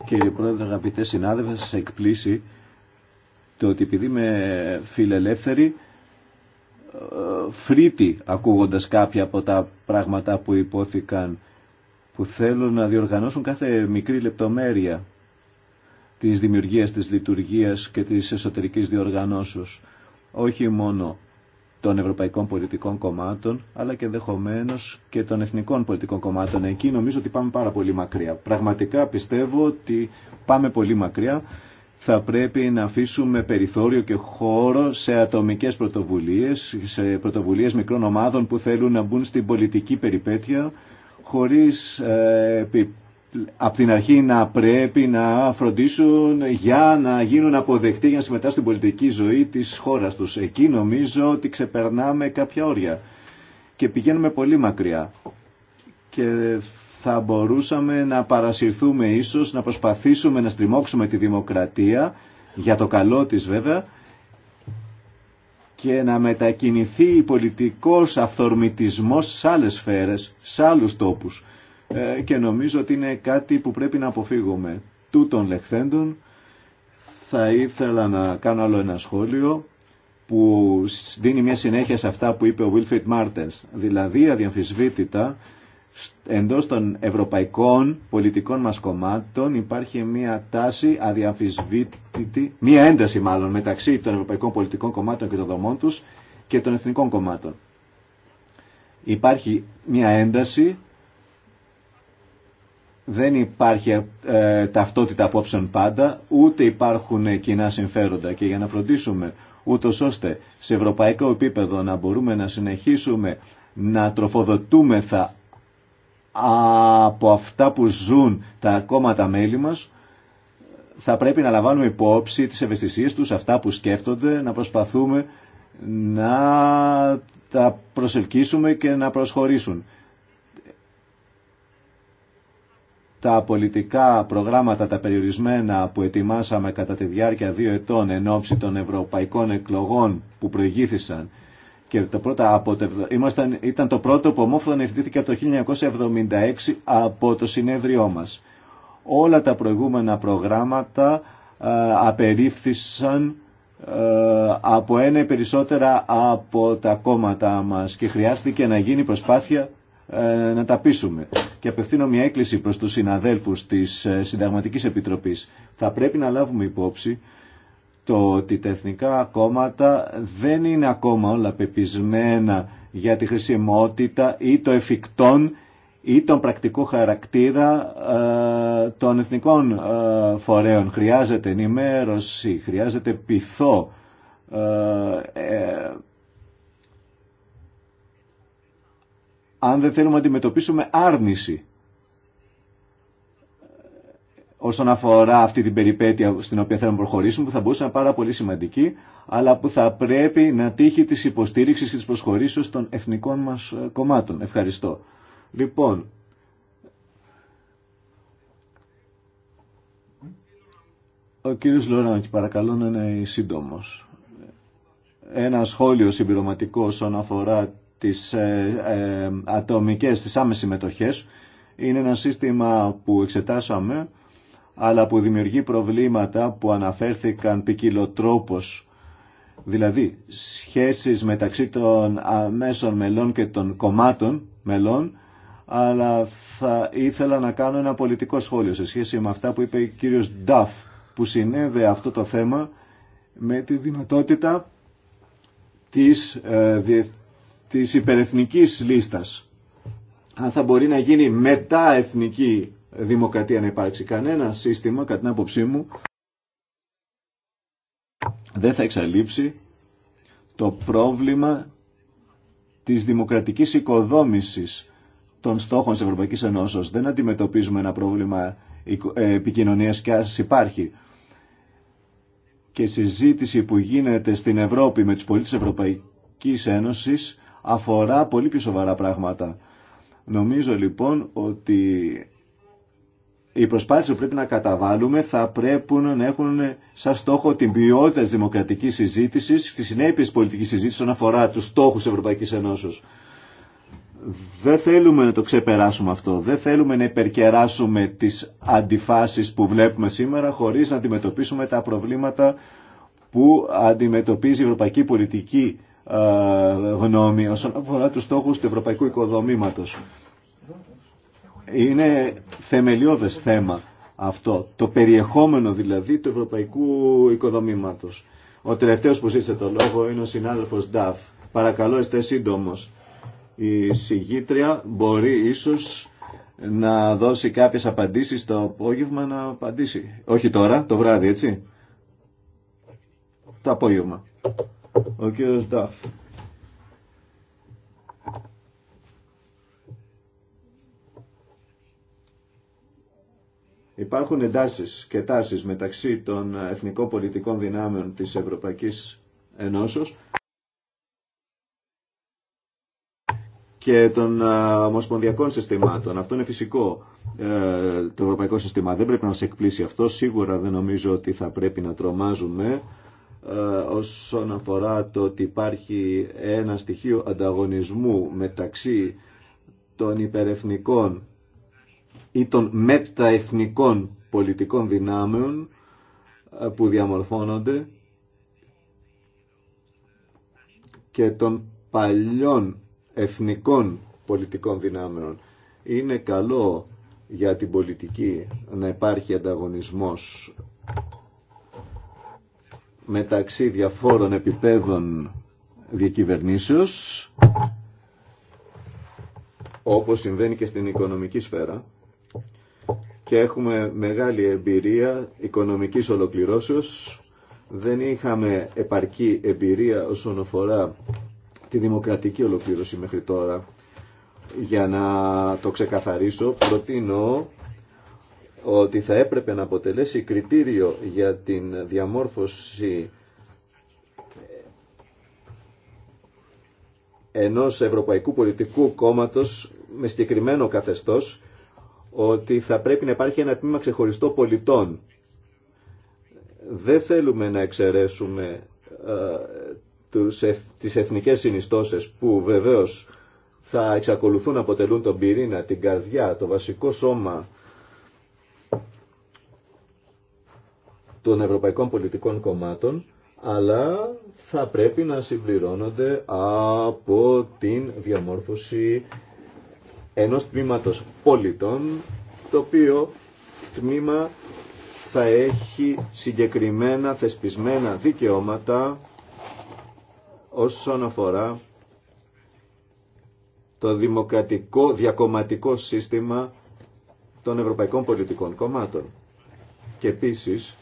Κύριε Πρόεδρε, αγαπητέ συνάδελφε, σα εκπλήσει το ότι επειδή είμαι φιλελεύθερη, ε, φρύτη ακούγοντας κάποια από τα πράγματα που υπόθηκαν που θέλουν να διοργανώσουν κάθε μικρή λεπτομέρεια της δημιουργίας, της λειτουργίας και της εσωτερικής διοργανώσεως όχι μόνο των ευρωπαϊκών πολιτικών κομμάτων, αλλά και ενδεχομένω και των εθνικών πολιτικών κομμάτων. Εκεί νομίζω ότι πάμε πάρα πολύ μακριά. Πραγματικά πιστεύω ότι πάμε πολύ μακριά. Θα πρέπει να αφήσουμε περιθώριο και χώρο σε ατομικέ πρωτοβουλίες, σε πρωτοβουλίες μικρών ομάδων που θέλουν να μπουν στην πολιτική περιπέτεια, χωρί ε, από την αρχή να πρέπει να φροντίσουν για να γίνουν αποδεκτοί για να συμμετάσχουν στην πολιτική ζωή της χώρας τους. Εκεί νομίζω ότι ξεπερνάμε κάποια όρια και πηγαίνουμε πολύ μακριά και θα μπορούσαμε να παρασυρθούμε ίσως, να προσπαθήσουμε να στριμώξουμε τη δημοκρατία για το καλό της βέβαια και να μετακινηθεί πολιτικός αυθορμητισμός σε άλλες σφαίρες, σε άλλους τόπους ε, και νομίζω ότι είναι κάτι που πρέπει να αποφύγουμε. Τούτων λεχθέντων θα ήθελα να κάνω άλλο ένα σχόλιο που δίνει μια συνέχεια σε αυτά που είπε ο Wilfried Martens. Δηλαδή αδιαμφισβήτητα εντός των ευρωπαϊκών πολιτικών μας κομμάτων υπάρχει μια τάση αδιαμφισβήτητη, μια ένταση μάλλον μεταξύ των ευρωπαϊκών πολιτικών κομμάτων και των δομών τους και των εθνικών κομμάτων. Υπάρχει μια ένταση δεν υπάρχει ε, ταυτότητα απόψεων πάντα, ούτε υπάρχουν κοινά συμφέροντα. Και για να φροντίσουμε ούτω ώστε σε ευρωπαϊκό επίπεδο να μπορούμε να συνεχίσουμε να θα από αυτά που ζουν τα κόμματα μέλη μας, θα πρέπει να λαμβάνουμε υπόψη τις ευαισθησίες τους, αυτά που σκέφτονται, να προσπαθούμε να τα προσελκύσουμε και να προσχωρήσουν. τα πολιτικά προγράμματα τα περιορισμένα που ετοιμάσαμε κατά τη διάρκεια δύο ετών εν ώψη των ευρωπαϊκών εκλογών που προηγήθησαν και το πρώτο από ήμασταν, ήταν το πρώτο που ομόφωνα ειδητήθηκε από το 1976 από το συνέδριό μας. Όλα τα προηγούμενα προγράμματα ε, απερίφθησαν ε, από ένα ή περισσότερα από τα κόμματα μας και χρειάστηκε να γίνει προσπάθεια ε, να τα πείσουμε. Και απευθύνω μια έκκληση προς τους συναδέλφους της ε, Συνταγματικής Επιτροπής. Θα πρέπει να λάβουμε υπόψη το ότι τα εθνικά κόμματα δεν είναι ακόμα όλα πεπισμένα για τη χρησιμότητα ή το εφικτόν ή τον πρακτικό χαρακτήρα ε, των εθνικών φορέων. Χρειάζεται ενημέρωση, χρειάζεται πειθό αν δεν θέλουμε να αντιμετωπίσουμε άρνηση όσον αφορά αυτή την περιπέτεια στην οποία θέλουμε να προχωρήσουμε, που θα μπορούσε να είναι πάρα πολύ σημαντική, αλλά που θα πρέπει να τύχει τη υποστήριξης και της προσχωρήσεως των εθνικών μας κομμάτων. Ευχαριστώ. Λοιπόν, ο κύριος Λοράνκη, παρακαλώ να είναι σύντομο. Ένα σχόλιο συμπληρωματικό όσον αφορά τις ατομικέ, ε, τι ε, ατομικές, τις άμεσες Είναι ένα σύστημα που εξετάσαμε, αλλά που δημιουργεί προβλήματα που αναφέρθηκαν ποικιλοτρόπως. Δηλαδή, σχέσεις μεταξύ των αμέσων μελών και των κομμάτων μελών, αλλά θα ήθελα να κάνω ένα πολιτικό σχόλιο σε σχέση με αυτά που είπε ο κύριος Νταφ, που συνέδε αυτό το θέμα με τη δυνατότητα της, ε, της υπερεθνικής λίστας. Αν θα μπορεί να γίνει μετά εθνική δημοκρατία να υπάρξει κανένα σύστημα, κατά την άποψή μου, δεν θα εξαλείψει το πρόβλημα της δημοκρατικής οικοδόμησης των στόχων της Ευρωπαϊκής Ενώσεως. Δεν αντιμετωπίζουμε ένα πρόβλημα ε, επικοινωνίας και ας υπάρχει. Και η συζήτηση που γίνεται στην Ευρώπη με τους πολίτες Ευρωπαϊκής Ένωσης αφορά πολύ πιο σοβαρά πράγματα. Νομίζω λοιπόν ότι οι προσπάθειες που πρέπει να καταβάλουμε θα πρέπει να έχουν σαν στόχο την ποιότητα της δημοκρατικής συζήτησης, στη συνέπειες πολιτικής συζήτησης όσον αφορά τους στόχους της Ευρωπαϊκής Ενώσης. Δεν θέλουμε να το ξεπεράσουμε αυτό. Δεν θέλουμε να υπερκεράσουμε τις αντιφάσεις που βλέπουμε σήμερα χωρίς να αντιμετωπίσουμε τα προβλήματα που αντιμετωπίζει η ευρωπαϊκή πολιτική ε, γνώμη όσον αφορά τους στόχους του ευρωπαϊκού οικοδομήματος. Είναι θεμελιώδες θέμα αυτό, το περιεχόμενο δηλαδή του ευρωπαϊκού οικοδομήματος. Ο τελευταίος που ζήτησε το λόγο είναι ο συνάδελφος Νταφ. Παρακαλώ, είστε σύντομος. Η συγγήτρια μπορεί ίσως να δώσει κάποιες απαντήσεις το απόγευμα να απαντήσει. Όχι τώρα, το βράδυ, έτσι. Το απόγευμα. Ο κύριος Νταφ. Υπάρχουν εντάσεις και τάσεις μεταξύ των εθνικών πολιτικών δυνάμεων της Ευρωπαϊκής Ενώσεως και των ε, ομοσπονδιακών συστημάτων. Αυτό είναι φυσικό ε, το ευρωπαϊκό σύστημα. Δεν πρέπει να σε εκπλήσει αυτό. Σίγουρα δεν νομίζω ότι θα πρέπει να τρομάζουμε ε, όσον αφορά το ότι υπάρχει ένα στοιχείο ανταγωνισμού μεταξύ των υπερεθνικών ή των μεταεθνικών πολιτικών δυνάμεων ε, που διαμορφώνονται και των παλιών εθνικών πολιτικών δυνάμεων. Είναι καλό για την πολιτική να υπάρχει ανταγωνισμός μεταξύ διαφόρων επιπέδων διακυβερνήσεως, όπως συμβαίνει και στην οικονομική σφαίρα, και έχουμε μεγάλη εμπειρία οικονομικής ολοκληρώσεως. Δεν είχαμε επαρκή εμπειρία όσον αφορά τη δημοκρατική ολοκλήρωση μέχρι τώρα. Για να το ξεκαθαρίσω, προτείνω ότι θα έπρεπε να αποτελέσει κριτήριο για την διαμόρφωση ενός Ευρωπαϊκού Πολιτικού Κόμματος με συγκεκριμένο καθεστώς ότι θα πρέπει να υπάρχει ένα τμήμα ξεχωριστό πολιτών. Δεν θέλουμε να εξαιρέσουμε ε, τις εθνικές συνιστώσεις που βεβαίως θα εξακολουθούν να αποτελούν τον πυρήνα, την καρδιά, το βασικό σώμα των ευρωπαϊκών πολιτικών κομμάτων, αλλά θα πρέπει να συμπληρώνονται από την διαμόρφωση ενός τμήματος πολιτών, το οποίο τμήμα θα έχει συγκεκριμένα θεσπισμένα δικαιώματα όσον αφορά το δημοκρατικό διακομματικό σύστημα των ευρωπαϊκών πολιτικών κομμάτων. Και επίσης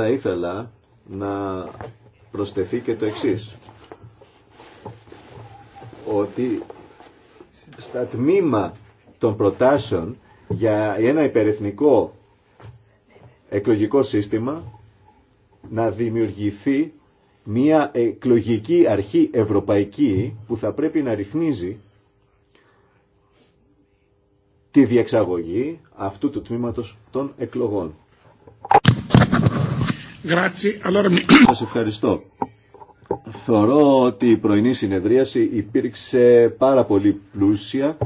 θα ήθελα να προσθεθεί και το εξής. Ότι στα τμήμα των προτάσεων για ένα υπερεθνικό εκλογικό σύστημα να δημιουργηθεί μια εκλογική αρχή ευρωπαϊκή που θα πρέπει να ρυθμίζει τη διεξαγωγή αυτού του τμήματος των εκλογών. Σα ευχαριστώ. Θεωρώ ότι η πρωινή συνεδρίαση υπήρξε πάρα πολύ πλούσια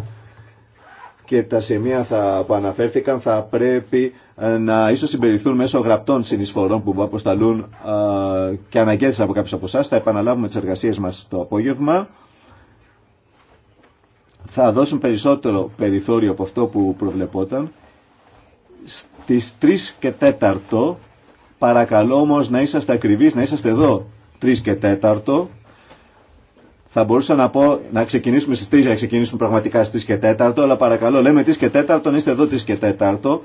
και τα σημεία θα, που αναφέρθηκαν θα πρέπει ε, να ίσως συμπεριληφθούν μέσω γραπτών συνεισφορών που αποσταλούν ε, και αναγκαίες από κάποιους από εσά. Θα επαναλάβουμε τις εργασίες μας το απόγευμα. Θα δώσουν περισσότερο περιθώριο από αυτό που προβλεπόταν. Στις 3 και 4 Παρακαλώ όμω να είσαστε ακριβεί, να είσαστε εδώ. 3 και τέταρτο. Θα μπορούσα να πω να ξεκινήσουμε στι 3, να ξεκινήσουμε πραγματικά στι 3 και τέταρτο, αλλά παρακαλώ λέμε 3 και 4, είστε εδώ 3 και 4,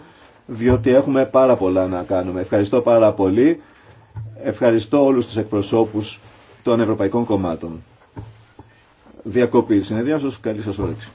διότι έχουμε πάρα πολλά να κάνουμε. Ευχαριστώ πάρα πολύ. Ευχαριστώ όλου του εκπροσώπου των Ευρωπαϊκών Κομμάτων. Διακόπη τη συνεδρία σα. Καλή σα όρεξη.